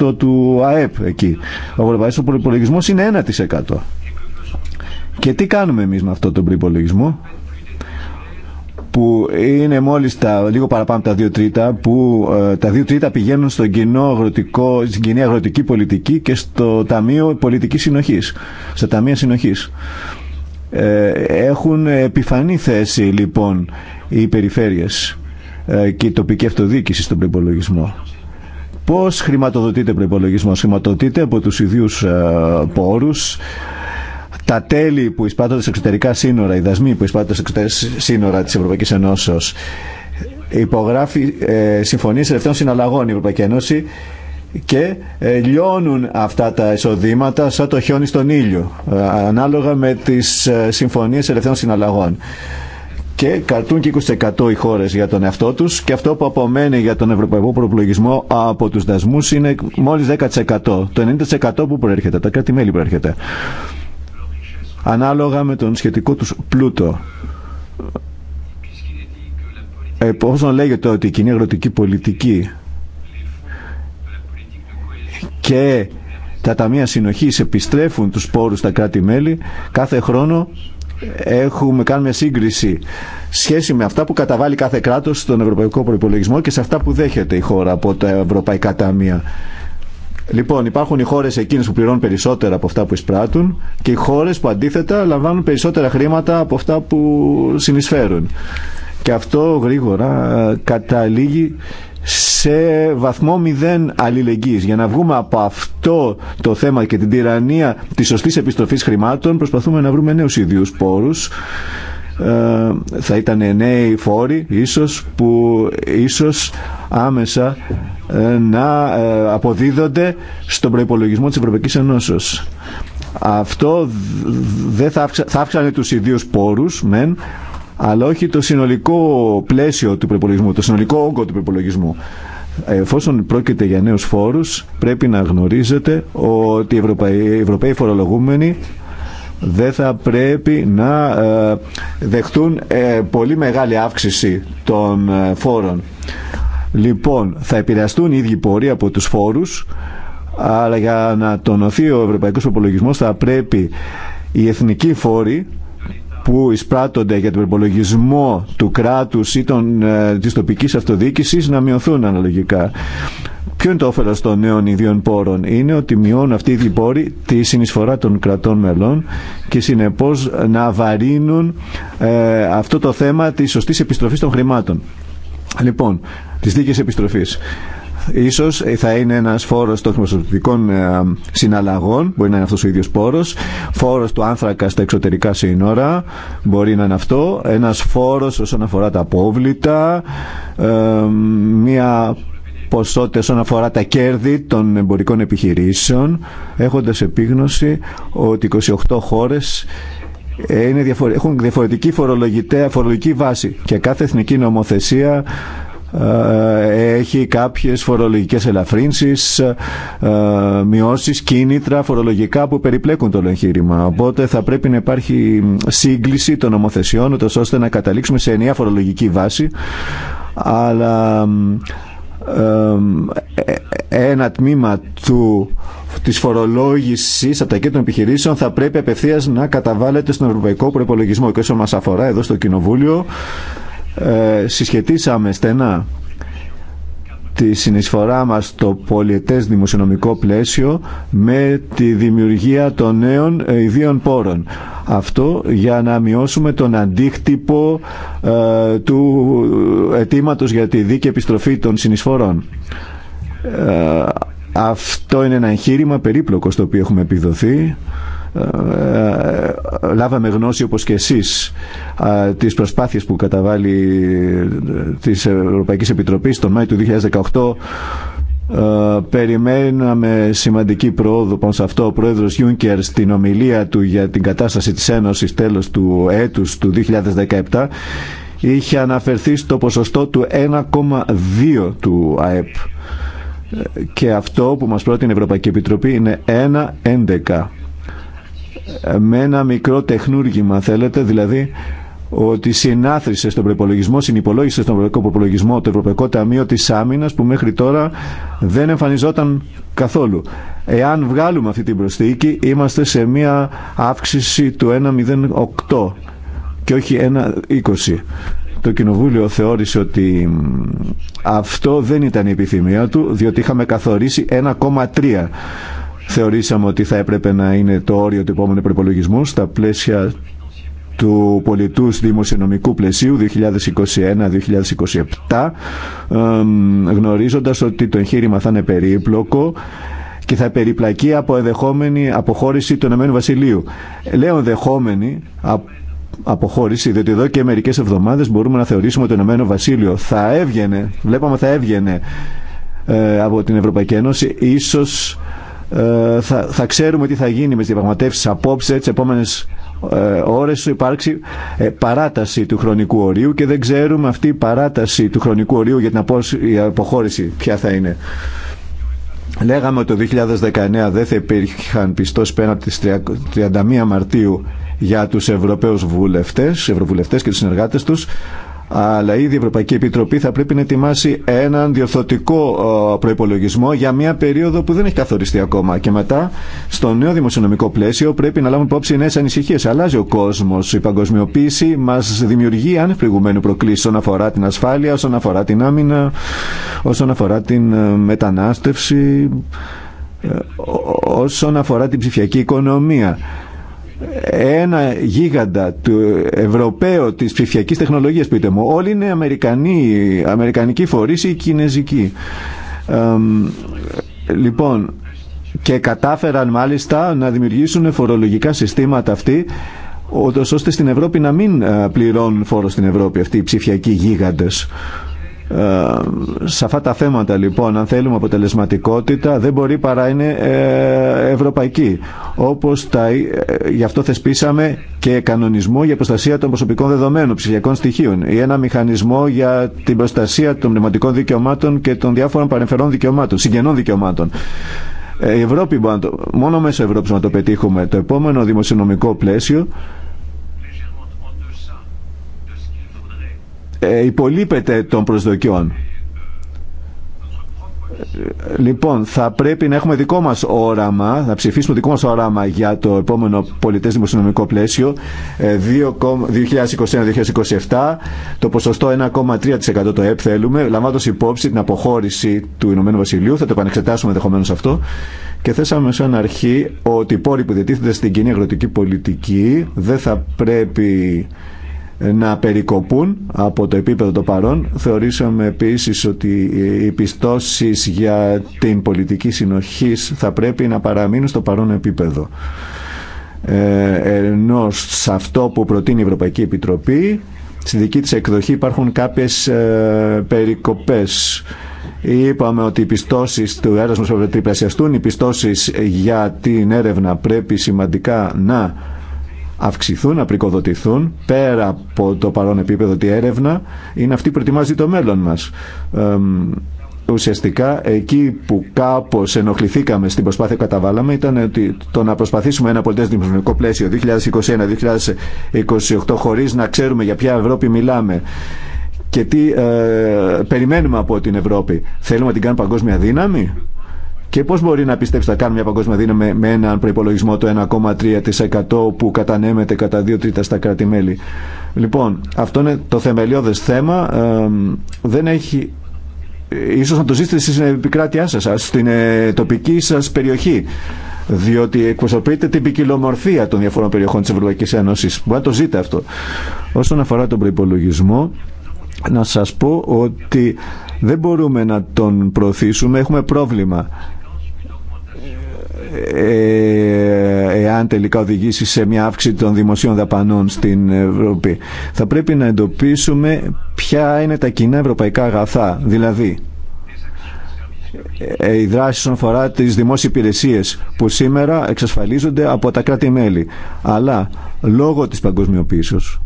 C: 50% του ΑΕΠ εκεί. Ο ευρωπαϊκό προπολογισμό είναι 1%. Και τι κάνουμε εμείς με αυτό τον προπολογισμό που είναι μόλις τα, λίγο παραπάνω από τα δύο τρίτα που ε, τα δύο τρίτα πηγαίνουν στον στην κοινή αγροτική πολιτική και στο Ταμείο Πολιτικής Συνοχής στα Ταμεία Συνοχής ε, έχουν επιφανή θέση λοιπόν οι περιφέρειες ε, και η τοπική αυτοδιοίκηση στον προπολογισμό. Πώς χρηματοδοτείται προπολογισμό, χρηματοδοτείται από τους ιδίους ε, πόρους, τα τέλη που εισπάτονται σε εξωτερικά σύνορα, οι δασμοί που εισπάτονται σε εξωτερικά σύνορα της Ευρωπαϊκής Ενώσεως, υπογράφει ε, συμφωνίες ελευθερών συναλλαγών η Ευρωπαϊκή Ένωση και ε, λιώνουν αυτά τα εισοδήματα σαν το χιόνι στον ήλιο ε, ανάλογα με τις ε, συμφωνίες ελευθερών συναλλαγών και καρτούν και 20% οι χώρε για τον εαυτό του και αυτό που απομένει για τον ευρωπαϊκό προπολογισμό από του δασμού είναι μόλι 10%. Το 90% που προέρχεται, τα κράτη-μέλη προέρχεται. Ανάλογα με τον σχετικό του πλούτο. Εφόσον λέγεται ότι η κοινή αγροτική πολιτική και τα ταμεία συνοχής επιστρέφουν τους πόρους στα κράτη-μέλη, κάθε χρόνο έχουμε κάνει μια σύγκριση σχέση με αυτά που καταβάλει κάθε κράτος στον ευρωπαϊκό προϋπολογισμό και σε αυτά που δέχεται η χώρα από τα ευρωπαϊκά ταμεία. Λοιπόν, υπάρχουν οι χώρες εκείνες που πληρώνουν περισσότερα από αυτά που εισπράττουν και οι χώρες που αντίθετα λαμβάνουν περισσότερα χρήματα από αυτά που συνεισφέρουν. Και αυτό γρήγορα ε, καταλήγει σε βαθμό μηδέν αλληλεγγύης. Για να βγούμε από αυτό το θέμα και την τυραννία της σωστής επιστροφής χρημάτων προσπαθούμε να βρούμε νέους ιδίους πόρους ε, θα ήταν νέοι φόροι ίσως που ίσως άμεσα ε, να ε, αποδίδονται στον προϋπολογισμό της Ευρωπαϊκής Ενώσεως. Αυτό δεν θα, αύξα, θα αύξανε τους ιδίους πόρους μεν, αλλά όχι το συνολικό πλαίσιο του προπολογισμού, το συνολικό όγκο του προπολογισμού. Εφόσον πρόκειται για νέους φόρους, πρέπει να γνωρίζετε ότι οι Ευρωπαίοι, φορολογούμενοι δεν θα πρέπει να ε, δεχτούν ε, πολύ μεγάλη αύξηση των ε, φόρων. Λοιπόν, θα επηρεαστούν οι ίδιοι πόροι από τους φόρους, αλλά για να τονωθεί ο ευρωπαϊκός προπολογισμός θα πρέπει οι εθνικοί φόροι που εισπράττονται για τον προπολογισμό του κράτους ή των, ε, της να μειωθούν αναλογικά. Ποιο είναι το όφελο των νέων ιδίων πόρων. Είναι ότι μειώνουν αυτοί οι πόροι τη συνεισφορά των κρατών μελών και συνεπώ να βαρύνουν ε, αυτό το θέμα τη σωστή επιστροφή των χρημάτων. Λοιπόν, τη δίκαιη επιστροφή ίσως ε, θα είναι ένας φόρος των χρηματοδοτικών ε, συναλλαγών, μπορεί να είναι αυτός ο ίδιος πόρο. φόρος του άνθρακα στα εξωτερικά σύνορα, μπορεί να είναι αυτό, ένας φόρος όσον αφορά τα απόβλητα, ε, μια ποσότητα όσον αφορά τα κέρδη των εμπορικών επιχειρήσεων, έχοντας επίγνωση ότι 28 χώρες είναι διαφορε... έχουν διαφορετική φορολογική βάση και κάθε εθνική νομοθεσία ε, έχει κάποιες φορολογικές ελαφρύνσεις, ε, μειώσεις, κίνητρα φορολογικά που περιπλέκουν το εγχείρημα. Οπότε θα πρέπει να υπάρχει σύγκληση των νομοθεσιών, ώστε να καταλήξουμε σε ενιαία φορολογική βάση, αλλά ε, ένα τμήμα του, της φορολόγησης από τα κέντρα των επιχειρήσεων θα πρέπει απευθείας να καταβάλλεται στον ευρωπαϊκό προπολογισμό και όσο μας αφορά εδώ στο Κοινοβούλιο ε, συσχετίσαμε στενά τη συνεισφορά μας στο πολιετές δημοσιονομικό πλαίσιο με τη δημιουργία των νέων ε, ιδίων πόρων. Αυτό για να μειώσουμε τον αντίκτυπο ε, του αιτήματο για τη δίκαιη επιστροφή των συνεισφορών. Ε, αυτό είναι ένα εγχείρημα περίπλοκο στο οποίο έχουμε επιδοθεί ε, ε, λάβαμε γνώση όπως και εσείς τις προσπάθειες που καταβάλει ε, της Ευρωπαϊκής Επιτροπής τον Μάιο του 2018 περιμέναμε σημαντική πρόοδο πάνω σε αυτό ο πρόεδρος Γιούνκερ στην ομιλία του για την κατάσταση της Ένωσης τέλος του έτους του 2017 είχε αναφερθεί στο ποσοστό του 1,2 του ΑΕΠ και αυτό που μας πρότεινε η Ευρωπαϊκή Επιτροπή είναι 1,11 με ένα μικρό τεχνούργημα θέλετε, δηλαδή ότι συνάθρισε στον προπολογισμό, συνυπολόγισε στον ευρωπαϊκό προπολογισμό το Ευρωπαϊκό Ταμείο της Άμυνας που μέχρι τώρα δεν εμφανιζόταν καθόλου. Εάν βγάλουμε αυτή την προσθήκη είμαστε σε μια αύξηση του 1,08 και όχι 1,20. Το Κοινοβούλιο θεώρησε ότι αυτό δεν ήταν η επιθυμία του, διότι είχαμε καθορίσει 1,3 θεωρήσαμε ότι θα έπρεπε να είναι το όριο του επόμενου προπολογισμού στα πλαίσια του πολιτού δημοσιονομικού πλαισίου 2021-2027 γνωρίζοντας ότι το εγχείρημα θα είναι περίπλοκο και θα περιπλακεί από ενδεχόμενη αποχώρηση του Ηνωμένου Βασιλείου. Λέω ενδεχόμενη αποχώρηση, διότι εδώ και μερικές εβδομάδες μπορούμε να θεωρήσουμε ότι το Ηνωμένο Βασίλειο θα έβγαινε, βλέπαμε θα έβγαινε ε, από την Ευρωπαϊκή Ένωση, ίσως ε, θα, θα ξέρουμε τι θα γίνει με τι διαπραγματεύσει απόψε τι επόμενε ε, ώρες υπάρξει ε, παράταση του χρονικού ορίου και δεν ξέρουμε αυτή η παράταση του χρονικού ορίου για την η αποχώρηση ποια θα είναι. Λέγαμε ότι το 2019 δεν θα υπήρχαν πιστός πέρα από τις 31 Μαρτίου για τους Ευρωπαίους βουλευτές, ευρωβουλευτές και τους συνεργάτες τους αλλά ήδη η Ευρωπαϊκή Επιτροπή θα πρέπει να ετοιμάσει έναν διορθωτικό ε, προπολογισμό για μια περίοδο που δεν έχει καθοριστεί ακόμα. Και μετά, στο νέο δημοσιονομικό πλαίσιο, πρέπει να λάβουν υπόψη νέε ανησυχίε. Αλλάζει ο κόσμο. Η παγκοσμιοποίηση μα δημιουργεί προηγουμένου προκλήσει όσον αφορά την ασφάλεια, όσον αφορά την άμυνα, όσον αφορά την ε, μετανάστευση, ε, όσον αφορά την ψηφιακή οικονομία ένα γίγαντα του Ευρωπαίου της ψηφιακής τεχνολογίας πείτε μου όλοι είναι Αμερικανοί Αμερικανικοί φορεί ή Κινέζικοί λοιπόν και κατάφεραν μάλιστα να δημιουργήσουν φορολογικά συστήματα αυτοί ώστε στην Ευρώπη να μην ε, πληρώνουν φόρο στην Ευρώπη αυτοί οι ψηφιακοί γίγαντες ε, σε αυτά τα θέματα λοιπόν αν θέλουμε αποτελεσματικότητα δεν μπορεί παρά είναι ε, ευρωπαϊκή όπως τα, ε, γι' αυτό θεσπίσαμε και κανονισμό για προστασία των προσωπικών δεδομένων ψηφιακών στοιχείων ή ένα μηχανισμό για την προστασία των πνευματικών δικαιωμάτων και των διάφορων παρεμφερών δικαιωμάτων συγγενών δικαιωμάτων η Ευρώπη, μόνο μέσω Ευρώπης να το πετύχουμε το επόμενο δημοσιονομικό πλαίσιο ε, υπολείπεται των προσδοκιών. Λοιπόν, θα πρέπει να έχουμε δικό μας όραμα, να ψηφίσουμε δικό μας όραμα για το επομενο πολιτες πολιτέ δημοσιονομικό πλαίσιο 2021-2027. Ε, το ποσοστό 1,3% το ΕΠ θέλουμε, λαμβάνοντα υπόψη την αποχώρηση του Ηνωμένου Βασιλείου. Θα το επανεξετάσουμε ενδεχομένω αυτό. Και θέσαμε σαν αρχή ότι οι πόροι που διατίθεται στην κοινή αγροτική πολιτική δεν θα πρέπει να περικοπούν από το επίπεδο το παρόν. Θεωρήσαμε επίσης ότι οι πιστώσεις για την πολιτική συνοχής θα πρέπει να παραμείνουν στο παρόν επίπεδο. Ε, ενώ σε αυτό που προτείνει η Ευρωπαϊκή Επιτροπή στη δική της εκδοχή υπάρχουν κάποιες ε, περικοπές. Είπαμε ότι οι πιστώσει του έρασμου πρέπει τριπλασιαστούν, οι πιστώσει για την έρευνα πρέπει σημαντικά να αυξηθούν, να πρικοδοτηθούν πέρα από το παρόν επίπεδο τη έρευνα είναι αυτή που ετοιμάζει το μέλλον μας. ουσιαστικά εκεί που κάπως ενοχληθήκαμε στην προσπάθεια που καταβάλαμε ήταν ότι το να προσπαθήσουμε ένα πολιτές δημοσιονομικό πλαίσιο 2021-2028 χωρίς να ξέρουμε για ποια Ευρώπη μιλάμε και τι ε, περιμένουμε από την Ευρώπη. Θέλουμε να την κάνουμε παγκόσμια δύναμη και πώ μπορεί να πιστέψει να θα κάνουμε μια παγκόσμια δύναμη με έναν προπολογισμό το 1,3% που κατανέμεται κατά 2 τρίτα στα κράτη-μέλη. Λοιπόν, αυτό είναι το θεμελιώδε θέμα. Ε, δεν έχει. Ίσως να το ζήσετε στην επικράτειά σας, στην ε, τοπική σας περιοχή διότι εκπροσωπείτε την ποικιλομορφία των διαφόρων περιοχών της Ευρωπαϊκής Ένωσης. Μπορεί να το ζείτε αυτό. Όσον αφορά τον προϋπολογισμό, να σας πω ότι δεν μπορούμε να τον προωθήσουμε, έχουμε πρόβλημα. Ε, εάν τελικά οδηγήσει σε μια αύξηση των δημοσίων δαπανών στην Ευρώπη. Θα πρέπει να εντοπίσουμε ποια είναι τα κοινά ευρωπαϊκά αγαθά, δηλαδή ε, ε, οι δράσει όσον αφορά τι δημόσιε υπηρεσίε που σήμερα εξασφαλίζονται από τα κράτη-μέλη. Αλλά λόγω της παγκοσμιοποίησης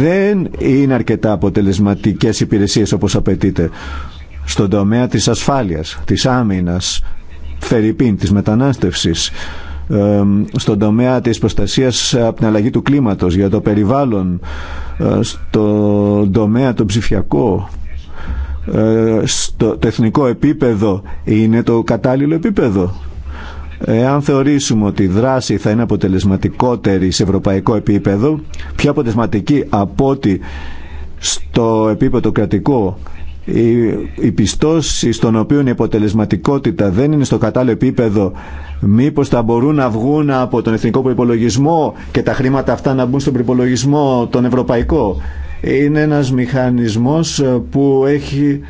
C: δεν είναι αρκετά αποτελεσματικές υπηρεσίες όπως απαιτείται στον τομέα της ασφάλειας, της άμυνας, Φερρυπίν, της μετανάστευσης, στον τομέα της προστασίας από την αλλαγή του κλίματος, για το περιβάλλον, ε, στον τομέα το ψηφιακό, ε, στο το εθνικό επίπεδο είναι το κατάλληλο επίπεδο. Εάν θεωρήσουμε ότι η δράση θα είναι αποτελεσματικότερη σε ευρωπαϊκό επίπεδο, πιο αποτελεσματική από ότι στο επίπεδο κρατικό η πιστώσει στον οποίο η αποτελεσματικότητα δεν είναι στο κατάλληλο επίπεδο, μήπω θα μπορούν να βγουν από τον εθνικό προπολογισμό και τα χρήματα αυτά να μπουν στον προπολογισμό τον ευρωπαϊκό. Είναι ένας μηχανισμός ε, που έχει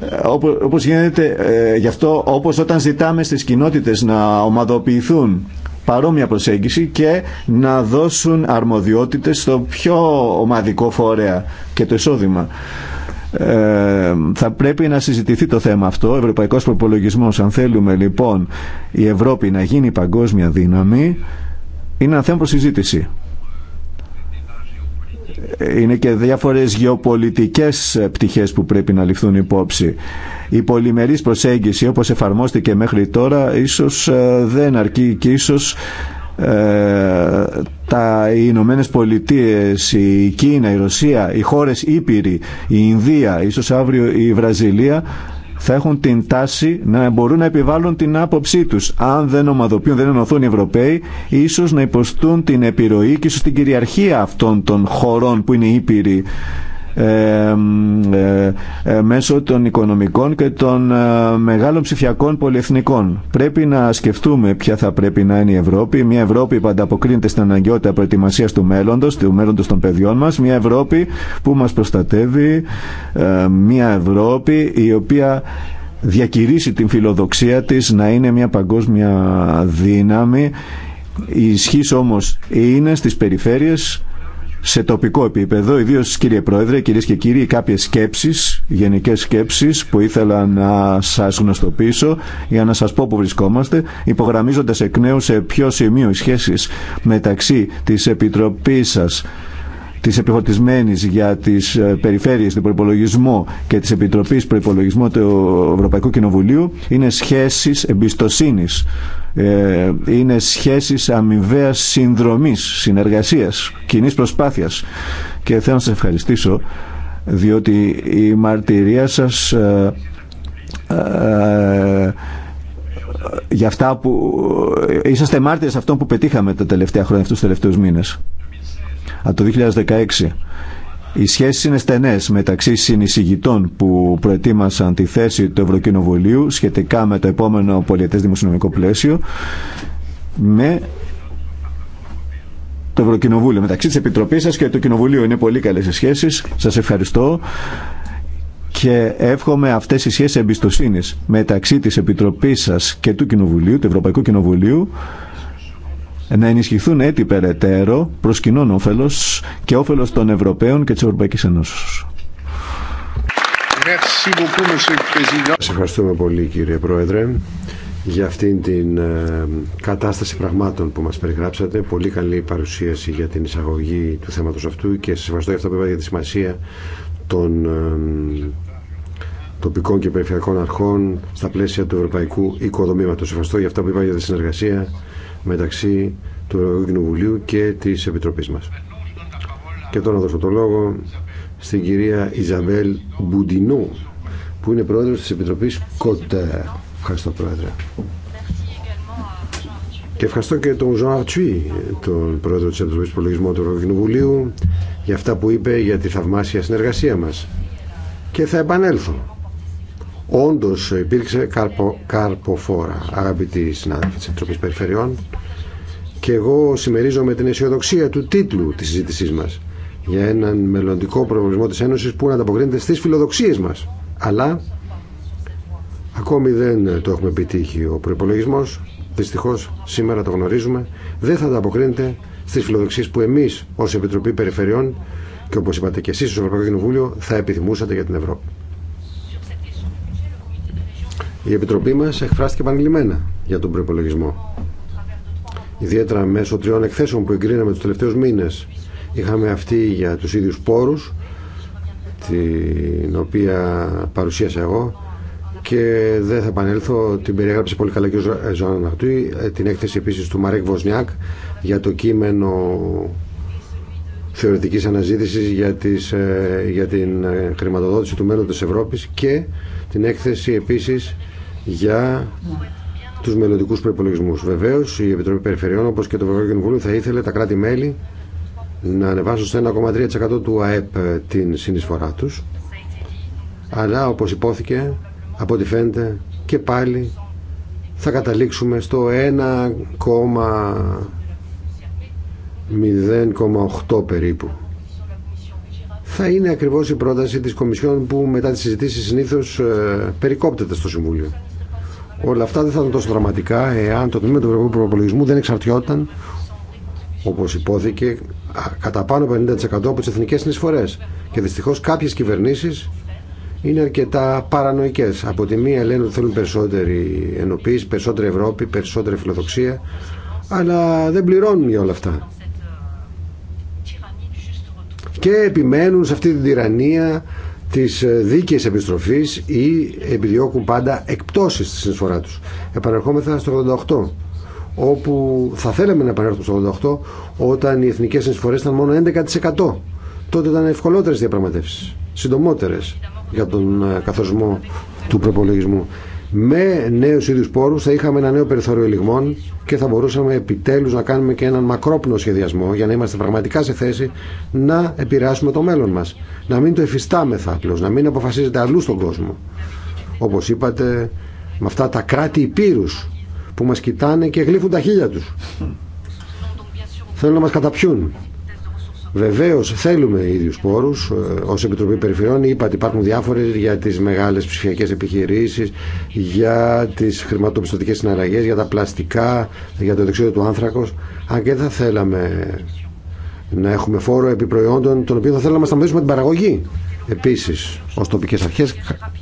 C: ε, όπως γίνεται ε, γι' αυτό όπως όταν ζητάμε στις κοινότητες να ομαδοποιηθούν παρόμοια προσέγγιση και να δώσουν αρμοδιότητες στο πιο ομαδικό φορέα και το εισόδημα. Ε, θα πρέπει να συζητηθεί το θέμα αυτό. Ο ευρωπαϊκό προπολογισμό, αν θέλουμε λοιπόν η Ευρώπη να γίνει παγκόσμια δύναμη, είναι ένα θέμα προ συζήτηση. Είναι και διάφορες γεωπολιτικές πτυχές που πρέπει να ληφθούν υπόψη. Η πολυμερής προσέγγιση όπως εφαρμόστηκε μέχρι τώρα ίσως ε, δεν αρκεί και ίσως ε, τα Ηνωμένε Πολιτείε, η Κίνα, η Ρωσία, οι χώρες ήπειροι, η Ινδία, ίσως αύριο η Βραζιλία θα έχουν την τάση να μπορούν να επιβάλλουν την άποψή τους. Αν δεν ομαδοποιούν, δεν ενωθούν οι Ευρωπαίοι, ίσως να υποστούν την επιρροή και ίσως την κυριαρχία αυτών των χωρών που είναι ήπειροι ε, ε, ε, μέσω των οικονομικών και των μεγάλων ψηφιακών πολυεθνικών. Πρέπει να σκεφτούμε ποια θα πρέπει να είναι η Ευρώπη. Μια Ευρώπη που ανταποκρίνεται στην αναγκαιότητα προετοιμασία του μέλλοντο, του μέλλοντο των παιδιών μα. Μια Ευρώπη που μα προστατεύει. Μια Ευρώπη η οποία διακηρύσει την φιλοδοξία της να είναι μια παγκόσμια δύναμη η ισχύς όμως είναι στις περιφέρειες σε τοπικό επίπεδο, ιδίω κύριε Πρόεδρε, κυρίε και κύριοι, κάποιε σκέψει, γενικέ σκέψει που ήθελα να σα γνωστοποιήσω για να σα πω που βρισκόμαστε, υπογραμμίζοντα εκ νέου σε ποιο σημείο οι σχέσει μεταξύ τη Επιτροπή σα της Επιχωτισμένης για τις ε, περιφέρειες του προπολογισμού και της Επιτροπής Προϋπολογισμού του Ευρωπαϊκού Κοινοβουλίου είναι σχέσεις εμπιστοσύνης. Ε, είναι σχέσεις αμοιβαίας συνδρομής, συνεργασίας, κοινής προσπάθειας. Και θέλω να σας ευχαριστήσω διότι η μαρτυρία σας ε, ε για αυτά που είσαστε μάρτυρες αυτών που πετύχαμε τα τελευταία χρόνια, αυτούς τους τελευταίους μήνες από το 2016. Οι σχέσεις είναι στενές μεταξύ συνεισηγητών που προετοίμασαν τη θέση του Ευρωκοινοβουλίου σχετικά με το επόμενο πολιετές δημοσιονομικό πλαίσιο με το Ευρωκοινοβούλιο. Μεταξύ της Επιτροπής σας και του Κοινοβουλίου είναι πολύ καλές οι σχέσεις. Σας ευχαριστώ και εύχομαι αυτές οι σχέσεις εμπιστοσύνης μεταξύ της Επιτροπής σας και του Κοινοβουλίου, του Ευρωπαϊκού Κοινοβουλίου να ενισχυθούν έτσι περαιτέρω προ κοινόν όφελο και όφελο των Ευρωπαίων και τη Ευρωπαϊκή Ένωση.
D: Σας ευχαριστούμε πολύ κύριε Πρόεδρε για αυτήν την ε, κατάσταση πραγμάτων που μας περιγράψατε. Πολύ καλή παρουσίαση για την εισαγωγή του θέματος αυτού και σας ευχαριστώ για αυτά που είπατε για τη σημασία των ε, τοπικών και περιφερειακών αρχών στα πλαίσια του ευρωπαϊκού οικοδομήματος. Ευχαριστώ για αυτά που είπατε για τη συνεργασία μεταξύ του Ευρωπαϊκού Κοινοβουλίου και της Επιτροπής μας. Και τώρα να δώσω το λόγο στην κυρία Ιζαμπέλ Μπουντινού, που είναι πρόεδρος της Επιτροπής ΚΟΤΕ. Ευχαριστώ, Πρόεδρε. Και ευχαριστώ και τον Ζωάν Αρτσουή, τον πρόεδρο της Επιτροπής Προλογισμού του Κοινοβουλίου για αυτά που είπε για τη θαυμάσια συνεργασία μας. Και θα επανέλθω Όντω υπήρξε καρπο, καρποφόρα, αγαπητοί συνάδελφοι τη Επιτροπή Περιφερειών, και εγώ συμμερίζομαι την αισιοδοξία του τίτλου τη συζήτησή μα για έναν μελλοντικό προβλημό τη Ένωση που να ανταποκρίνεται στι φιλοδοξίε μα. Αλλά ακόμη δεν το έχουμε επιτύχει. Ο προπολογισμό, δυστυχώ, σήμερα το γνωρίζουμε, δεν θα ανταποκρίνεται στι φιλοδοξίε που εμεί, ω Επιτροπή Περιφερειών και όπω είπατε και εσεί στο Ευρωπαϊκό Κοινοβούλιο θα επιθυμούσατε για την Ευρώπη. Η Επιτροπή μας εκφράστηκε επανειλημμένα για τον προπολογισμό. Ιδιαίτερα μέσω τριών εκθέσεων που εγκρίναμε τους τελευταίους μήνες. Είχαμε αυτή για τους ίδιους πόρους, την οποία παρουσίασα εγώ και δεν θα επανέλθω, την περιέγραψε πολύ καλά και ο ε, Ζωάννα Ναχτούι, ε, την έκθεση επίσης του Μαρέκ Βοσνιάκ για το κείμενο θεωρητικής αναζήτησης για, ε, για την χρηματοδότηση του μέλλοντος τη Ευρώπης και την έκθεση επίση για του μελλοντικού προπολογισμού. Βεβαίω, η Επιτροπή Περιφερειών, όπω και το Ευρωπαϊκό Κοινοβούλιο, θα ήθελε τα κράτη-μέλη να ανεβάσουν στο 1,3% του ΑΕΠ ε, την συνεισφορά του. Αλλά, όπω υπόθηκε, από ό,τι φαίνεται, και πάλι θα καταλήξουμε στο 1,08 περίπου. Θα είναι ακριβώς η πρόταση της Κομισιόν που μετά τις συζητήσεις συνήθως ε, περικόπτεται στο Συμβούλιο. Όλα αυτά δεν θα ήταν τόσο δραματικά εάν το τμήμα του ευρωπαϊκού προπολογισμού δεν εξαρτιόταν, όπω υπόθηκε, κατά πάνω 50% από τι εθνικέ συνεισφορέ. Και δυστυχώ κάποιε κυβερνήσει είναι αρκετά παρανοϊκέ. Από τη μία λένε ότι θέλουν περισσότερη ενοποίηση, περισσότερη Ευρώπη, περισσότερη φιλοδοξία, αλλά δεν πληρώνουν για όλα αυτά. Και επιμένουν σε αυτή την τυραννία της ε, δίκαιης επιστροφής ή επιδιώκουν πάντα εκπτώσεις στη συνεισφορά τους. Επανερχόμεθα στο 88 όπου θα θέλαμε να επανέλθουμε στο 88 όταν οι εθνικές συνεισφορές ήταν μόνο 11%. Τότε ήταν ευκολότερες διαπραγματεύσεις, συντομότερες για τον ε, καθορισμό του προπολογισμού. Με νέους ίδιους πόρους θα είχαμε ένα νέο περιθώριο ελιγμών και θα μπορούσαμε επιτέλους να κάνουμε και έναν μακρόπνο σχεδιασμό για να είμαστε πραγματικά σε θέση να επηρεάσουμε το μέλλον μας. Να μην το εφιστάμεθα απλώ, να μην αποφασίζεται αλλού στον κόσμο. Όπως είπατε, με αυτά τα κράτη υπήρους που μας κοιτάνε και γλύφουν τα χίλια τους. Θέλουν να μας καταπιούν. Βεβαίω θέλουμε ίδιου πόρου. Ε, ω Επιτροπή Περιφερειών είπα ότι υπάρχουν διάφορε για τι μεγάλε ψηφιακέ επιχειρήσει, για τι χρηματοπιστωτικέ συναλλαγέ, για τα πλαστικά, για το δεξιό του άνθρακο. Αν και δεν θα θέλαμε να έχουμε φόρο επί προϊόντων, τον οποίο θα θέλαμε να σταματήσουμε την παραγωγή. Επίση, ω τοπικέ αρχέ,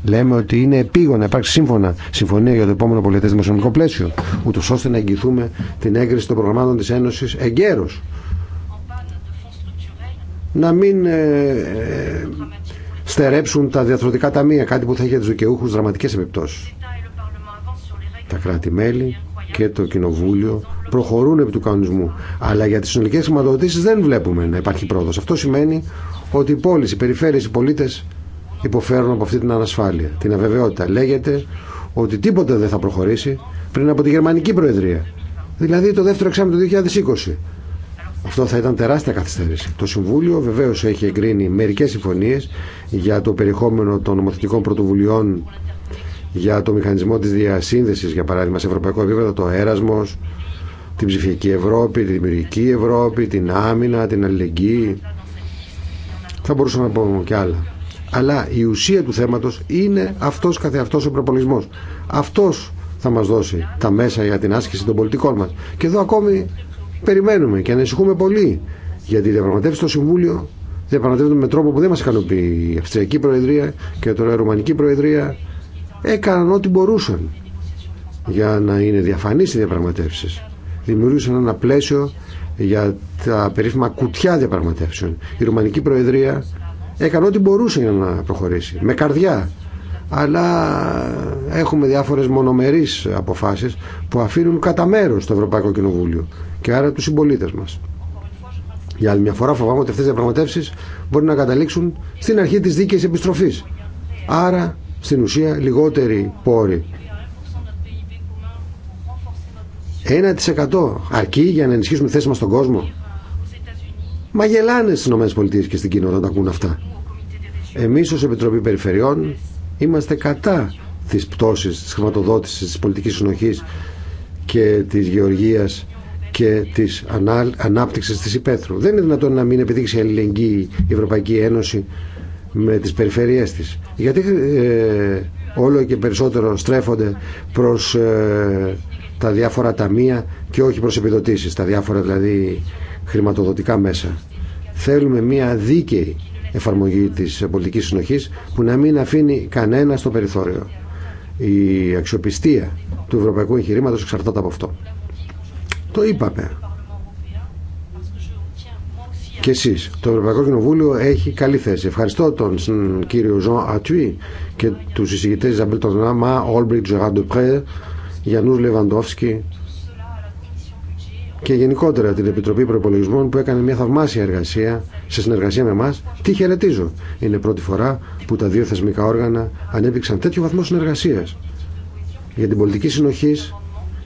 D: λέμε ότι είναι επίγον να υπάρξει σύμφωνα συμφωνία για το επόμενο πολιτέ δημοσιονομικό πλαίσιο, ούτω ώστε να εγγυθούμε την έγκριση των προγραμμάτων τη Ένωση εγκαίρω να μην ε, ε, στερέψουν τα διαθροτικά ταμεία, κάτι που θα έχει για τους δικαιούχους δραματικές επιπτώσεις. Τα κράτη-μέλη και το Κοινοβούλιο προχωρούν επί του κανονισμού, αλλά για τις συνολικές χρηματοδοτήσεις δεν βλέπουμε να υπάρχει πρόοδος. Αυτό σημαίνει ότι οι πόλεις, οι περιφέρειες, οι πολίτες υποφέρουν από αυτή την ανασφάλεια, την αβεβαιότητα. Λέγεται ότι τίποτα δεν θα προχωρήσει πριν από τη Γερμανική Προεδρία, δηλαδή το δεύτερο εξάμεινο του 2020. Αυτό θα ήταν τεράστια καθυστέρηση. Το Συμβούλιο βεβαίω έχει εγκρίνει μερικέ συμφωνίε για το περιεχόμενο των νομοθετικών πρωτοβουλειών για το μηχανισμό τη διασύνδεση, για παράδειγμα, σε ευρωπαϊκό επίπεδο, το έρασμο, την ψηφιακή Ευρώπη, τη δημιουργική Ευρώπη, την άμυνα, την αλληλεγγύη. Θα μπορούσαμε να πούμε και άλλα. Αλλά η ουσία του θέματος είναι αυτός καθεαυτός ο προπολισμός. Αυτός θα μας δώσει τα μέσα για την άσκηση των πολιτικών μας. Και εδώ ακόμη Περιμένουμε και ανησυχούμε πολύ γιατί τη το στο Συμβούλιο. Διαπραγματεύονται με τρόπο που δεν μα ικανοποιεί. Η Αυστριακή Προεδρία και τώρα η Ρουμανική Προεδρία έκαναν ό,τι μπορούσαν για να είναι διαφανεί οι διαπραγματεύσει. Δημιουργούσαν ένα πλαίσιο για τα περίφημα κουτιά διαπραγματεύσεων. Η Ρουμανική Προεδρία έκανε ό,τι μπορούσε για να προχωρήσει. Με καρδιά. Αλλά έχουμε διάφορε μονομερεί αποφάσει που αφήνουν κατά μέρο το Ευρωπαϊκό Κοινοβούλιο και άρα του συμπολίτε μα. Για άλλη μια φορά φοβάμαι ότι αυτέ οι διαπραγματεύσει μπορεί να καταλήξουν στην αρχή τη δίκαιη επιστροφή. Άρα στην ουσία λιγότεροι πόροι. 1% αρκεί για να ενισχύσουμε τη θέση μα στον κόσμο. Μα γελάνε στι ΗΠΑ και στην Κίνα όταν τα ακούν αυτά. Εμεί ω Επιτροπή Περιφερειών είμαστε κατά τη πτώση τη χρηματοδότηση τη πολιτική συνοχή και τη γεωργίας και τη ανάπτυξη ανάπτυξης της υπαίθρου. Δεν είναι δυνατόν να μην επιδείξει αλληλεγγύη η Ευρωπαϊκή Ένωση με τις περιφέρειές τη, Γιατί ε, όλο και περισσότερο στρέφονται προς ε, τα διάφορα ταμεία και όχι προς επιδοτήσεις, τα διάφορα δηλαδή χρηματοδοτικά μέσα. Θέλουμε μια δίκαιη εφαρμογή της πολιτική συνοχή που να μην αφήνει κανένα στο περιθώριο. Η αξιοπιστία του ευρωπαϊκού εγχειρήματο εξαρτάται από αυτό. Το είπαμε. Και εσεί, το Ευρωπαϊκό Κοινοβούλιο έχει καλή θέση. Ευχαριστώ τον κύριο Ζων Ατουί και τους εισηγητές Ζαμπέλ Τονάμα, Όλμπρικτ Ζεραντοπρέ, Γιανού Λεβαντόφσκι και γενικότερα την Επιτροπή Προπολογισμών που έκανε μια θαυμάσια εργασία σε συνεργασία με εμά. Τι χαιρετίζω. Είναι πρώτη φορά που τα δύο θεσμικά όργανα ανέπτυξαν τέτοιο βαθμό συνεργασία για την πολιτική συνοχή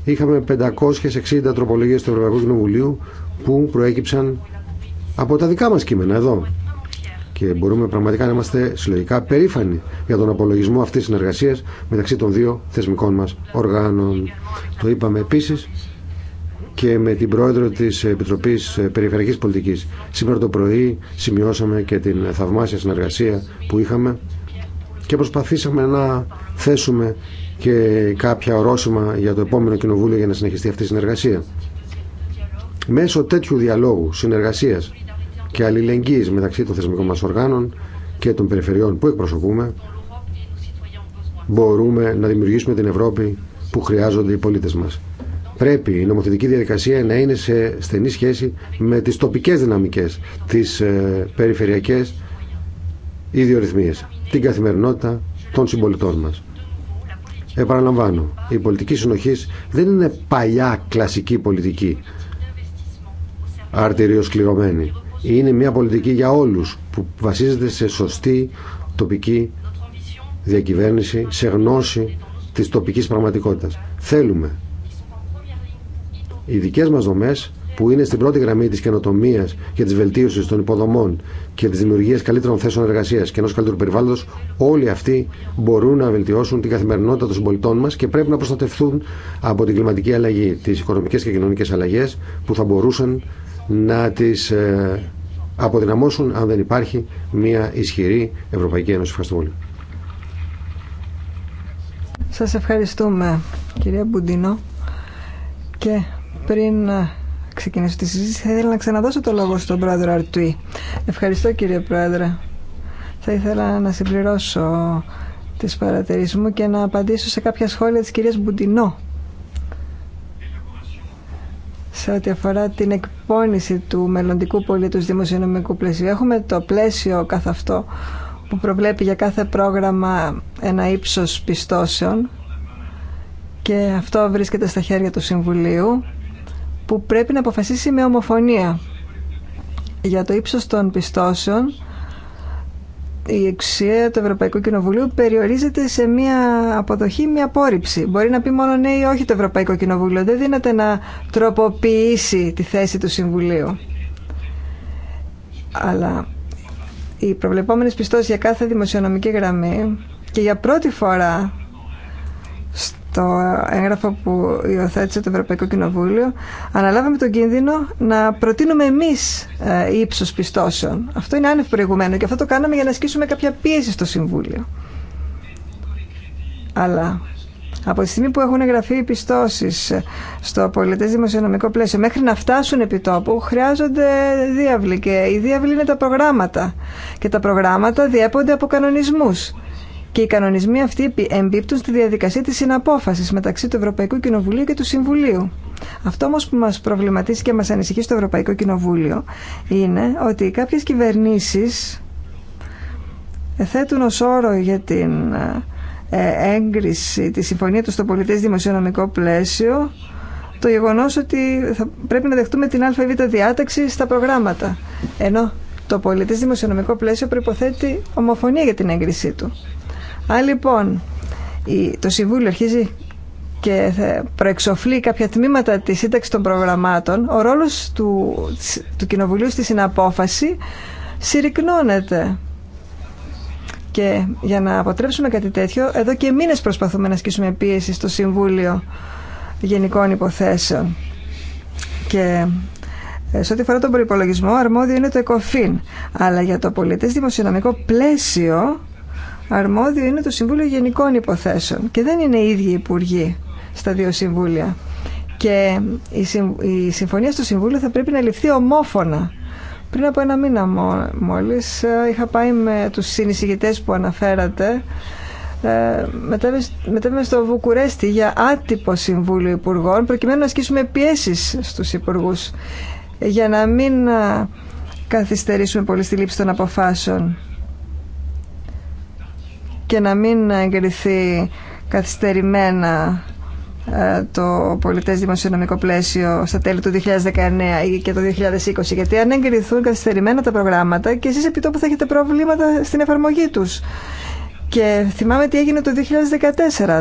D: είχαμε 560 τροπολογίε του Ευρωπαϊκού Κοινοβουλίου που προέκυψαν από τα δικά μας κείμενα εδώ. Και μπορούμε πραγματικά να είμαστε συλλογικά περήφανοι για τον απολογισμό αυτής της συνεργασία μεταξύ των δύο θεσμικών μας οργάνων. Το είπαμε επίσης και με την πρόεδρο της Επιτροπής Περιφερειακής Πολιτικής. Σήμερα το πρωί σημειώσαμε και την θαυμάσια συνεργασία που είχαμε και προσπαθήσαμε να θέσουμε και κάποια ορόσημα για το επόμενο κοινοβούλιο για να συνεχιστεί αυτή η συνεργασία. Μέσω τέτοιου διαλόγου, συνεργασίας και αλληλεγγύης μεταξύ των θεσμικών μας οργάνων και των περιφερειών που εκπροσωπούμε, μπορούμε να δημιουργήσουμε την Ευρώπη που χρειάζονται οι πολίτες μας. Πρέπει η νομοθετική διαδικασία να είναι σε στενή σχέση με τις τοπικές δυναμικές, τις ε, περιφερειακές ιδιορυθμίες την καθημερινότητα των συμπολιτών μας. Επαναλαμβάνω, η πολιτική συνοχή δεν είναι παλιά κλασική πολιτική αρτηριοσκληρωμένη. Είναι μια πολιτική για όλους που βασίζεται σε σωστή τοπική διακυβέρνηση, σε γνώση της τοπικής πραγματικότητας. Θέλουμε οι δικές μας δομές που είναι στην πρώτη γραμμή τη καινοτομία και τη βελτίωση των υποδομών και τη δημιουργία καλύτερων θέσεων εργασία και ενό καλύτερου περιβάλλοντο, όλοι αυτοί μπορούν να βελτιώσουν την καθημερινότητα των συμπολιτών μα και πρέπει να προστατευτούν από την κλιματική αλλαγή, τι οικονομικέ και κοινωνικέ αλλαγέ που θα μπορούσαν να τι ε, αποδυναμώσουν αν δεν υπάρχει μια ισχυρή Ευρωπαϊκή Ένωση. Ευχαριστώ πολύ.
A: Σας ευχαριστούμε κυρία Μπουντίνο και πριν ξεκινήσω τη συζήτηση, θα ήθελα να ξαναδώσω το λόγο στον πρόεδρο Αρτουή. Ευχαριστώ κύριε πρόεδρε. Θα ήθελα να συμπληρώσω τις παρατηρήσεις μου και να απαντήσω σε κάποια σχόλια της κυρίας Μπουτινό σε ό,τι αφορά την εκπόνηση του μελλοντικού πολίτους δημοσιονομικού πλαισίου. Έχουμε το πλαίσιο καθ' αυτό που προβλέπει για κάθε πρόγραμμα ένα ύψος πιστώσεων και αυτό βρίσκεται στα χέρια του Συμβουλίου που πρέπει να αποφασίσει με ομοφωνία. Για το ύψος των πιστώσεων, η εξουσία του Ευρωπαϊκού Κοινοβουλίου περιορίζεται σε μία αποδοχή, μία απόρριψη. Μπορεί να πει μόνο ναι ή όχι το Ευρωπαϊκό Κοινοβούλιο. Δεν δίνεται να τροποποιήσει τη θέση του Συμβουλίου. Αλλά οι προβλεπόμενες πιστώσεις για κάθε δημοσιονομική γραμμή και για πρώτη φορά στο έγγραφο που υιοθέτησε το Ευρωπαϊκό Κοινοβούλιο, αναλάβαμε τον κίνδυνο να προτείνουμε εμεί ε, ύψο πιστώσεων. Αυτό είναι άνευ προηγουμένου και αυτό το κάναμε για να ασκήσουμε κάποια πίεση στο Συμβούλιο. Αλλά από τη στιγμή που έχουν εγγραφεί οι πιστώσει ε, στο πολιτέ δημοσιονομικό πλαίσιο μέχρι να φτάσουν επί τόπου, χρειάζονται διάβλη και οι διάβλη είναι τα προγράμματα. Και τα προγράμματα διέπονται από κανονισμού. Και οι κανονισμοί αυτοί εμπίπτουν στη διαδικασία της συναπόφασης μεταξύ του Ευρωπαϊκού Κοινοβουλίου και του Συμβουλίου. Αυτό όμως που μας προβληματίζει και μας ανησυχεί στο Ευρωπαϊκό Κοινοβούλιο είναι ότι κάποιες κυβερνήσεις θέτουν ως όρο για την ε, έγκριση τη συμφωνία του στο πολιτές δημοσιονομικό πλαίσιο το γεγονό ότι θα πρέπει να δεχτούμε την ΑΒ διάταξη στα προγράμματα. Ενώ το πολιτές δημοσιονομικό πλαίσιο προποθέτει ομοφωνία για την έγκρισή του. Αν λοιπόν το Συμβούλιο αρχίζει και προεξοφλεί κάποια τμήματα της σύνταξη των προγραμμάτων, ο ρόλος του, του Κοινοβουλίου στη συναπόφαση συρρυκνώνεται. Και για να αποτρέψουμε κάτι τέτοιο, εδώ και μήνες προσπαθούμε να ασκήσουμε πίεση στο Συμβούλιο Γενικών Υποθέσεων. Και ε, σε ό,τι αφορά τον προπολογισμό, αρμόδιο είναι το ΕΚΟΦΗΝ. Αλλά για το πολίτες δημοσιονομικό πλαίσιο, αρμόδιο είναι το Συμβούλιο Γενικών Υποθέσεων και δεν είναι οι ίδιοι υπουργοί στα δύο συμβούλια. Και η συμφωνία στο Συμβούλιο θα πρέπει να ληφθεί ομόφωνα. Πριν από ένα μήνα μόλις ε, είχα πάει με τους συνεισηγητές που αναφέρατε ε, μετέβη στο Βουκουρέστι για άτυπο Συμβούλιο Υπουργών προκειμένου να ασκήσουμε πιέσεις στους υπουργούς για να μην ε, καθυστερήσουμε πολύ στη λήψη των αποφάσεων και να μην εγκριθεί καθυστερημένα ε, το πολιτές δημοσιονομικό πλαίσιο στα τέλη του 2019 και το 2020 γιατί αν εγκριθούν καθυστερημένα τα προγράμματα και εσείς επί τόπου θα έχετε προβλήματα στην εφαρμογή τους και θυμάμαι τι έγινε το 2014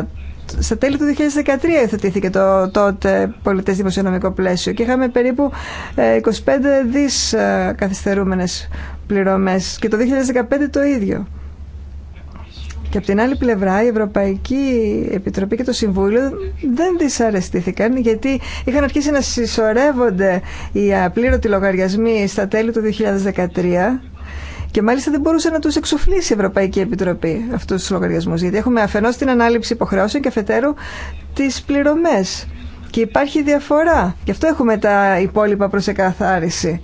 A: στα τέλη του 2013 εθετήθηκε το τότε πολιτές δημοσιονομικό πλαίσιο και είχαμε περίπου 25 ε, δις ε, καθυστερούμενες πληρωμές και το 2015 το ίδιο και από την άλλη πλευρά η Ευρωπαϊκή Επιτροπή και το Συμβούλιο δεν δυσαρεστήθηκαν γιατί είχαν αρχίσει να συσσωρεύονται οι απλήρωτοι λογαριασμοί στα τέλη του 2013 και μάλιστα δεν μπορούσε να του εξοφλήσει η Ευρωπαϊκή Επιτροπή αυτού του λογαριασμού. Γιατί έχουμε αφενός την ανάληψη υποχρεώσεων και αφετέρου τι πληρωμέ. Και υπάρχει διαφορά. Γι' αυτό έχουμε τα υπόλοιπα προ εκαθάριση.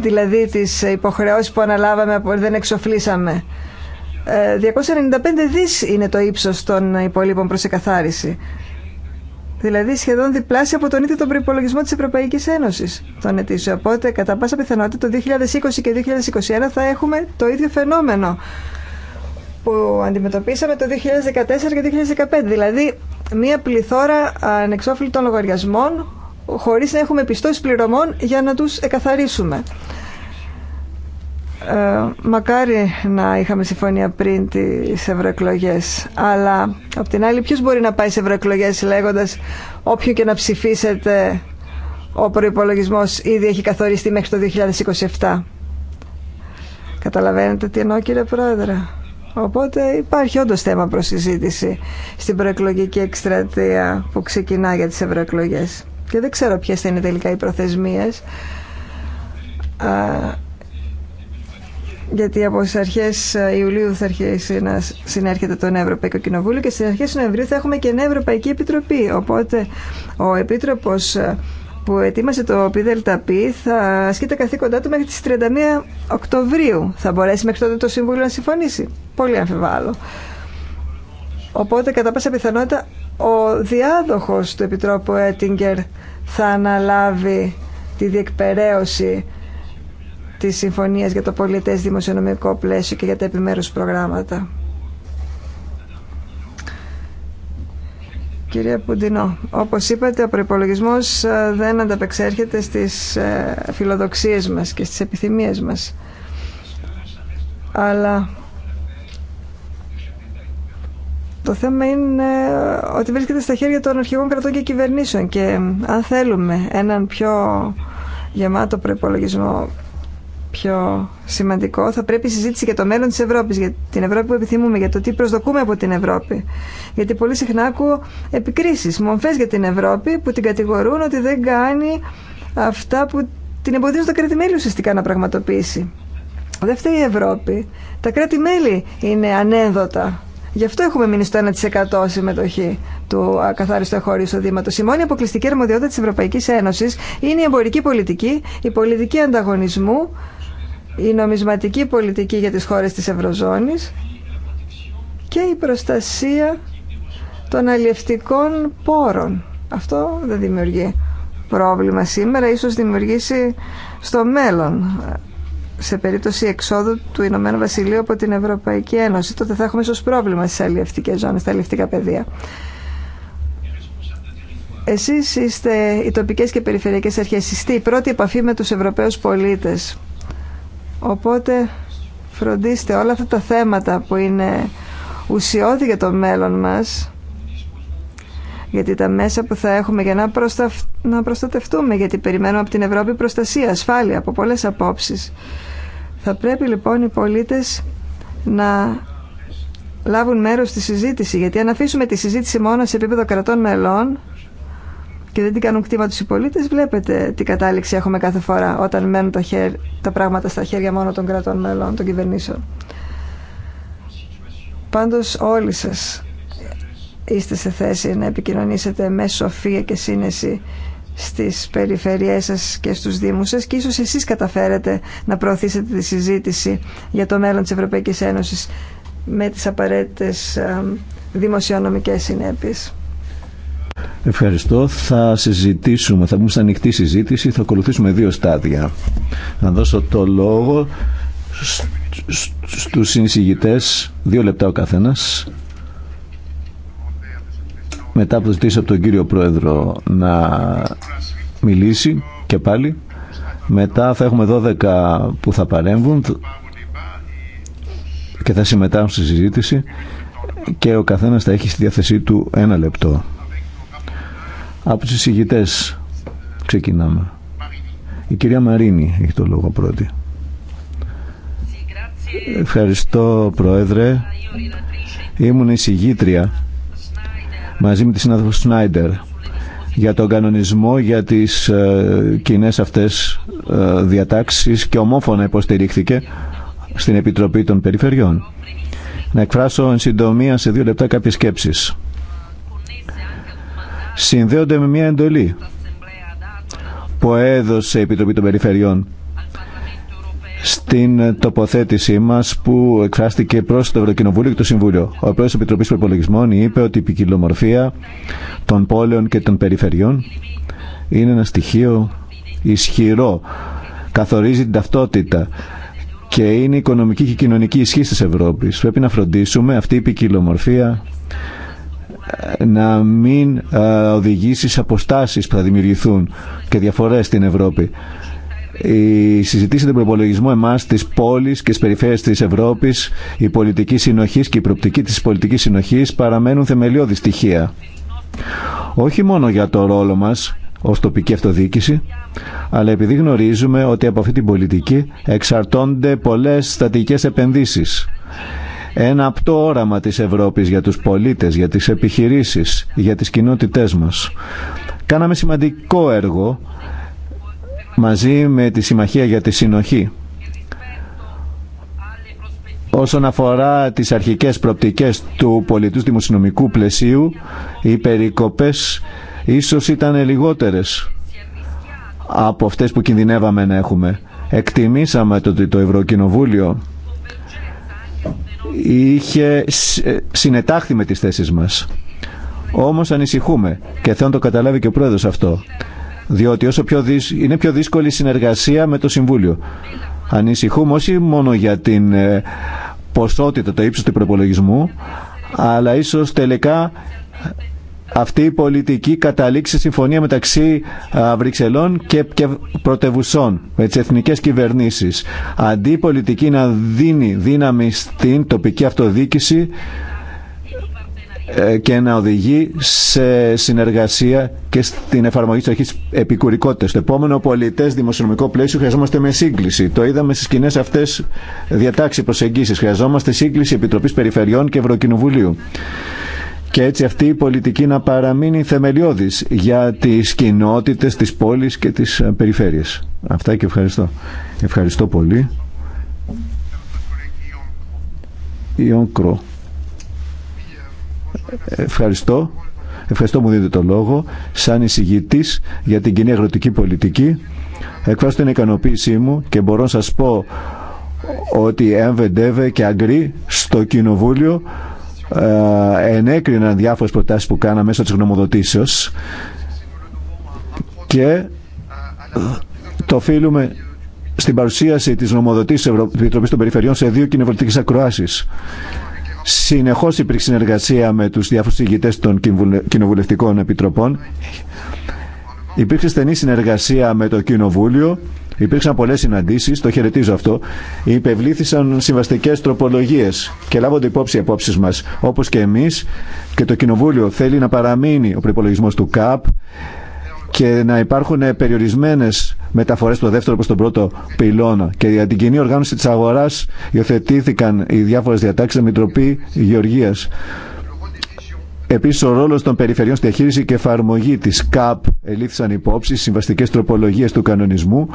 A: Δηλαδή τι υποχρεώσει που αναλάβαμε δεν εξοφλήσαμε. 295 δις είναι το ύψος των υπολείπων προς εκαθάριση. Δηλαδή σχεδόν διπλάσια από τον ίδιο τον προπολογισμό της Ευρωπαϊκής Ένωσης τον ετήσιο. Οπότε κατά πάσα πιθανότητα το 2020 και 2021 θα έχουμε το ίδιο φαινόμενο που αντιμετωπίσαμε το 2014 και 2015. Δηλαδή μία πληθώρα ανεξόφλητων λογαριασμών χωρίς να έχουμε πιστώσεις πληρωμών για να τους εκαθαρίσουμε. Ε, μακάρι να είχαμε συμφωνία πριν τις ευρωεκλογέ. Αλλά από την άλλη ποιος μπορεί να πάει σε ευρωεκλογέ λέγοντας όποιο και να ψηφίσετε ο προϋπολογισμός ήδη έχει καθοριστεί μέχρι το 2027. Καταλαβαίνετε τι εννοώ κύριε Πρόεδρε. Οπότε υπάρχει όντως θέμα προς συζήτηση στην προεκλογική εκστρατεία που ξεκινά για τις ευρωεκλογέ. Και δεν ξέρω ποιες θα είναι τελικά οι προθεσμίες γιατί από τι αρχέ ε, Ιουλίου θα αρχίσει να συνέρχεται το Ευρωπαϊκό Κοινοβούλιο και στι αρχές Νοεμβρίου θα έχουμε και Νέα Ευρωπαϊκή Επιτροπή. Οπότε ο Επίτροπος ε, που ετοίμασε το ΠΙΔΕΛΤΑΠΗ θα ασκεί τα καθήκοντά του μέχρι τις 31 Οκτωβρίου. Θα μπορέσει μέχρι τότε το Συμβούλιο να συμφωνήσει. Πολύ αμφιβάλλω. Οπότε κατά πάσα πιθανότητα ο διάδοχος του Επιτρόπου Έτιγκερ θα αναλάβει τη διεκπαιρέωση της συμφωνίας για το πολιτές δημοσιονομικό πλαίσιο και για τα επιμέρους προγράμματα. Κυρία Πουντινό, όπως είπατε, ο προπολογισμό ε, δεν ανταπεξέρχεται στις ε, φιλοδοξίες μας και στις επιθυμίες μας. Αλλά το θέμα είναι ε, ότι βρίσκεται στα χέρια των αρχηγών κρατών και κυβερνήσεων και αν θέλουμε έναν πιο γεμάτο προπολογισμό πιο σημαντικό, θα πρέπει η συζήτηση για το μέλλον τη Ευρώπη για την Ευρώπη που επιθυμούμε, για το τι προσδοκούμε από την Ευρώπη. Γιατί πολύ συχνά ακούω επικρίσει μορφέ για την Ευρώπη που την κατηγορούν ότι δεν κάνει αυτά που την εμποδίζουν τα κράτη-μέλη ουσιαστικά να πραγματοποιήσει. Δεν φταίει η Ευρώπη. Τα κράτη-μέλη είναι ανένδοτα. Γι' αυτό έχουμε μείνει στο 1% συμμετοχή του ακαθάριστου εγχώριου εισοδήματο. Η μόνη αποκλειστική αρμοδιότητα τη Ευρωπαϊκή Ένωση είναι η εμπορική πολιτική, η πολιτική ανταγωνισμού η νομισματική πολιτική για τις χώρες της Ευρωζώνης και η προστασία των αλλιευτικών πόρων. Αυτό δεν δημιουργεί πρόβλημα σήμερα, ίσως δημιουργήσει στο μέλλον σε περίπτωση εξόδου του Ηνωμένου Βασιλείου από την Ευρωπαϊκή Ένωση. Τότε θα έχουμε ίσως πρόβλημα στις αλλιευτικές ζώνες, στα αλλιευτικά πεδία. Εσείς είστε οι τοπικές και περιφερειακές αρχές, είστε η πρώτη επαφή με τους Ευρωπαίους πολίτες. Οπότε φροντίστε όλα αυτά τα θέματα που είναι ουσιώδη για το μέλλον μας γιατί τα μέσα που θα έχουμε για να, να προστατευτούμε γιατί περιμένουμε από την Ευρώπη προστασία, ασφάλεια από πολλές απόψεις θα πρέπει λοιπόν οι πολίτες να λάβουν μέρος στη συζήτηση γιατί αν αφήσουμε τη συζήτηση μόνο σε επίπεδο κρατών μελών και δεν την κάνουν κτήμα του οι πολίτε, βλέπετε τι κατάληξη έχουμε κάθε φορά όταν μένουν τα, χέρ, τα πράγματα στα χέρια μόνο των κρατών μελών, των κυβερνήσεων. Πάντως όλοι σα είστε σε θέση να επικοινωνήσετε με σοφία και σύνεση στις περιφερειές σας και στους δήμους σας και ίσως εσείς καταφέρετε να προωθήσετε τη συζήτηση για το μέλλον της Ευρωπαϊκής Ένωσης με τις απαραίτητες ε, δημοσιονομικές συνέπειες.
C: Ευχαριστώ. Θα συζητήσουμε, θα μπούμε σε ανοιχτή συζήτηση, θα ακολουθήσουμε δύο στάδια. Να δώσω το λόγο στους συνεισηγητές, δύο λεπτά ο καθένας. Μετά από το ζητήσω από τον κύριο Πρόεδρο να μιλήσει και πάλι. Μετά θα έχουμε 12 που θα παρέμβουν και θα συμμετάσχουν στη συζήτηση και ο καθένας θα έχει στη διάθεσή του ένα λεπτό. Από τους εισηγητές ξεκινάμε. Η κυρία Μαρίνη έχει το λόγο πρώτη. Ευχαριστώ Πρόεδρε. Ήμουν εισηγήτρια μαζί με τη συνάδελφο Σνάιντερ για τον κανονισμό για τις ε, κοινέ αυτές ε, διατάξεις και ομόφωνα υποστηρίχθηκε στην Επιτροπή των Περιφερειών. Να εκφράσω εν συντομία σε δύο λεπτά κάποιες σκέψεις συνδέονται με μια εντολή που έδωσε η Επιτροπή των Περιφερειών στην τοποθέτησή μα που εκφράστηκε προ το Ευρωκοινοβούλιο και το Συμβούλιο. Ο πρόεδρο τη Επιτροπή Προπολογισμών είπε ότι η ποικιλομορφία των πόλεων και των περιφερειών είναι ένα στοιχείο ισχυρό. Καθορίζει την ταυτότητα και είναι η οικονομική και κοινωνική ισχύ τη Ευρώπη. Πρέπει να φροντίσουμε αυτή η ποικιλομορφία να μην ε, οδηγήσει σε αποστάσεις που θα δημιουργηθούν και διαφορές στην Ευρώπη. Η συζητήση του προπολογισμού εμά τη πόλη και τη περιφέρεια τη Ευρώπη, η πολιτική συνοχή και η προπτική τη πολιτική συνοχή παραμένουν θεμελιώδη στοιχεία. Όχι μόνο για το ρόλο μα ω τοπική αυτοδιοίκηση, αλλά επειδή γνωρίζουμε ότι από αυτή την πολιτική εξαρτώνται πολλέ στατικέ επενδύσει ένα απτό όραμα της Ευρώπης για τους πολίτες, για τις επιχειρήσεις, για τις κοινότητές μας. Κάναμε σημαντικό έργο μαζί με τη Συμμαχία για τη Συνοχή όσον αφορά τις αρχικές προπτικές του πολιτού δημοσιονομικού πλαισίου οι περικοπές ίσως ήταν λιγότερες από αυτές που κινδυνεύαμε να έχουμε. Εκτιμήσαμε ότι το Ευρωκοινοβούλιο είχε ε, συνετάχθη με τις θέσεις μας. Όμως ανησυχούμε και θέλω να το καταλάβει και ο πρόεδρος αυτό. Διότι όσο πιο είναι πιο δύσκολη η συνεργασία με το Συμβούλιο. Ανησυχούμε όχι μόνο για την ε, ποσότητα, το ύψος του προπολογισμού, αλλά ίσως τελικά αυτή η πολιτική καταλήξει συμφωνία μεταξύ Βρυξελών και, και πρωτευουσών, με τις εθνικές κυβερνήσεις. Αντί η πολιτική να δίνει δύναμη στην τοπική αυτοδίκηση ε, και να οδηγεί σε συνεργασία και στην εφαρμογή τη αρχή επικουρικότητα. Το επόμενο πολιτέ δημοσιονομικό πλαίσιο χρειαζόμαστε με σύγκληση. Το είδαμε στι κοινέ αυτέ διατάξει προσεγγίσεις. Χρειαζόμαστε σύγκληση Επιτροπή Περιφερειών και Ευρωκοινοβουλίου και έτσι αυτή η πολιτική να παραμείνει θεμελιώδης για τις κοινότητες, της πόλης και της ε, περιφέρειες. Αυτά και ευχαριστώ. Ευχαριστώ πολύ. Ιόγκρο. Ευχαριστώ. Ευχαριστώ μου δίνετε το λόγο. Σαν εισηγητής για την κοινή αγροτική πολιτική εκφράζω την ικανοποίησή μου και μπορώ να σας πω ότι έμβεντεύε και αγκρί στο Κοινοβούλιο ε, ενέκριναν διάφορες προτάσεις που κάναμε μέσω της γνωμοδοτήσεως και το οφείλουμε στην παρουσίαση της νομοδοτήσης Επιτροπής των Περιφερειών σε δύο κοινοβουλευτικές ακροάσεις. Συνεχώς υπήρξε συνεργασία με τους διάφορους ηγητές των κοινοβουλευτικών επιτροπών. Υπήρξε στενή συνεργασία με το Κοινοβούλιο Υπήρξαν πολλέ συναντήσει, το χαιρετίζω αυτό. Υπευλήθησαν συμβαστικέ τροπολογίε και λάβονται υπόψη οι απόψει μα. Όπω και εμεί και το Κοινοβούλιο θέλει να παραμείνει ο προπολογισμό του ΚΑΠ και να υπάρχουν περιορισμένε μεταφορέ στο δεύτερο προ τον πρώτο πυλώνα. Και για την κοινή οργάνωση τη αγορά υιοθετήθηκαν οι διάφορε διατάξει με Μητροπή Γεωργία. Επίση, ο ρόλο των περιφερειών στη διαχείριση και εφαρμογή τη ΚΑΠ ελήφθησαν υπόψη συμβαστικέ τροπολογίε του κανονισμού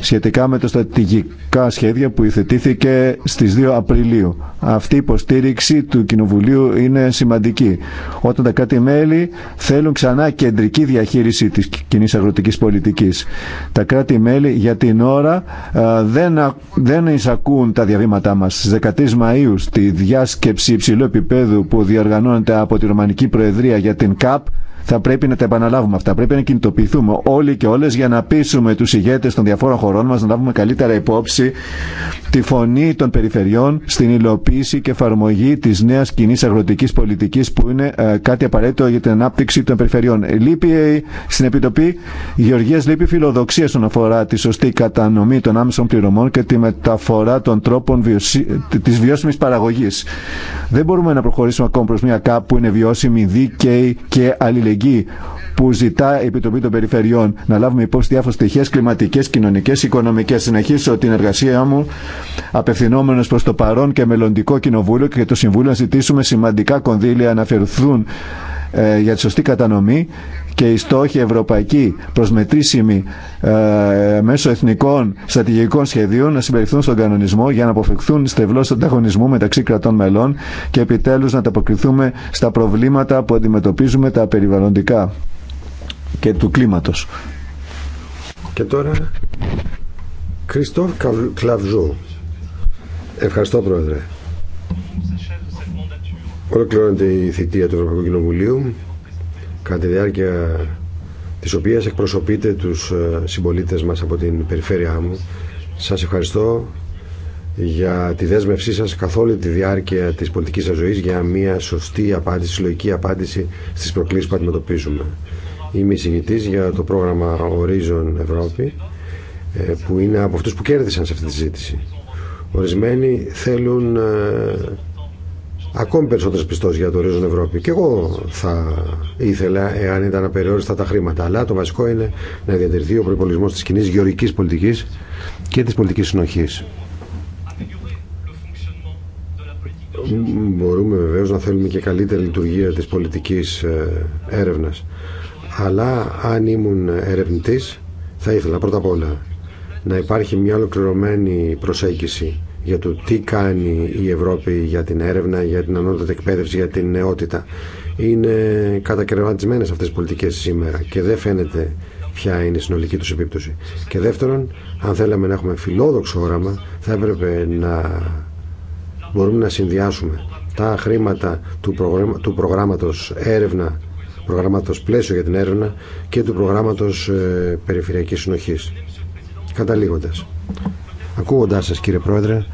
C: σχετικά με τα στρατηγικά σχέδια που υθετήθηκε στι 2 Απριλίου. Αυτή η υποστήριξη του Κοινοβουλίου είναι σημαντική. Όταν τα κράτη-μέλη θέλουν ξανά κεντρική διαχείριση τη κοινή αγροτική πολιτική. Τα κράτη-μέλη για την ώρα δεν, δεν εισακούν τα διαβήματά μα. Στι 13 Μαου, στη διάσκεψη υψηλού επίπεδου που διοργανώνεται από τη Ρωμανία Γερμανική Προεδρία για την ΚΑΠ θα πρέπει να τα επαναλάβουμε αυτά. Πρέπει να κινητοποιηθούμε όλοι και όλε για να πείσουμε του ηγέτε των διαφόρων χωρών μα να λάβουμε καλύτερα υπόψη τη φωνή των περιφερειών στην υλοποίηση και εφαρμογή τη νέα κοινή αγροτική πολιτική που είναι ε, κάτι απαραίτητο για την ανάπτυξη των περιφερειών. Λείπει ε, στην επιτοπή, Γεωργία, λείπει φιλοδοξία στον αφορά τη σωστή κατανομή των άμεσων πληρωμών και τη μεταφορά των τρόπων τη βιώσιμη παραγωγή. Δεν μπορούμε να προχωρήσουμε ακόμα προ μια ΚΑΠ που είναι βιώσιμη, δίκαιη και αλληλεγγύη που ζητά η Επιτροπή των Περιφερειών να λάβουμε υπόψη διάφορε στοιχείε κλιματικέ, κοινωνικέ, οικονομικέ. Συνεχίσω την εργασία μου απευθυνόμενο προ το παρόν και μελλοντικό κοινοβούλιο και το Συμβούλιο να ζητήσουμε σημαντικά κονδύλια να αφαιρθούν ε, για τη σωστή κατανομή και οι στόχοι ευρωπαϊκοί προσμετρήσιμοι ε, μέσω εθνικών στρατηγικών σχεδίων να συμπεριφθούν στον κανονισμό για να αποφευχθούν τον ανταγωνισμού μεταξύ κρατών μελών και επιτέλους να ανταποκριθούμε στα προβλήματα που αντιμετωπίζουμε τα περιβαλλοντικά και του κλίματος.
D: Και τώρα, Κριστόφ Κλαβζού. Ευχαριστώ, Πρόεδρε. Ολοκληρώνεται η θητεία του Ευρωπαϊκού Κοινοβουλίου κατά τη διάρκεια της οποίας εκπροσωπείτε τους ε, συμπολίτες μας από την περιφέρειά μου. Σας ευχαριστώ για τη δέσμευσή σας καθ' όλη τη διάρκεια της πολιτικής σας ζωής για μια σωστή απάντηση, συλλογική απάντηση στις προκλήσεις που αντιμετωπίζουμε. Είμαι για το πρόγραμμα Horizon Ευρώπη ε, που είναι από αυτούς που κέρδισαν σε αυτή τη ζήτηση. Ορισμένοι θέλουν ε, ακόμη περισσότερε πιστώσει για το ορίζον Ευρώπη. Και εγώ θα ήθελα, εάν ήταν απεριόριστα τα χρήματα. Αλλά το βασικό είναι να διατηρηθεί ο προπολογισμό τη κοινή γεωργικής πολιτική και τη πολιτική συνοχή. Μπορούμε βεβαίως να θέλουμε και καλύτερη λειτουργία της πολιτικής ε, έρευνας. Αλλά αν ήμουν ερευνητής θα ήθελα πρώτα απ' όλα να υπάρχει μια ολοκληρωμένη προσέγγιση για το τι κάνει η Ευρώπη για την έρευνα, για την ανώτατη εκπαίδευση, για την νεότητα. Είναι κατακαιρματισμένες αυτές οι πολιτικές σήμερα και δεν φαίνεται ποια είναι η συνολική τους επίπτωση. Και δεύτερον, αν θέλαμε να έχουμε φιλόδοξο όραμα, θα έπρεπε να μπορούμε να συνδυάσουμε τα χρήματα του, προγράμμα, του προγράμματος έρευνα, προγράμματος πλαίσιο για την έρευνα και του προγράμματος ε, περιφερειακής συνοχής. Καταλήγοντας, Ακούγοντά σα, κύριε Πρόεδρε,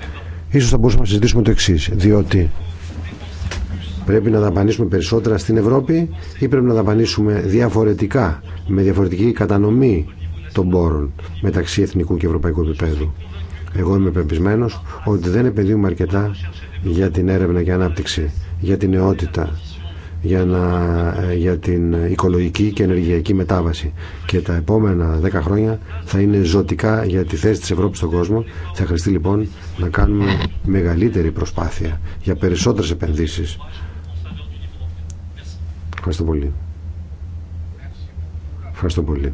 D: ίσω θα μπορούσαμε να συζητήσουμε το εξή. Διότι πρέπει να δαπανίσουμε περισσότερα στην Ευρώπη ή πρέπει να δαπανίσουμε διαφορετικά, με διαφορετική κατανομή των πόρων μεταξύ εθνικού και ευρωπαϊκού επίπεδου. Εγώ είμαι πεπισμένο ότι δεν επενδύουμε αρκετά για την έρευνα και ανάπτυξη, για την νεότητα, για, να, ε, για την οικολογική και ενεργειακή μετάβαση. Και τα επόμενα 10 χρόνια θα είναι ζωτικά για τη θέση της Ευρώπης στον κόσμο. Θα χρειαστεί λοιπόν να κάνουμε μεγαλύτερη προσπάθεια για περισσότερες επενδύσεις. Ευχαριστώ πολύ. Ευχαριστώ πολύ.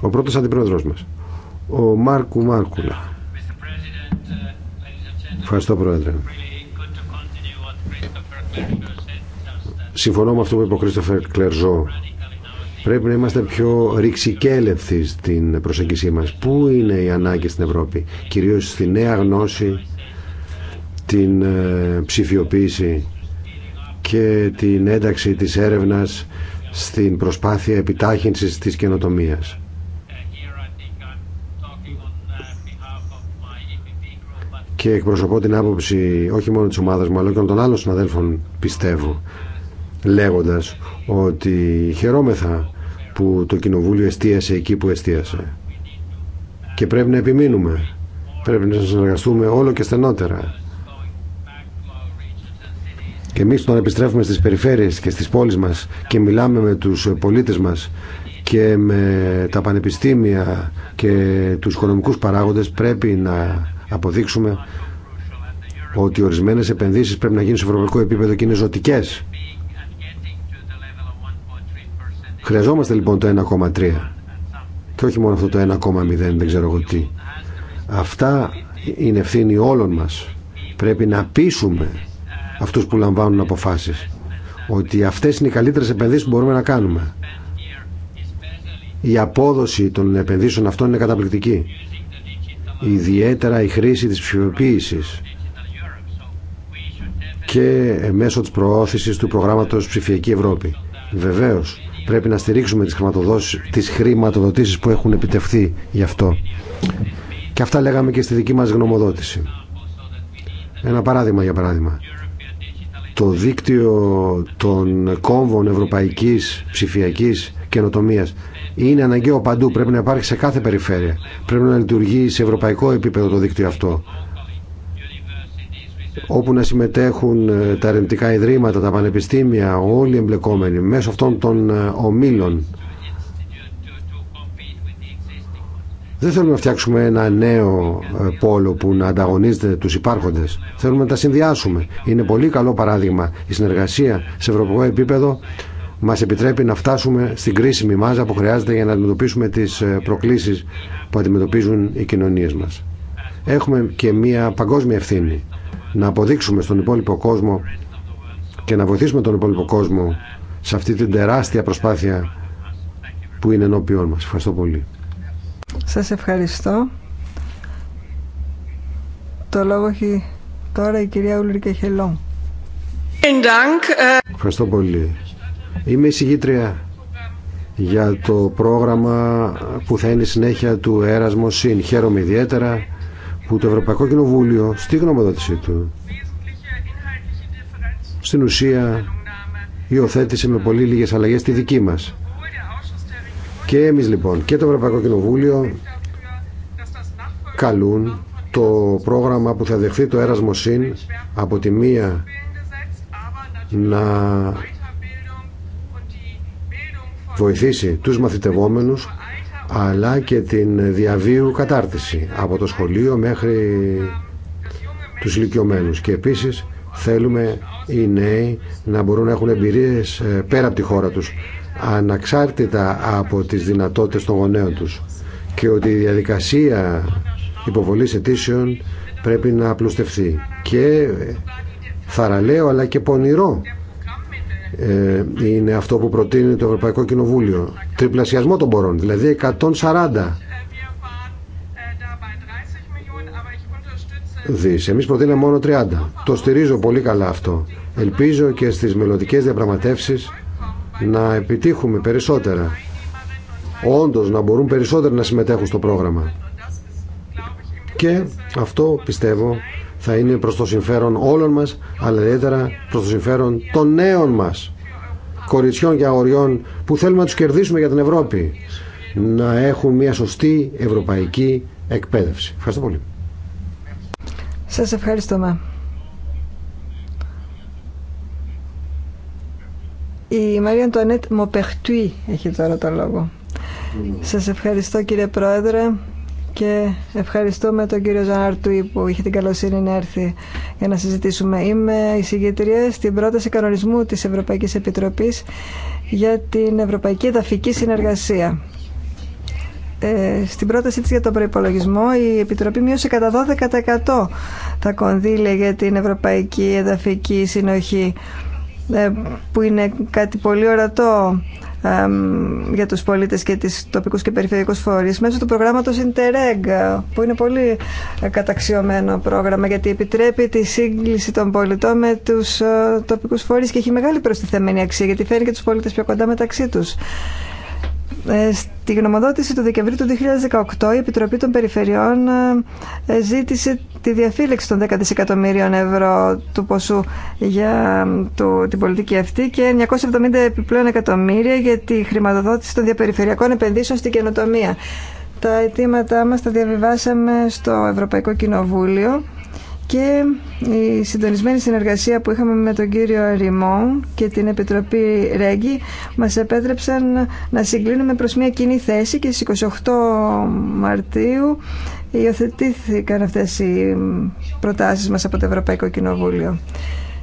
D: Ο πρώτος αντιπρόεδρος μας, ο Μάρκου Μάρκουλα. Ευχαριστώ πρόεδρε. Συμφωνώ με αυτό που είπε ο Κρίστοφερ Κλερζό. Πρέπει να είμαστε πιο ρηξικέλευθοι στην προσέγγιση μας. Πού είναι οι ανάγκη στην Ευρώπη, κυρίως στη νέα γνώση, την ε, ψηφιοποίηση και την ένταξη της έρευνας στην προσπάθεια επιτάχυνσης της καινοτομίας. και εκπροσωπώ την άποψη όχι μόνο της ομάδας μου αλλά και των άλλων συναδέλφων πιστεύω λέγοντας ότι χαιρόμεθα που το Κοινοβούλιο εστίασε εκεί που εστίασε και πρέπει να επιμείνουμε πρέπει να συνεργαστούμε όλο και στενότερα και εμείς όταν επιστρέφουμε στις περιφέρειες και στις πόλεις μας και μιλάμε με τους πολίτες μας και με τα πανεπιστήμια και τους οικονομικούς παράγοντες πρέπει να αποδείξουμε ότι ορισμένες επενδύσεις πρέπει να γίνουν σε ευρωπαϊκό επίπεδο και είναι ζωτικές. Χρειαζόμαστε λοιπόν το 1,3 και όχι μόνο αυτό το 1,0 δεν ξέρω εγώ τι. Αυτά είναι ευθύνη όλων μας. Πρέπει να πείσουμε αυτούς που λαμβάνουν αποφάσεις ότι αυτές είναι οι καλύτερες επενδύσεις που μπορούμε να κάνουμε. Η απόδοση των επενδύσεων αυτών είναι καταπληκτική ιδιαίτερα η χρήση της ψηφιοποίησης και μέσω της προώθησης του προγράμματος Ψηφιακή Ευρώπη. Βεβαίως, πρέπει να στηρίξουμε τις, τις χρηματοδοτήσεις που έχουν επιτευχθεί γι' αυτό. Και αυτά λέγαμε και στη δική μας γνωμοδότηση. Ένα παράδειγμα για παράδειγμα. Το δίκτυο των κόμβων ευρωπαϊκής ψηφιακής καινοτομίας είναι αναγκαίο παντού. Πρέπει να υπάρχει σε κάθε περιφέρεια. Πρέπει να λειτουργεί σε ευρωπαϊκό επίπεδο το δίκτυο αυτό. Όπου να συμμετέχουν ε, τα ερευνητικά ιδρύματα, τα πανεπιστήμια, όλοι οι εμπλεκόμενοι μέσω αυτών των ε, ομήλων. Δεν θέλουμε να φτιάξουμε ένα νέο ε, πόλο που να ανταγωνίζεται τους υπάρχοντες. Θέλουμε να τα συνδυάσουμε. Είναι πολύ καλό παράδειγμα η συνεργασία σε ευρωπαϊκό επίπεδο μας επιτρέπει να φτάσουμε στην κρίσιμη μάζα που χρειάζεται για να αντιμετωπίσουμε τις ε, προκλήσεις που αντιμετωπίζουν οι κοινωνίε μας. Έχουμε και μια παγκόσμια ευθύνη να αποδείξουμε στον υπόλοιπο κόσμο και να βοηθήσουμε τον υπόλοιπο κόσμο σε αυτή την τεράστια προσπάθεια που είναι ενώπιόν μας. Ευχαριστώ πολύ.
A: Σας ευχαριστώ. Το λόγο έχει τώρα η κυρία Ουλρικέ Χελό.
E: Ε.
D: Ευχαριστώ πολύ. Είμαι εισηγήτρια για το πρόγραμμα που θα είναι συνέχεια του Έρασμο ΣΥΝ. Χαίρομαι ιδιαίτερα που το Ευρωπαϊκό Κοινοβούλιο στη γνωμοδότησή του στην ουσία υιοθέτησε με πολύ λίγες αλλαγές τη δική μας. Και εμείς λοιπόν και το Ευρωπαϊκό Κοινοβούλιο καλούν το πρόγραμμα που θα δεχθεί το σύν από τη μία να βοηθήσει τους μαθητευόμενους αλλά και την διαβίου κατάρτιση από το σχολείο μέχρι τους ηλικιωμένους και επίσης θέλουμε οι νέοι να μπορούν να έχουν εμπειρίες ε, πέρα από τη χώρα τους αναξάρτητα από τις δυνατότητες των γονέων τους και ότι η διαδικασία υποβολής αιτήσεων πρέπει να απλουστευτεί και ε, θαραλέω αλλά και πονηρό ε, είναι αυτό που προτείνει το Ευρωπαϊκό Κοινοβούλιο. Τριπλασιασμό των πορών, δηλαδή 140 δις. Εμείς προτείναμε μόνο 30. Το στηρίζω πολύ καλά αυτό. Ελπίζω και στις μελλοντικέ διαπραγματεύσεις να επιτύχουμε περισσότερα. Όντως να μπορούν περισσότερο να συμμετέχουν στο πρόγραμμα. Και αυτό πιστεύω θα είναι προς το συμφέρον όλων μας, αλλά ιδιαίτερα προς το συμφέρον των νέων μας, κοριτσιών και αγοριών που θέλουμε να τους κερδίσουμε για την Ευρώπη, να έχουν μια σωστή ευρωπαϊκή εκπαίδευση. Ευχαριστώ πολύ.
A: Σας ευχαριστούμε. Η Μαρία Αντωνέτ Μοπεχτουή έχει τώρα το λόγο. Σας ευχαριστώ κύριε Πρόεδρε και ευχαριστούμε τον κύριο Ζανάρτουη που είχε την καλοσύνη να έρθει για να συζητήσουμε. Είμαι η συγκεκριτήρια στην πρόταση κανονισμού της Ευρωπαϊκής Επιτροπής για την Ευρωπαϊκή Εδαφική Συνεργασία. Ε, στην πρότασή της για τον προϋπολογισμό η Επιτροπή μείωσε κατά 12% τα κονδύλια για την Ευρωπαϊκή Εδαφική Συνοχή ε, που είναι κάτι πολύ ορατό για τους πολίτες και τις τοπικούς και περιφερειακούς φορείς μέσω του προγράμματος Interreg που είναι πολύ καταξιωμένο πρόγραμμα γιατί επιτρέπει τη σύγκληση των πολιτών με τους ε, τοπικούς φορείς και έχει μεγάλη προστιθέμενη αξία γιατί φέρνει και τους πολίτες πιο κοντά μεταξύ τους. Ε, στη γνωμοδότηση του Δεκεμβρίου του 2018 η Επιτροπή των Περιφερειών ε, ζήτησε τη διαφύλαξη των 10 δισεκατομμύριων ευρώ του ποσού για το, την πολιτική αυτή και 970 επιπλέον εκατομμύρια για τη χρηματοδότηση των διαπεριφερειακών επενδύσεων στην καινοτομία. Τα αιτήματά μας τα διαβιβάσαμε στο Ευρωπαϊκό Κοινοβούλιο και η συντονισμένη συνεργασία που είχαμε με τον κύριο Ρημό και την Επιτροπή Ρέγγι μας επέτρεψαν να συγκλίνουμε προς μια κοινή θέση και στις 28 Μαρτίου υιοθετήθηκαν αυτές οι προτάσεις μας από το Ευρωπαϊκό Κοινοβούλιο.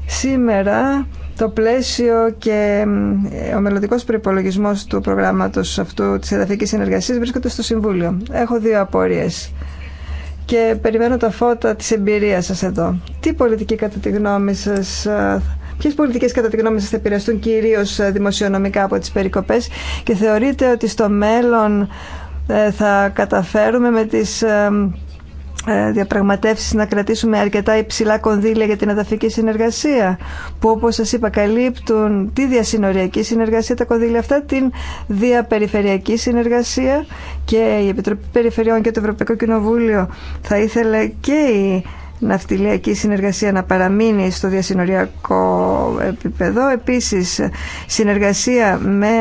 A: Σήμερα το πλαίσιο και ο μελλοντικό προπολογισμό του προγράμματο αυτού τη εδαφική συνεργασία βρίσκονται στο Συμβούλιο. Έχω δύο απορίε και περιμένω τα φώτα της εμπειρίας σας εδώ. Τι πολιτική κατά τη γνώμη σας ε, Ποιε πολιτικέ κατά τη γνώμη σα θα επηρεαστούν κυρίως ε, δημοσιονομικά από τις περικοπές και θεωρείτε ότι στο μέλλον ε, θα καταφέρουμε με τις ε, διαπραγματεύσεις να κρατήσουμε αρκετά υψηλά κονδύλια για την εδαφική συνεργασία που όπως σας είπα καλύπτουν τη διασυνοριακή συνεργασία τα κονδύλια αυτά, την διαπεριφερειακή συνεργασία και η Επιτροπή Περιφερειών και το Ευρωπαϊκό Κοινοβούλιο θα ήθελε και η ναυτιλιακή συνεργασία να παραμείνει στο διασυνοριακό επίπεδο. Επίσης, συνεργασία με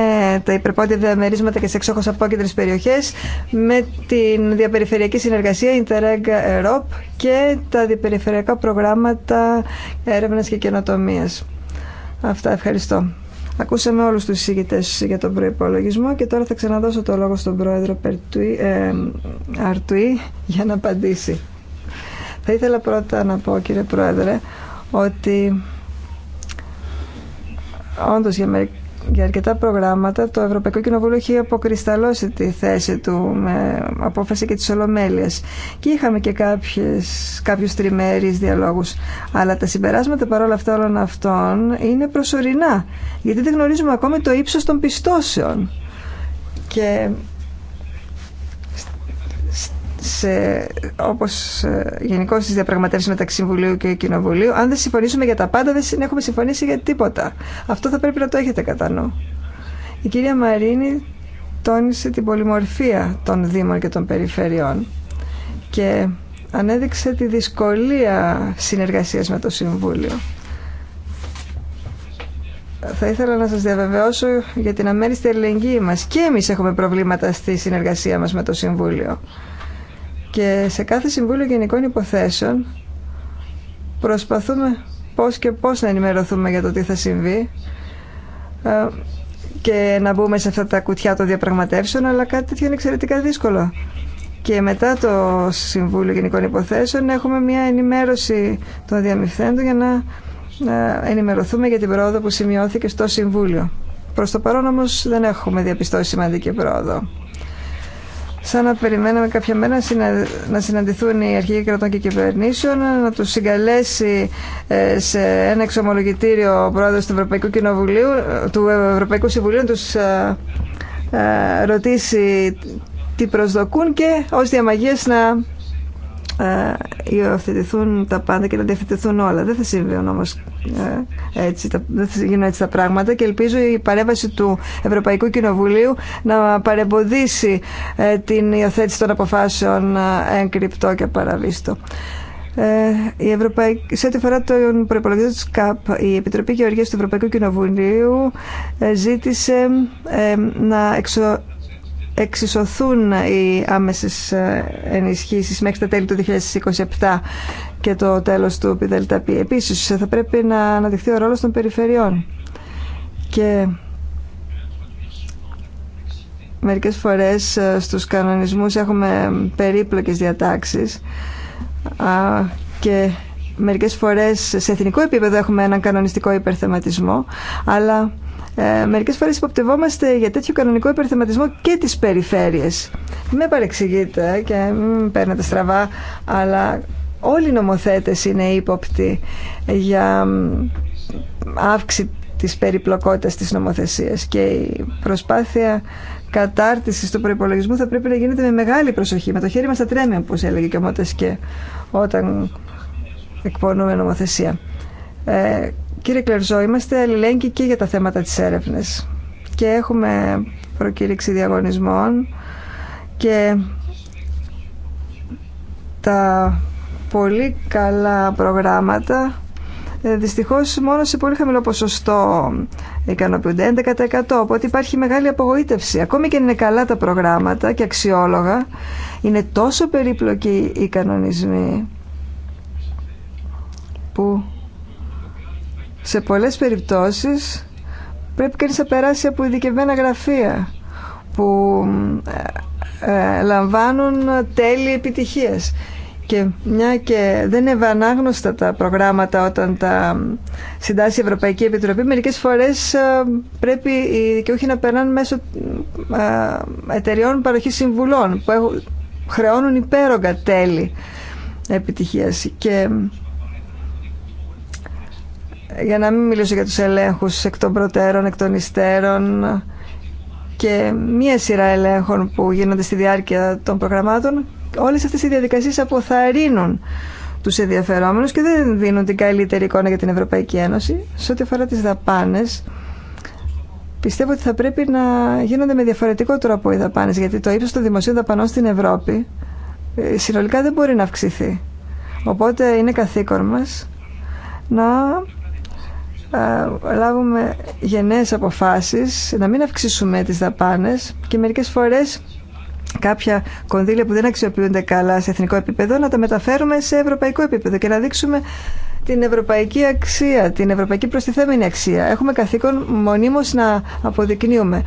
A: τα υπερπόντια διαμερίσματα και σε εξόχως απόκεντρες περιοχές, με την διαπεριφερειακή συνεργασία Interreg Europe και τα διαπεριφερειακά προγράμματα έρευνας και καινοτομίας. Αυτά, ευχαριστώ. Ακούσαμε όλους τους συζητητές για τον προϋπολογισμό και τώρα θα ξαναδώσω το λόγο στον πρόεδρο ε, Αρτουή για να απαντήσει. Θα ήθελα πρώτα να πω κύριε Πρόεδρε ότι όντω για αρκετά προγράμματα το Ευρωπαϊκό Κοινοβούλιο έχει αποκρισταλώσει τη θέση του με απόφαση και τη Ολομέλεια. και είχαμε και κάποιου κάποιους διαλόγου, διαλόγους αλλά τα συμπεράσματα παρόλα αυτά όλων αυτών είναι προσωρινά γιατί δεν γνωρίζουμε ακόμη το ύψο των πιστώσεων και σε, όπως ε, γενικώ στις διαπραγματεύσεις μεταξύ Συμβουλίου και Κοινοβουλίου, αν δεν συμφωνήσουμε για τα πάντα, δεν έχουμε συμφωνήσει για τίποτα. Αυτό θα πρέπει να το έχετε κατά νου. Η κυρία Μαρίνη τόνισε την πολυμορφία των Δήμων και των Περιφερειών και ανέδειξε τη δυσκολία συνεργασίας με το Συμβούλιο. Θα ήθελα να σας διαβεβαιώσω για την αμέριστη ελληνική μας. Και εμείς έχουμε προβλήματα στη συνεργασία μας με το Συμβούλιο. Και σε κάθε Συμβούλιο Γενικών Υποθέσεων προσπαθούμε πώς και πώς να ενημερωθούμε για το τι θα συμβεί ε, και να μπούμε σε αυτά τα κουτιά των διαπραγματεύσεων, αλλά κάτι τέτοιο είναι εξαιρετικά δύσκολο. Και μετά το Συμβούλιο Γενικών Υποθέσεων έχουμε μια ενημέρωση των διαμυφθέντων για να, ενημερωθούμε για την πρόοδο που σημειώθηκε στο Συμβούλιο. Προς το παρόν όμως δεν έχουμε διαπιστώσει σημαντική πρόοδο σαν να περιμέναμε κάποια μέρα να συναντηθούν οι αρχηγοί κρατών και κυβερνήσεων, να τους συγκαλέσει ε, σε ένα εξομολογητήριο ο πρόεδρος του Ευρωπαϊκού, ε, του Ευρωπαϊκού Συμβουλίου, να τους ε, ρωτήσει τι προσδοκούν και ως διαμαγείας να ε, υιοθετηθούν τα πάντα και να διευθετηθούν όλα. Δεν θα συμβαίνουν όμως ε, έτσι, δεν θα γίνουν έτσι τα πράγματα και ελπίζω η παρέμβαση του Ευρωπαϊκού Κοινοβουλίου να παρεμποδίσει ε, την υιοθέτηση των αποφάσεων κρυπτό και παραβίστο. η Ευρωπαϊκή, σε ό,τι αφορά τον προπολογισμό τη ΚΑΠ, η Επιτροπή Γεωργίας του Ευρωπαϊκού Κοινοβουλίου ζήτησε να εξο, εξισωθούν οι άμεσες ε, ενισχύσεις μέχρι τα τέλη του 2027 και το τέλος του ΠΔΕΛΤΑΠΗ. Επίσης θα πρέπει να αναδειχθεί ο ρόλος των περιφερειών και μερικές φορές ε, στους κανονισμούς έχουμε περίπλοκες διατάξεις και μερικές φορές σε εθνικό επίπεδο έχουμε έναν κανονιστικό υπερθεματισμό αλλά ε, μερικές φορές υποπτευόμαστε για τέτοιο κανονικό υπερθεματισμό και τι περιφέρειες. Με παρεξηγείτε και μην παίρνετε στραβά, αλλά όλοι οι νομοθέτε είναι ύποπτοι για αύξηση της περιπλοκότητας της νομοθεσίας και η προσπάθεια κατάρτισης του προϋπολογισμού θα πρέπει να γίνεται με μεγάλη προσοχή, με το χέρι μας στα τρέμει όπως έλεγε και ο Μότες και όταν εκπονούμε νομοθεσία. Ε, Κύριε Κλερζό, είμαστε αλληλέγγυοι και για τα θέματα της έρευνας και έχουμε προκήρυξη διαγωνισμών και τα πολύ καλά προγράμματα ε, δυστυχώς μόνο σε πολύ χαμηλό ποσοστό ικανοποιούνται 11% οπότε υπάρχει μεγάλη απογοήτευση ακόμη και είναι καλά τα προγράμματα και αξιόλογα είναι τόσο περίπλοκοι οι κανονισμοί που σε πολλές περιπτώσεις πρέπει κανείς να περάσει από ειδικευμένα γραφεία που ε, ε, λαμβάνουν τέλη επιτυχίας. Και μια και δεν είναι ευανάγνωστα τα προγράμματα όταν τα συντάσσει η Ευρωπαϊκή Επιτροπή, μερικές φορές ε, πρέπει οι δικαιούχοι να περνάνε μέσω εταιριών παροχής συμβουλών που χρεώνουν υπέρογκα τέλη επιτυχίας για να μην μιλήσω για τους ελέγχους εκ των προτέρων, εκ των υστέρων και μία σειρά ελέγχων που γίνονται στη διάρκεια των προγραμμάτων, όλες αυτές οι διαδικασίες αποθαρρύνουν τους ενδιαφερόμενους και δεν δίνουν την καλύτερη εικόνα για την Ευρωπαϊκή Ένωση. Σε ό,τι αφορά τις δαπάνες, πιστεύω ότι θα πρέπει να γίνονται με διαφορετικό τρόπο οι δαπάνες, γιατί το ύψος των δημοσίων δαπανών στην Ευρώπη ε, συνολικά δεν μπορεί να αυξηθεί. Οπότε είναι καθήκον μας να λάβουμε γενναίες αποφάσεις, να μην αυξήσουμε τις δαπάνες και μερικές φορές κάποια κονδύλια που δεν αξιοποιούνται καλά σε εθνικό επίπεδο να τα μεταφέρουμε σε ευρωπαϊκό επίπεδο και να δείξουμε την ευρωπαϊκή αξία, την ευρωπαϊκή προστιθέμενη αξία. Έχουμε καθήκον μονίμως να αποδεικνύουμε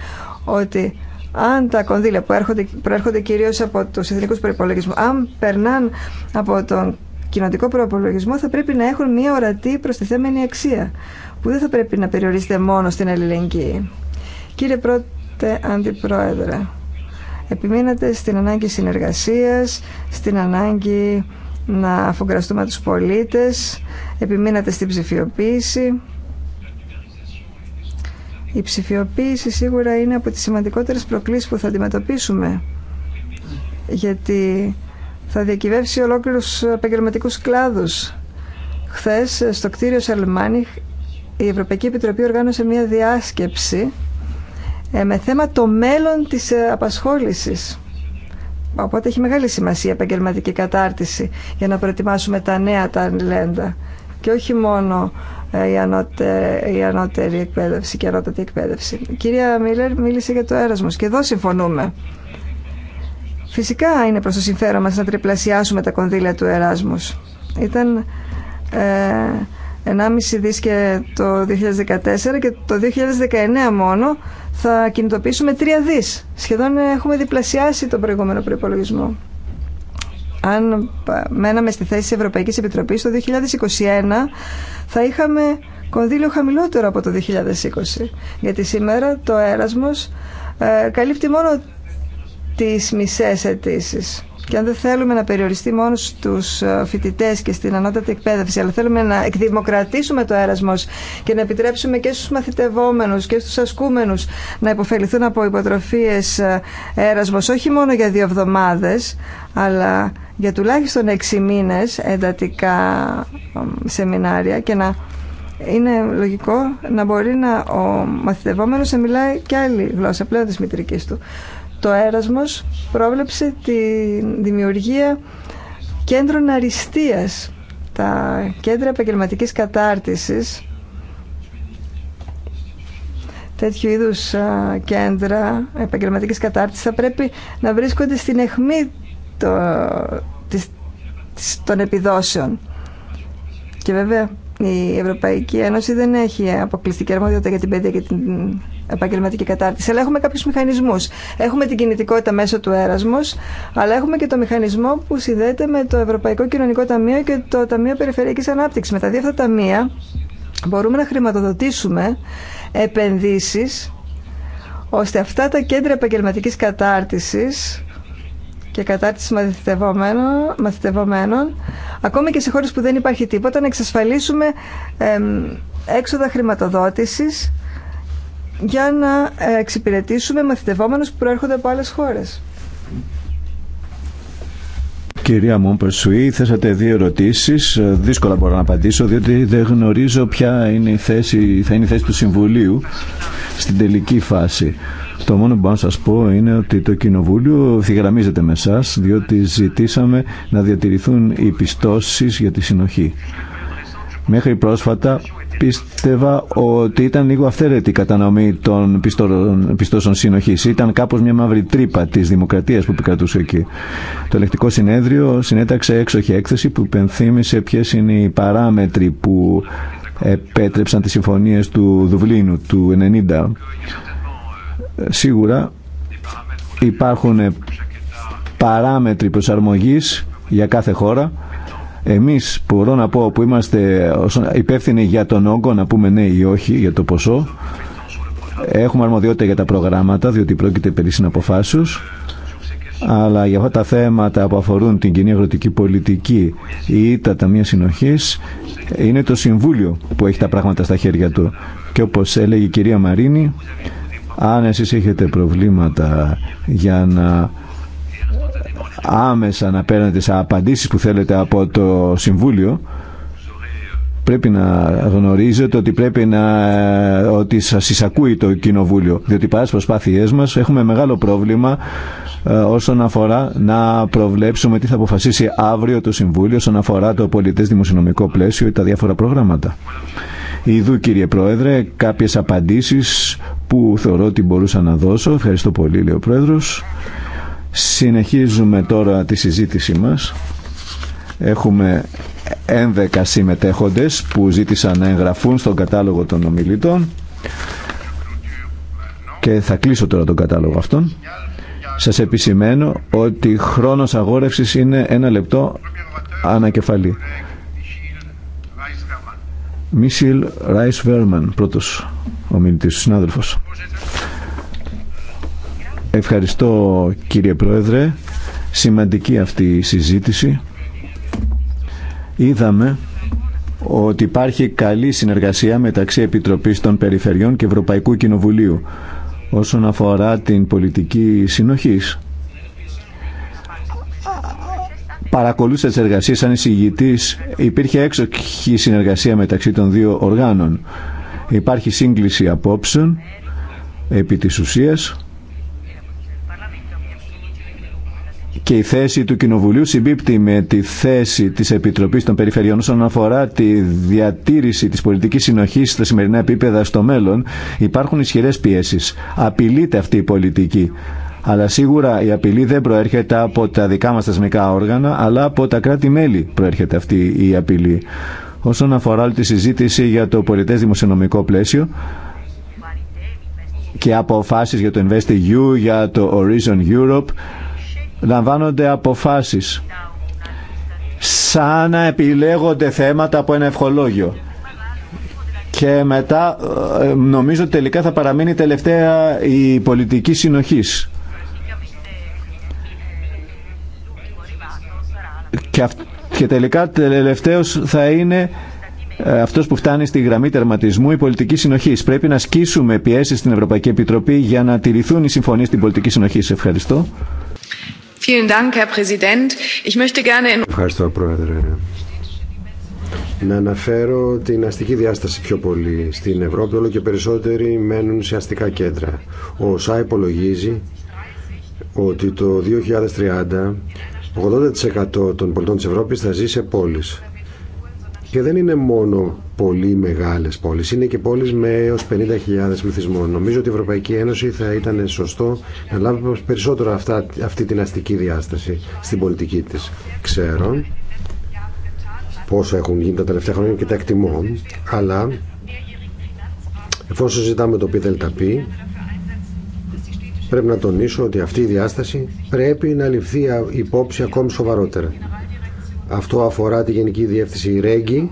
A: ότι αν τα κονδύλια που έρχονται, προέρχονται κυρίως από τους εθνικούς προϋπολογισμούς, αν περνάν από τον κοινοτικό προπολογισμό θα πρέπει να έχουν μια ορατή προστιθέμενη αξία που δεν θα πρέπει να περιορίζεται μόνο στην ελληνική. Κύριε Πρώτε Αντιπρόεδρε, επιμείνατε στην ανάγκη συνεργασίας, στην ανάγκη να αφογκραστούμε τους πολίτες, επιμείνατε στην ψηφιοποίηση. Η ψηφιοποίηση σίγουρα είναι από τις σημαντικότερες προκλήσεις που θα αντιμετωπίσουμε, γιατί θα διακυβεύσει ολόκληρους επαγγελματικού κλάδους. Χθες στο κτίριο Σαλμάνιχ η Ευρωπαϊκή Επιτροπή οργάνωσε μια διάσκεψη ε, με θέμα το μέλλον της ε, απασχόλησης. Οπότε έχει μεγάλη σημασία η επαγγελματική κατάρτιση για να προετοιμάσουμε τα νέα ταλέντα και όχι μόνο ε, η, ανώτερη, η εκπαίδευση και ανώτατη εκπαίδευση. Η κυρία Μίλλερ μίλησε για το έρασμος και εδώ συμφωνούμε. Φυσικά είναι προς το συμφέρον μας να τριπλασιάσουμε τα κονδύλια του Εράσμους. Ήταν ε, 1,5 δις και το 2014 και το 2019 μόνο θα κινητοποιήσουμε 3 δις. Σχεδόν έχουμε διπλασιάσει τον προηγούμενο προϋπολογισμό. Αν μέναμε στη θέση της Ευρωπαϊκής Επιτροπής το 2021 θα είχαμε κονδύλιο χαμηλότερο από το 2020. Γιατί σήμερα το έρασμος ε, καλύπτει μόνο τις μισές αιτήσει. Και αν δεν θέλουμε να περιοριστεί μόνο στους ε, φοιτητές και στην ανώτατη εκπαίδευση, αλλά θέλουμε να εκδημοκρατήσουμε το έρασμος και να επιτρέψουμε και στους μαθητευόμενους και στους ασκούμενους να υποφεληθούν από υποτροφίες ε, έρασμος, όχι μόνο για δύο εβδομάδες, αλλά για τουλάχιστον έξι μήνες εντατικά ε, σεμινάρια και να είναι λογικό να μπορεί να, ο μαθητευόμενος να μιλάει και άλλη γλώσσα πλέον της μητρικής του το Έρασμος πρόβλεψε τη δημιουργία κέντρων αριστείας, τα κέντρα επαγγελματική κατάρτισης, τέτοιου είδους κέντρα επαγγελματικής κατάρτισης θα πρέπει να βρίσκονται στην αιχμή των επιδόσεων. Και βέβαια η Ευρωπαϊκή Ένωση δεν έχει αποκλειστική αρμοδιότητα για την παιδεία και την επαγγελματική κατάρτιση, αλλά έχουμε κάποιου μηχανισμού. Έχουμε την κινητικότητα μέσω του έρασμο, αλλά έχουμε και το μηχανισμό που συνδέεται με το Ευρωπαϊκό Κοινωνικό Ταμείο και το Ταμείο Περιφερειακή Ανάπτυξη. Με τα δύο αυτά ταμεία μπορούμε να χρηματοδοτήσουμε επενδύσει ώστε αυτά τα κέντρα επαγγελματική κατάρτιση και κατάρτιση μαθητευομένων, μαθητευομένων ακόμη και σε χώρες που δεν υπάρχει τίποτα να εξασφαλίσουμε έξοδα χρηματοδότησης για να ε, εξυπηρετήσουμε μαθητευόμενους που προέρχονται από άλλες χώρες.
C: Κυρία Μομπερσουή, θέσατε δύο ερωτήσεις, ε, Δύσκολα μπορώ να απαντήσω, διότι δεν γνωρίζω ποια είναι η θέση, θα είναι η θέση του Συμβουλίου στην τελική φάση. Το μόνο που μπορώ να σας πω είναι ότι το Κοινοβούλιο θυγραμμίζεται με εσά, διότι ζητήσαμε να διατηρηθούν οι πιστώσεις για τη συνοχή. Μέχρι πρόσφατα πίστευα ότι ήταν λίγο αυθαίρετη η κατανομή των πιστώσεων συνοχή. Ήταν κάπω μια μαύρη τρύπα τη δημοκρατία που επικρατούσε εκεί. Το ελεκτικό συνέδριο συνέταξε έξοχη έκθεση που υπενθύμησε ποιε είναι οι παράμετροι που επέτρεψαν τις συμφωνίες του Δουβλίνου του 90 Σίγουρα υπάρχουν παράμετροι προσαρμογής για κάθε χώρα. Εμείς που μπορώ να πω που είμαστε υπεύθυνοι για τον όγκο να πούμε ναι ή όχι για το ποσό έχουμε αρμοδιότητα για τα προγράμματα διότι πρόκειται περί συναποφάσεως αλλά για αυτά τα θέματα που αφορούν την κοινή αγροτική πολιτική ή τα ταμεία συνοχής είναι το Συμβούλιο που έχει τα πράγματα στα χέρια του και όπω έλεγε η κυρία Μαρίνη αν εσείς έχετε προβλήματα για να άμεσα να παίρνετε σε απαντήσεις που θέλετε από το Συμβούλιο, πρέπει να γνωρίζετε ότι πρέπει να ότι σας εισακούει το Κοινοβούλιο διότι παρά τις προσπάθειές μας έχουμε μεγάλο πρόβλημα ε, όσον αφορά να προβλέψουμε τι θα αποφασίσει αύριο το Συμβούλιο όσον αφορά το πολιτές δημοσιονομικό πλαίσιο ή τα διάφορα προγράμματα. Ιδού κύριε Πρόεδρε κάποιες απαντήσεις που θεωρώ ότι μπορούσα να δώσω. Ευχαριστώ πολύ λέει ο Πρόεδρος. Συνεχίζουμε τώρα τη συζήτησή μας. Έχουμε 11 συμμετέχοντες που ζήτησαν να εγγραφούν στον κατάλογο των ομιλητών και θα κλείσω τώρα τον κατάλογο αυτόν. Σας επισημαίνω ότι χρόνος αγόρευσης είναι ένα λεπτό ανακεφαλή. Μίσιλ Ράις Βέρμαν, πρώτος ομιλητής, συνάδελφος. Ευχαριστώ κύριε Πρόεδρε. Σημαντική αυτή η συζήτηση. Είδαμε ότι υπάρχει καλή συνεργασία μεταξύ Επιτροπής των Περιφερειών και Ευρωπαϊκού Κοινοβουλίου όσον αφορά την πολιτική συνοχής. παρακολούθησε τι εργασίε σαν εισηγητή, Υπήρχε έξοχη συνεργασία μεταξύ των δύο οργάνων. Υπάρχει σύγκληση απόψεων επί της ουσίας και η θέση του Κοινοβουλίου συμπίπτει με τη θέση της Επιτροπής των Περιφερειών όσον αφορά τη διατήρηση της πολιτικής συνοχής στα σημερινά επίπεδα στο μέλλον υπάρχουν ισχυρές πιέσεις. Απειλείται αυτή η πολιτική αλλά σίγουρα η απειλή δεν προέρχεται από τα δικά μας θεσμικά όργανα, αλλά από τα κράτη-μέλη προέρχεται αυτή η απειλή. Όσον αφορά τη συζήτηση για το πολιτές δημοσιονομικό πλαίσιο και αποφάσεις για το InvestEU, για το Horizon Europe, λαμβάνονται αποφάσεις σαν να επιλέγονται θέματα από ένα ευχολόγιο και μετά ε, νομίζω τελικά θα παραμείνει τελευταία η πολιτική συνοχής και, τελικά τελευταίο θα είναι ε, αυτός που φτάνει στη γραμμή τερματισμού η πολιτική συνοχή. Πρέπει να σκίσουμε πιέσει στην Ευρωπαϊκή Επιτροπή για να τηρηθούν οι συμφωνίε στην πολιτική συνοχή. Ευχαριστώ.
D: Ευχαριστώ, Πρόεδρε. Να αναφέρω την αστική διάσταση πιο πολύ. Στην Ευρώπη όλο και περισσότεροι μένουν σε αστικά κέντρα. Ο ΣΑ υπολογίζει ότι το 2030 80% των πολιτών της Ευρώπης θα ζει σε πόλεις. Και δεν είναι μόνο πολύ μεγάλες πόλεις, είναι και πόλεις με έως 50.000 πληθυσμό. Νομίζω ότι η Ευρωπαϊκή Ένωση θα ήταν σωστό να λάβει περισσότερο αυτά, αυτή την αστική διάσταση στην πολιτική της. Ξέρω πόσο έχουν γίνει τα τελευταία χρόνια και τα εκτιμώ, αλλά εφόσον συζητάμε το πι, Πρέπει να τονίσω ότι αυτή η διάσταση πρέπει να ληφθεί υπόψη ακόμη σοβαρότερα. Αυτό αφορά τη Γενική Διεύθυνση Ρέγγι,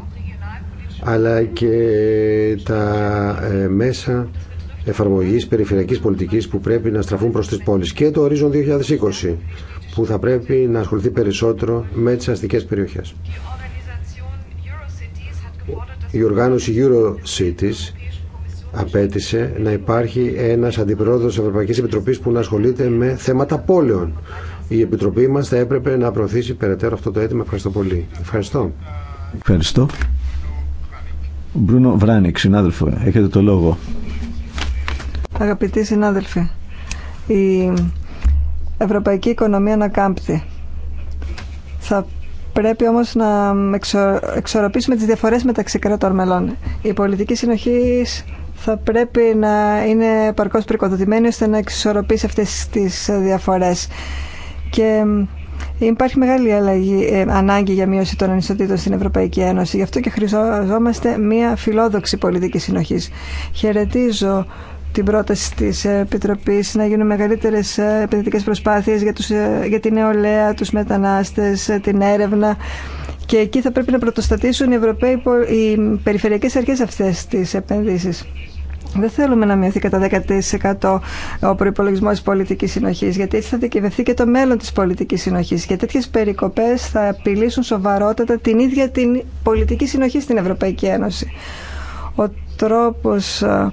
D: αλλά και τα ε, μέσα εφαρμογής περιφερειακής πολιτικής που πρέπει να στραφούν προς τις πόλεις και το ορίζον 2020 που θα πρέπει να ασχοληθεί περισσότερο με τις αστικές περιοχές. Η οργάνωση EuroCities απέτησε να υπάρχει ένας αντιπρόεδρος της Ευρωπαϊκής Επιτροπής που να ασχολείται με θέματα πόλεων. Η Επιτροπή μας θα έπρεπε να προωθήσει περαιτέρω αυτό το αίτημα. Ευχαριστώ πολύ. Ευχαριστώ.
C: Ευχαριστώ. Μπρούνο Βράνικ, συνάδελφο, έχετε το λόγο.
A: Αγαπητοί συνάδελφοι, η ευρωπαϊκή οικονομία ανακάμπτει. Θα πρέπει όμως να εξορροπήσουμε τις διαφορές μεταξύ κρατών μελών. Η πολιτική θα πρέπει να είναι παρκώς πρικοδοτημένη ώστε να εξισορροπήσει αυτές τις διαφορές. Και υπάρχει μεγάλη αλλαγή, ε, ανάγκη για μείωση των ανισοτήτων στην Ευρωπαϊκή Ένωση. Γι' αυτό και χρειαζόμαστε μια φιλόδοξη πολιτική συνοχής. Χαιρετίζω την πρόταση τη επιτροπή να γίνουν μεγαλύτερε επενδυτικέ προσπάθειε για, ε, για την νεολαία, του μετανάστε, ε, την έρευνα και εκεί θα πρέπει να πρωτοστατήσουν οι, Ευρωπαίοι, οι περιφερειακές αρχές αυτές τις επενδύσεις. Δεν θέλουμε να μειωθεί κατά 10% ο προπολογισμό τη πολιτική συνοχή, γιατί έτσι θα δικαιωθεί και το μέλλον τη πολιτική συνοχή. Και τέτοιε περικοπέ θα απειλήσουν σοβαρότατα την ίδια την πολιτική συνοχή στην Ευρωπαϊκή Ένωση. Ο τρόπο ε,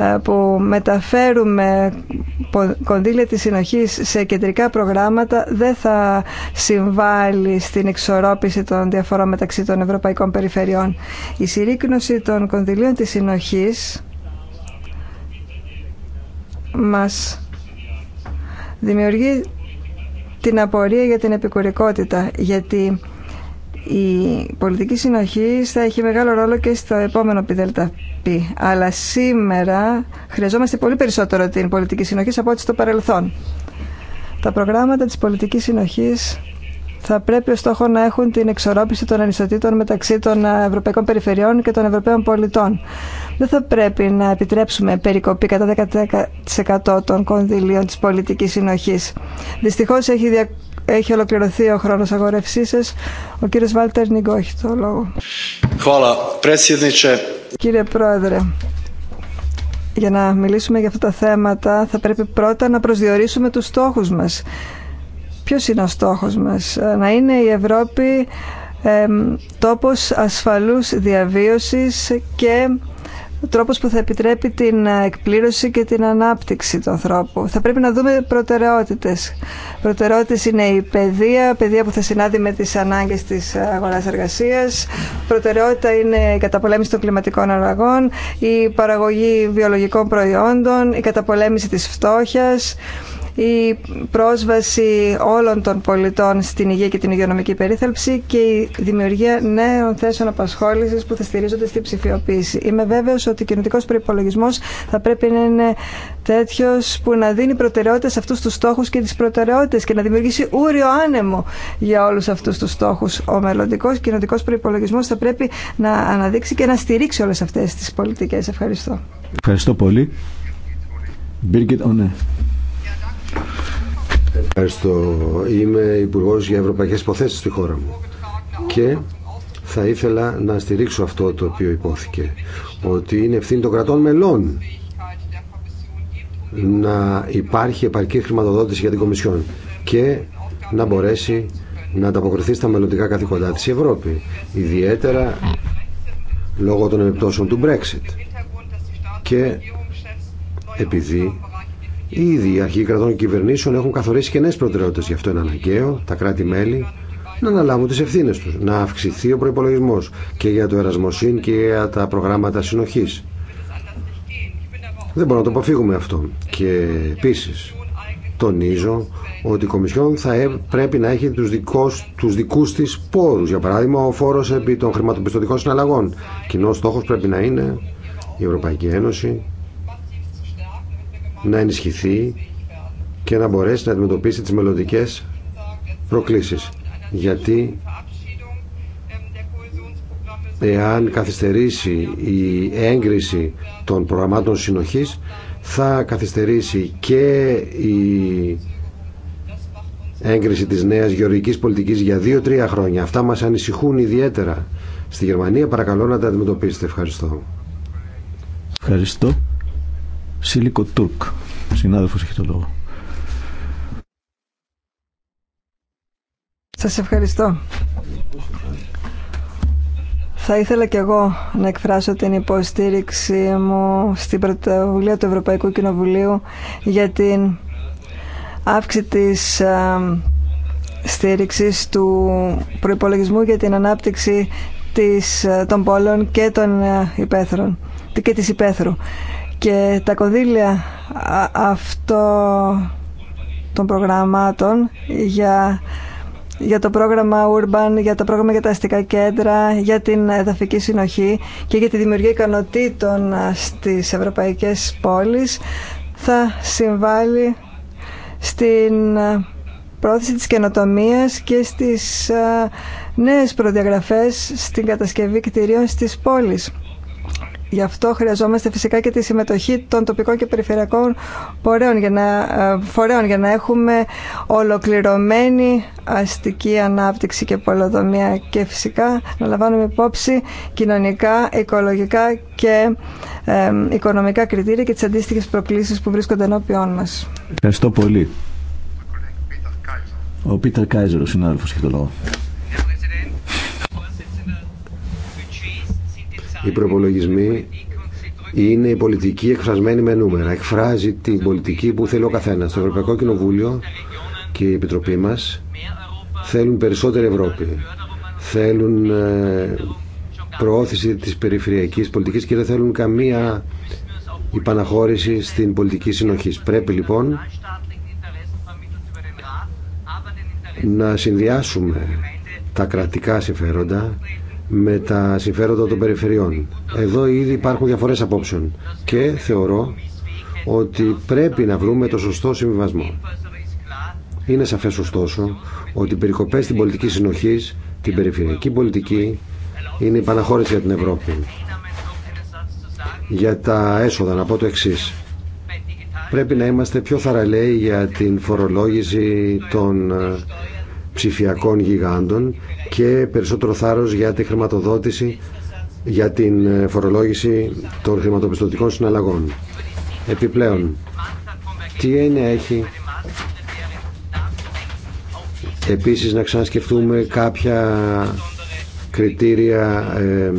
A: ε, που μεταφέρουμε κονδύλια της συνοχής σε κεντρικά προγράμματα δεν θα συμβάλλει στην εξορρόπηση των διαφορών μεταξύ των ευρωπαϊκών περιφερειών. Η συρρήκνωση των κονδυλίων της συνοχής μας δημιουργεί την απορία για την επικουρικότητα γιατί η πολιτική συνοχή θα έχει μεγάλο ρόλο και στο επόμενο πι. Αλλά σήμερα χρειαζόμαστε πολύ περισσότερο την πολιτική συνοχή από ό,τι στο παρελθόν. Τα προγράμματα της πολιτικής συνοχής θα πρέπει ο στόχο να έχουν την εξορρόπηση των ανισοτήτων μεταξύ των ευρωπαϊκών περιφερειών και των ευρωπαίων πολιτών. Δεν θα πρέπει να επιτρέψουμε περικοπή κατά 10% των κονδυλίων της πολιτικής συνοχής. Δυστυχώς έχει έχει ολοκληρωθεί ο χρόνος αγορευσή σα, Ο κύριος Βάλτερ Νίγκο έχει το λόγο. Κύριε Πρόεδρε, για να μιλήσουμε για αυτά τα θέματα θα πρέπει πρώτα να προσδιορίσουμε τους στόχους μας. Ποιο είναι ο στόχο μας. Ε, να είναι η Ευρώπη ε, τόπος ασφαλούς διαβίωσης και τρόπος που θα επιτρέπει την ε, εκπλήρωση και την ανάπτυξη του ανθρώπου. Θα πρέπει να δούμε προτεραιότητες. Προτεραιότητες είναι η παιδεία, παιδεία που θα συνάδει με τις ανάγκες της αγοράς εργασίας. Προτεραιότητα είναι η καταπολέμηση των κλιματικών αλλαγών, η παραγωγή βιολογικών προϊόντων, η καταπολέμηση της φτώχειας, η πρόσβαση όλων των πολιτών στην υγεία και την υγειονομική περίθαλψη και η δημιουργία νέων θέσεων απασχόλησης που θα στηρίζονται στη ψηφιοποίηση. Είμαι βέβαιος ότι ο κινητικός προϋπολογισμός θα πρέπει να είναι τέτοιος που να δίνει προτεραιότητα σε αυτούς τους στόχους και τις προτεραιότητες και να δημιουργήσει ούριο άνεμο για όλους αυτούς τους στόχους. Ο μελλοντικό κοινοτικό προπολογισμό θα πρέπει να αναδείξει και να στηρίξει όλες αυτές τις πολιτικές. Ευχαριστώ.
C: Ευχαριστώ πολύ. Birgit
D: Ευχαριστώ. Είμαι Υπουργό για Ευρωπαϊκέ Υποθέσει στη χώρα μου. Και θα ήθελα να στηρίξω αυτό το οποίο υπόθηκε. Ότι είναι ευθύνη των κρατών μελών να υπάρχει επαρκή χρηματοδότηση για την Κομισιόν και να μπορέσει να ανταποκριθεί στα μελλοντικά καθήκοντά της Ευρώπη. Ιδιαίτερα λόγω των επιπτώσεων του Brexit. Και επειδή Ήδη οι αρχοί κρατών κυβερνήσεων έχουν καθορίσει και νέε προτεραιότητε. Γι' αυτό είναι αναγκαίο τα κράτη-μέλη να αναλάβουν τι ευθύνε του, να αυξηθεί ο προπολογισμό και για το Ερασμοσύν και για τα προγράμματα συνοχή. Δεν μπορούμε να το αποφύγουμε αυτό. Και επίση τονίζω ότι η Κομισιόν θα ε, πρέπει να έχει τους, δικός, τους δικούς της πόρους. Για παράδειγμα, ο φόρος επί των χρηματοπιστωτικών συναλλαγών. Κοινός στόχος πρέπει να είναι η Ευρωπαϊκή Ένωση να ενισχυθεί και να μπορέσει να αντιμετωπίσει τις μελλοντικέ προκλήσεις. Γιατί εάν καθυστερήσει η έγκριση των προγραμμάτων συνοχής θα καθυστερήσει και η έγκριση της νέας γεωργικής πολιτικής για δύο-τρία χρόνια. Αυτά μας ανησυχούν ιδιαίτερα στη Γερμανία. Παρακαλώ να τα αντιμετωπίσετε. Ευχαριστώ.
C: Ευχαριστώ. Σίλικο Τούρκ. Συνάδελφος έχει το λόγο.
A: Σας ευχαριστώ. Θα ήθελα και εγώ να εκφράσω την υποστήριξή μου στην πρωτοβουλία του Ευρωπαϊκού Κοινοβουλίου για την αύξηση της ε, στήριξης του προϋπολογισμού για την ανάπτυξη ε, των πόλεων και των ε, υπαίθρων και της υπαίθρου. Και τα κονδύλια αυτό των προγραμμάτων για, για το πρόγραμμα Urban, για το πρόγραμμα για τα αστικά κέντρα, για την εδαφική συνοχή και για τη δημιουργία ικανοτήτων στις ευρωπαϊκές πόλεις θα συμβάλλει στην πρόθεση της καινοτομίας και στις νέες προδιαγραφές στην κατασκευή κτηρίων στις πόλεις. Γι' αυτό χρειαζόμαστε φυσικά και τη συμμετοχή των τοπικών και περιφερειακών φορέων για να, ε, για να έχουμε ολοκληρωμένη αστική ανάπτυξη και πολλοδομία και φυσικά να λαμβάνουμε υπόψη κοινωνικά, οικολογικά και ε, οικονομικά κριτήρια και τις αντίστοιχες προκλήσεις που βρίσκονται ενώπιόν μας.
C: Ευχαριστώ πολύ. Ο Πίτερ Κάιζερ, ο συνάδελφος, έχει το λόγο.
D: Οι προπολογισμοί είναι η πολιτική εκφρασμένη με νούμερα. Εκφράζει την πολιτική που θέλει ο καθένα. Το Ευρωπαϊκό Κοινοβούλιο και η Επιτροπή μα θέλουν περισσότερη Ευρώπη. Θέλουν ε, προώθηση της περιφερειακής πολιτικής και δεν θέλουν καμία υπαναχώρηση στην πολιτική συνοχή. Πρέπει λοιπόν να συνδυάσουμε τα κρατικά συμφέροντα με τα συμφέροντα των περιφερειών. Εδώ ήδη υπάρχουν διαφορές απόψεων και θεωρώ ότι πρέπει να βρούμε το σωστό συμβιβασμό. Είναι σαφές ωστόσο ότι οι περικοπές στην πολιτική συνοχής, την περιφερειακή πολιτική, είναι η παναχώρηση για την Ευρώπη. Για τα έσοδα, να πω το εξή. Πρέπει να είμαστε πιο θαραλέοι για την φορολόγηση των ε, ψηφιακών γιγάντων και περισσότερο θάρρος για τη χρηματοδότηση για την ε, φορολόγηση των χρηματοπιστωτικών συναλλαγών. Επιπλέον, τι έννοια έχει επίσης να ξανασκεφτούμε κάποια κριτήρια ε,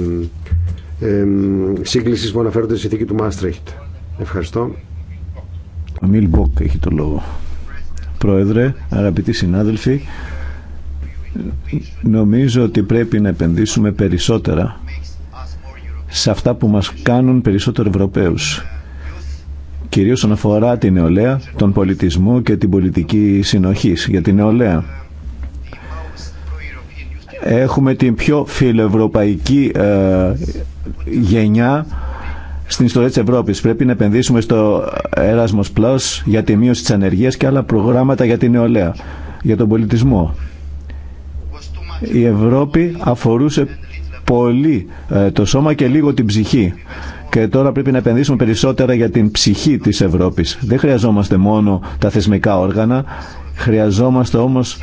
D: ε, σύγκλησης που αναφέρονται στη συνθήκη του Μάστρεχτ. Ευχαριστώ.
C: Ο έχει το λόγο. Πρόεδρε, αγαπητοί συνάδελφοι, Νομίζω ότι πρέπει να επενδύσουμε περισσότερα σε αυτά που μας κάνουν περισσότερο Ευρωπαίους. Κυρίως όσον αφορά την νεολαία, τον πολιτισμό και την πολιτική συνοχής για την νεολαία. Έχουμε την πιο φιλοευρωπαϊκή ε, γενιά στην ιστορία της Ευρώπης. Πρέπει να επενδύσουμε στο Erasmus Plus για τη μείωση της ανεργίας και άλλα προγράμματα για την νεολαία, για τον πολιτισμό η Ευρώπη αφορούσε πολύ ε, το σώμα και λίγο την ψυχή. Και τώρα πρέπει να επενδύσουμε περισσότερα για την ψυχή της Ευρώπης. Δεν χρειαζόμαστε μόνο τα θεσμικά όργανα, χρειαζόμαστε όμως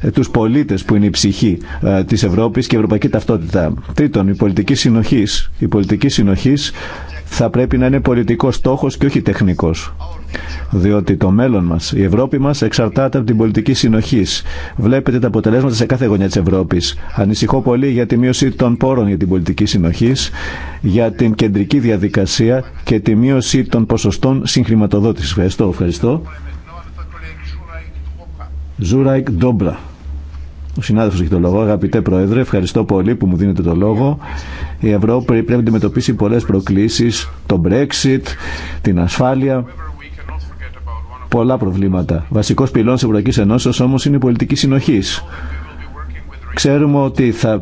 C: ε, τους πολίτες που είναι η ψυχή ε, της Ευρώπης και η ευρωπαϊκή ταυτότητα. Τρίτον, η πολιτική συνοχής. Η πολιτική συνοχής θα πρέπει να είναι πολιτικός στόχος και όχι τεχνικός. Διότι το μέλλον μα, η Ευρώπη μα, εξαρτάται από την πολιτική συνοχή. Βλέπετε τα αποτελέσματα σε κάθε γωνιά τη Ευρώπη. Ανησυχώ πολύ για τη μείωση των πόρων για την πολιτική συνοχή, για την κεντρική διαδικασία και τη μείωση των ποσοστών συγχρηματοδότηση. Ευχαριστώ. ευχαριστώ. Ζούραικ Ντόμπλα. Ο συνάδελφο έχει το λόγο. Αγαπητέ Πρόεδρε, ευχαριστώ πολύ που μου δίνετε το λόγο. Η Ευρώπη πρέπει να αντιμετωπίσει πολλέ προκλήσει. Το Brexit, την ασφάλεια πολλά προβλήματα. Βασικό πυλών τη Ευρωπαϊκή Ενώσεω όμω είναι η πολιτική συνοχή. Ξέρουμε ότι θα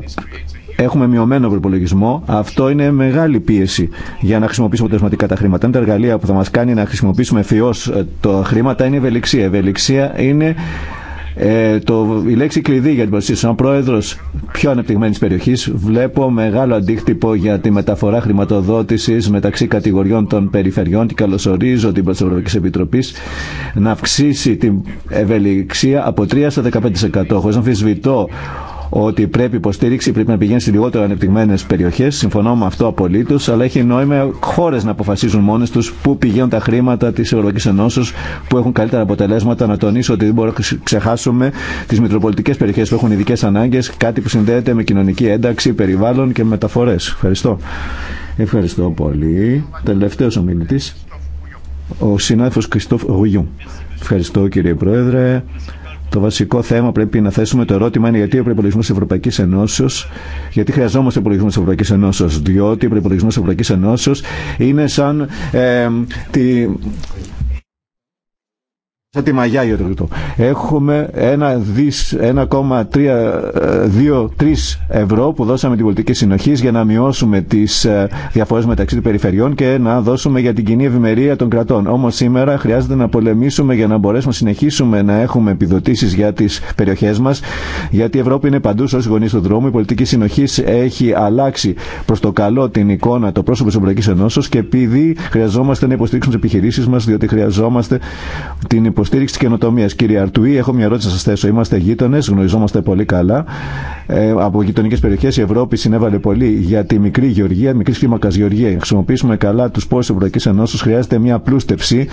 C: έχουμε μειωμένο προπολογισμό. Αυτό είναι μεγάλη πίεση για να χρησιμοποιήσουμε αποτελεσματικά τα χρήματα. Είναι τα εργαλεία που θα μα κάνει να χρησιμοποιήσουμε ευθεώ τα χρήματα είναι η ευελιξία. Η ευελιξία είναι ε, το, η λέξη κλειδί για την προσοχή. σαν πρόεδρο πιο ανεπτυγμένη περιοχή βλέπω μεγάλο αντίκτυπο για τη μεταφορά χρηματοδότηση μεταξύ κατηγοριών των περιφερειών και καλωσορίζω την Πρωθυπουργική Επιτροπή να αυξήσει την ευελιξία από 3 στα 15%. Χωρί αμφισβητώ ότι πρέπει υποστήριξη πρέπει να πηγαίνει σε λιγότερο ανεπτυγμένε περιοχέ. Συμφωνώ με αυτό απολύτω, αλλά έχει νόημα χώρε να αποφασίζουν μόνε του πού πηγαίνουν τα χρήματα τη Ευρωπαϊκή Ενώσεω που έχουν καλύτερα αποτελέσματα. Να τονίσω ότι δεν μπορούμε να ξεχάσουμε τι μητροπολιτικέ περιοχέ που έχουν ειδικέ ανάγκε, κάτι που συνδέεται με κοινωνική ένταξη, περιβάλλον και μεταφορέ. Ευχαριστώ. Ευχαριστώ πολύ. Τελευταίο ομιλητή, ο συνάδελφο Κριστόφ Γουγιού. Ευχαριστώ κύριε Πρόεδρε. Το βασικό θέμα πρέπει να θέσουμε το ερώτημα είναι γιατί ο προπολογισμό τη Ευρωπαϊκή Ενώσεω, γιατί χρειαζόμαστε προπολογισμό τη Ευρωπαϊκή Ενώσεω, διότι ο προπολογισμό τη Ευρωπαϊκή Ενώσεω είναι σαν ε, τη, Σαν τη μαγιά για το Έχουμε 1,3 ευρώ που δώσαμε την πολιτική συνοχή για να μειώσουμε τι ε, διαφορέ μεταξύ των περιφερειών και να δώσουμε για την κοινή ευημερία των κρατών. Όμω σήμερα χρειάζεται να πολεμήσουμε για να μπορέσουμε να συνεχίσουμε να έχουμε επιδοτήσει για τι περιοχέ μα, γιατί η Ευρώπη είναι παντού σε γονεί του δρόμου. Η πολιτική συνοχή έχει αλλάξει προ το καλό την εικόνα, το πρόσωπο τη Ευρωπαϊκή Ενώσεω και επειδή χρειαζόμαστε να υποστηρίξουμε τι επιχειρήσει μα, διότι χρειαζόμαστε την υποστήριξη υποστήριξη καινοτομία. Κύριε Αρτουή, έχω μια ερώτηση να σα θέσω. Είμαστε γείτονε, γνωριζόμαστε πολύ καλά. Ε, από γειτονικέ περιοχέ η Ευρώπη συνέβαλε πολύ για τη μικρή γεωργία, μικρή κλίμακα γεωργία. Χρησιμοποιήσουμε καλά του πόρου τη Ευρωπαϊκή Ενώσεω. Χρειάζεται μια απλούστευση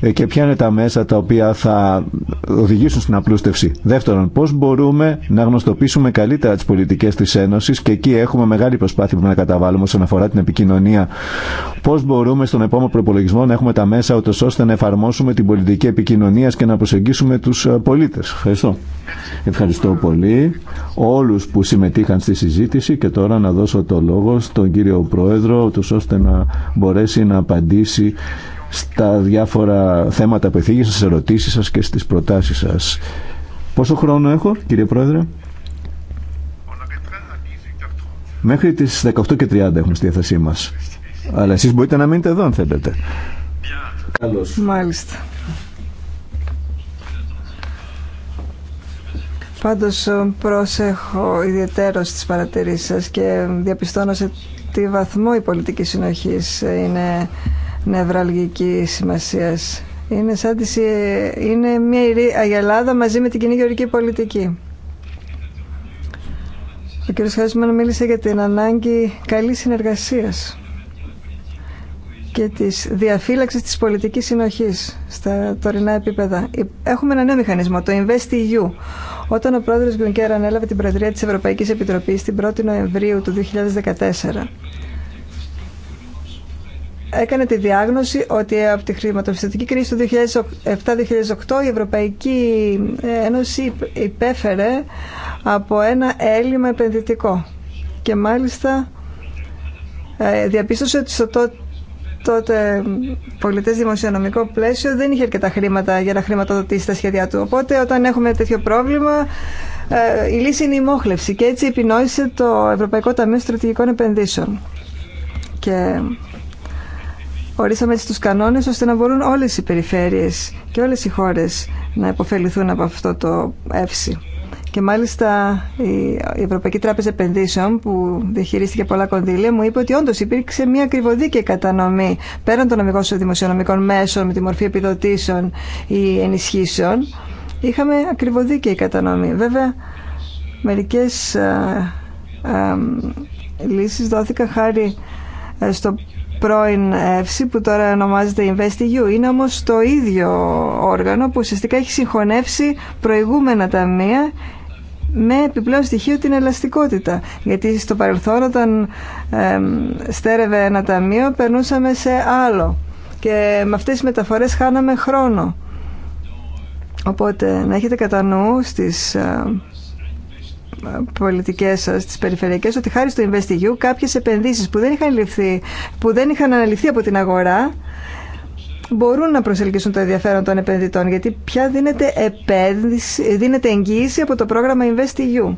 C: ε, και ποια είναι τα μέσα τα οποία θα οδηγήσουν στην απλούστευση. Δεύτερον, πώ μπορούμε να γνωστοποιήσουμε καλύτερα τι πολιτικέ τη Ένωση και εκεί έχουμε μεγάλη προσπάθεια που να καταβάλουμε όσον αφορά την επικοινωνία. Πώ μπορούμε στον επόμενο προπολογισμό να έχουμε τα μέσα ούτω ώστε να εφαρμόσουμε την πολιτική επικοινωνία και να προσεγγίσουμε τους ε, πολίτες. Ευχαριστώ. Ευχαριστώ πολύ όλους που συμμετείχαν στη συζήτηση και τώρα να δώσω το λόγο στον κύριο Πρόεδρο του ώστε να μπορέσει να απαντήσει στα διάφορα θέματα που εφήγησαν στι ερωτήσεις σας και στις προτάσεις σας. Πόσο χρόνο έχω κύριε Πρόεδρε? Μέχρι τις 18.30 έχουμε στη διάθεσή μα. Αλλά εσεί μπορείτε να μείνετε εδώ αν θέλετε.
A: Καλώ. Μάλιστα. Πάντως ε, πρόσεχω ιδιαίτερος στις παρατηρήσεις σας και διαπιστώνω σε τι βαθμό η πολιτική συνοχής είναι νευραλγική σημασία. Είναι σαν τις, ε, είναι μια αγελάδα μαζί με την κοινή γεωρική πολιτική. Ο κ. Χάσμαν μίλησε για την ανάγκη καλής συνεργασίας και της διαφύλαξης της πολιτικής συνοχής στα τωρινά επίπεδα. Έχουμε ένα νέο μηχανισμό, το InvestEU, όταν ο πρόεδρο Γκουνκέρα ανέλαβε την Προεδρία της Ευρωπαϊκής Επιτροπής την 1η Νοεμβρίου του 2014. Έκανε τη διάγνωση ότι από τη χρηματοπιστωτική κρίση του 2007-2008 η Ευρωπαϊκή Ένωση υπέφερε από ένα έλλειμμα επενδυτικό. Και μάλιστα ε, διαπίστωσε ότι στο τότε τότε πολιτές δημοσιονομικό πλαίσιο δεν είχε αρκετά χρήματα για να χρηματοδοτήσει τα σχέδιά του. Οπότε όταν έχουμε τέτοιο πρόβλημα ε, η λύση είναι η μόχλευση και έτσι επινόησε το Ευρωπαϊκό Ταμείο Στρατηγικών Επενδύσεων. Και ορίσαμε έτσι τους κανόνες ώστε να μπορούν όλες οι περιφέρειες και όλες οι χώρες να υποφεληθούν από αυτό το εύση. Και μάλιστα η Ευρωπαϊκή Τράπεζα Επενδύσεων που διαχειρίστηκε πολλά κονδύλια μου είπε ότι όντω υπήρξε μια ακριβωδίκαιη κατανομή πέραν των αμυγώσεων δημοσιονομικών μέσων με τη μορφή επιδοτήσεων ή ενισχύσεων. Είχαμε ακριβωδίκαιη κατανομή. Βέβαια, μερικέ ε, ε, λύσει δόθηκαν χάρη ε, στο πρώην ΕΦΣΥ που τώρα ονομάζεται InvestEU. Είναι όμως το ίδιο όργανο που ουσιαστικά έχει συγχωνεύσει προηγούμενα ταμεία με επιπλέον στοιχείο την ελαστικότητα. Γιατί στο παρελθόν όταν ε, στέρευε ένα ταμείο περνούσαμε σε άλλο και με αυτές τις μεταφορές χάναμε χρόνο. Οπότε να έχετε κατά νου στις ε, πολιτικές σας, τις περιφερειακές, ότι χάρη στο InvestEU κάποιες επενδύσεις που δεν είχαν, ληφθεί, που δεν είχαν αναλυθεί από την αγορά μπορούν να προσελκύσουν το ενδιαφέρον των επενδυτών, γιατί πια δίνεται, επένδυση, δίνεται εγγύηση από το πρόγραμμα InvestEU.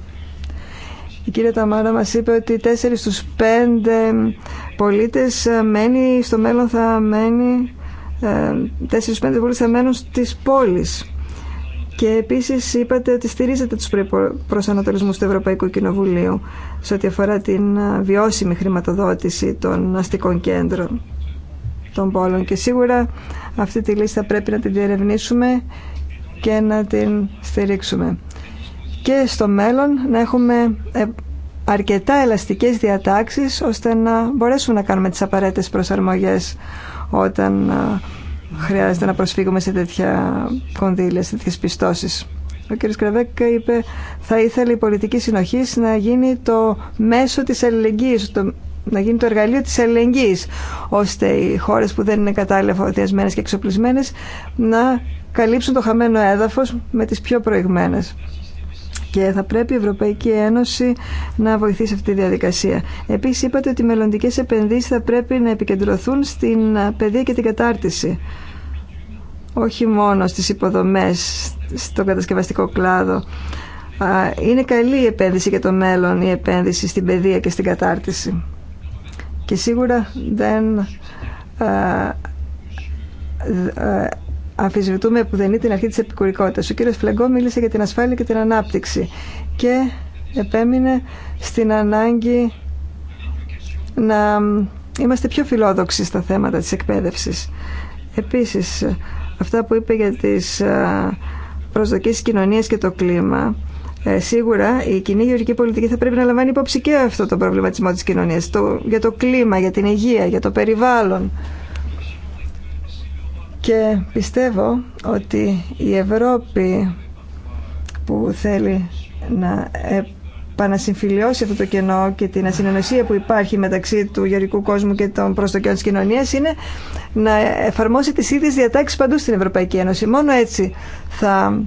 A: Η κυρία Ταμάρα μας είπε ότι 4 στους 5 πολίτες ε, μένει, στο μέλλον θα μένει, 4 ε, στους 5 πολίτες θα μένουν στις πόλεις. Και επίσης είπατε ότι στηρίζετε τους προσανατολισμούς του Ευρωπαϊκού Κοινοβουλίου σε ό,τι αφορά την ε, βιώσιμη χρηματοδότηση των αστικών κέντρων των πόλων και σίγουρα αυτή τη λίστα πρέπει να την διερευνήσουμε και να την στηρίξουμε. Και στο μέλλον να έχουμε ε, αρκετά ελαστικές διατάξεις ώστε να μπορέσουμε να κάνουμε τις απαραίτητες προσαρμογές όταν ε, χρειάζεται να προσφύγουμε σε τέτοια κονδύλια, σε τέτοιες πιστώσεις. Ο κ. Κραβέκ είπε θα ήθελε η πολιτική συνοχή να γίνει το μέσο της αλληλεγγύης, να γίνει το εργαλείο της ελεγγύης, ώστε οι χώρες που δεν είναι κατάλληλα φορτιασμένες και εξοπλισμένες να καλύψουν το χαμένο έδαφος με τις πιο προηγμένες. Και θα πρέπει η Ευρωπαϊκή Ένωση να βοηθήσει αυτή τη διαδικασία. επίσης είπατε ότι οι μελλοντικέ επενδύσει θα πρέπει να επικεντρωθούν στην παιδεία και την κατάρτιση. Όχι μόνο στις υποδομές στο κατασκευαστικό κλάδο. Είναι καλή η επένδυση για το μέλλον, η επένδυση στην παιδεία και στην κατάρτιση και σίγουρα δεν ε, ε, αμφισβητούμε που δεν είναι την αρχή της επικουρικότητας. Ο κύριος Φλεγκό μίλησε για την ασφάλεια και την ανάπτυξη και επέμεινε στην ανάγκη να είμαστε πιο φιλόδοξοι στα θέματα της εκπαίδευσης. Επίσης, αυτά που είπε για τις ε, προσδοκίες της κοινωνίας και το κλίμα ε, σίγουρα η κοινή γεωργική πολιτική θα πρέπει να λαμβάνει υπόψη και αυτό το προβληματισμό της κοινωνίας το, για το κλίμα, για την υγεία, για το περιβάλλον. Και πιστεύω ότι η Ευρώπη που θέλει να επανασυμφιλιώσει αυτό το κενό και την ασυνενωσία που υπάρχει μεταξύ του γεωργικού κόσμου και των προστοκιών της κοινωνίας είναι να εφαρμόσει τις ίδιες διατάξεις παντού στην Ευρωπαϊκή Ένωση. Μόνο έτσι θα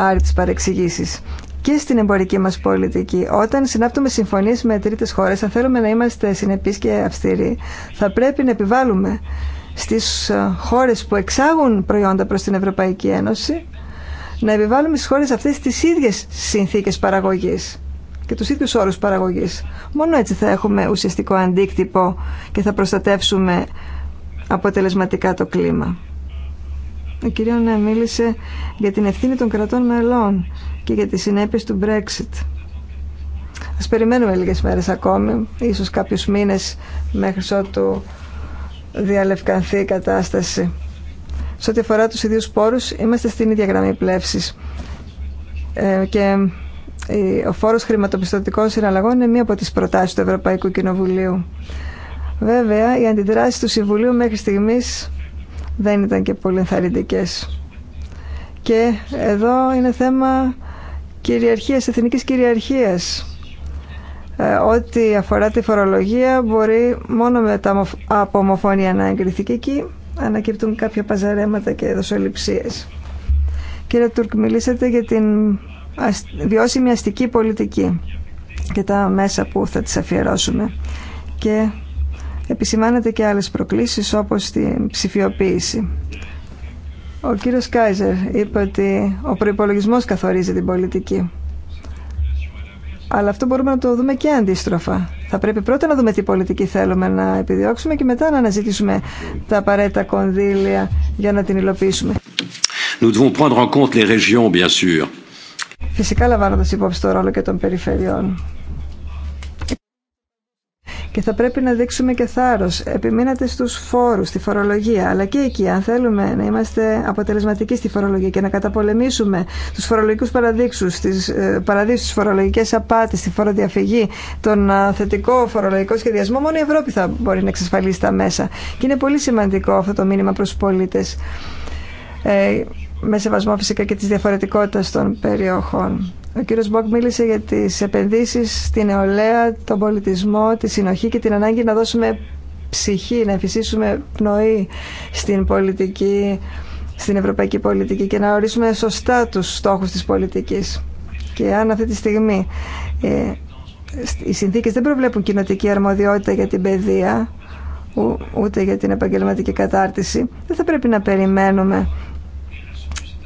A: πάρει τις παρεξηγήσεις. Και στην εμπορική μας πολιτική, όταν συνάπτουμε συμφωνίες με τρίτες χώρες, αν θέλουμε να είμαστε συνεπείς και αυστηροί, θα πρέπει να επιβάλλουμε στις ε, χώρες που εξάγουν προϊόντα προς την Ευρωπαϊκή Ένωση, να επιβάλλουμε στις χώρες αυτές τις ίδιες συνθήκες παραγωγής και τους ίδιους όρους παραγωγής. Μόνο έτσι θα έχουμε ουσιαστικό αντίκτυπο και θα προστατεύσουμε αποτελεσματικά το κλίμα. Ο κ. Να μίλησε για την ευθύνη των κρατών μελών και για τις συνέπειες του Brexit. Ας περιμένουμε λίγες μέρες ακόμη, ίσως κάποιους μήνες μέχρι ότου διαλευκανθεί η κατάσταση. Σε ό,τι αφορά τους ίδιους πόρους, είμαστε στην ίδια γραμμή πλεύσης. Ε, και ο φόρος χρηματοπιστωτικών συναλλαγών είναι μία από τις προτάσεις του Ευρωπαϊκού Κοινοβουλίου. Βέβαια, οι αντιδράσει του Συμβουλίου μέχρι στιγμής δεν ήταν και πολύ ενθαρρυντικέ. Και εδώ είναι θέμα κυριαρχίας, εθνικής κυριαρχίας. Ε, ό,τι αφορά τη φορολογία μπορεί μόνο με τα απομοφωνία να εγκριθεί και εκεί ανακύπτουν κάποια παζαρέματα και δοσοληψίες. Κύριε Τουρκ, μιλήσατε για την βιώσιμη αστική πολιτική και τα μέσα που θα τις αφιερώσουμε. Και Επισημάνεται και άλλες προκλήσεις όπως την ψηφιοποίηση. Ο κύριος Κάιζερ είπε ότι ο προϋπολογισμός καθορίζει την πολιτική. Αλλά αυτό μπορούμε να το δούμε και αντίστροφα. Θα πρέπει πρώτα να δούμε τι πολιτική θέλουμε να επιδιώξουμε και μετά να αναζητήσουμε τα απαραίτητα κονδύλια για να την υλοποιήσουμε. Φυσικά λαμβάνοντα υπόψη το ρόλο και των περιφερειών και θα πρέπει να δείξουμε και θάρρος. Επιμείνατε στους φόρους, στη φορολογία, αλλά και εκεί αν θέλουμε να είμαστε αποτελεσματικοί στη φορολογία και να καταπολεμήσουμε τους φορολογικούς παραδείξους, τις ε, παραδείξεις, τις φορολογικές απάτες, τη φοροδιαφυγή, τον ε, θετικό φορολογικό σχεδιασμό, μόνο η Ευρώπη θα μπορεί να εξασφαλίσει τα μέσα. Και είναι πολύ σημαντικό αυτό το μήνυμα προς τους πολίτες. Ε, με σεβασμό φυσικά και της διαφορετικότητας των περιοχών. Ο κύριος Μπόκ μίλησε για τις επενδύσει στην νεολαία, τον πολιτισμό, τη συνοχή και την ανάγκη να δώσουμε ψυχή, να εμφυσίσουμε πνοή στην πολιτική, στην ευρωπαϊκή πολιτική και να ορίσουμε σωστά τους στόχου της πολιτικής. Και αν αυτή τη στιγμή ε, οι συνθήκες δεν προβλέπουν κοινοτική αρμοδιότητα για την παιδεία, ούτε για την επαγγελματική κατάρτιση, δεν θα πρέπει να περιμένουμε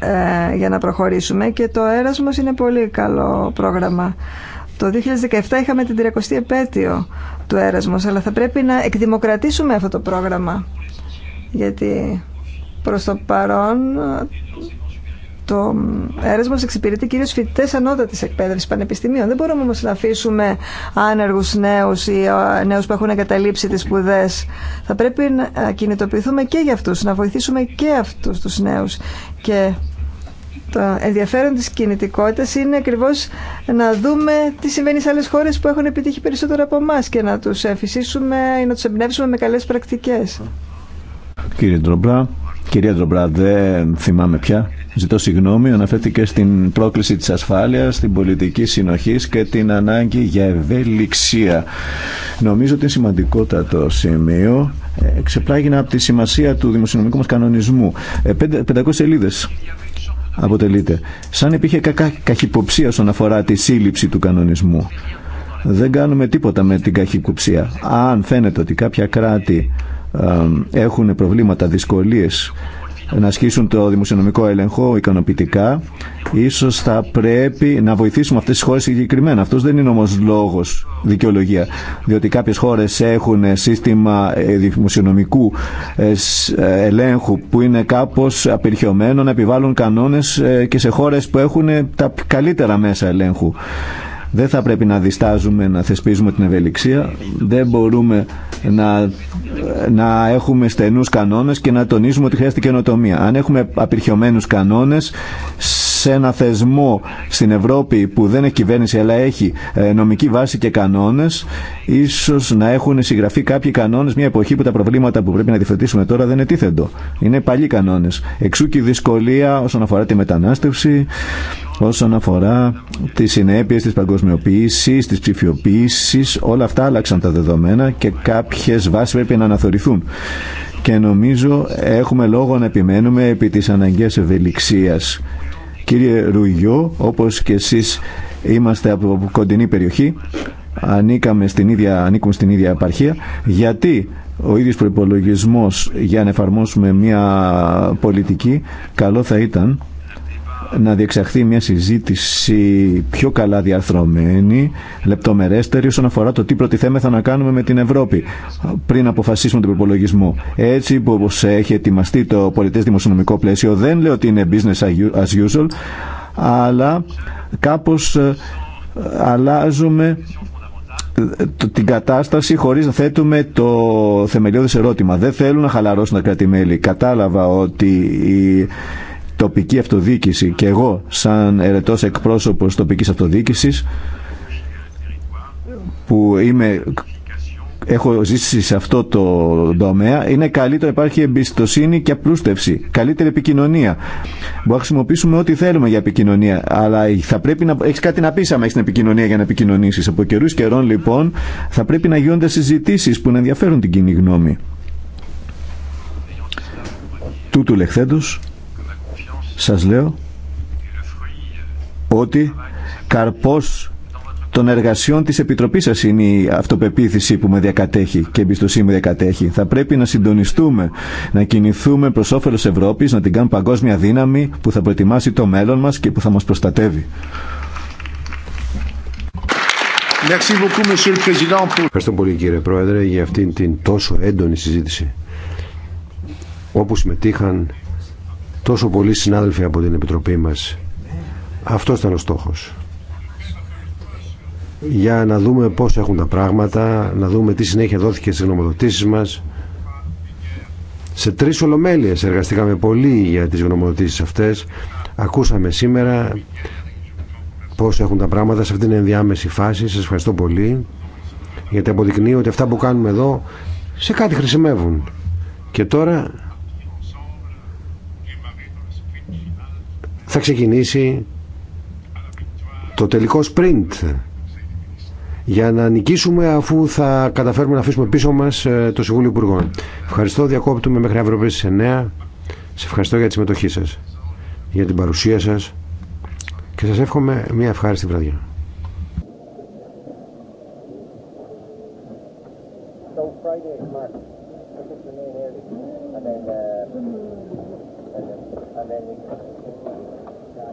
A: ε, για να προχωρήσουμε και το Έρασμος είναι πολύ καλό πρόγραμμα. Το 2017 είχαμε την 30η επέτειο του Έρασμος, αλλά θα πρέπει να εκδημοκρατήσουμε αυτό το πρόγραμμα. Γιατί προς το παρόν το έρασμο εξυπηρετεί κυρίω φοιτητέ ανώτατη εκπαίδευση πανεπιστημίων. Δεν μπορούμε όμω να αφήσουμε άνεργου νέου ή ε, νέου που έχουν εγκαταλείψει τι σπουδέ. Θα πρέπει να κινητοποιηθούμε και για αυτού, να βοηθήσουμε και αυτού του νέου. Και το ενδιαφέρον της κινητικότητας είναι ακριβώς να δούμε τι συμβαίνει σε άλλες χώρες που έχουν επιτύχει περισσότερο από εμά και να τους εμφυσίσουμε ή να τους εμπνεύσουμε με καλές πρακτικές.
C: Κύριε Ντρομπρά, κυρία Ντρομπρά, δεν θυμάμαι πια. Ζητώ συγγνώμη, αναφέρθηκε στην πρόκληση της ασφάλειας, στην πολιτική συνοχής και την ανάγκη για ευελιξία. Νομίζω ότι είναι σημαντικότατο σημείο. Ε, Ξεπλάγινα από τη σημασία του δημοσιονομικού μας κανονισμού. 500 ε, σελίδες αποτελείται. Σαν υπήρχε κακά, καχυποψία όσον αφορά τη σύλληψη του κανονισμού. Δεν κάνουμε τίποτα με την καχυποψία. Αν φαίνεται ότι κάποια κράτη έχουν προβλήματα, δυσκολίες να ασκήσουν το δημοσιονομικό έλεγχο ικανοποιητικά. Ίσως θα πρέπει να βοηθήσουμε αυτές τι χώρες συγκεκριμένα. Αυτός δεν είναι όμως λόγος, δικαιολογία. Διότι κάποιες χώρες έχουν σύστημα ε, δημοσιονομικού ε, ε, ελέγχου που είναι κάπως απερχιωμένο να επιβάλλουν κανόνες και σε χώρες που έχουν τα καλύτερα μέσα ελέγχου. Δεν θα πρέπει να διστάζουμε να θεσπίζουμε την ευελιξία. Δεν μπορούμε να, να έχουμε στενούς κανόνες και να τονίζουμε ότι χρειάζεται καινοτομία. Αν έχουμε απειρχιωμένους κανόνες σε ένα θεσμό στην Ευρώπη που δεν έχει κυβέρνηση αλλά έχει ε, νομική βάση και κανόνες ίσως να έχουν συγγραφεί κάποιοι κανόνες μια εποχή που τα προβλήματα που πρέπει να διφετήσουμε τώρα δεν είναι τίθεντο. Είναι παλιοί κανόνες. Εξού και η δυσκολία όσον αφορά τη μετανάστευση όσον αφορά τις συνέπειες της παγκοσμιοποίησης, της ψηφιοποίησης, όλα αυτά άλλαξαν τα δεδομένα και κάποιες βάσεις πρέπει να αναθωρηθούν. Και νομίζω έχουμε λόγο να επιμένουμε επί της αναγκαίας ευελιξίας. Κύριε Ρουγιό, όπως και εσείς είμαστε από κοντινή περιοχή, ανήκαμε στην ίδια, ανήκουμε στην ίδια επαρχία, γιατί ο ίδιος προπολογισμό για να εφαρμόσουμε μια πολιτική, καλό θα ήταν να διεξαχθεί μια συζήτηση πιο καλά διαρθρωμένη, λεπτομερέστερη όσον αφορά το τι προτιθέμεθα να κάνουμε με την Ευρώπη πριν αποφασίσουμε τον προπολογισμό. Έτσι που έχει ετοιμαστεί το πολιτές δημοσιονομικό πλαίσιο, δεν λέω ότι είναι business as usual, αλλά κάπως ε, αλλάζουμε ε, την κατάσταση χωρίς να θέτουμε το θεμελιώδες ερώτημα. Δεν θέλουν να χαλαρώσουν τα κράτη-μέλη. Κατάλαβα ότι η τοπική αυτοδίκηση και εγώ σαν ερετός εκπρόσωπος τοπικής αυτοδίκησης που είμαι, έχω ζήσει σε αυτό το τομέα είναι καλύτερο υπάρχει εμπιστοσύνη και απλούστευση, καλύτερη επικοινωνία μπορούμε να χρησιμοποιήσουμε ό,τι θέλουμε για επικοινωνία αλλά θα πρέπει να έχεις κάτι να πεις άμα έχεις την επικοινωνία για να επικοινωνήσεις από καιρού καιρών λοιπόν θα πρέπει να γίνονται συζητήσεις που να ενδιαφέρουν την κοινή γνώμη Τούτου λεχθέντος σας λέω ότι καρπός των εργασιών της Επιτροπής σας είναι η αυτοπεποίθηση που με διακατέχει και η εμπιστοσύνη με διακατέχει. Θα πρέπει να συντονιστούμε, να κινηθούμε προς όφελος Ευρώπης, να την κάνουμε παγκόσμια δύναμη που θα προετοιμάσει το μέλλον μας και που θα μας προστατεύει.
D: Ευχαριστώ πολύ κύριε Πρόεδρε για αυτήν την τόσο έντονη συζήτηση όπου συμμετείχαν τόσο πολλοί συνάδελφοι από την Επιτροπή μας. Αυτό ήταν ο στόχος. Για να δούμε πώς έχουν τα πράγματα, να δούμε τι συνέχεια δόθηκε στις γνωμοδοτήσεις μας. Σε τρεις ολομέλειες εργαστήκαμε πολύ για τις γνωμοδοτήσεις αυτές. Ακούσαμε σήμερα πώς έχουν τα πράγματα σε αυτήν την ενδιάμεση φάση. Σας ευχαριστώ πολύ γιατί αποδεικνύει ότι αυτά που κάνουμε εδώ σε κάτι χρησιμεύουν. Και τώρα θα ξεκινήσει το τελικό sprint για να νικήσουμε αφού θα καταφέρουμε να αφήσουμε πίσω μας ε, το Συμβούλιο Υπουργών. Ευχαριστώ, διακόπτουμε μέχρι αύριο σε 9. Σε ευχαριστώ για τη συμμετοχή σας, για την παρουσία σας και σας εύχομαι μια ευχάριστη βραδιά.